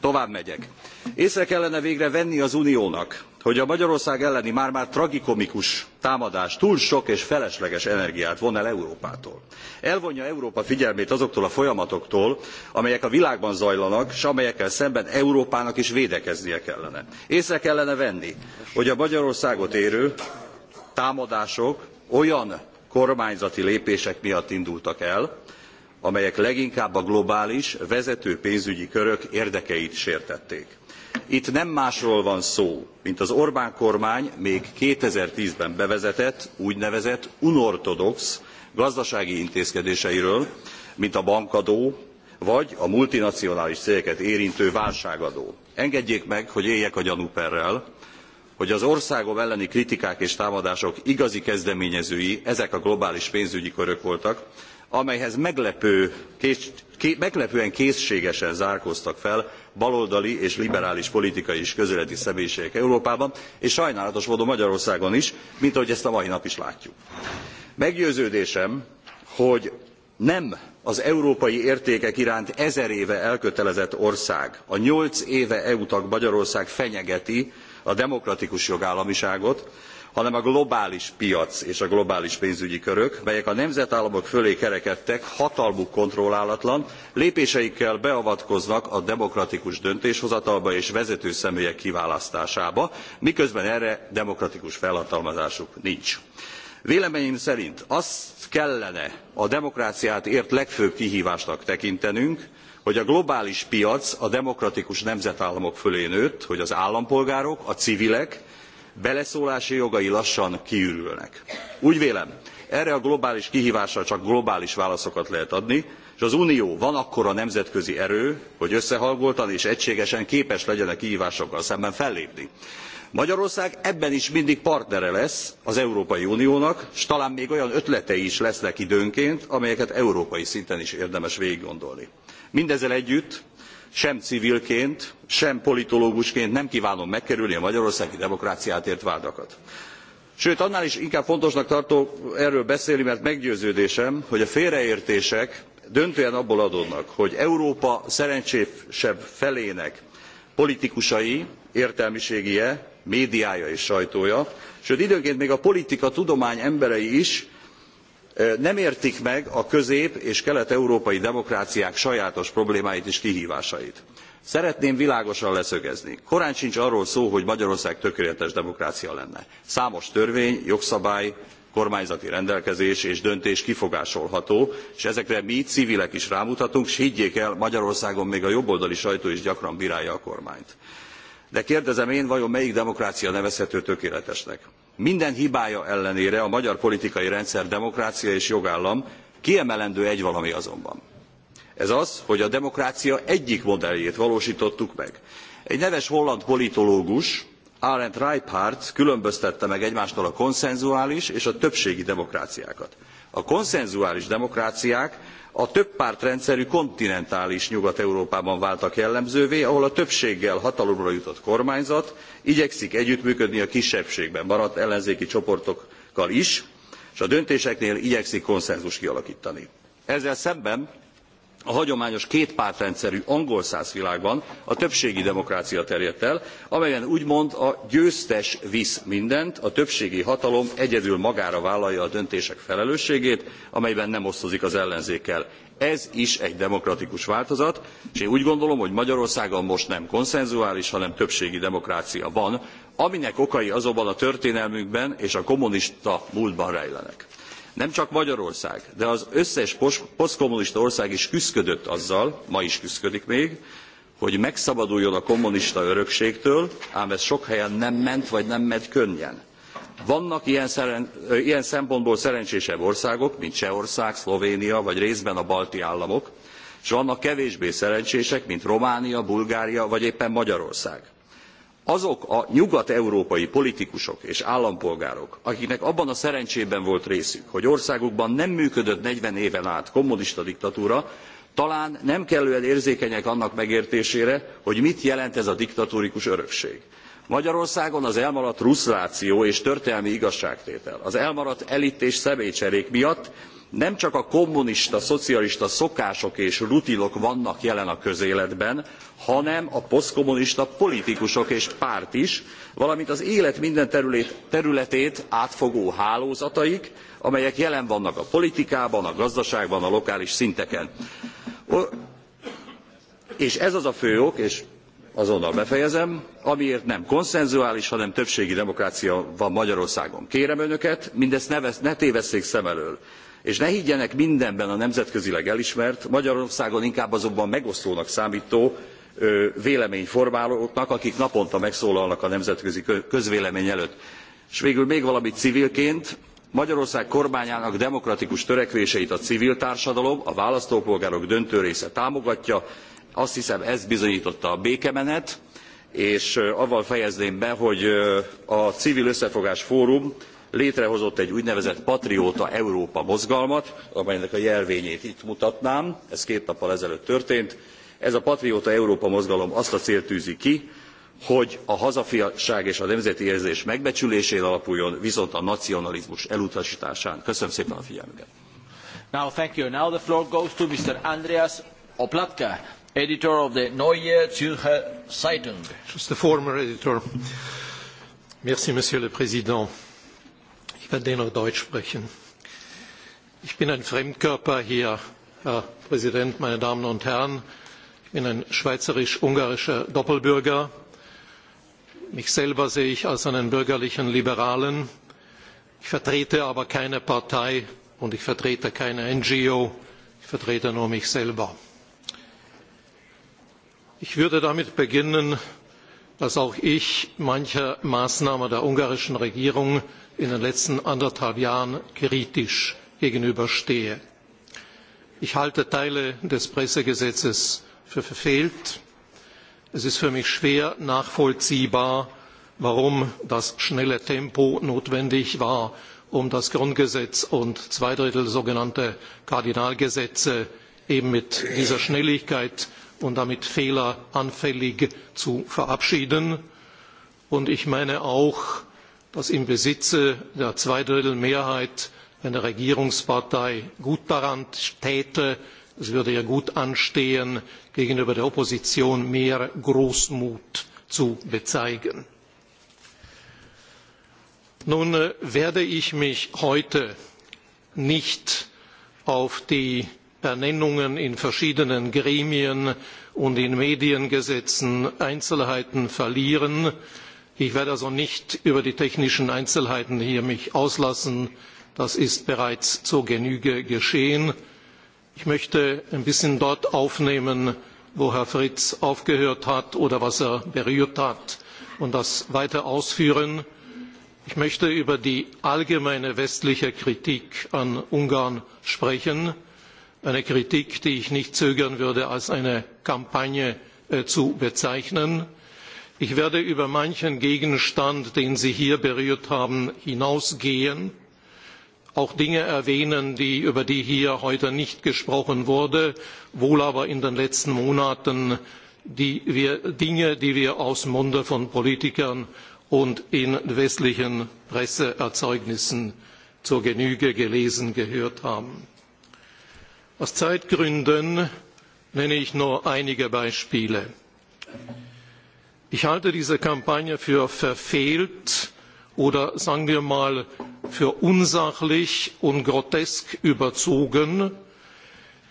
Tovább megyek. Észre kellene végre venni az Uniónak, hogy a Magyarország elleni már-már tragikomikus támadás túl sok és felesleges energiát von el Európától. Elvonja Európa figyelmét azoktól a folyamatoktól, amelyek a világban zajlanak, és amelyekkel szemben Európának is védekeznie kellene. Észre kellene venni, hogy a Magyarországot érő támadások olyan kormányzati lépések miatt indultak el, amelyek leginkább a globális, vezető pénzügyi körök érdekeit sértették. Itt nem másról van szó, mint az Orbán kormány még 2010-ben bevezetett úgynevezett unortodox gazdasági intézkedéseiről, mint a bankadó, vagy a multinacionális cégeket érintő válságadó. Engedjék meg, hogy éljek a gyanúperrel, hogy az országom elleni kritikák és támadások igazi kezdeményezői ezek a globális pénzügyi körök voltak, amelyhez meglepően készségesen zárkóztak fel baloldali és liberális politikai és közéleti személyiségek európában és sajnálatos módon magyarországon is mint ahogy ezt a mai nap is látjuk. meggyőződésem hogy nem az európai értékek iránt ezer éve elkötelezett ország a nyolc éve eu tag magyarország fenyegeti a demokratikus jogállamiságot hanem a globális piac és a globális pénzügyi körök, melyek a nemzetállamok fölé kerekedtek, hatalmuk kontrollálatlan, lépéseikkel beavatkoznak a demokratikus döntéshozatalba és vezető személyek kiválasztásába, miközben erre demokratikus felhatalmazásuk nincs véleményem szerint azt kellene a demokráciát ért legfőbb kihvásnak tekintenünk hogy a globális piac a demokratikus nemzetállamok fölé nőtt hogy az állampolgárok a civilek beleszólási jogai lassan kiürülnek. úgy vélem erre a globális kihvásra csak globális válaszokat lehet adni és az unió van akkora nemzetközi erő hogy összehangoltan és egységesen képes legyen e kihvásokkal szemben fellépni. magyarország ebben is mindig partnere lesz az európai uniónak s talán még olyan ötletei is lesznek időnként amelyeket európai szinten is érdemes végiggondolni. mindezzel együtt sem civilként, sem politológusként nem kvánom megkerülni a magyarországi demokráciát ért vádakat. Sőt, annál is inkább fontosnak tartom erről beszélni, mert meggyőződésem, hogy a félreértések döntően abból adódnak, hogy Európa szerencsésebb felének politikusai, értelmiségije médiája és sajtója, sőt időnként még a politika tudomány emberei is nem értik meg a közép és kelet európai demokráciák sajátos problémáit és kihvásait. szeretném világosan leszögezni korántsincs arról szó hogy magyarország tökéletes demokrácia lenne. számos törvény jogszabály kormányzati rendelkezés és döntés kifogásolható s ezekre mi civilek is rámutatunk s higgyék el magyarországon még a jobboldali sajtó is gyakran brálja a kormányt. de kérdezem én vajon melyik demokrácia nevezhető tökéletesnek? minden hibája ellenére a magyar politikai rendszer demokrácia és jogállam, kiemelendő egy valami azonban. Ez az, hogy a demokrácia egyik modelljét valósítottuk meg. Egy neves holland politológus, Arendt Reiphardt különböztette meg egymástól a konszenzuális és a többségi demokráciákat. A konszenzuális demokráciák a több pártrendszerű kontinentális Nyugat-Európában váltak jellemzővé, ahol a többséggel hatalomra jutott kormányzat igyekszik együttműködni a kisebbségben maradt ellenzéki csoportokkal is, és a döntéseknél igyekszik konszenzus kialakítani. Ezzel szemben a hagyományos kétpártrendszerű angol száz világban a többségi demokrácia terjedt el, amelyen úgymond a győztes visz mindent, a többségi hatalom egyedül magára vállalja a döntések felelősségét, amelyben nem osztozik az ellenzékkel. Ez is egy demokratikus változat, és én úgy gondolom, hogy Magyarországon most nem konszenzuális, hanem többségi demokrácia van, aminek okai azonban a történelmünkben és a kommunista múltban rejlenek nem csak Magyarország, de az összes posztkommunista ország is küszködött azzal, ma is küszködik még, hogy megszabaduljon a kommunista örökségtől, ám ez sok helyen nem ment, vagy nem ment könnyen. Vannak ilyen, szeren, ilyen szempontból szerencsésebb országok, mint Csehország, Szlovénia, vagy részben a balti államok, és vannak kevésbé szerencsések, mint Románia, Bulgária, vagy éppen Magyarország azok a nyugat európai politikusok és állampolgárok akiknek abban a szerencsében volt részük hogy országukban nem működött forty éven át kommunista diktatúra talán nem kellően érzékenyek annak megértésére hogy mit jelent ez a diktatórikus örökség. magyarországon az elmaradt ruszláció és történelmi igazságtétel az elmaradt elit és személycserék miatt nem csak a kommunista, szocialista szokások és rutinok vannak jelen a közéletben, hanem a posztkommunista politikusok és párt is, valamint az élet minden területét átfogó hálózataik, amelyek jelen vannak a politikában, a gazdaságban, a lokális szinteken. És ez az a fő ok, és azonnal befejezem amiért nem konszenzuális hanem többségi demokrácia van magyarországon. kérem önöket mindezt ne, tévesszék szem elől. És ne higgyenek mindenben a nemzetközileg elismert, Magyarországon inkább azonban megosztónak számtó véleményformálóknak, akik naponta megszólalnak a nemzetközi közvélemény előtt. És végül még valamit civilként, Magyarország kormányának demokratikus törekvéseit a civil társadalom, a választópolgárok döntő része támogatja, azt hiszem ezt bizonytotta a békemenet, és avval fejezném be, hogy a Civil Összefogás Fórum létrehozott egy úgynevezett Patrióta Európa mozgalmat, amelynek a jelvényét itt mutatnám, ez két nappal ezelőtt történt. Ez a Patrióta Európa mozgalom azt a célt tűzi ki, hogy a hazafiság és a nemzeti érzés megbecsülésén alapuljon, viszont a nacionalizmus elutasításán. Köszönöm szépen a figyelmüket. Now, thank you. Now the floor goes to Mr. Andreas Oplatka, editor of the Neue Zürcher Zeitung. Just the former editor. Merci, Monsieur le Président Ich werde dennoch Deutsch sprechen. Ich bin ein Fremdkörper hier, Herr Präsident, meine Damen und Herren. Ich bin ein schweizerisch-ungarischer Doppelbürger. Mich selber sehe ich als einen bürgerlichen Liberalen. Ich vertrete aber keine Partei und ich vertrete keine NGO. Ich vertrete nur mich selber. Ich würde damit beginnen, dass auch ich mancher Maßnahme der ungarischen Regierung in den letzten anderthalb Jahren kritisch gegenüberstehe. Ich halte Teile des Pressegesetzes für verfehlt. Es ist für mich schwer nachvollziehbar, warum das schnelle Tempo notwendig war, um das Grundgesetz und zwei Drittel sogenannte Kardinalgesetze eben mit dieser Schnelligkeit und damit fehleranfällig zu verabschieden. Und ich meine auch, dass im Besitze der Zweidrittelmehrheit eine Regierungspartei gut daran täte, es würde ihr gut anstehen, gegenüber der Opposition mehr Großmut zu bezeigen. Nun äh, werde ich mich heute nicht auf die Ernennungen in verschiedenen Gremien und in Mediengesetzen Einzelheiten verlieren. Ich werde also nicht über die technischen Einzelheiten hier mich auslassen. Das ist bereits zur Genüge geschehen. Ich möchte ein bisschen dort aufnehmen, wo Herr Fritz aufgehört hat oder was er berührt hat und das weiter ausführen. Ich möchte über die allgemeine westliche Kritik an Ungarn sprechen. Eine Kritik, die ich nicht zögern würde, als eine Kampagne äh, zu bezeichnen ich werde über manchen gegenstand den sie hier berührt haben hinausgehen auch dinge erwähnen über die hier heute nicht gesprochen wurde wohl aber in den letzten monaten dinge die wir aus dem munde von politikern und in westlichen presseerzeugnissen zur genüge gelesen gehört haben. aus zeitgründen nenne ich nur einige beispiele ich halte diese kampagne für verfehlt oder sagen wir mal für unsachlich und grotesk überzogen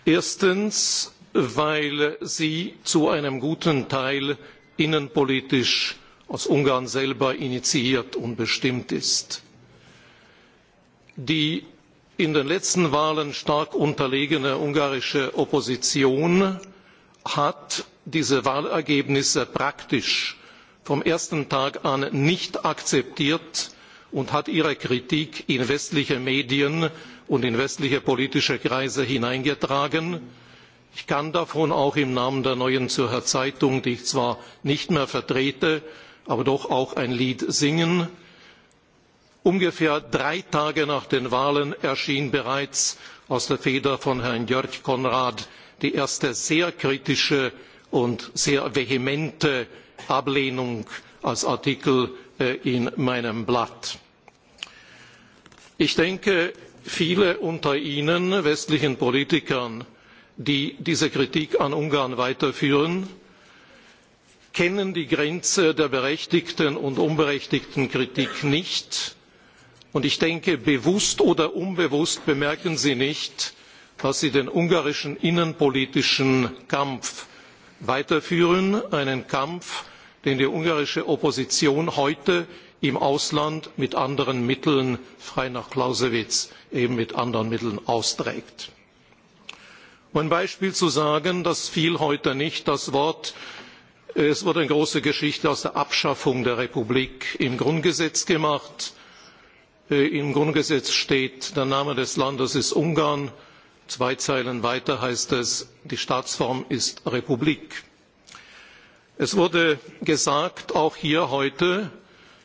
erstens weil sie zu einem guten teil innenpolitisch aus ungarn selber initiiert und bestimmt ist. die in den letzten wahlen stark unterlegene ungarische opposition hat diese Wahlergebnisse praktisch vom ersten Tag an nicht akzeptiert und hat ihre Kritik in westliche Medien und in westliche politische Kreise hineingetragen. Ich kann davon auch im Namen der Neuen Zürcher Zeitung, die ich zwar nicht mehr vertrete, aber doch auch ein Lied singen. Ungefähr drei Tage nach den Wahlen erschien bereits aus der Feder von Herrn Jörg Konrad die erste sehr kritische und sehr vehemente Ablehnung als Artikel äh, in meinem Blatt. Ich denke, viele unter Ihnen westlichen Politikern, die diese Kritik an Ungarn weiterführen, kennen die Grenze der berechtigten und unberechtigten Kritik nicht. Und ich denke, bewusst oder unbewusst bemerken sie nicht, dass sie den ungarischen innenpolitischen Kampf weiterführen einen kampf den die ungarische opposition heute im ausland mit anderen mitteln frei nach clausewitz eben mit anderen mitteln austrägt. um ein beispiel zu nennen das fiel heute nicht das wort es wurde eine große geschichte aus der abschaffung der republik im grundgesetz gemacht. Äh, im grundgesetz steht der name des landes ist ungarn Zwei Zeilen weiter heißt es, die Staatsform ist Republik. Es wurde gesagt, auch hier heute,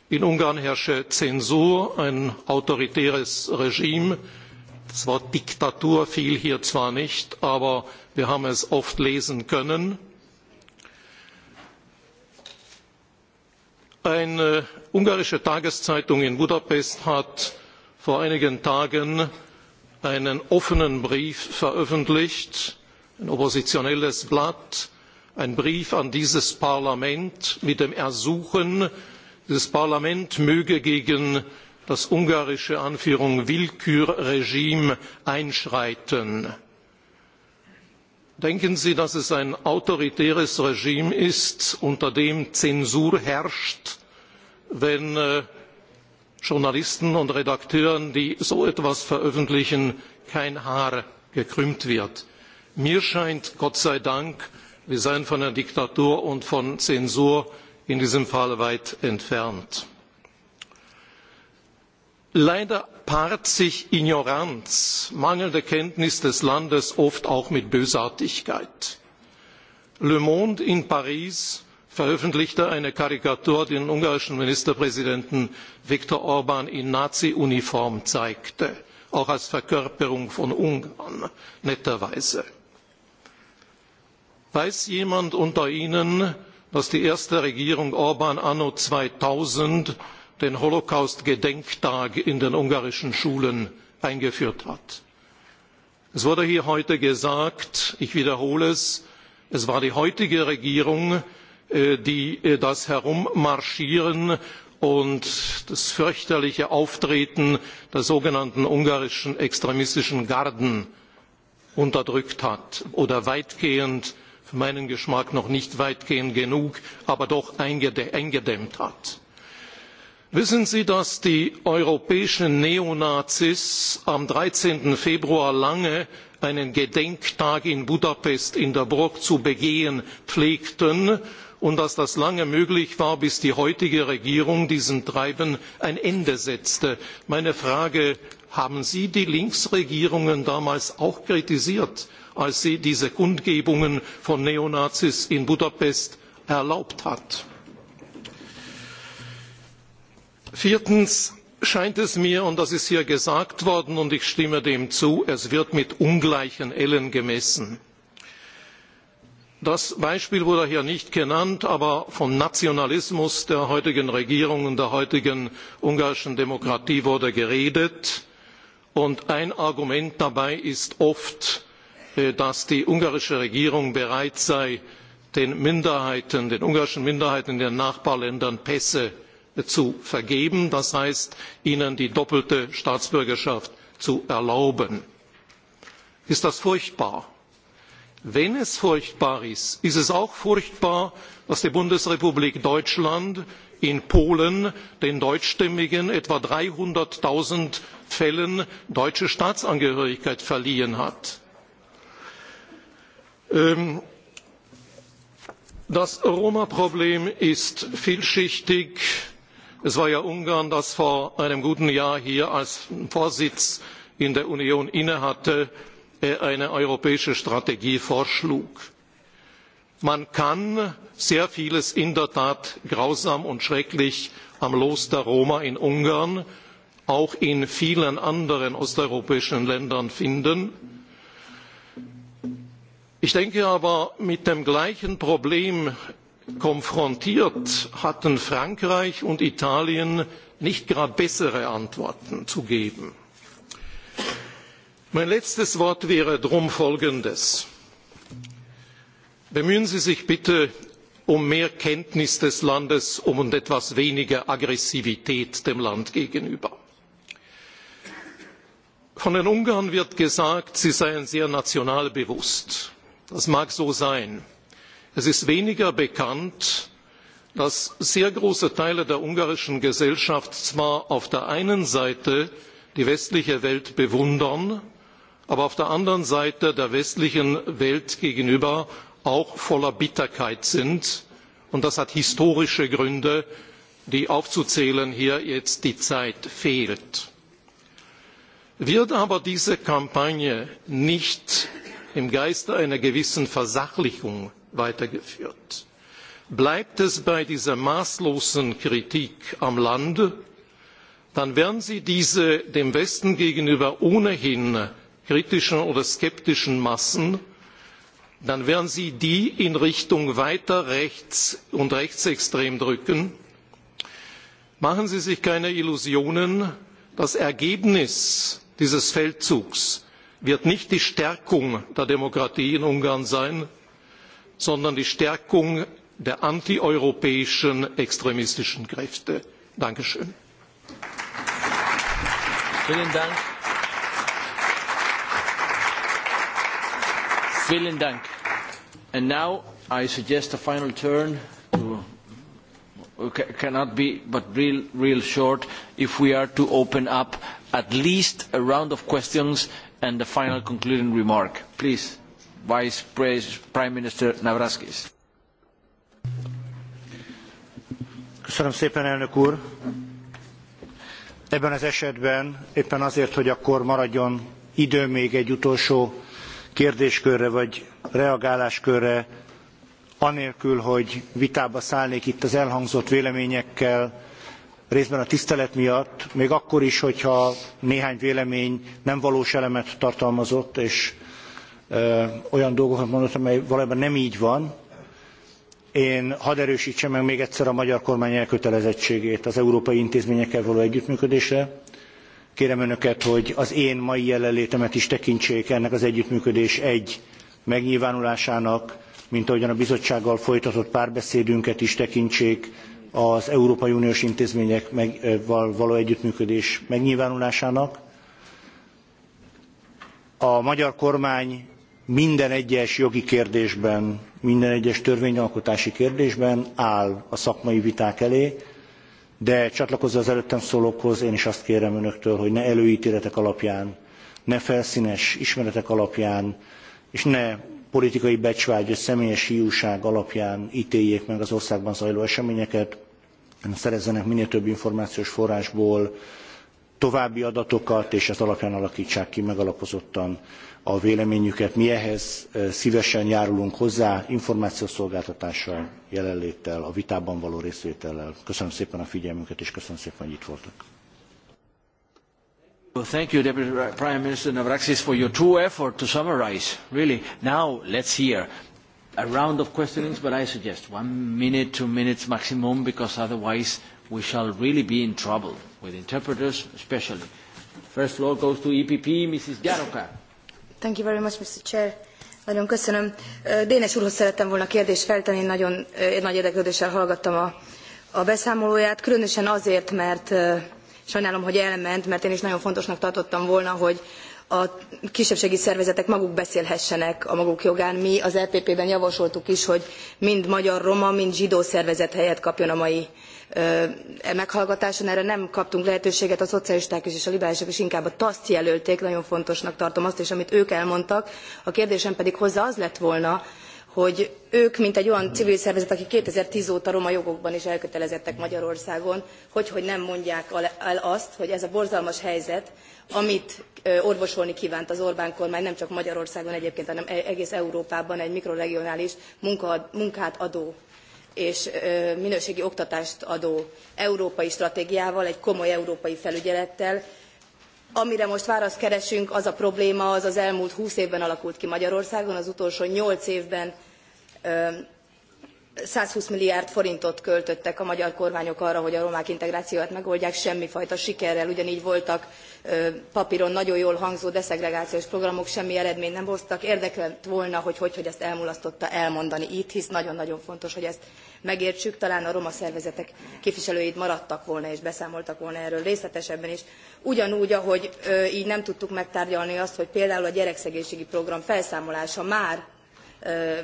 in Ungarn herrsche Zensur, ein autoritäres Regime. Das Wort Diktatur fiel hier zwar nicht, aber wir haben es oft lesen können. Eine ungarische Tageszeitung in Budapest hat vor einigen Tagen einen offenen Brief veröffentlicht, ein oppositionelles Blatt, ein Brief an dieses Parlament mit dem Ersuchen, dieses Parlament möge gegen das ungarische Anführung Willkürregime einschreiten. Denken Sie, dass es ein autoritäres Regime ist, unter dem Zensur herrscht, wenn äh, Journalisten und Redakteuren, die so etwas veröffentlichen, kein Haar gekrümmt wird. Mir scheint, Gott sei Dank, wir seien von der Diktatur und von Zensur in diesem Fall weit entfernt. Leider paart sich Ignoranz, mangelnde Kenntnis des Landes oft auch mit Bösartigkeit. Le Monde in Paris veröffentlichte eine karikatur den ungarischen ministerpräsidenten viktor orbn in nazi uniform zeigte auch als verkörperung von ungarn netterweise. weiß jemand unter ihnen dass die erste regierung orbn anno zweitausend den holocaust gedenktag in den ungarischen schulen eingeführt hat? es wurde hier heute gesagt ich wiederhole es es war die heutige regierung Äh, die, äh, das herummarschieren und das fürchterliche auftreten der sogenannten ungarischen extremistischen garden unterdrückt hat oder weitgehend für meinen geschmack noch nicht weitgehend genug aber doch eingedämmt hat. wissen sie dass die europäischen neonazis am. dreizehn februar lange einen gedenktag in budapest in der burg zu begehen pflegten und dass das lange möglich war bis die heutige regierung diesem treiben ein ende setzte. meine frage haben sie die linksregierungen damals auch kritisiert als sie diese kundgebungen von neonazis in budapest erlaubt hat? viertens scheint es mir und das ist hier gesagt worden und ich stimme dem zu es wird mit ungleichen ellen gemessen das beispiel wurde hier nicht genannt aber vom nationalismus der heutigen regierung und der heutigen ungarischen demokratie wurde geredet und ein argument dabei ist oft äh, dass die ungarische regierung bereit sei den minderheiten den ungarischen minderheiten in den nachbarländern pässe äh, zu vergeben das heißt ihnen die doppelte staatsbürgerschaft zu erlauben. ist das furchtbar? wenn es furchtbar ist ist es auch furchtbar dass die bundesrepublik deutschland in polen den deutschstämmigen etwa dreihundert null fällen deutsche staatsangehörigkeit verliehen hat. Ähm, das roma problem ist vielschichtig. es war ja ungarn das vor einem guten jahr hier den vorsitz in der union innehatte eine europäische Strategie vorschlug. Man kann sehr vieles in der Tat grausam und schrecklich am Los der Roma in Ungarn, auch in vielen anderen osteuropäischen Ländern finden. Ich denke aber, mit dem gleichen Problem konfrontiert hatten Frankreich und Italien nicht gerade bessere Antworten zu geben. Mein letztes Wort wäre drum folgendes. Bemühen Sie sich bitte um mehr Kenntnis des Landes um und etwas weniger Aggressivität dem Land gegenüber. Von den Ungarn wird gesagt, sie seien sehr nationalbewusst. Das mag so sein. Es ist weniger bekannt, dass sehr große Teile der ungarischen Gesellschaft zwar auf der einen Seite die westliche Welt bewundern, aber auf der anderen seite der westlichen welt gegenüber auch voller bitterkeit sind und das hat historische gründe die aufzuzählen hier jetzt die zeit fehlt. wird aber diese kampagne nicht im geiste einer gewissen versachlichung weitergeführt bleibt es bei dieser maßlosen kritik am lande dann werden sie diese dem westen gegenüber ohnehin kritischen oder skeptischen Massen, dann werden sie die in Richtung weiter rechts und rechtsextrem drücken. Machen Sie sich keine Illusionen, das Ergebnis dieses Feldzugs wird nicht die Stärkung der Demokratie in Ungarn sein, sondern die Stärkung der antieuropäischen extremistischen Kräfte. Dankeschön. Vielen Dank. Vielen Dank. And now I suggest a final turn to cannot be but real, real short if we are to open up at least a round of questions and a final concluding remark. Please, Vice Prime Minister Navraskis. Köszönöm szépen, elnök úr! Ebben az esetben éppen azért, hogy akkor maradjon idő még egy utolsó kérdéskörre vagy reagáláskörre, anélkül, hogy vitába szállnék itt az elhangzott véleményekkel, részben a tisztelet miatt, még akkor is, hogyha néhány vélemény nem valós elemet tartalmazott, és ö, olyan dolgokat mondott, amely valójában nem így van, én hadd erősítsem meg még egyszer a magyar kormány elkötelezettségét az európai intézményekkel való együttműködésre, Kérem Önöket, hogy az én mai jelenlétemet is tekintsék ennek az együttműködés egy megnyilvánulásának, mint ahogyan a bizottsággal folytatott párbeszédünket is tekintsék az Európai Uniós intézményekkel való együttműködés megnyilvánulásának. A magyar kormány minden egyes jogi kérdésben, minden egyes törvényalkotási kérdésben áll a szakmai viták elé, De csatlakozva az előttem szólókhoz, én is azt kérem önöktől, hogy ne előítéletek alapján, ne felszínes ismeretek alapján, és ne politikai becsvágy vagy személyes hiúság alapján ítéljék meg az országban zajló eseményeket, hanem szerezzenek minél több információs forrásból további adatokat, és ez alapján alakítsák ki megalapozottan a véleményüket. Mi ehhez szívesen járulunk hozzá információszolgáltatással, jelenléttel, a vitában való részvétellel. Köszönöm szépen a figyelmüket, és köszönöm szépen, hogy itt voltak. Well, thank you, Deputy Prime Minister Navraxis, for your true effort to summarize. Really, now let's hear a round of questionings, but I suggest one minute, two minutes maximum, because otherwise we shall really be in trouble with interpreters especially. First floor goes to EPP, Mrs. Gyaroka. Thank you very much, Mr. Chair. Nagyon köszönöm. Dénes úrhoz szerettem volna kérdést feltenni, nagyon nagy érdeklődéssel hallgattam a, a beszámolóját, különösen azért, mert sajnálom, hogy elment, mert én is nagyon fontosnak tartottam volna, hogy a kisebbségi szervezetek maguk beszélhessenek a maguk jogán. Mi az EPP-ben javasoltuk is, hogy mind magyar-roma, mind zsidó szervezet helyet kapjon a mai e meghallgatáson. Erre nem kaptunk lehetőséget, a szocialisták is és a liberálisok is inkább a TASZ t jelölték, nagyon fontosnak tartom azt is, amit ők elmondtak. A kérdésem pedig hozzá az lett volna, hogy ők, mint egy olyan civil szervezet, aki 2010 óta roma jogokban is elkötelezettek Magyarországon, hogy, hogy nem mondják el azt, hogy ez a borzalmas helyzet, amit orvosolni kívánt az Orbán kormány, nem csak Magyarországon egyébként, hanem e-, egész Európában egy mikroregionális munkát adó és minőségi oktatást adó európai stratégiával, egy komoly európai felügyelettel. Amire most választ keresünk, az a probléma az az elmúlt húsz évben alakult ki Magyarországon, az utolsó nyolc évben 120 milliárd forintot költöttek a magyar kormányok arra, hogy a romák integrációját megoldják, semmifajta sikerrel, ugyanígy voltak papíron nagyon jól hangzó deszegregációs programok, semmi eredmény nem hoztak. Érdekelt volna, hogy hogy, hogy ezt elmulasztotta elmondani itt, hisz nagyon-nagyon fontos, hogy ezt megértsük. Talán a roma szervezetek képviselőid maradtak volna és beszámoltak volna erről részletesebben is. Ugyanúgy, ahogy így nem tudtuk megtárgyalni azt, hogy például a gyerekszegénységi program felszámolása már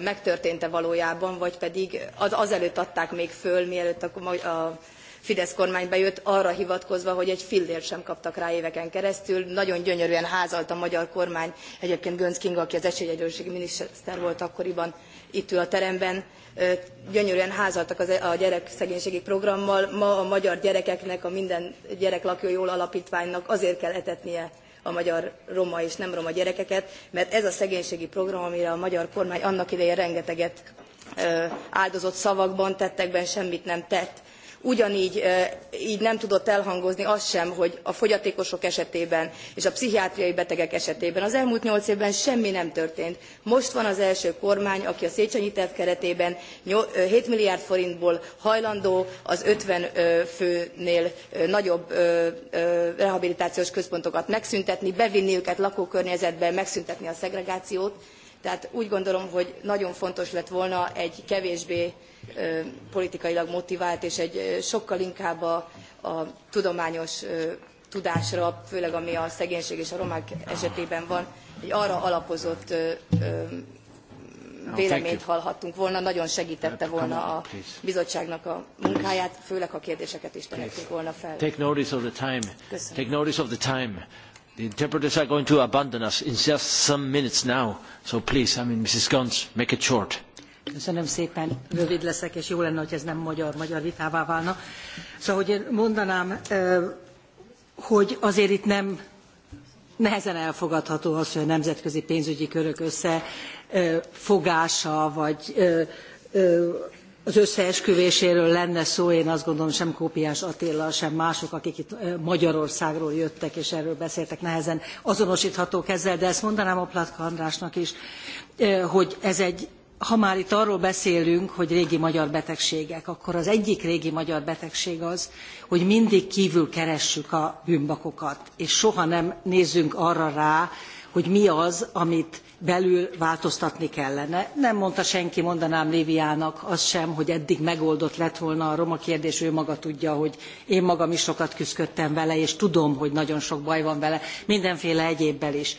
megtörtént-e valójában, vagy pedig az, azelőtt adták még föl, mielőtt a, a Fidesz kormány bejött, arra hivatkozva, hogy egy fillért sem kaptak rá éveken keresztül. Nagyon gyönyörűen házalt a magyar kormány, egyébként Gönc Kinga, aki az esélyegyenlőségi miniszter volt akkoriban, itt ül a teremben, gyönyörűen házaltak e, a gyerekszegénységi programmal. Ma a magyar gyerekeknek, a minden gyerek lakjon jól alapítványnak azért kell etetnie a magyar roma és nem roma gyerekeket, mert ez a szegénységi program, amire a magyar kormány annak idején rengeteget áldozott szavakban, tettekben semmit nem tett Ugyanígy így nem tudott elhangozni az sem, hogy a fogyatékosok esetében és a pszichiátriai betegek esetében az elmúlt nyolc évben semmi nem történt. Most van az első kormány, aki a Széchenyi terv keretében 7 milliárd forintból hajlandó az 50 főnél nagyobb rehabilitációs központokat megszüntetni, bevinni őket lakókörnyezetbe, megszüntetni a szegregációt. Tehát úgy gondolom, hogy nagyon fontos lett volna egy kevésbé politikailag motivált, és egy sokkal inkább a, a tudományos tudásra, főleg ami a szegénység és a romák esetében van, egy arra alapozott véleményt hallhattunk volna, nagyon segítette volna a bizottságnak a munkáját, főleg ha kérdéseket is tehettünk volna fel. Take notice of the time. Take notice of the time. The interpreters are going to abandon us in just some minutes now. So please, I mean, Mrs. Gons, make it short. Köszönöm szépen, rövid leszek, és jó lenne, hogy ez nem magyar-magyar vitává válna. Szóval, hogy én mondanám, hogy azért itt nem nehezen elfogadható az, hogy a nemzetközi pénzügyi körök összefogása, vagy az összeesküvéséről lenne szó, én azt gondolom sem Kópiás Attila, sem mások, akik itt Magyarországról jöttek és erről beszéltek, nehezen azonosíthatók ezzel, de ezt mondanám a Platka Andrásnak is, hogy ez egy ha már itt arról beszélünk, hogy régi magyar betegségek, akkor az egyik régi magyar betegség az, hogy mindig kívül keressük a bűnbakokat, és soha nem nézzünk arra rá, hogy mi az, amit belül változtatni kellene. Nem mondta senki, mondanám Liviának azt sem, hogy eddig megoldott lett volna a roma kérdés, ő maga tudja, hogy én magam is sokat küzdködtem vele, és tudom, hogy nagyon sok baj van vele, mindenféle egyébbel is.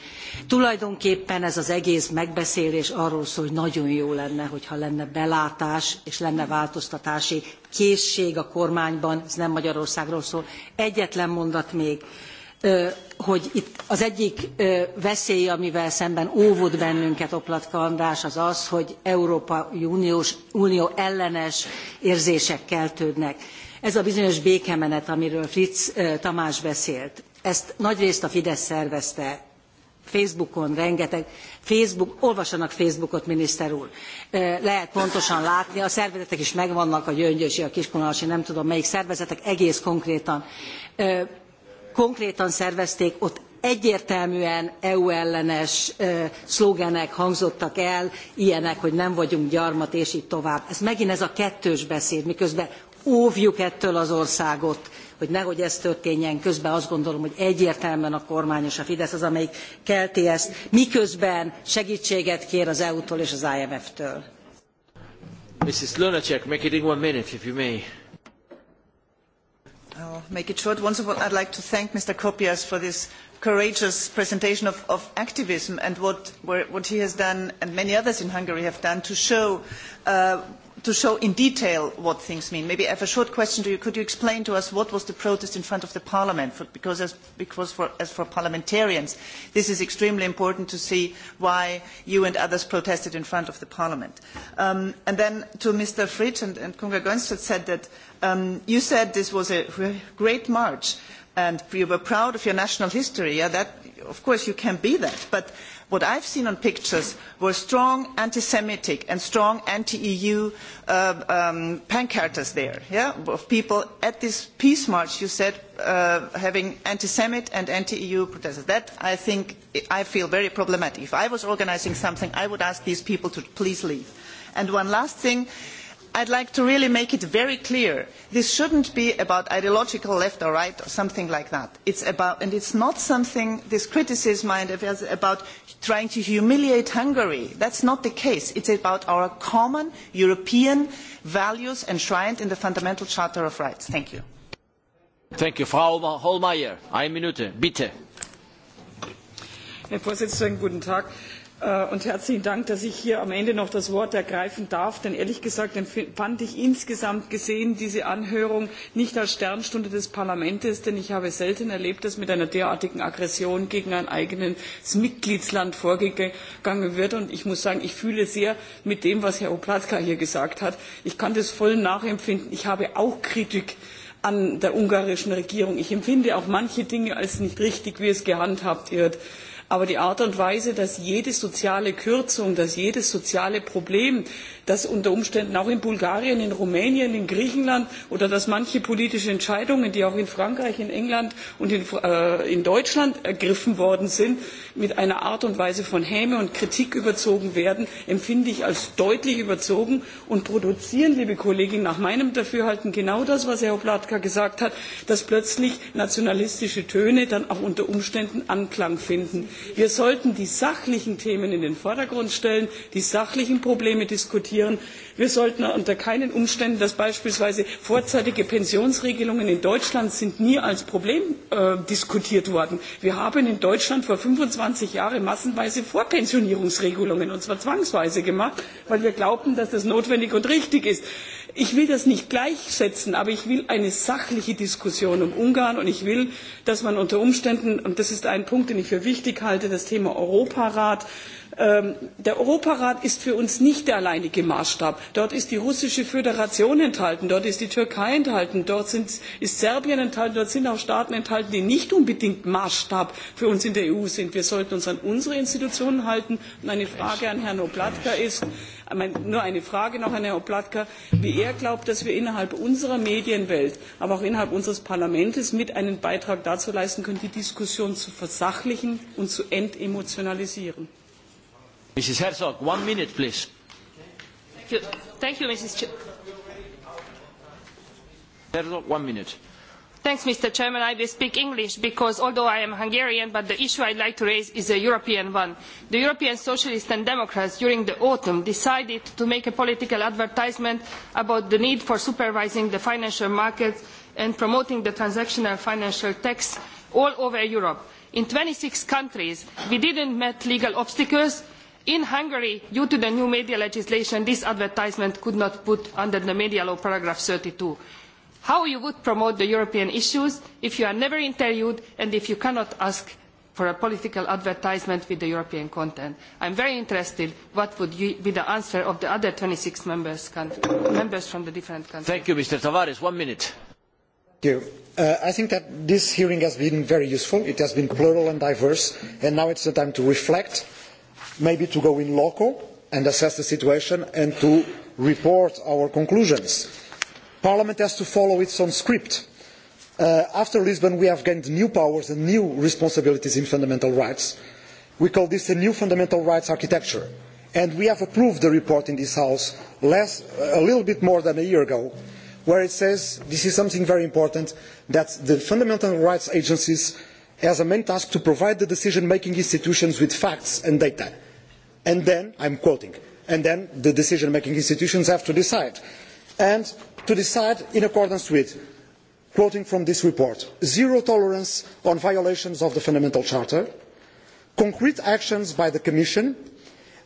Tulajdonképpen ez az egész megbeszélés arról szól, hogy nagyon jó lenne, hogyha lenne belátás, és lenne változtatási készség a kormányban, ez nem Magyarországról szól. Egyetlen mondat még hogy itt az egyik veszély, amivel szemben óvod bennünket Oplatka András, az az, hogy Európa Uniós, Unió ellenes érzések keltődnek. Ez a bizonyos békemenet, amiről Fritz Tamás beszélt, ezt nagyrészt a Fidesz szervezte Facebookon rengeteg, Facebook, olvassanak Facebookot, miniszter úr. Lehet pontosan látni, a szervezetek is megvannak, a Gyöngyösi, a Kiskunalasi, nem tudom melyik szervezetek egész konkrétan konkrétan szervezték, ott egyértelműen EU ellenes szlogenek hangzottak el, ilyenek, hogy nem vagyunk gyarmat, és így tovább. Ez megint ez a kettős beszéd, miközben óvjuk ettől az országot, hogy nehogy ez történjen, közben azt gondolom, hogy egyértelműen a kormányos a Fidesz az, amelyik kelti ezt, miközben segítséget kér az EU-tól és az IMF-től. Mrs. Lunacek, make it in one minute, if you may. I'll make it short. Once of all, I'd like to thank Mr. Kopias for this courageous presentation of, of activism and what, what, he has done and many others in Hungary have done to show uh, to show in detail what things mean. Maybe I have a short question to you. Could you explain to us what was the protest in front of the parliament? For, because, as, because for, as for parliamentarians, this is extremely important to see why you and others protested in front of the parliament. Um, and then to Mr. Fritsch and, and Kunga Gönstedt said that um, you said this was a great march and you were proud of your national history. Yeah, that, of course, you can be that. But what i have seen on pictures were strong anti semitic and strong anti eu uh, um, pancartas there of people at this peace march you said uh, having anti semitic and anti eu protesters. that i think i feel very problematic. if i was organising something i would ask these people to please leave. and one last thing I'd like to really make it very clear. This shouldn't be about ideological left or right or something like that. It's about, and it's not something, this criticism and about trying to humiliate Hungary. That's not the case. It's about our common European values enshrined in the Fundamental Charter of Rights. Thank you. Thank you. Frau Holmeier, eine Minute, bitte. Herr Präsident, guten Tag Äh, und herzlichen Dank, dass ich hier am Ende noch das Wort ergreifen darf. Denn ehrlich gesagt empfand ich insgesamt gesehen diese Anhörung nicht als Sternstunde des Parlaments, denn ich habe selten erlebt, dass mit einer derartigen Aggression gegen ein eigenes Mitgliedsland vorgegangen wird. Und ich muss sagen, ich fühle sehr mit dem, was Herr Oplatka hier gesagt hat. Ich kann das voll nachempfinden. Ich habe auch Kritik an der ungarischen Regierung. Ich empfinde auch manche Dinge als nicht richtig, wie es gehandhabt wird aber die art und weise dass jede soziale kürzung dass jedes soziale problem dass unter Umständen auch in Bulgarien, in Rumänien, in Griechenland oder dass manche politische Entscheidungen, die auch in Frankreich, in England und in, äh, in Deutschland ergriffen worden sind, mit einer Art und Weise von Häme und Kritik überzogen werden, empfinde ich als deutlich überzogen und produzieren, liebe Kollegin, nach meinem Dafürhalten genau das, was Herr Oplatka gesagt hat, dass plötzlich nationalistische Töne dann auch unter Umständen Anklang finden. Wir sollten die sachlichen Themen in den Vordergrund stellen, die sachlichen Probleme diskutieren diskutieren. Wir sollten unter keinen Umständen, dass beispielsweise vorzeitige Pensionsregelungen in Deutschland sind nie als Problem äh, diskutiert worden. Wir haben in Deutschland vor 25 Jahren massenweise Vorpensionierungsregelungen, und zwar zwangsweise gemacht, weil wir glaubten, dass das notwendig und richtig ist. Ich will das nicht gleichsetzen, aber ich will eine sachliche Diskussion um Ungarn und ich will, dass man unter Umständen, und das ist ein Punkt, den ich für wichtig halte, das Thema Europarat, Ähm, der Europarat ist für uns nicht der alleinige Maßstab. Dort ist die russische Föderation enthalten, dort ist die Türkei enthalten, dort ist Serbien enthalten, dort sind auch Staaten enthalten, die nicht unbedingt Maßstab für uns in der EU sind. Wir sollten uns an unsere Institutionen halten. Meine Frage an Herrn Oplatka ist, äh, nur eine Frage noch an Herrn Oplatka, wie er glaubt, dass wir innerhalb unserer Medienwelt, aber auch innerhalb unseres Parlaments mit einen Beitrag dazu leisten können, die Diskussion zu versachlichen und zu entemotionalisieren. Mrs. Herzog, one minute, please. Thank you, Thank you Mrs. Ch Herzog, one minute. Thanks, Mr. Chairman. I will speak English because although I am Hungarian, but the issue I'd like to raise is a European one. The European Socialists and Democrats during the autumn decided to make a political advertisement about the need for supervising the financial markets and promoting the transactional financial tax all over Europe. In 26 countries, we didn't meet legal obstacles, in hungary due to the new media legislation this advertisement could not put under the media law paragraph thirty two how you would promote the european issues if you are never interviewed and if you cannot ask for a political advertisement with the european content i am very interested what would be the answer of the other twenty six members from the different countries thank you mr tavares one minute Thank you. Uh, I think that this hearing has been very useful. It has been plural and diverse, and now it's the time to reflect maybe to go in loco and assess the situation and to report our conclusions. Parliament has to follow its own script. Uh, after Lisbon, we have gained new powers and new responsibilities in fundamental rights. We call this the new fundamental rights architecture. And we have approved the report in this House less, a little bit more than a year ago, where it says this is something very important that the fundamental rights agencies has a main task to provide the decision making institutions with facts and data and then I'm quoting and then the decision making institutions have to decide and to decide in accordance with quoting from this report zero tolerance on violations of the fundamental charter concrete actions by the commission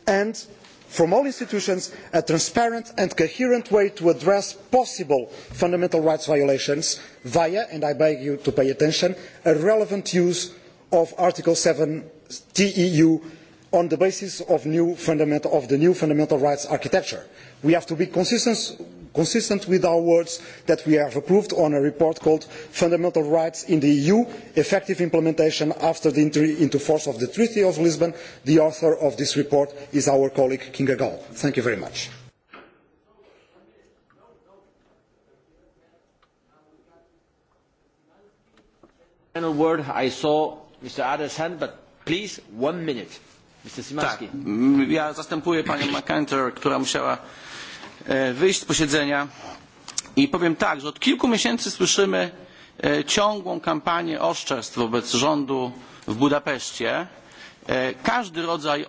and from all institutions a transparent and coherent way to address possible fundamental rights violations via and i beg you to pay attention a relevant use of article seven teu on the basis of, of, the new fundamental rights architecture. We have to be consistent, consistent with our words that we have approved on a report called Fundamental Rights in the EU, Effective Implementation After the Entry into Force of the Treaty of Lisbon. The author of this report is our colleague Kinga Gall. Thank you very much. final word. I saw Mr. Adler's hand, but please, one minute. Mr. Tak, mm, ja zastępuję panią McIntyre, która musiała e, wyjść z posiedzenia i powiem tak, że od kilku miesięcy słyszymy e, ciągłą kampanię oszczerstw wobec rządu w Budapeszcie E, każdy rodzaj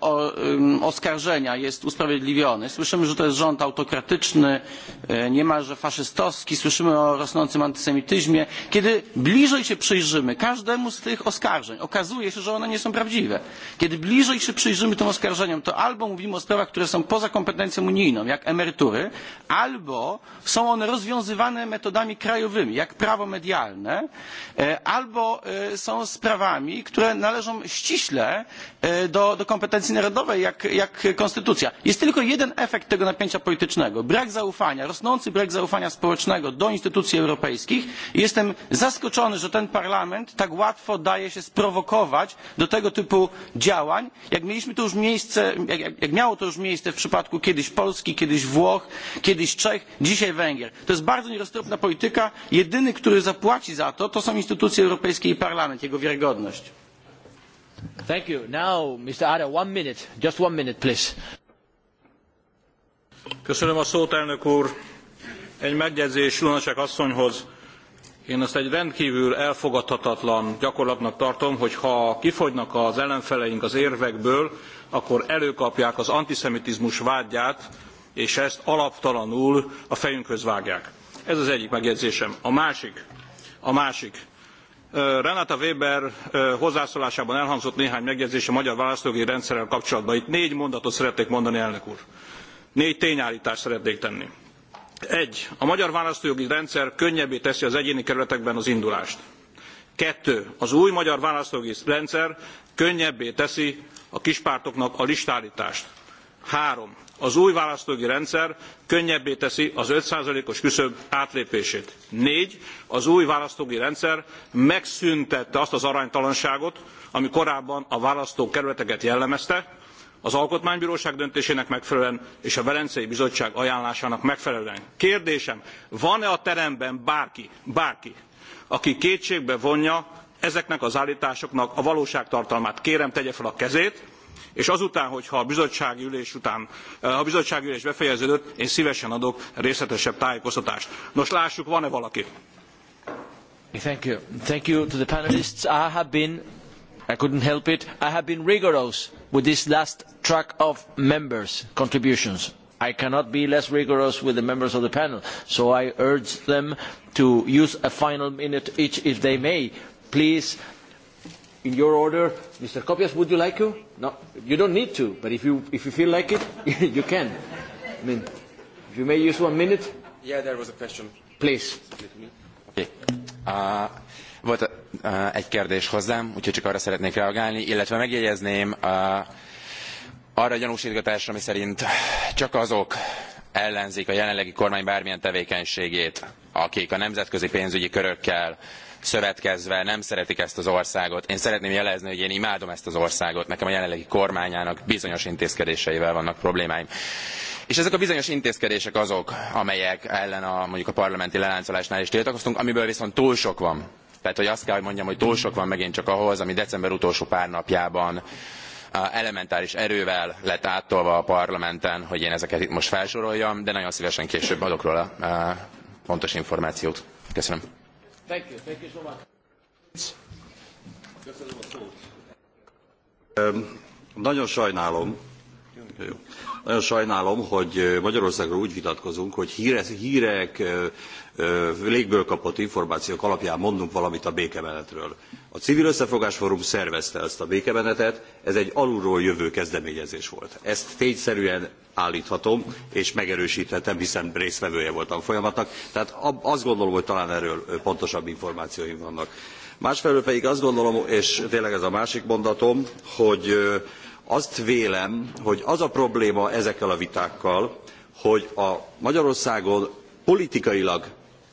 oskarżenia jest usprawiedliwiony. słyszymy że to jest rząd autokratyczny e, niemalże faszystowski słyszymy o rosnącym antysemityzmie. kiedy bliżej się przyjrzymy każdemu z tych oskarżeń okazuje się że one nie są prawdziwe. kiedy bliżej się przyjrzymy tym oskarżeniom to albo mówimy o sprawach które są poza kompetencją unijną jak emerytury albo są one rozwiązywane metodami krajowymi jak prawo medialne e, albo są sprawami które należą ściśle E, do, kompetencji narodowej jak, konstytucja. Jest tylko jeden efekt tego napięcia politycznego. Brak zaufania, rosnący brak zaufania społecznego do instytucji europejskich. i Jestem zaskoczony, że ten parlament tak łatwo daje się sprowokować do tego typu działań. Jak mieliśmy to już miejsce, jak, jak miało to już miejsce w przypadku kiedyś Polski, kiedyś Włoch, kiedyś Czech, dzisiaj Węgier. To jest bardzo nieroztropna polityka. Jedyny, który zapłaci za to, to są instytucje europejskie i parlament, jego wiarygodność elnök úr. Egy megjegyzés Lunacek asszonyhoz. Én azt egy rendkvül elfogadhatatlan gyakorlatnak tartom, hogy ha kifogynak az ellenfeleink az érvekből, akkor előkapják az antiszemitizmus vádját és ezt alaptalanul a fejünkhöz vágják. Ez az egyik megjegyzésem. A másik, a másik Renata Weber hozzászólásában elhangzott néhány megjegyzés a magyar választójogi rendszerrel kapcsolatban. Itt négy mondatot szeretnék mondani, elnök úr. Négy tényállítást szeretnék tenni. Egy, a magyar választójogi rendszer könnyebbé teszi az egyéni kerületekben az indulást. Kettő, az új magyar választójogi rendszer könnyebbé teszi a kispártoknak a listállítást. Három, az új választójogi rendszer könnyebbé teszi az five os küszöb átlépését. négy az új választójogi rendszer megszüntette azt az aránytalanságot ami korábban a választókerületeket jellemezte az alkotmánybróság döntésének megfelelően és a velencei bizottság ajánlásának megfelelően. kérdésem van e a teremben bárki bárki aki kétségbe vonja ezeknek az álltásoknak a valóságtartalmát? kérem tegye fel a kezét és azután, hogyha a bizottsági ülés után, eh, a bizottsági ülés befejeződött, én szívesen adok részletesebb tájékoztatást. Nos, lássuk, van-e valaki? Thank you. Thank you to the panelists. I have been, I couldn't help it, I have been rigorous with this last track of members' contributions. I cannot be less rigorous with the members of the panel, so I urge them to use a final minute each if they may. Please in your order. Mr. Kopias, would you like to? No, you don't need to, but if you, if you feel like it, [LAUGHS] you can. I mean, if you may use one minute. Yeah, there was a question. Please. Okay. Uh, volt uh, egy kérdés hozzám, úgyhogy csak arra szeretnék reagálni, illetve megjegyezném uh, arra a gyanúsítgatásra, ami szerint csak azok ellenzik a jelenlegi kormány bármilyen tevékenységét, akik a nemzetközi pénzügyi körökkel szövetkezve nem szeretik ezt az országot. Én szeretném jelezni, hogy én imádom ezt az országot, nekem a jelenlegi kormányának bizonyos intézkedéseivel vannak problémáim. És ezek a bizonyos intézkedések azok, amelyek ellen a, mondjuk a parlamenti leláncolásnál is tiltakoztunk, amiből viszont túl sok van. Tehát, hogy azt kell, hogy mondjam, hogy túl sok van megint csak ahhoz, ami december utolsó pár napjában elementáris erővel lett áttolva a parlamenten, hogy én ezeket itt most felsoroljam, de nagyon szívesen később adok róla pontos információt. Köszönöm. Thank you, thank you so much. Köszönöm a szót. Nagyon sajnálom, nagyon sajnálom, hogy Magyarországról úgy vitatkozunk, hogy hírek, hírek légből kapott információk alapján mondunk valamit a békemenetről. A Civil Összefogás Fórum szervezte ezt a békemenetet, ez egy alulról jövő kezdeményezés volt. Ezt tényszerűen állíthatom és megerősíthetem, hiszen résztvevője voltam folyamatnak, tehát azt gondolom, hogy talán erről pontosabb információim vannak. Másfelől pedig azt gondolom, és tényleg ez a másik mondatom, hogy azt vélem, hogy az a probléma ezekkel a vitákkal, hogy a Magyarországon politikailag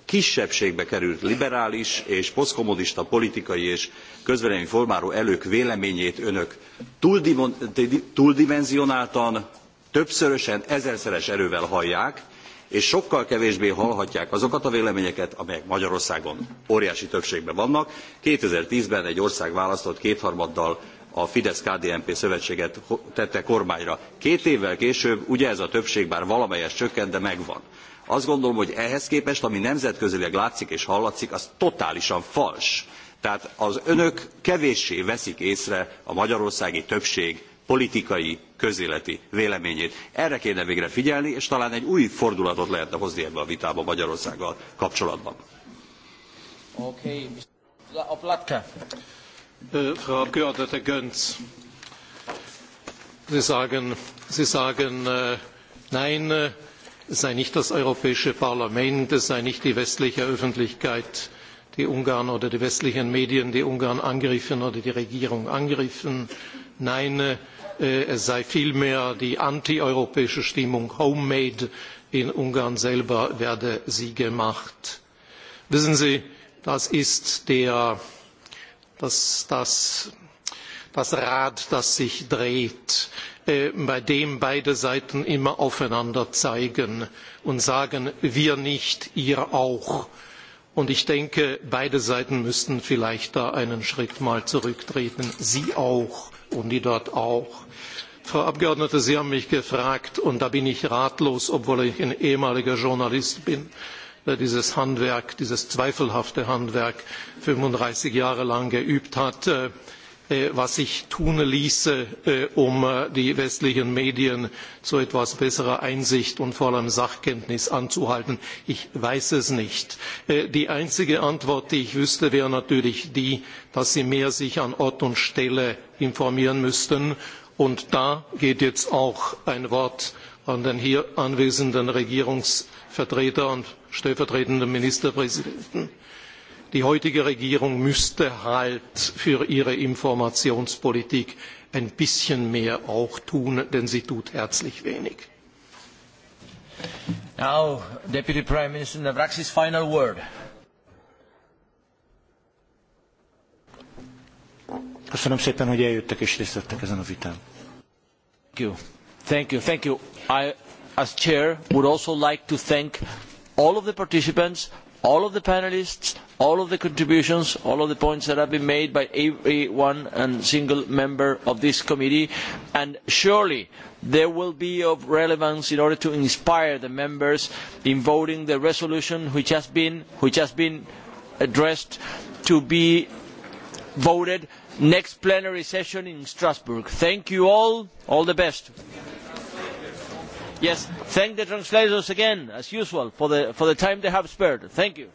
kisebbségbe került liberális és posztkommunista politikai és közvélemény formáló elők véleményét önök túldimenzionáltan, többszörösen, ezerszeres erővel hallják, és sokkal kevésbé hallhatják azokat a véleményeket, amelyek Magyarországon óriási többségben vannak. 2010-ben egy ország választott kétharmaddal a Fidesz-KDNP szövetséget tette kormányra. Két évvel később ugye ez a többség bár valamelyes csökkent, de megvan. Azt gondolom, hogy ehhez képest, ami nemzetközileg látszik és hallatszik, az totálisan fals. Tehát az önök kevéssé veszik észre a magyarországi többség politikai, közéleti véleményét. Erre kéne végre figyelni, és talán egy új fordulatot lehetne hozni ebbe a vitába Magyarországgal kapcsolatban. Okay. Äh, Frau Abgeordnete Göncz, Sie sagen, Sie sagen äh, Nein äh, es sei nicht das Europäische Parlament, es sei nicht die westliche Öffentlichkeit, die Ungarn oder die westlichen Medien, die Ungarn angriffen oder die Regierung angriffen. Nein, äh, es sei vielmehr die antieuropäische Stimmung homemade in Ungarn selber werde sie gemacht. Wissen Sie, das ist das Rad, das sich dreht Äh, bei dem beide Seiten immer aufeinander zeigen und sagen, wir nicht, ihr auch. Und ich denke, beide Seiten müssten vielleicht da einen Schritt mal zurücktreten. Sie auch und die dort auch. Frau Abgeordnete, Sie haben mich gefragt, und da bin ich ratlos, obwohl ich ein ehemaliger Journalist bin, der dieses Handwerk, dieses zweifelhafte Handwerk 35 Jahre lang geübt hat. Äh, Äh, was sich tun ließe, äh, um äh, die westlichen Medien zu etwas besserer Einsicht und vor allem Sachkenntnis anzuhalten? Ich weiß es nicht. Die einzige Antwort, die ich wüsste, wäre natürlich die, dass sie mehr sich an Ort und Stelle informieren müssten. Und da geht jetzt auch ein Wort an den hier anwesenden Regierungsvertreter und stellvertretenden Ministerpräsidenten die heutige Regierung müsste halt für ihre Informationspolitik ein bisschen mehr auch tun, denn sie tut herzlich wenig. Now, Deputy Prime Minister Navracsis, final word. Köszönöm szépen, hogy eljöttek és részt vettek ezen a vitán. Thank you. Thank you. Thank you. I, as chair, would also like to thank all of the participants all of the panelists, all of the contributions, all of the points that have been made by every one and single member of this committee, and surely they will be of relevance in order to inspire the members in voting the resolution which has been, which has been addressed to be voted next plenary session in Strasbourg. Thank you all. All the best. Yes, thank the translators again, as usual, for the, for the time they have spared. Thank you.